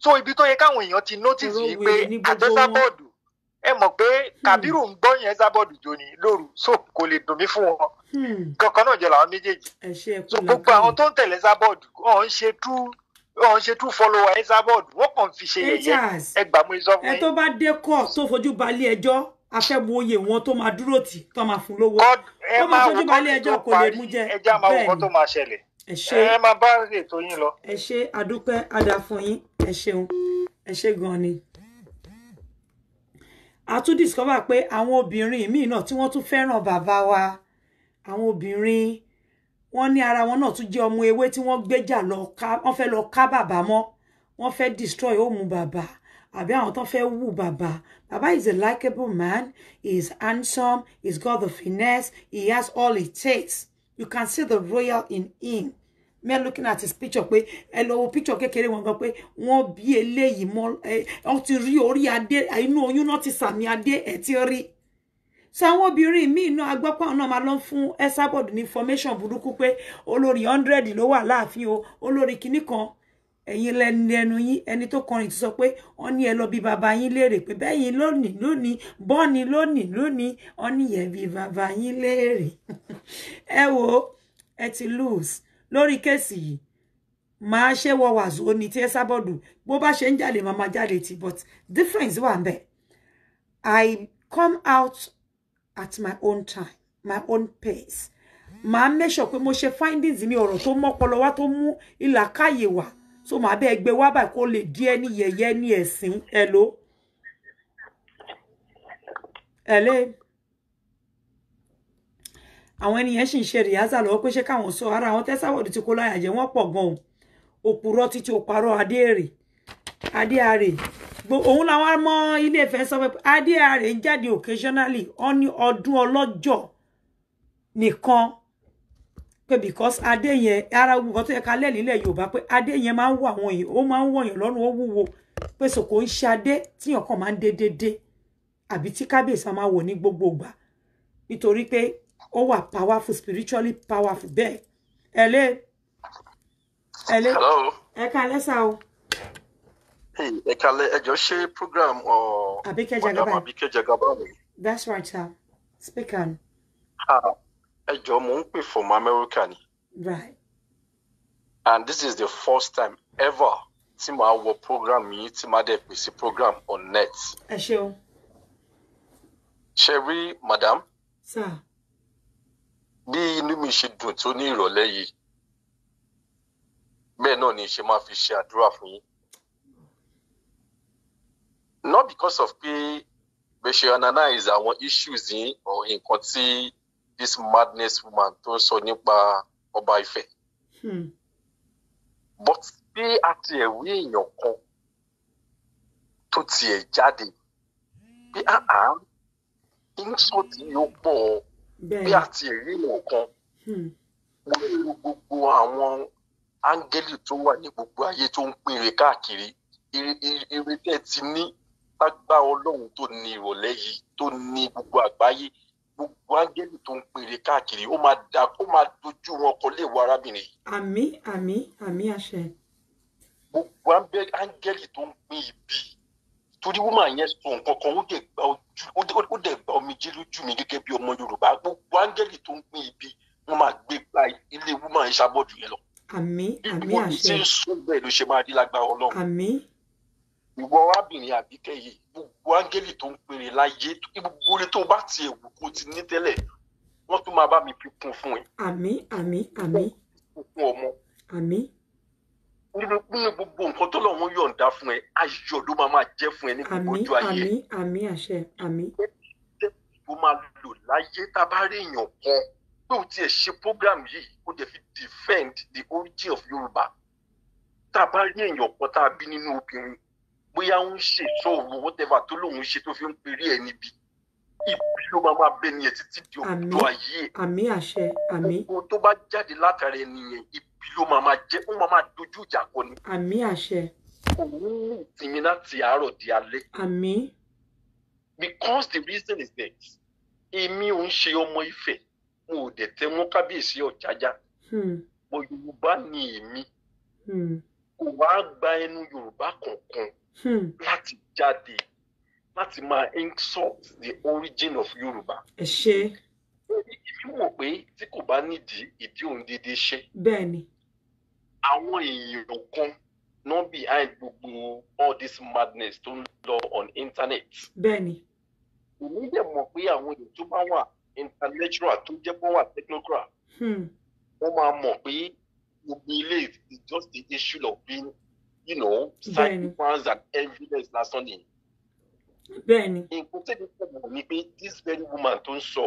so ibi tó yẹ káwọn èèyàn ti notice yìí pé àtẹ́sábọ́ọ̀dù ẹ mọ̀ pé hmm. Kábírù ń gbọ́ yẹn sábọ́ọ̀dù jò ní lóru so kò lè dùn mí fún wọn. Hmm. kankan náà jẹ làwọn méjèèjì. so gbogbo àwọn tó ń tẹ̀lé sábọ́ọ̀dù ọ̀ ń ṣe tú ọ̀ ń ṣe tú follower ẹ̀ sábọ́ọ̀dù wọ́n kàn fi ṣe yẹ̀yẹ́ ẹ ìsọfún yín. ẹ tó bá dé kọ́ tó fojú balẹ̀ ẹjọ́ a fẹ́ mọ oyè wọn tó máa dúró tì tó máa fún lówó ó máa fojú balẹ̀ ẹjọ́ kò lè mú jẹ bẹ́ẹ̀ ni ẹ ṣé ẹ máa bá ètò yín lọ. ẹ ṣé àdúpẹ́ adàfún yín ẹ ṣeun ẹ ṣé gan-an ni. a tún discover pé àwọn obìnrin míì náà tí wọ́n tún fẹ́ràn bàbá wa àwọn obìnrin wọ́n ní ara wọn náà tún jẹ́ ọmọ ewé tí wọ́n gbéjà lọ ká wọ́n fẹ́ lọ ká bàbá mọ́ wọ́n fẹ́ destroy òmù bàbá àbí àwọn tó fẹ́ wù Baba. Baba is a likable man he is handsome He's got the finesse he has all it takes you can see the royal in him me looking at his picture pé ẹ lọ picture kékeré wọn gan pé wọ́n bí eléyìí mọ́ ọ ti rí orí adé inú oyún náà ti sàmì adé ẹ ti rí so àwọn obìnrin míì náà agbọ́pọ̀ náà máa lọ fún Esabod ní information burúkú pé Olori hundred ló wa láàfin o olórí kinní kan ẹ̀yin lẹni ẹnu yín ẹni tó kọrin ti sọ pé wọ́n ní ẹ lọ bí bàbá yín léèrè pé bẹ́yìn lónìí lónìí bọ́ọ̀ni lónìí lónìí wọ́n ní yẹn bí bàbá yín léèrè ẹ wo ẹ ti lose lórí kéèsì yìí máa ṣẹ́wọ́ wàzó ni tí ẹ sábọ̀dù bó bá ṣe ń jáde máa máa jáde ti but difference wà ń bẹ̀ I come out at my own time my own pace máa make sure pé mo ṣe findings mi ọ̀rọ̀ tó mọ́pọlọ wá tó mú ìlàkàyè wá so màá bẹ́ẹ̀ gbé wá báyìí kó lè díẹ̀ ní yẹ̀yẹ́ ní ẹ̀sìn ẹ̀ ló ẹ̀ lé àwọn ènìyàn sì ń ṣe rìhásà lọ́wọ́ pé ṣé káwọn sọ ara àwọn tẹ́sàwọ̀dì tí kó láyà jẹ wọ́n pọ̀ gan-an òpùrọ̀ títí òparọ̀ adéèrè adéàrè òun làwọn mọ ilé ile sọ pé adéàrè ń jáde occasionally Oni ní olojo. ọlọ́jọ́ pé because adé yẹn ara wù kan tó yẹ ká lẹ́ẹ̀ nílẹ̀ yorùbá pé adé yẹn máa ń wọ àwọn èèyàn ó máa ń wọ̀yàn lọ́rùn ó wúwo pé sòkò ń ṣe adé tíyàn kan máa ń dédé àbí tí kábíyèsí máa wọ̀ ní gbogbo ìgbà nítorí pé ó wà powerful spiritually powerful bẹ́ẹ̀ ẹ lé ẹ lé ẹ ká lẹ́sà o. ẹ kalẹ ẹ jọ ṣe program ọ uh, Abike Jagaban Abike Jagaban mi. that's right sir speak on. Uh, ẹ jọ mò ń pè fún ọmọ ni. Right. and this is the first time ever tí màá wọ program yìí tí màá dẹ̀ pèsè program on net. ẹ ṣeun. ṣe rí madam. Sir. bí inú mi ṣe dùn tó ní ìrọ̀lẹ́ yìí bẹ́ẹ̀ náà ni ṣe máa fi ṣe àdúrà fún yín. not because of pé bẹ́ẹ̀ ṣe analyze àwọn issues yín or nǹkan tí this madness woman tó ń sọ nípa ọba Ifẹ̀. Hmm. but bí a tiẹ̀ wí èèyàn kan tó tiẹ̀ jáde bí àá ah, ah, insult yóò pọ̀ bí a tiẹ̀ rí èèyàn kan hmm. mo lo gbogbo àwọn áńgẹ́lì tó wà ní gbogbo ayé tó ń pín ire káàkiri ire tẹ́ ti ní lágbá ọlọ́run tó ní ìrọ̀lẹ́ yìí tó ní gbogbo àgbáyé gbogbo áńgẹ́lì tó ń pèrè káàkiri ó máa da ó máa dojú wọn kọ léèwọ arábìnrin yìí. àmín àmín àmín àṣẹ. gbogbo áńgẹ́lì tó ń pín ibi torí wúmà yẹn sọ nǹkan kan ó dẹ̀ gba ojú ó dẹ̀ gba omijé lójú mi gẹ́gẹ́ bí ọmọ yorùbá gbogbo áńgẹ́lì tó ń pín ibi wọ́n máa gbé gba ilé wúmà yẹn sábọ́ọ̀dù yẹn lọ. àmín àmín àṣẹ. ìwọ ti ń bẹ́ẹ̀ ló ṣe máa rí lágbára ọlọ́run. àmín. ìwọ arábìnrin àbíkẹ́ gbogbo áńgẹ́lì tó ń pèrè láyé gbogbo orí tó bá ti èwù kó ti ní tẹ́lẹ̀ wọ́n tún máa bá mi fi kún fún ẹ. àmín àmín àmín. fún ọmọ. àmín. nínú nínú gbogbo nǹkan tó lọ́wọ́ yọ̀ǹda fún ẹ ayọ̀ ló máa máa jẹ́ fún ẹ ní gbogbo ayé. àmín àmín àṣẹ àmín. tó máa lò láyé tá a bá rí èèyàn kan pé o tiẹ̀ ṣe program yìí o dẹ̀ fi defend the origin of Yorùbá tá a bá rí èèyàn kan tá a bí nínú obìnrin bóyá ń ṣètò òun whatever tó lóun ṣe tó fi ń perí ẹ níbi ibi ló máa máa bẹ nìyẹn títí di òdo ayé ẹ àmì àṣẹ àmì ohun tó bá jáde látara ẹnìyẹn ibi ló máa máa jẹ ó máa máa dojú ìjà kọ ni àmì àṣẹ òun ní ìsinmi láti àárọ̀ di alẹ́ àmì because the reason is that èmi ò ń ṣe ọmọ Ifẹ̀ mo ò dẹ̀ tẹ́ mọ́ kábíyèsí Ọ̀jájá hmm. mo Yorùbá ni èmi hmm. kò wá gba ẹnu Yorùbá kankan. Hmm. láti jáde láti máa insult the origin of Yorùbá. ẹ ṣe. èmi mọ̀ pé tí kò bá nídìí ìdí òun déédéé ṣe. bẹ́ẹ̀ni. àwọn èèyàn kan náà behind gbogbo all this madness tó ń lọ on internet. bẹ́ẹ̀ni. èmi dẹ̀ mọ̀ pé àwọn èèyàn tó bá wà intellectual tó jẹ́ pọ́n wà technocrat. Hmm. wọ́n máa mọ̀ pé gbogbo ilé is just the issue of being you know side and evidence last Sunday. bẹ́ẹ̀ni. in tẹ́lẹ̀ fún mi this very woman tó ń sọ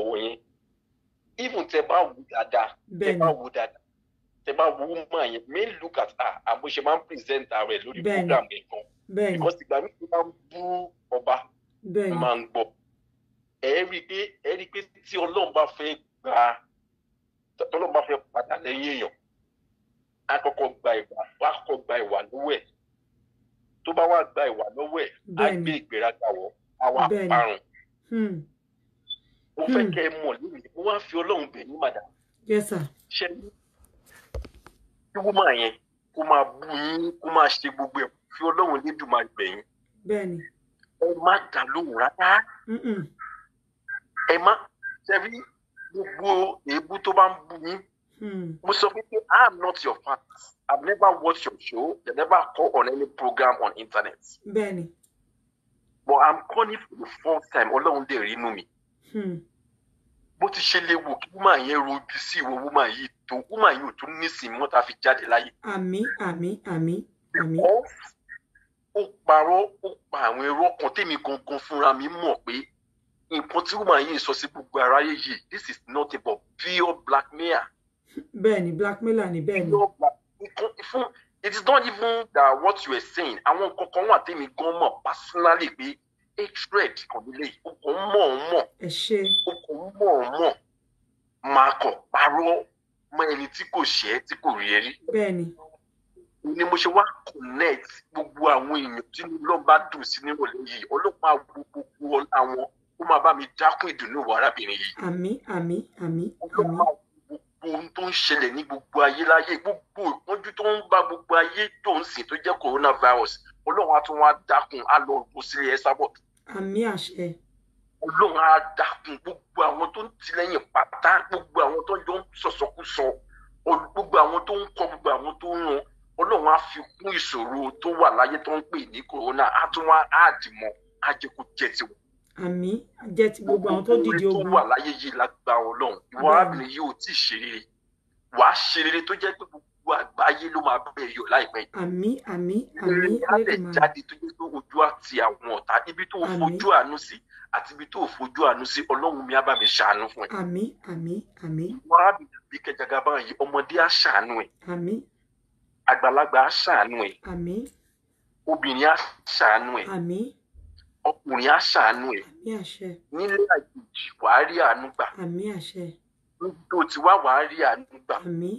even tẹ bá wù dáadáa tẹ bá wù dáadáa tẹ bá wù woman yẹn may look at her and we should ń present her with the program yẹn gan because the government ti máa ń bú ọba bẹ́ẹ̀ni máa ń gbọ́ ẹ rí i pé ẹ rí i pé tí ọlọ́run akọ́kọ́ gba ìwà wá kọ́kọ́ gba ìwà lọ́wọ́ ẹ̀ tó bá wá gba ìwà lọ́wọ́ ẹ̀ á gbé ìgbéraga wọ̀ á wá parun. Hmm. mo fẹ́ hmm. kẹ́ ẹ mọ̀ lónìí mo wá fi ọlọ́run bẹ̀ yín màdà. ṣe ní kí wọ́n máa yẹn kó máa bú yín kó máa ṣe gbogbo ẹ̀ fi ọlọ́run lédùn máa gbẹ̀ yín. ẹ má dà lóhùn rárá. ẹ má ṣẹ́bí gbogbo èébú tó bá ń bú yín Hmm. mo sọ fún i am not your fan I've never watched your show i never call on any program on internet. Benny, but i'm calling for the first time Ọlọ́run dẹ rí inú mi. Hmm. bó ti ṣe léwu kí woman yẹn rojú sí ìwọ woman yìí to woman yìí ò tún nísìnyí mọ́ta fi jáde láyé. ami ami ami. àmín. because baro parọ́ ó pa àwọn ẹ̀rọ mi kon gangan fúnra mi mo pé important woman yìí sọ sí gbogbo aráyé yìí this is nothing but pure blackmail bẹ́ẹ̀ni blackmailer ni bẹ́ẹ̀ni. it is not even that what you are saying àwọn kankan wà tèmi gan mọ̀ personally pé hatred kan nílé o kò mọ̀ ọ́n mọ̀ o kò mọ̀ ọ́n mọ̀ máa kọ̀ parọ́ mọ́ ẹni tí kò ṣẹ̀ tí kò rí ẹ rí. ni mo ṣe wá connect gbogbo àwọn èèyàn tí mo lọ bá dùn sí nírọ̀lẹ́ yìí ọlọ́pàá gbogbo ọlá wọn ó máa bá mi dákún ìdùnnú wa arábìnrin yìí. àmín àmín àmín àmín ohun tó ń ṣẹlẹ̀ ní gbogbo ayé láyé gbogbo ìpọ́njú tó ń bá gbogbo ayé tó ń sìn tó jẹ́ coronavirus ọlọ́run á tún wá dákun á lọ ògùn sílé ẹ sábọ̀. àmì àṣẹ. ọlọ́run á dákun gbogbo àwọn tó ń tilẹ̀yìn pátá gbogbo àwọn tó ń jọ ń sọ̀sọ̀kúsọ gbogbo àwọn tó ń kọ gbogbo àwọn tó ń run ọlọ́run á fi kún ìṣòro tó wà láyé tó ń pè ní corona á tún wá á dì á jẹ́ kó jẹ́ tiwọn àmì jẹ́ ti gbogbo àwọn tó dìde ogun. wà láyé yìí lágbá ọlọ́run ìwọ arábìnrin yìí ò tí ì ṣe rere wàá ṣe rere tó jẹ́ pé gbogbo àgbáyé ló máa bẹ̀ yọ láìpẹ́ àmì àmì àmì lẹ́yìn máa. jáde tó jẹ́ pé ojú àti àwọn ọ̀tá ibi tó fojú àánú sí àti ibi tó fojú àánú sí ọlọ́run mi á bá mi ṣàánú fún ẹ. àmì àmì àmì. ìwọ arábìnrin bí kẹjàgà báyìí ọmọdé á ṣàánú ẹ. àmì. àgbàlagbà á ṣàánú ẹ. àmì. obìnrin á ṣàánú ẹ. àmì ọkùnrin á ṣàánú ẹ nílé àjèjì wàá rí àánú gbà tó ti wá wàá rí àánú gbà mo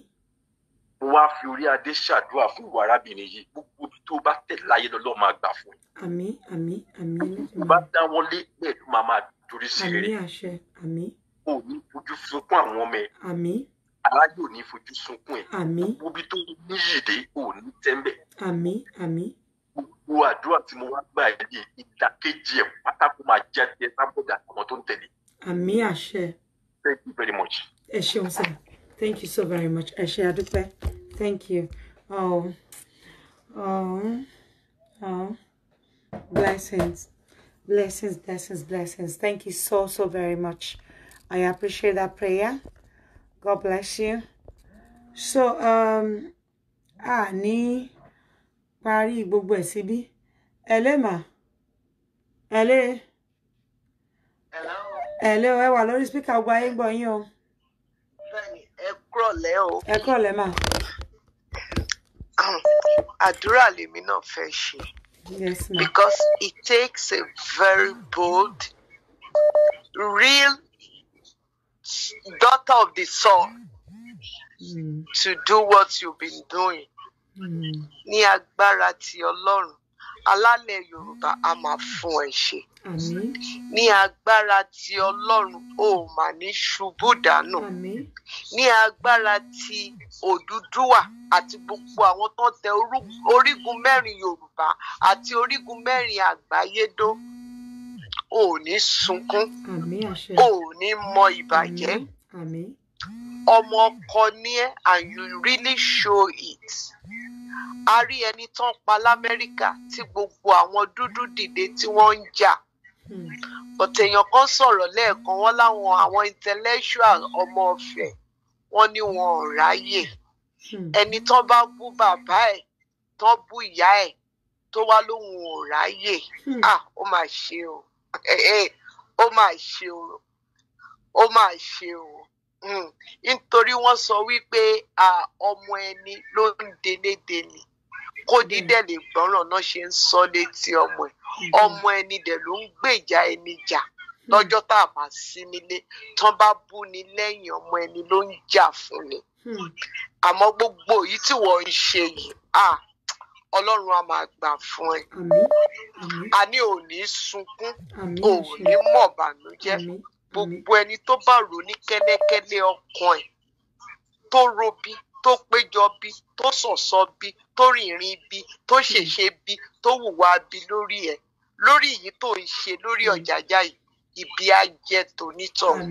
wá fi orí adé ṣàdúrà fún ìwà arábìnrin yìí gbogbo ibi tó bá tẹ̀ láyé lọ́lọ́ máa gbà fún ẹ. àmín àmín àmín. tó bá dáwọ́ lé pẹ̀lú máa máa dorí sí rere. o ò ní fojú sunkún àwọn ọmọ ẹ. àmín. aráyé ò ní fojú sunkún ẹ. àmín. gbogbo ibi tó níyì dé o ò ní tẹ́ńbẹ̀. àmín gbogbo àdúrà tí mo wá gbà yìí ìdàkejì ẹ̀ pátákó máa jẹ́ sábọ̀dà àwọn tó ń tẹ̀lé. àmì àṣẹ. thank you very much. ẹ ṣeun sir thank you so very much ẹ ṣe àdúpẹ́ thank you oh oh oh blessings blessings blessings blessings thank you so so very much I appreciate that prayer God bless you so um, a ah, ní. Nee, parí gbogbo ẹ̀ síbí ẹ̀lẹ́ mà ẹ̀lẹ́ ẹ wà lórí spíkà gbogbo ayé gbọ́ yín o. ẹ kúrọ̀lẹ́ o. Um, àdúrà lèmi náà fẹ́ ṣe. Yes, Because it takes a very bold, real daughter of the soul mm. to do what you've been doing ní agbára ti ọlọ́run alálẹ̀ yorùbá a máa fún ẹ ṣe ní agbára ti ọlọ́run o mà ní ṣubú dànù ní agbára ti òdúdúwà àti gbogbo àwọn tó tẹ orígun mẹ́rin yorùbá àti orígun mẹ́rin àgbáyédó o ò ní sunkún o ò ní mọ ìbàjẹ́ ọmọ ọkọ ni ẹ and you really show it. a rí ẹni tán pa lamẹ́ríkà tí gbogbo àwọn dúdú dìde tí wọ́n ń jà. ọ̀tẹ̀yàn hmm. kan sọ̀rọ̀ lẹ́ẹ̀kan wọ́n láwọn àwọn intellectual ọmọ ọ̀fẹ́ wọ́n ní wọn ò ráyè. Hmm. ẹni tán bá bú bàbá ẹ̀ tán bú ìyá ẹ̀ tó wá lóhùn ò ráyè. Hmm. ah eh, eh, ó mà ṣe o ó mà ṣe o ó mà ṣe o. Hmm. nítorí wọ́n sọ wípé ọmọ ẹni ló ń delédélé kó dídẹ̀ hmm. lè gbọ́ràn náà ṣe ń sọ létí ọmọ ẹ̀ hmm. ọmọ ẹni dẹ̀ ló ń gbèjà ẹni jà lọ́jọ́ tá a máa sí nílé tán bá bú ni lẹ́yìn ọmọ ẹni ló ń jà fún ni àmọ́ gbogbo èyí tí wọ́n ń ṣe yìí ọlọ́run a máa gbà fún ẹ a ní òní sunkún òní mọ̀bànújẹ́ gbogbo ẹni tó bá rò ní kẹ́lẹ́kẹ́lẹ́ ọkàn ẹ̀ tó ro bí tó péjọ bí tó sọ̀sọ bí tó rìnrìn bí tó ṣèṣe bí tó hùwà bí lórí ẹ̀ lórí èyí tó ń ṣe lórí mm. ọ̀jàjà yìí ibi ajẹ́ tonítọ̀hún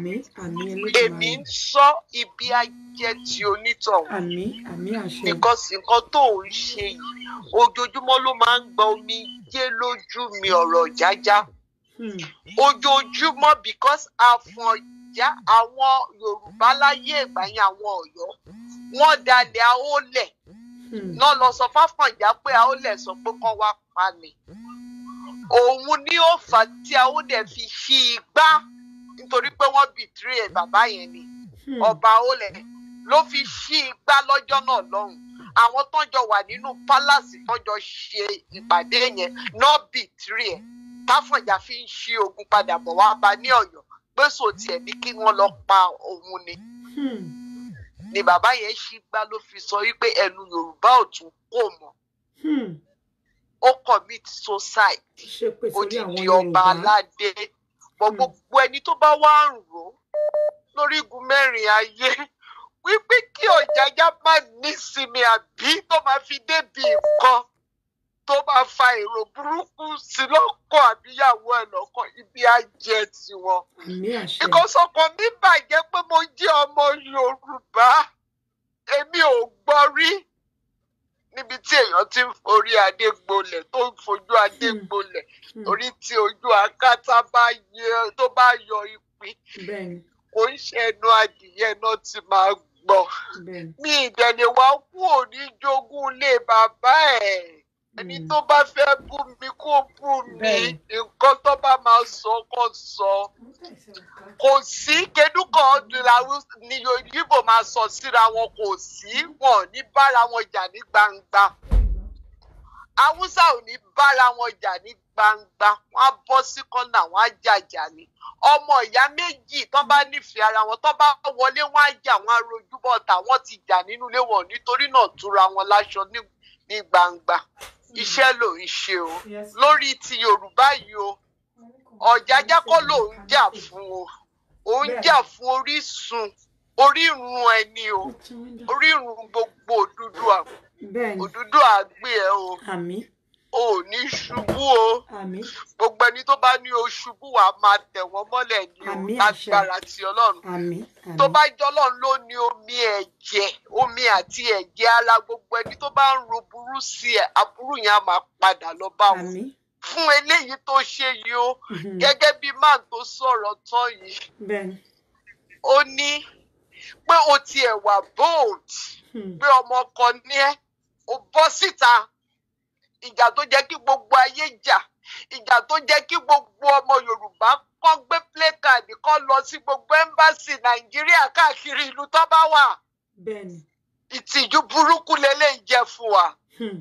èmi ń sọ ibi ajẹ́ ti onítọ̀hún because nǹkan tó ń ṣe yìí ojoojúmọ́ ló máa ń gba omi jẹ́ lójú mi ọ̀rọ̀ jájá ojoojúmọ́ because àfọ̀njá àwọn yorùbá láyé ìgbà yẹn àwọn ọ̀yọ́ wọ́n dalẹ̀ àólẹ̀ náà lọ sọ fáfọ̀njá pé àólẹ̀ sọ pé kán wá pa ni òun ni ó fà tí àólẹ̀ fi ṣí igbá nítorí pé wọ́n bìtírí ẹ̀ bàbá yẹn ni ọba àólẹ̀ ló fi ṣí igbá lọ́jọ́ náà lọ́hùn àwọn tó ń jọ wà nínú pálásì tó ń jọ ṣe ìpàdé yẹn náà bìtírí ẹ̀ táfọ̀njá fi ń ṣe ogun padà bọ̀ wá bá ní ọ̀yọ́ gbèsò tiẹ̀ ní kí wọ́n lọ pa òun ni. Hmm. ni bàbá yẹn ṣì gbá ló fi sọ wípé ẹnu yorùbá ò tún kò mọ́ hmm. ó commit suicide ó ti di ọba aládé bọ hmm. gbogbo ẹni tó bá wá ń rò ó lórí igun mẹ́rin ayé wípé kí ọ̀jájá má nísinmi àbí tó máa fi débi nǹkan tó bá fa èrò burúkú sí lọ́kọ̀ àbíyàwó ẹ̀ lọ́kàn ibi ajẹ́ tiwọn. ìkọ́sọ́kan mi bàjẹ́ pé mo jẹ́ ọmọ Yorùbá èmi ò gbọ́ rí níbi tí èèyàn ti ń forí adé gbolẹ̀ tó ń fojú adé hmm. gbolẹ̀ hmm. torí tí ojú akátá tó bá yọ ìpín kò ń ṣe ẹnu adìyẹ náà ti máa gbọ́ mi ìdẹ̀lẹ̀ kú òní jogún ilé bàbá ẹ̀ ẹni hmm. tó bá fẹ́ bú mi kó bú mi nǹkan tó bá máa sọ kó sọ kò sí kedúkọ̀ ọ̀dùnláwù ni yíbò máa sọ síra wọn kò sí wọn ní bára wọn jà ní gbangba haúsá ò ní bára wọn jà ní gbangba wọn á bọ́ sí kọ́nà wọn á jàjà ni ọmọ ìyá méjì tó bá nífẹ̀ẹ́ ara wọn tó bá wọlé wọn á jà wọn á rojú bọ́ta wọn ti jà nínú ilé wọn nítorí náà túra wọn láṣọ ní gbangba iṣẹ́ ló ń ṣe o lórí ti Yorùbá yìí o Ọ̀jájá kọ́ ló ń jà fún o ó ń jà fún orísun orírun ẹni o orírun gbogbo Odùduwà Odùduwà o ò ní ṣubú o gbogbo ẹni tó bá ní o ṣubú wàá máa tẹ̀ wọ́n mọ́lẹ̀ ní o lágbára ti ọlọ́run tó bá jẹ́ ọlọ́run ló ní omi ẹ̀jẹ̀ omi àti ẹ̀jẹ̀ ara gbogbo ẹni tó bá ń ro burú sí ẹ̀ aburú yẹn á máa padà lọ bá wọn fún eléyìí tó ṣe yìí o mhm. gẹ́gẹ́ bí máà tó sọ̀rọ̀ tán yìí ó ní pé o tiẹ̀ wà bold hmm. pé ọmọ kan ní ẹ́ o bọ́ síta ìjà tó jẹ́ kí gbogbo ayé jà ìjà tó jẹ́ kí gbogbo ọmọ Yorùbá kó gbé plékàdì kó lọ sí gbogbo ẹ́mbáàsì Nàìjíríà káàkiri ìlú tó bá wà. ìtìjú burúkú lélẹ́yìn jẹ́ fún wa. Hmm.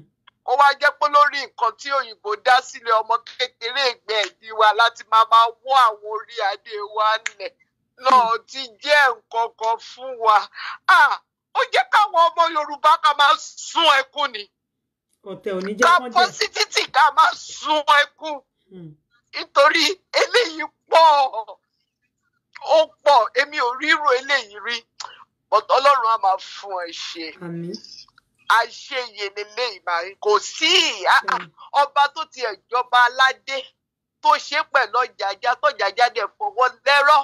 ó wá jẹ́ pé lórí nǹkan tí òyìnbó dá sílẹ̀ ọmọ kékeré ìgbẹ́ ẹ̀dí wa láti máa máa wọ́ àwọn orí adé wa lẹ̀ lọ́ọ́ hmm. ti jẹ́ nǹkan kan fún wa. ó jẹ́ káwọn ọmọ Yorùbá ká máa sun ẹkún ni ọ̀tẹ̀ ò ní jẹ́ kán jẹ́. ká positivity ká máa sun ẹkún hmm. nítorí eléyìí pọ̀ ó pọ̀ èmi ò ríru eléyìí rí ọlọ́run á máa fún ẹ ṣe àṣeyẹlẹlẹ ìmàrí kò sí hmm. ọba tó ti ẹ̀jọba aládé tó ṣe pẹ̀lú ọ̀jàjà tọ̀jàjà dẹ̀ fọwọ́ lẹ́rọ̀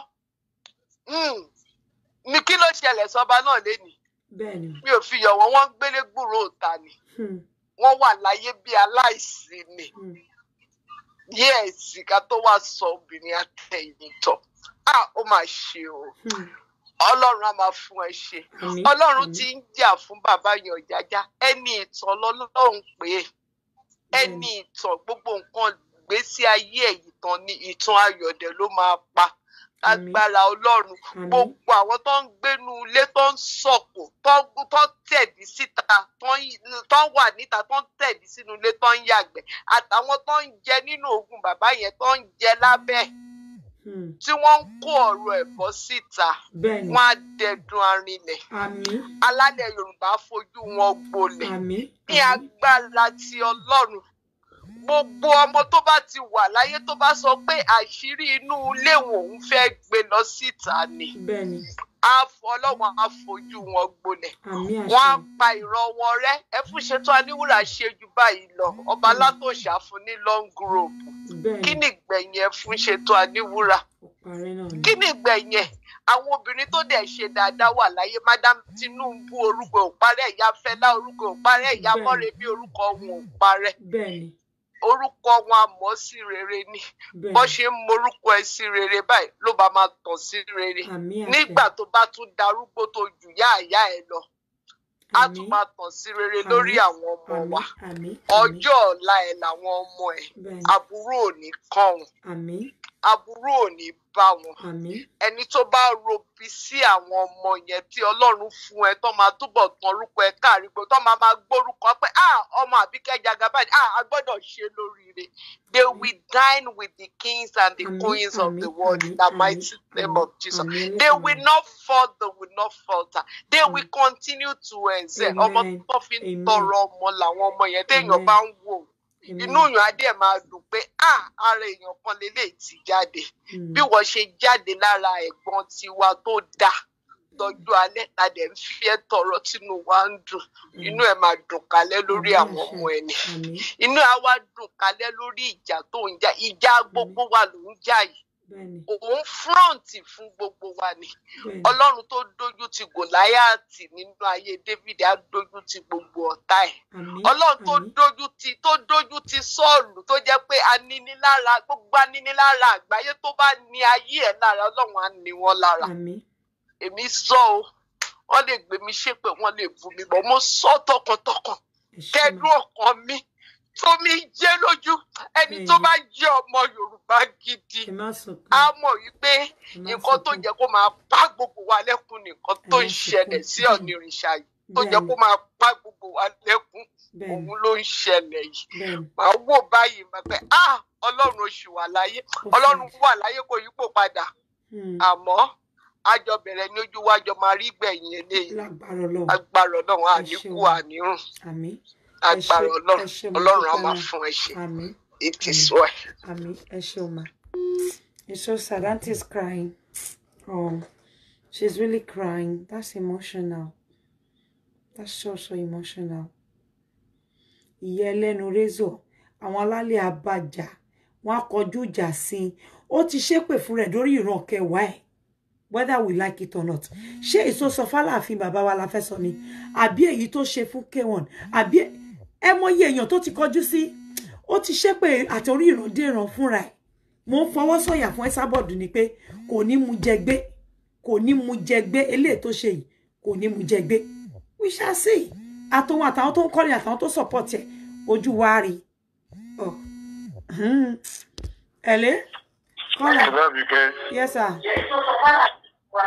hmm. ni kí ló ṣẹlẹ̀ sọba náà lẹ́nìí mi ò fi yọ̀ wọ́n wọ́n gbélé gbúròó ta ni. Hmm wọ́n wà láyé bí aláìsí ni hmm. yẹ́ẹ̀sì ká tó wá sọ obìnrin àtẹ̀yìntọ̀ á ó máa ṣe o hmm. ọlọ́run á máa fún ẹ ṣe ọlọ́run hmm. ti ń jà fún bàbá yan jájá ẹni ìtàn lọ́lọ́run pé ẹni ìtàn gbogbo nǹkan gbèsè ayé ẹ̀ ìtàn ni ìtàn ayọ̀dẹ̀ ló máa pa agbára ọlọ́run gbogbo àwọn tó ń gbénu ilé tó ń sọ̀kò tó ń tẹ̀dí síta tó ń wà níta tó ń tẹ̀dí sínú ilé tó ń yàgbẹ́ àtàwọn tó ń jẹ nínú ogun bàbá yẹn tó ń jẹ lábẹ́ tí wọ́n ń kó ọ̀rọ̀ ẹ̀bọ́ síta wọ́n á dẹ̀dùn arinlẹ̀ alálẹ̀ yorùbá fojú wọn gbolẹ̀ ní agbára ti ọlọ́run gbogbo ọmọ tó bá ti wà láyé tó bá sọ pé àṣírí inú ilé òun fẹ́ gbé lọ síta ni ọlọ́wọ́n á fojú wọn gbolẹ̀ wọ́n á pa ìran wọn rẹ́ ẹ fún ṣetán aníwúrà ṣe ju báyìí lọ ọba alátòṣà fún ní long group. kí ni ìgbẹ̀yìn ẹ fún ṣetán aníwúrà kí ni ìgbẹ̀yìn àwọn obìnrin tó dẹ̀ ṣe dáadáa wà láyé madam Tinubu orúkọ ò parẹ́ ìyá Fẹlá orúkọ ò parẹ́ ìyá Mọ́remí orúkọ wọn ò orúkọ wọn àmọ́ sí rere ni bó ṣe ń morúkọ ẹ sí rere báyìí ló bá máa tàn sí rere nígbà tó bá tún darúgbó tó jù yáàyá ẹ lọ á tún máa tàn sí rere lórí àwọn ọmọ wa ọjọ́ ọ̀la ẹ̀ làwọn ọmọ ẹ̀ aburú ò ní kàn wọ́n aburú ò ní bá wọn ẹni tó bá robi sí àwọn ọmọ yẹn tí Ọlọ́run fún ẹ tó máa túbọ̀ tàn orúkọ ẹ káàrí gbogbo tó máa máa gbórúkọ pé ah ọmọ Àbíkẹ́ Jagaban ah a gbọ́dọ̀ ṣe lóríire they will dine with the kings and the queens of the world in the mighty name of Jesus they will not fall will not falter they will continue to excel ọmọ tó fi ń tọrọ ọmọ làwọn ọmọ yẹn téèyàn bá ń wò Mm. inú yàn á dẹ̀ máa dùn pé à ara èèyàn kan lélẹ̀ ti jáde mm. bí wọ́n ṣe jáde lára ẹ̀gbọ́n tiwa tó dáa tọ́jú alẹ́ ta dẹ̀ ń fi ẹ́ tọrọ tínú wa ń dùn mm. inú ẹ̀ máa dùn kalẹ́ lórí àwọn ọmọ ẹni inú ẹ̀ wá dùn kalẹ́ lórí ìjà tó ń jà ìjà gbogbo wa ló ń jà yìí òun fúrọ̀ǹtì fún gbogbo wa ni ọlọ́run tó dójú ti gòláyàtì nínú ayé David á dójú ti gbogbo ọ̀tá ẹ̀ ọlọ́run tó dójú ti tó dójú ti sọ́ọ̀lù tó jẹ́ pé aninilára gbogbo aninilára àgbáyé tó bá ní ayé ẹ̀ lára ọlọ́run á ní wọn lára èmi sọ o wọ́n lè gbé mi ṣépè wọ́n lè bú mi bọ́ mo sọ tọkàntọkàn kẹ́dùn ọkàn mi. Amen fomi jẹ́ lójú ẹni tó bá jẹ́ ọmọ Yorùbá gidi á mọ̀ wípé nǹkan tó jẹ́ kó máa bá gbogbo wa lẹ́kùn nìkan tó ń ṣẹlẹ̀ sí Ọ̀ọ̀ni òrìṣà yìí tó jẹ́ kó máa bá gbogbo wa lẹ́kùn òun ló ń ṣẹlẹ̀ yìí màá wò báyìí màá pẹ́ ah Ọlọ́run oṣù wà láyé Ọlọ́run wà láyé kò yípo padà hmm. àmọ́ àjọ bẹ̀rẹ̀ ní ojú wájọ máa rí gbẹ̀yìn eléyìí agbára Ọlọ́run àníkù ànírùn agbára ọlọ́run ọlọ́run á fún ẹ it is why. àmín ẹ o ma it's so sad aunty is crying oh she's really crying that's emotional that's so so emotional. ìyá ẹlẹ́nu rézò àwọn alálẹ̀ abájà wọn á kọjú ìjà sí i ó ti ṣépè fún rẹ̀ lórí ìran kẹwàá ẹ̀ whether we like it or not ṣé èso sọ fáláàfin bàbá wa la fẹ́ sọ ni àbí èyí tó ṣe fún k1 àbí ẹ mọyì èèyàn tó ti kọjú sí ó ti ṣépè àtòrí ìrandéran fúnra ẹ̀ mo ń fọwọ́ sọ̀yà fún Esabod ni pé kò ní mu jẹgbé kò ní mu jẹgbé eléyìí tó ṣe yìí kò ní mu jẹgbé we shall see àtòun àtàwọn tó ń kọrin àtàwọn tó support ẹ̀ ojú wa rí ẹ̀lẹ́ oh. hmm. kọ́lá yes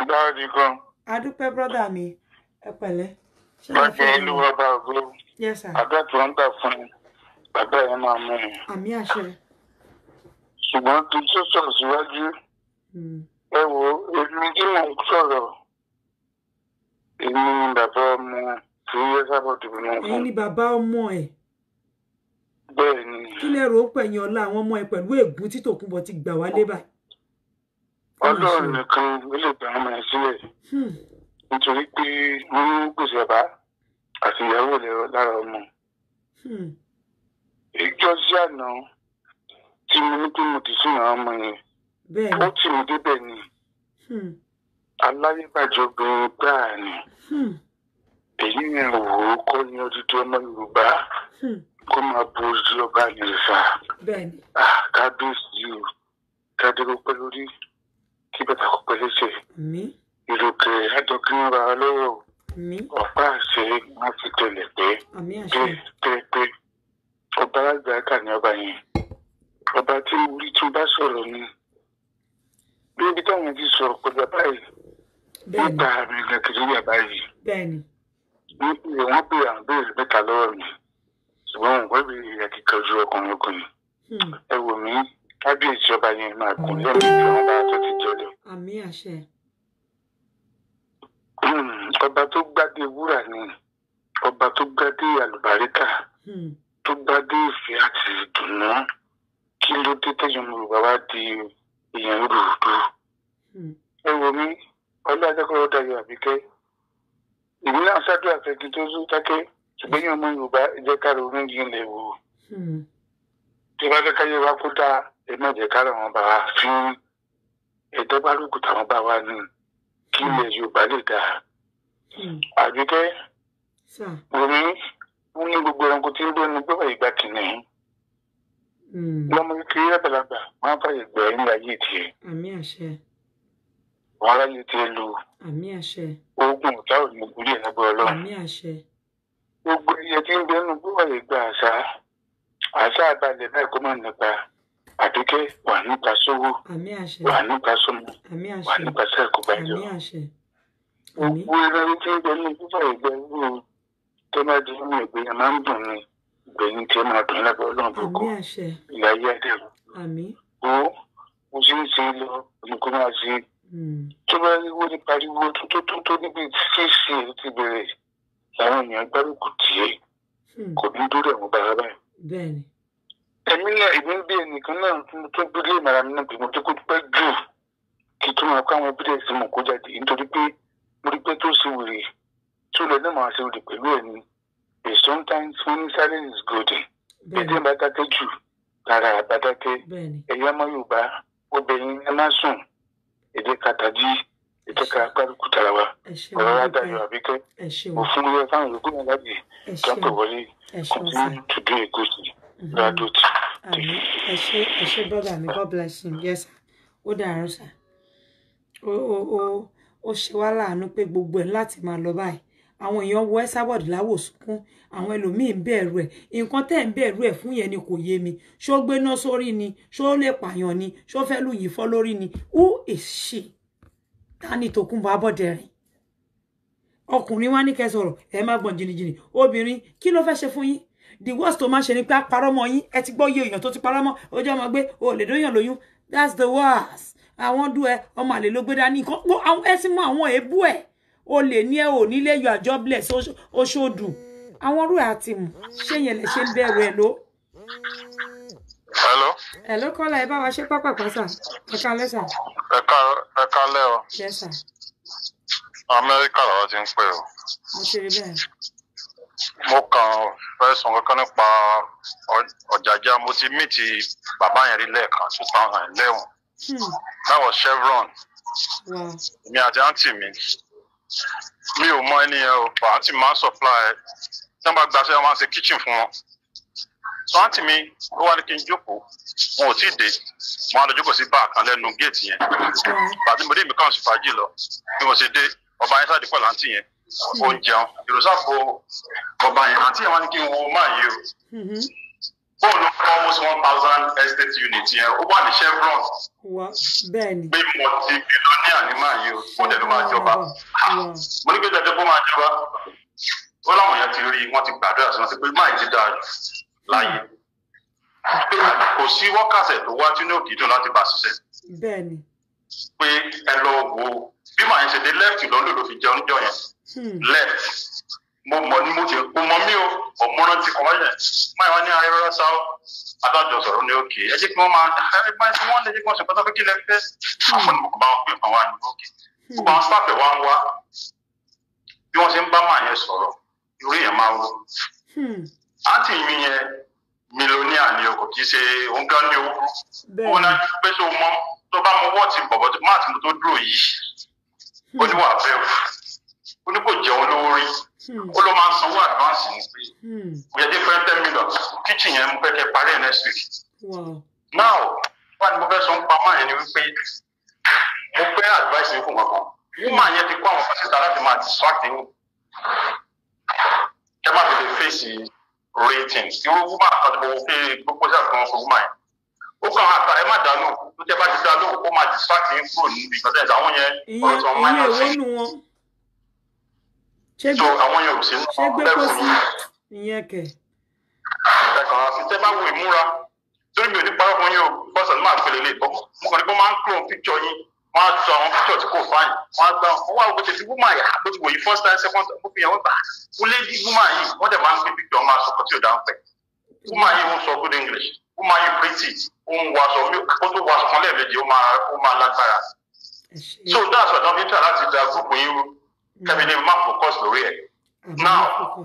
dáadé kan. adúpẹ́ brọ́dà mi ẹ pẹ̀lẹ́. bàjẹ́ ìlú ọba ògbó. Yes, sir. Àdúrà tí wọ́n ń gbà fún mi, bàbá yẹn máa mú mi. Àmì àṣẹ. Ṣùgbọ́n kí n tó sọ̀rọ̀ síwájú. Hmm. Ẹ wo èmi tí mò ń sọ̀rọ̀. Èmi ni bàbá ọmọ tí ó yẹ sábọ̀dù mi fún. Èyí ni bàbá ọmọ ẹ̀. Bẹ́ẹ̀ ni. Kí lẹ rò ó pẹ̀yìn ọ̀la àwọn ọmọ ẹ pẹ̀lú ègún tí Tòkunbọ̀ ti gbà wálé báyìí? Ọlọ́run nìkan ló lè gbà wọ́n mọ̀ sílẹ̀. Hmm. Nítorí pé wọ́n ń gbèsè bá àtìyàwó lè lára ọmọ. Hmm. ìjọ sí àná tí mo ní pé mo ti sún àwọn ọmọ yẹn ó tì mí débẹ̀ ni hmm. aláyébàjọ́ obìnrin gbáà ni hmm. èyí ni òwò kọ́ ni odidi ọmọ Yorùbá kó máa bu ojú ọba nìfà kábíyèsí o kádúró pẹ́ lórí kí bàtà kó pẹ́ lẹ́sẹ̀ ìròkè àjọkí ń ra lọ́wọ́ ọ̀pá àṣírí má ti tolè pé pé pé ọba alágbàákà ni ọba yẹn ọba tí mo rí tún bá sọ̀rọ̀ ni bí ibi táwọn ti sọ̀rọ̀ pé bàbá yìí wọ́n gba àmì ìgbàkejì bàbá yìí wọ́n pè wọ́n pè àwọn béèrè mẹ́ta lọ́wọ́ mi ṣùgbọ́n wọ́n gbé ìyá kíkọ́ ju ọkùnrin ọkùnrin hmm. ẹ wò mí kábíyèsí ọba yẹn máa kún lẹ́nu ìjọba tó ti jọ lọ. Hmm, ọba tó gbádé wúrà ni ọba tó gbádé àlùbáríkà hmm. tó gbádé ìfẹ́ àti ìdùnnú kí ló dé tẹ̀yìn Yorùbá wá di èèyàn rúdurùdu. Hmm. ẹ wo mi ọlọ́ ajẹ́kọ̀ọ́ dayọ̀ àbíkẹ́ ìwé náà ṣáàdúrà fẹ́kí tó sún tákẹ́ ṣùgbọ́n yóò mú Yorùbá jẹ́ ká ronú jinlẹ̀ wò. tí wọ́n fẹ́ káyé wa kó dáa ẹ má jẹ́ ká làwọn bá wa fún ẹ̀dọ́ bá lókùtà wọn bá wa nù kí ilẹ̀ yorùbá lè dáa àbíkẹ́ wòmí wọ́n ní gbogbo ẹranko tí ń bọ́ ní gbọ́dọ̀ ìgbà kìnìún lọ́mọ hmm. kékeré lábàlábà máa ń fàyè gbẹ̀ ní ayé tiẹ̀ wọ́n aráyé tiẹ̀ lu oògùn ọ̀tá ò ní ìgbúlẹ̀ lábẹ́ ọlọ́run gbogbo ẹyẹ tí ń bẹ́ẹ̀ nù gbọ́dọ̀ ìgbà àṣà àṣà àbálẹ̀ báyìí kó má nípa àdúkẹ́ wà nípa sówó wà nípa sọmọ wà nípa sẹ́kùbá ìjọ gbogbo ẹgbẹ́ tí ń bẹ ní púpọ̀ ìgbẹ́ wúwo tó bá di inú ìgbẹ́ yẹn máa ń dùn ní ìgbẹ̀yìn tí máa dùn lábẹ́ ọlọ́run tó kọ ilé ayé àdẹ̀rù ó mo ṣe ń ṣe lọ nǹkan máa ṣe hmm. tó bá rí wọ́n ní pariwo tó tó tó tó níbi ṣíṣe ti bẹ̀rẹ̀ làwọn èèyàn gbárùkù tì í hmm. kò ní dúró ẹ̀wọ̀n bàbá báyìí ẹni yẹ ebi bi nìkan náà mo tó bí lè mara nínú bí mo tó kó pẹ́ jù kí tó máa kó àwọn ẹbí rẹ̀ sí mọ̀ kó jáde nítorí pé mo rí pé tó ṣe wèrè tó lọ náà máa ṣe wèrè pẹ̀lú ẹ̀ ni but sometimes wọ́n ní silence is good ẹ̀dín bá dákẹ́ jù lára bá dákẹ́ ẹ̀yà ọmọ Yorùbá obìnrin ẹ má sùn èdè kàtàdí ètò ká gbárùkù tara wa ọ̀rọ̀ adáyọ̀ àbíkẹ́ òfin wíwẹ́ fáwọn yòókù náà láti kí wọ́n pè wọlé continue to do graduate. àmì ẹ ṣé I say, brother mi god bless him yes ó dear sir. ó ó ó ó ṣe wá láàánú pé gbogbo ẹ̀ láti máa lọ báyìí àwọn èèyàn wọ ẹsàbọdì láwò sunkún àwọn ẹlòmíín bẹ̀rù ẹ̀ nǹkan tẹ́ ń bẹ̀rù ẹ̀ fún yẹn ni kò yé mi ṣó gbéná sórí ni ṣó lè pààyàn ni ṣó fẹ́ lù yìí fọ́ lórí ni who is she tani Tòkunbọ̀ Abọ́dẹ̀rìn ọkùnrin wa ní kẹ́ sọ̀rọ̀ ẹ má gbọ̀n jìnnìjìnnì obìnrin kí ló fẹ́ ṣe fún yín the worst to máa ṣe ni pé àparọ́ mọ́ yín ẹ ti gbọ́ yé èèyàn tó ti parọ́ mọ́ ó jẹ́ ọmọ gbé o lè dóyàn lóyún that's the worst àwọn dùn ẹ ọmọ àlè ló gbé dání nǹkan pọ̀ ẹ sì mọ àwọn èébú ẹ̀ o lè ní ẹ ò nílé yọ àjọ bless oṣoodù àwọn orú àti mù ṣé yẹn lè ṣe ń bẹ̀rù ẹ̀ ló. hello. hello kọ́lá ẹ bá wa ṣe pápákọ̀ sà ẹ kálẹ́ sà. ẹ kálẹ́ o. yes sir. amẹ́ríkà làwọn ti ń pè o. mo ṣe bẹ́ẹ̀ mo kàn fẹ́ sọ kankan nípa ọ̀jàjà mo ti mìtì bàbá yẹn rí lẹ́ẹ̀kan two thousand eleven hmm. that was Chevron hmm. èmi àti àǹtí mi mi ò mọ ẹni yẹn o àǹtí mi máa ń supply tí wọ́n bá gbaṣẹ́ wọ́n máa ń ṣe kitchen fún wọn so àǹtí mi ó wá ní kí n jókòó wọn ò tí ì dé mo á lọ jókòó sí báà kan lẹ́nu géètì yẹn hmm. bàtí mo dé mi kàn sí fàájì lọ bí mo ṣe dé ọba yẹn sáà dípọ̀ láǹtí yẹn o jẹun ìrọ̀sàpọ̀ ọba yẹn àti ìwà ni kí n wo máa yẹ o fóònù mm-hmm. almost one thousand estate unit yẹn ó wà ní chevron pé mo ti billionaire ní máa yẹ o kó dẹ̀ ló máa jọba ah, mo ní pé dandan kó máa jọba ó láwọn yẹn ti rí wọn ti gbàdúrà sí wọn sí pé máa ti dáa jù láàyè pé kò sí wọ́kàsẹ̀ tó wá tí ní òkè dùn láti bá ṣiṣẹ́ pé ẹ lọ wo bí màá yẹn ṣe dé lẹ́ẹ̀tì lọ́nà Hmm. left mo mọ̀ ní mo ti kò mọ̀ mí o ọmọ náà ti kọ̀ wáyà máa wá ní ayọ́rọ́ sá o adájọ́ sọ̀rọ̀ ní òkè ẹ jẹ́ kí wọ́n máa ẹ bá ti wọ́n lè jẹ́ kí wọ́n sọ̀kọ́tà pé kí lẹ fẹ́ hmm. àwọn ìmọ̀kọ́ bá wọn pè wá ní òkè hmm. gbogbo àwọn staff wá ń wá bí wọ́n ṣe ń bá màá yẹn sọ̀rọ̀ irú èèyàn máa wò. àǹtí mi yẹn mílíọ̀nìà ni o kò kì í ṣe òun gan ní owó òun náà pé ṣé o mọ tó bá mọ wọ́ọ̀tì bọ̀bọ̀ mo tó dúró yìí ó ní wàá ó ní kò jẹun lórí hmm. ó ló máa ń sanwó advance ní pé we are different ten million kitchen yẹn mo fẹ́ kẹ́ parí ẹ̀ next week. now wà ní mo fẹ́ sọ ń pa máa yẹn ni wípé mo fẹ́ advice yín fún kankan woman yẹn ti kó àwọn pásítà láti máa distract yín kẹ́ má fi lè fèsì ratings irú woman kan tí mo fi proposal kan fún woman yẹn ó kàn án àtà ẹ má dá lóhùn tó tẹ bá ti dá lóhùn ó máa distract yín kúrò níbi ìgbà tẹ̀sán àwọn yẹn ọ̀rọ̀ tó ń máa ń ṣe so àwọn yẹn ò sí nínú lẹ́kùn yìí. ìyẹn kẹ. ẹ̀kan àti tẹ́ bá wo ìmúra torí mi ò ní parọ́ fún yín o bọ́sẹ̀ máa fẹ́ lélẹ̀ bọ́ mo kàn ní kó máa ń clone picture yín wọ́n á sọ àwọn picture tí kò fáyìn wọ́n á gbà wọ́n wá gbèsè tí woman yà bó ti wòye first time second time fún yẹn gbà wọlé bí woman yìí wọ́n dẹ̀ máa ń gbé picture ọmọ àsọkọ tí ò dá ń fẹ́ woman yìí ń sọ good English woman yìí pretty ó ń wàṣọ ó tó wàṣọ kan lẹ́ẹ̀mejì ó máa lágbára so that's why kẹ́mi ní má focus lórí ẹ̀ mhm. now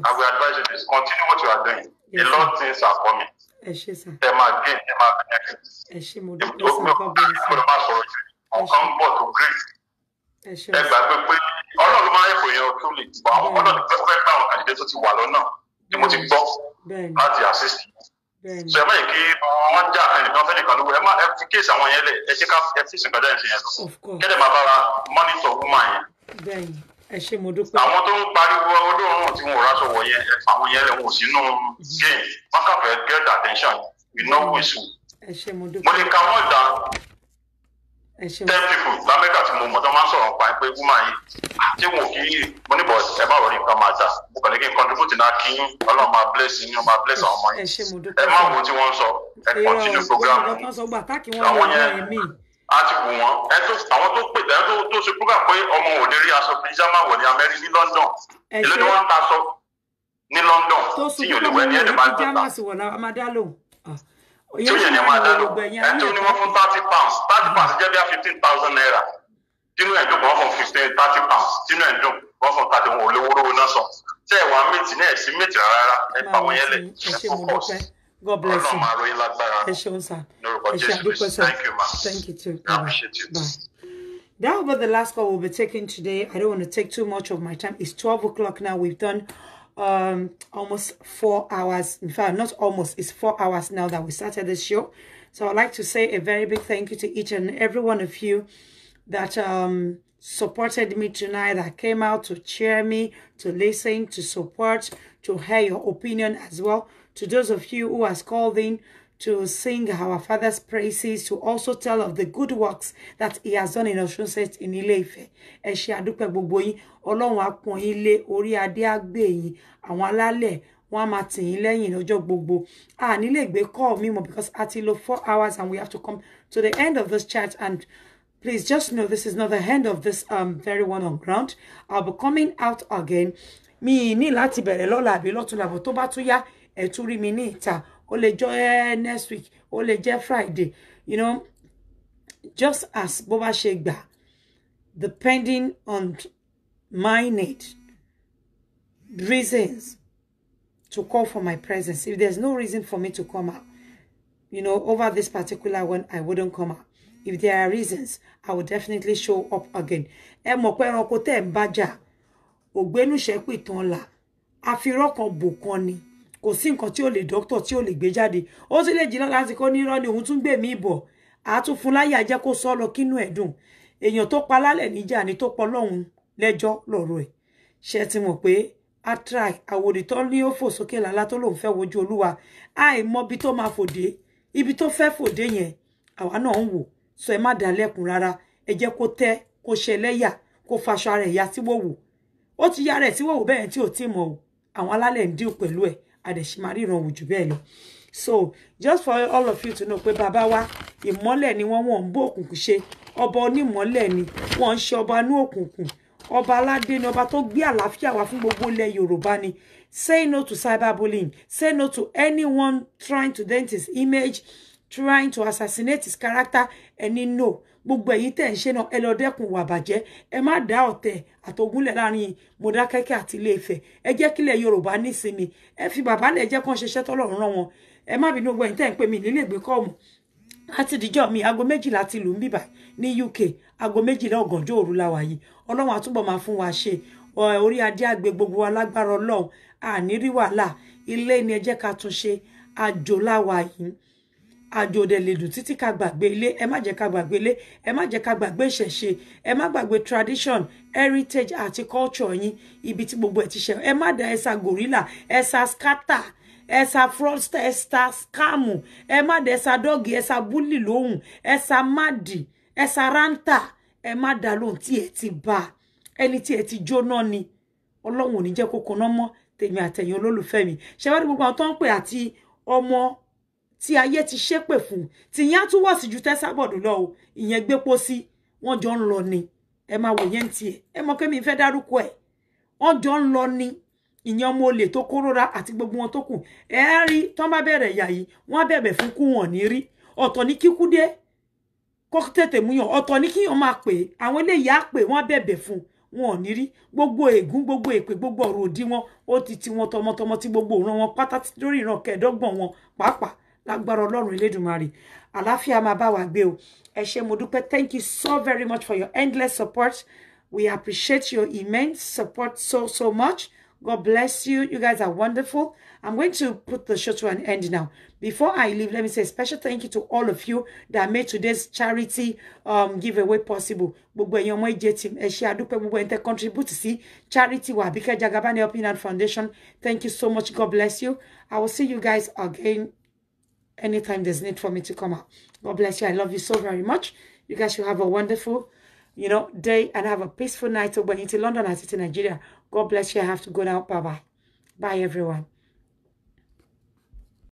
i will advise you this continue what you are doing yes, a lot of things are coming ẹ ṣe sá ẹ máa gain ẹ máa benefit ẹ ṣe mo dúpẹ́ sá fún bí ẹ sá ọ̀rọ̀ máa sọ̀rọ̀ jù ọ̀kan ń bọ̀ tó great ẹ ṣe ẹ gbàgbé pé ọlọ́run máa ń ẹ̀kọ́ yẹn tó lè gbà ọlọ́run ti fẹ́ fẹ́ bá àwọn àdìdẹ́ tó ti wà lọ́nà tí mo ti gbọ́ láti assist sọ ẹ má yẹ kí wọn já ẹnìkan fẹnìkan lówó ẹ má ẹ fi kéèsì àwọn yẹn lẹ ẹ ṣe ká ẹ fi sìnkàdá ẹ fi yẹn lọ kẹ́lẹ́ máa bára mọ́nítọ̀ wúmà yẹn ẹ ṣé mo dúpẹ́. àwọn tó ń pariwo olóòórùn tí wọn ò ráṣọ wọ yẹn àwọn yẹn lẹ́wọ̀n sínú mm-hmm. game wọn kàn fẹ́ get attention ìnáwó ìṣù. Mm-hmm. ẹ ṣé mo dúpẹ́. mo lè ka wọ́n dá ten people lamẹ́ka tí mo mọ̀ tó máa ń sọ̀rọ̀ pa pé woman yìí tí wọn ò kí mo ní bọ̀ ẹ bá wọlé nǹkan máa dà mo kàn ní kí n contribute náà kí ọlọ́run máa bless yín máa bless àwọn ọmọ yín ẹ má wo tí wọ́n ń sọ ẹ continue program àwọn yẹn àti wù wọ́n àwọn tó pè tẹ́lẹ̀ tó ṣe púpà pé ọmọ òde rí aṣọ pijama wọ̀ ní amẹ́rí ní London èló ni wọ́n ń ta aṣọ ní London tí yóò lè wẹ́ ní ẹ̀dẹ̀ máa ń tọ́ta tí yóò yẹn ní máa dá lò ah, ẹ̀ tó ní wọ́n fún thirty pounds thirty pounds jẹ́ bí i fifteen thousand naira tínú ẹ̀ dùn wọ́n fún fifteen thirty pounds tínú ẹ̀ dùn wọ́n fún thirty wọn ò lówó rówó náà sọ tẹ́ ẹ̀ wá méjì náà ẹ̀ sí méjì rárá ẹ̀ pàwọn yẹn lẹ̀ ẹ̀ fọ́kọ̀ọ̀sì. God bless you. Thank you, sir. Thank you, sir. Thank you too. Bye. That will be the last call we'll be taking today. I don't want to take too much of my time. It's 12 o'clock now. We've done um, almost four hours. In fact, not almost. It's four hours now that we started this show. So I'd like to say a very big thank you to each and every one of you that um, supported me tonight, that came out to cheer me, to listen, to support, to hear your opinion as well. to those of you who are in to sing our Father's praises, to also tell of the good works that He has done in Osun State in Ile-Ife. Ẹ ṣé àdúpẹ́ gbogbo yín, Ọlọ́run á pọ́n yín lé, orí adé yin gbé yín, àwọn alálẹ̀ wọ́n á máa tì yín lẹ́yìn lọ́jọ́ gbogbo. A ní call mi mọ́ because a ti four hours and we have to come to the end of this chat and please just know this is not the end of this um, very one on ground. I'll be coming out again. Mi ní láti bẹ̀rẹ̀ lọ́la àbí lọ́túnla, but tó ba tu ya ẹ tún rí mi ní ìta ó lè jọ ẹ next week ó lè jẹ́ friday you know just as bó bá ṣe gbà depending on my need reasons to call for my presence if there's no reason for me to come out you know over this particular one i wouldn't come out if there are reasons i will definitely show up again ẹ mọ̀ pé ẹranko tẹ́ ń bá jà ògbénúṣẹ́pì tán la àfirọ́kan bò kan ni kò sí nǹkan tí ó lè dókítọ̀ tí ó lè gbé jáde ó sì lè jìnnà láti kó ní irọ́ ni òun tún gbèmí ìbọ̀ àtúnfun láyé ajẹ́ kó sọ lọ kínú ẹ̀ dùn èèyàn tó pa lálẹ̀ níjà ni tó pọ̀ lọ́hùn lẹ́jọ́ lọ́rọ̀ ẹ̀ ṣe ti mọ̀ pé atrai àwòrán tó ní ó fò sókè lálá tó lòun fẹ́ wojú olúwa àìmọ̀ ibi tó máa fòdé ibi tó fẹ́ fòdé yẹn àwa náà ń wò sọ ẹ má dá lẹ́kùn rárá ẹ jẹ́ kó tẹ́ kó ṣe lẹ́yà kó faṣọ ara ẹ̀ ya síwòwò ó ti yára ẹ̀ síwòwò bẹ́ẹ̀ tí ò tí mọ̀ o àwọn alálẹ̀ ń dín pẹ̀lú ẹ̀ a máa ríran wò jù bẹ́ẹ̀ lọ so just for all of you to know pé bàbá wa ìmọ́lẹ̀ ni wọ́n wọ́n ń bó òkùnkùn ṣe ọba onímọ́lẹ̀ ni wọ́n ń ṣe ọba inú òkùnkùn ọba aládé ni ọba tó gbé àlàáfíà wá fún gbogbo ilẹ̀ yorùbá ni say no to cyberbullying say no to anyone trying to dent his image trying to assassinate his character ẹni no gbogbo ẹ̀yin tẹ́ ń ṣe náà ẹ lọ dẹ́kun wà bàjẹ́ ẹ má dá ọ̀tẹ̀ àtògúnlẹ̀ láàrin Mọ̀dákẹ́kẹ́ àti Ilé-Ifẹ̀ ẹ jẹ́ kílẹ̀ Yorùbá nísinmi ẹ fi bàbá lẹ̀ jẹ́ kán ṣiṣẹ́ tọ́lọ́run rán wọn ẹ má bínú gbogbo ẹ̀yin tẹ́ ń pè mí nílé ìgbé kọ́ọ̀mù láti dìjọ́ mi aago méjìlá ti lù ń bìbà ní UK aago méjìlá ọ̀gànjọ́ òru la wà yìí Ọlọ́run àtúbọ̀ máa fún wa ṣe orí adé àgbẹ̀ gbogbo alágbára Ọlọ́run àní rí wàhálà ilé ni ẹ jẹ́ ká tún ṣe àjò la wà yìí àjò òde lè dùn títí ká gbàgbé ilé ẹ má jẹ́ ká gbàgbé ilé ẹ má jẹ́ ká gbàgbé ìṣẹ̀ṣe ẹ má gbàgbé tradition heritage àti culture yín ibi tí gbogbo ẹ̀ ti ṣe ẹ má da ẹ̀sà gorilla ẹ̀sà scatter ẹ̀sà fraudster ẹ̀sà scam ẹ má da ẹ̀sà dọ́gì ẹ̀sà búlì lóhùn ẹ̀sà mádì ẹ̀sà rántà ẹ má da lóhùn tí ẹ ti bá ẹni tí ẹ ti jóná ni ọlọ́run ò ní jẹ́ kó koná mọ́ tèmi àtẹ̀yìn olólùfẹ́ mi ṣe tí ayé ti ṣépè fún tìyẹn á tún wọ̀ sí ju tẹ́sàbọ̀dù lọ o ìyẹn gbépo sí wọ́n jọ ń lọ ni ẹ máa wò yẹn tiẹ̀ ẹ mọ kémi fẹ́ dárúkọ ẹ̀ wọ́n jọ ń lọ ni ìyẹn ọmọ olè tó kórora àti gbogbo wọn tó kù ẹ á rí tán bá bẹ̀rẹ̀ ìyà yìí wọ́n á bẹ̀bẹ̀ fún kú wọn ní rí ọ̀tọ̀ ní kíkú dé kó tètè múyàn ọ̀tọ̀ ní kíyàn máa pè àwọn eléyìí á pè wọ́n á bẹ̀bẹ̀ fún wọn gbogbo ègún gbogbo èpè gbogbo ọ̀rọ̀ òdì wọn ó ti ti wọn tọmọtọmọ tí gbogbo òran wọn pátá lórí ìran kẹẹ̀dọ́gbọ̀n wọn pàápàá lágbára ọlọ́run elédùnmarè àlàáfíà máa bá wa gbé o ẹ ṣé mo dúpẹ́ thank you so very much for your endless support we appreciate your immense support so so much God bless you you guys are wonderful I'm going to put the show to an end now before I leave let me say a special thank you to all of you that made today's charity um, giveaway possible gbogbo ẹ̀yin ọmọ ìjẹ team ẹ ṣé àdúpẹ́ gbogbo ẹ̀yin tẹ́ contribute sí charity wa Abike Jagaban Helping Hand Foundation thank you so much God bless you I will see you guys again anytime there's need for me to come out. God bless you. I love you so very much. You guys should have a wonderful, you know, day and have a peaceful night. So when you're in London, I sit in Nigeria. God bless you. I have to go now. Bye-bye. Bye, everyone.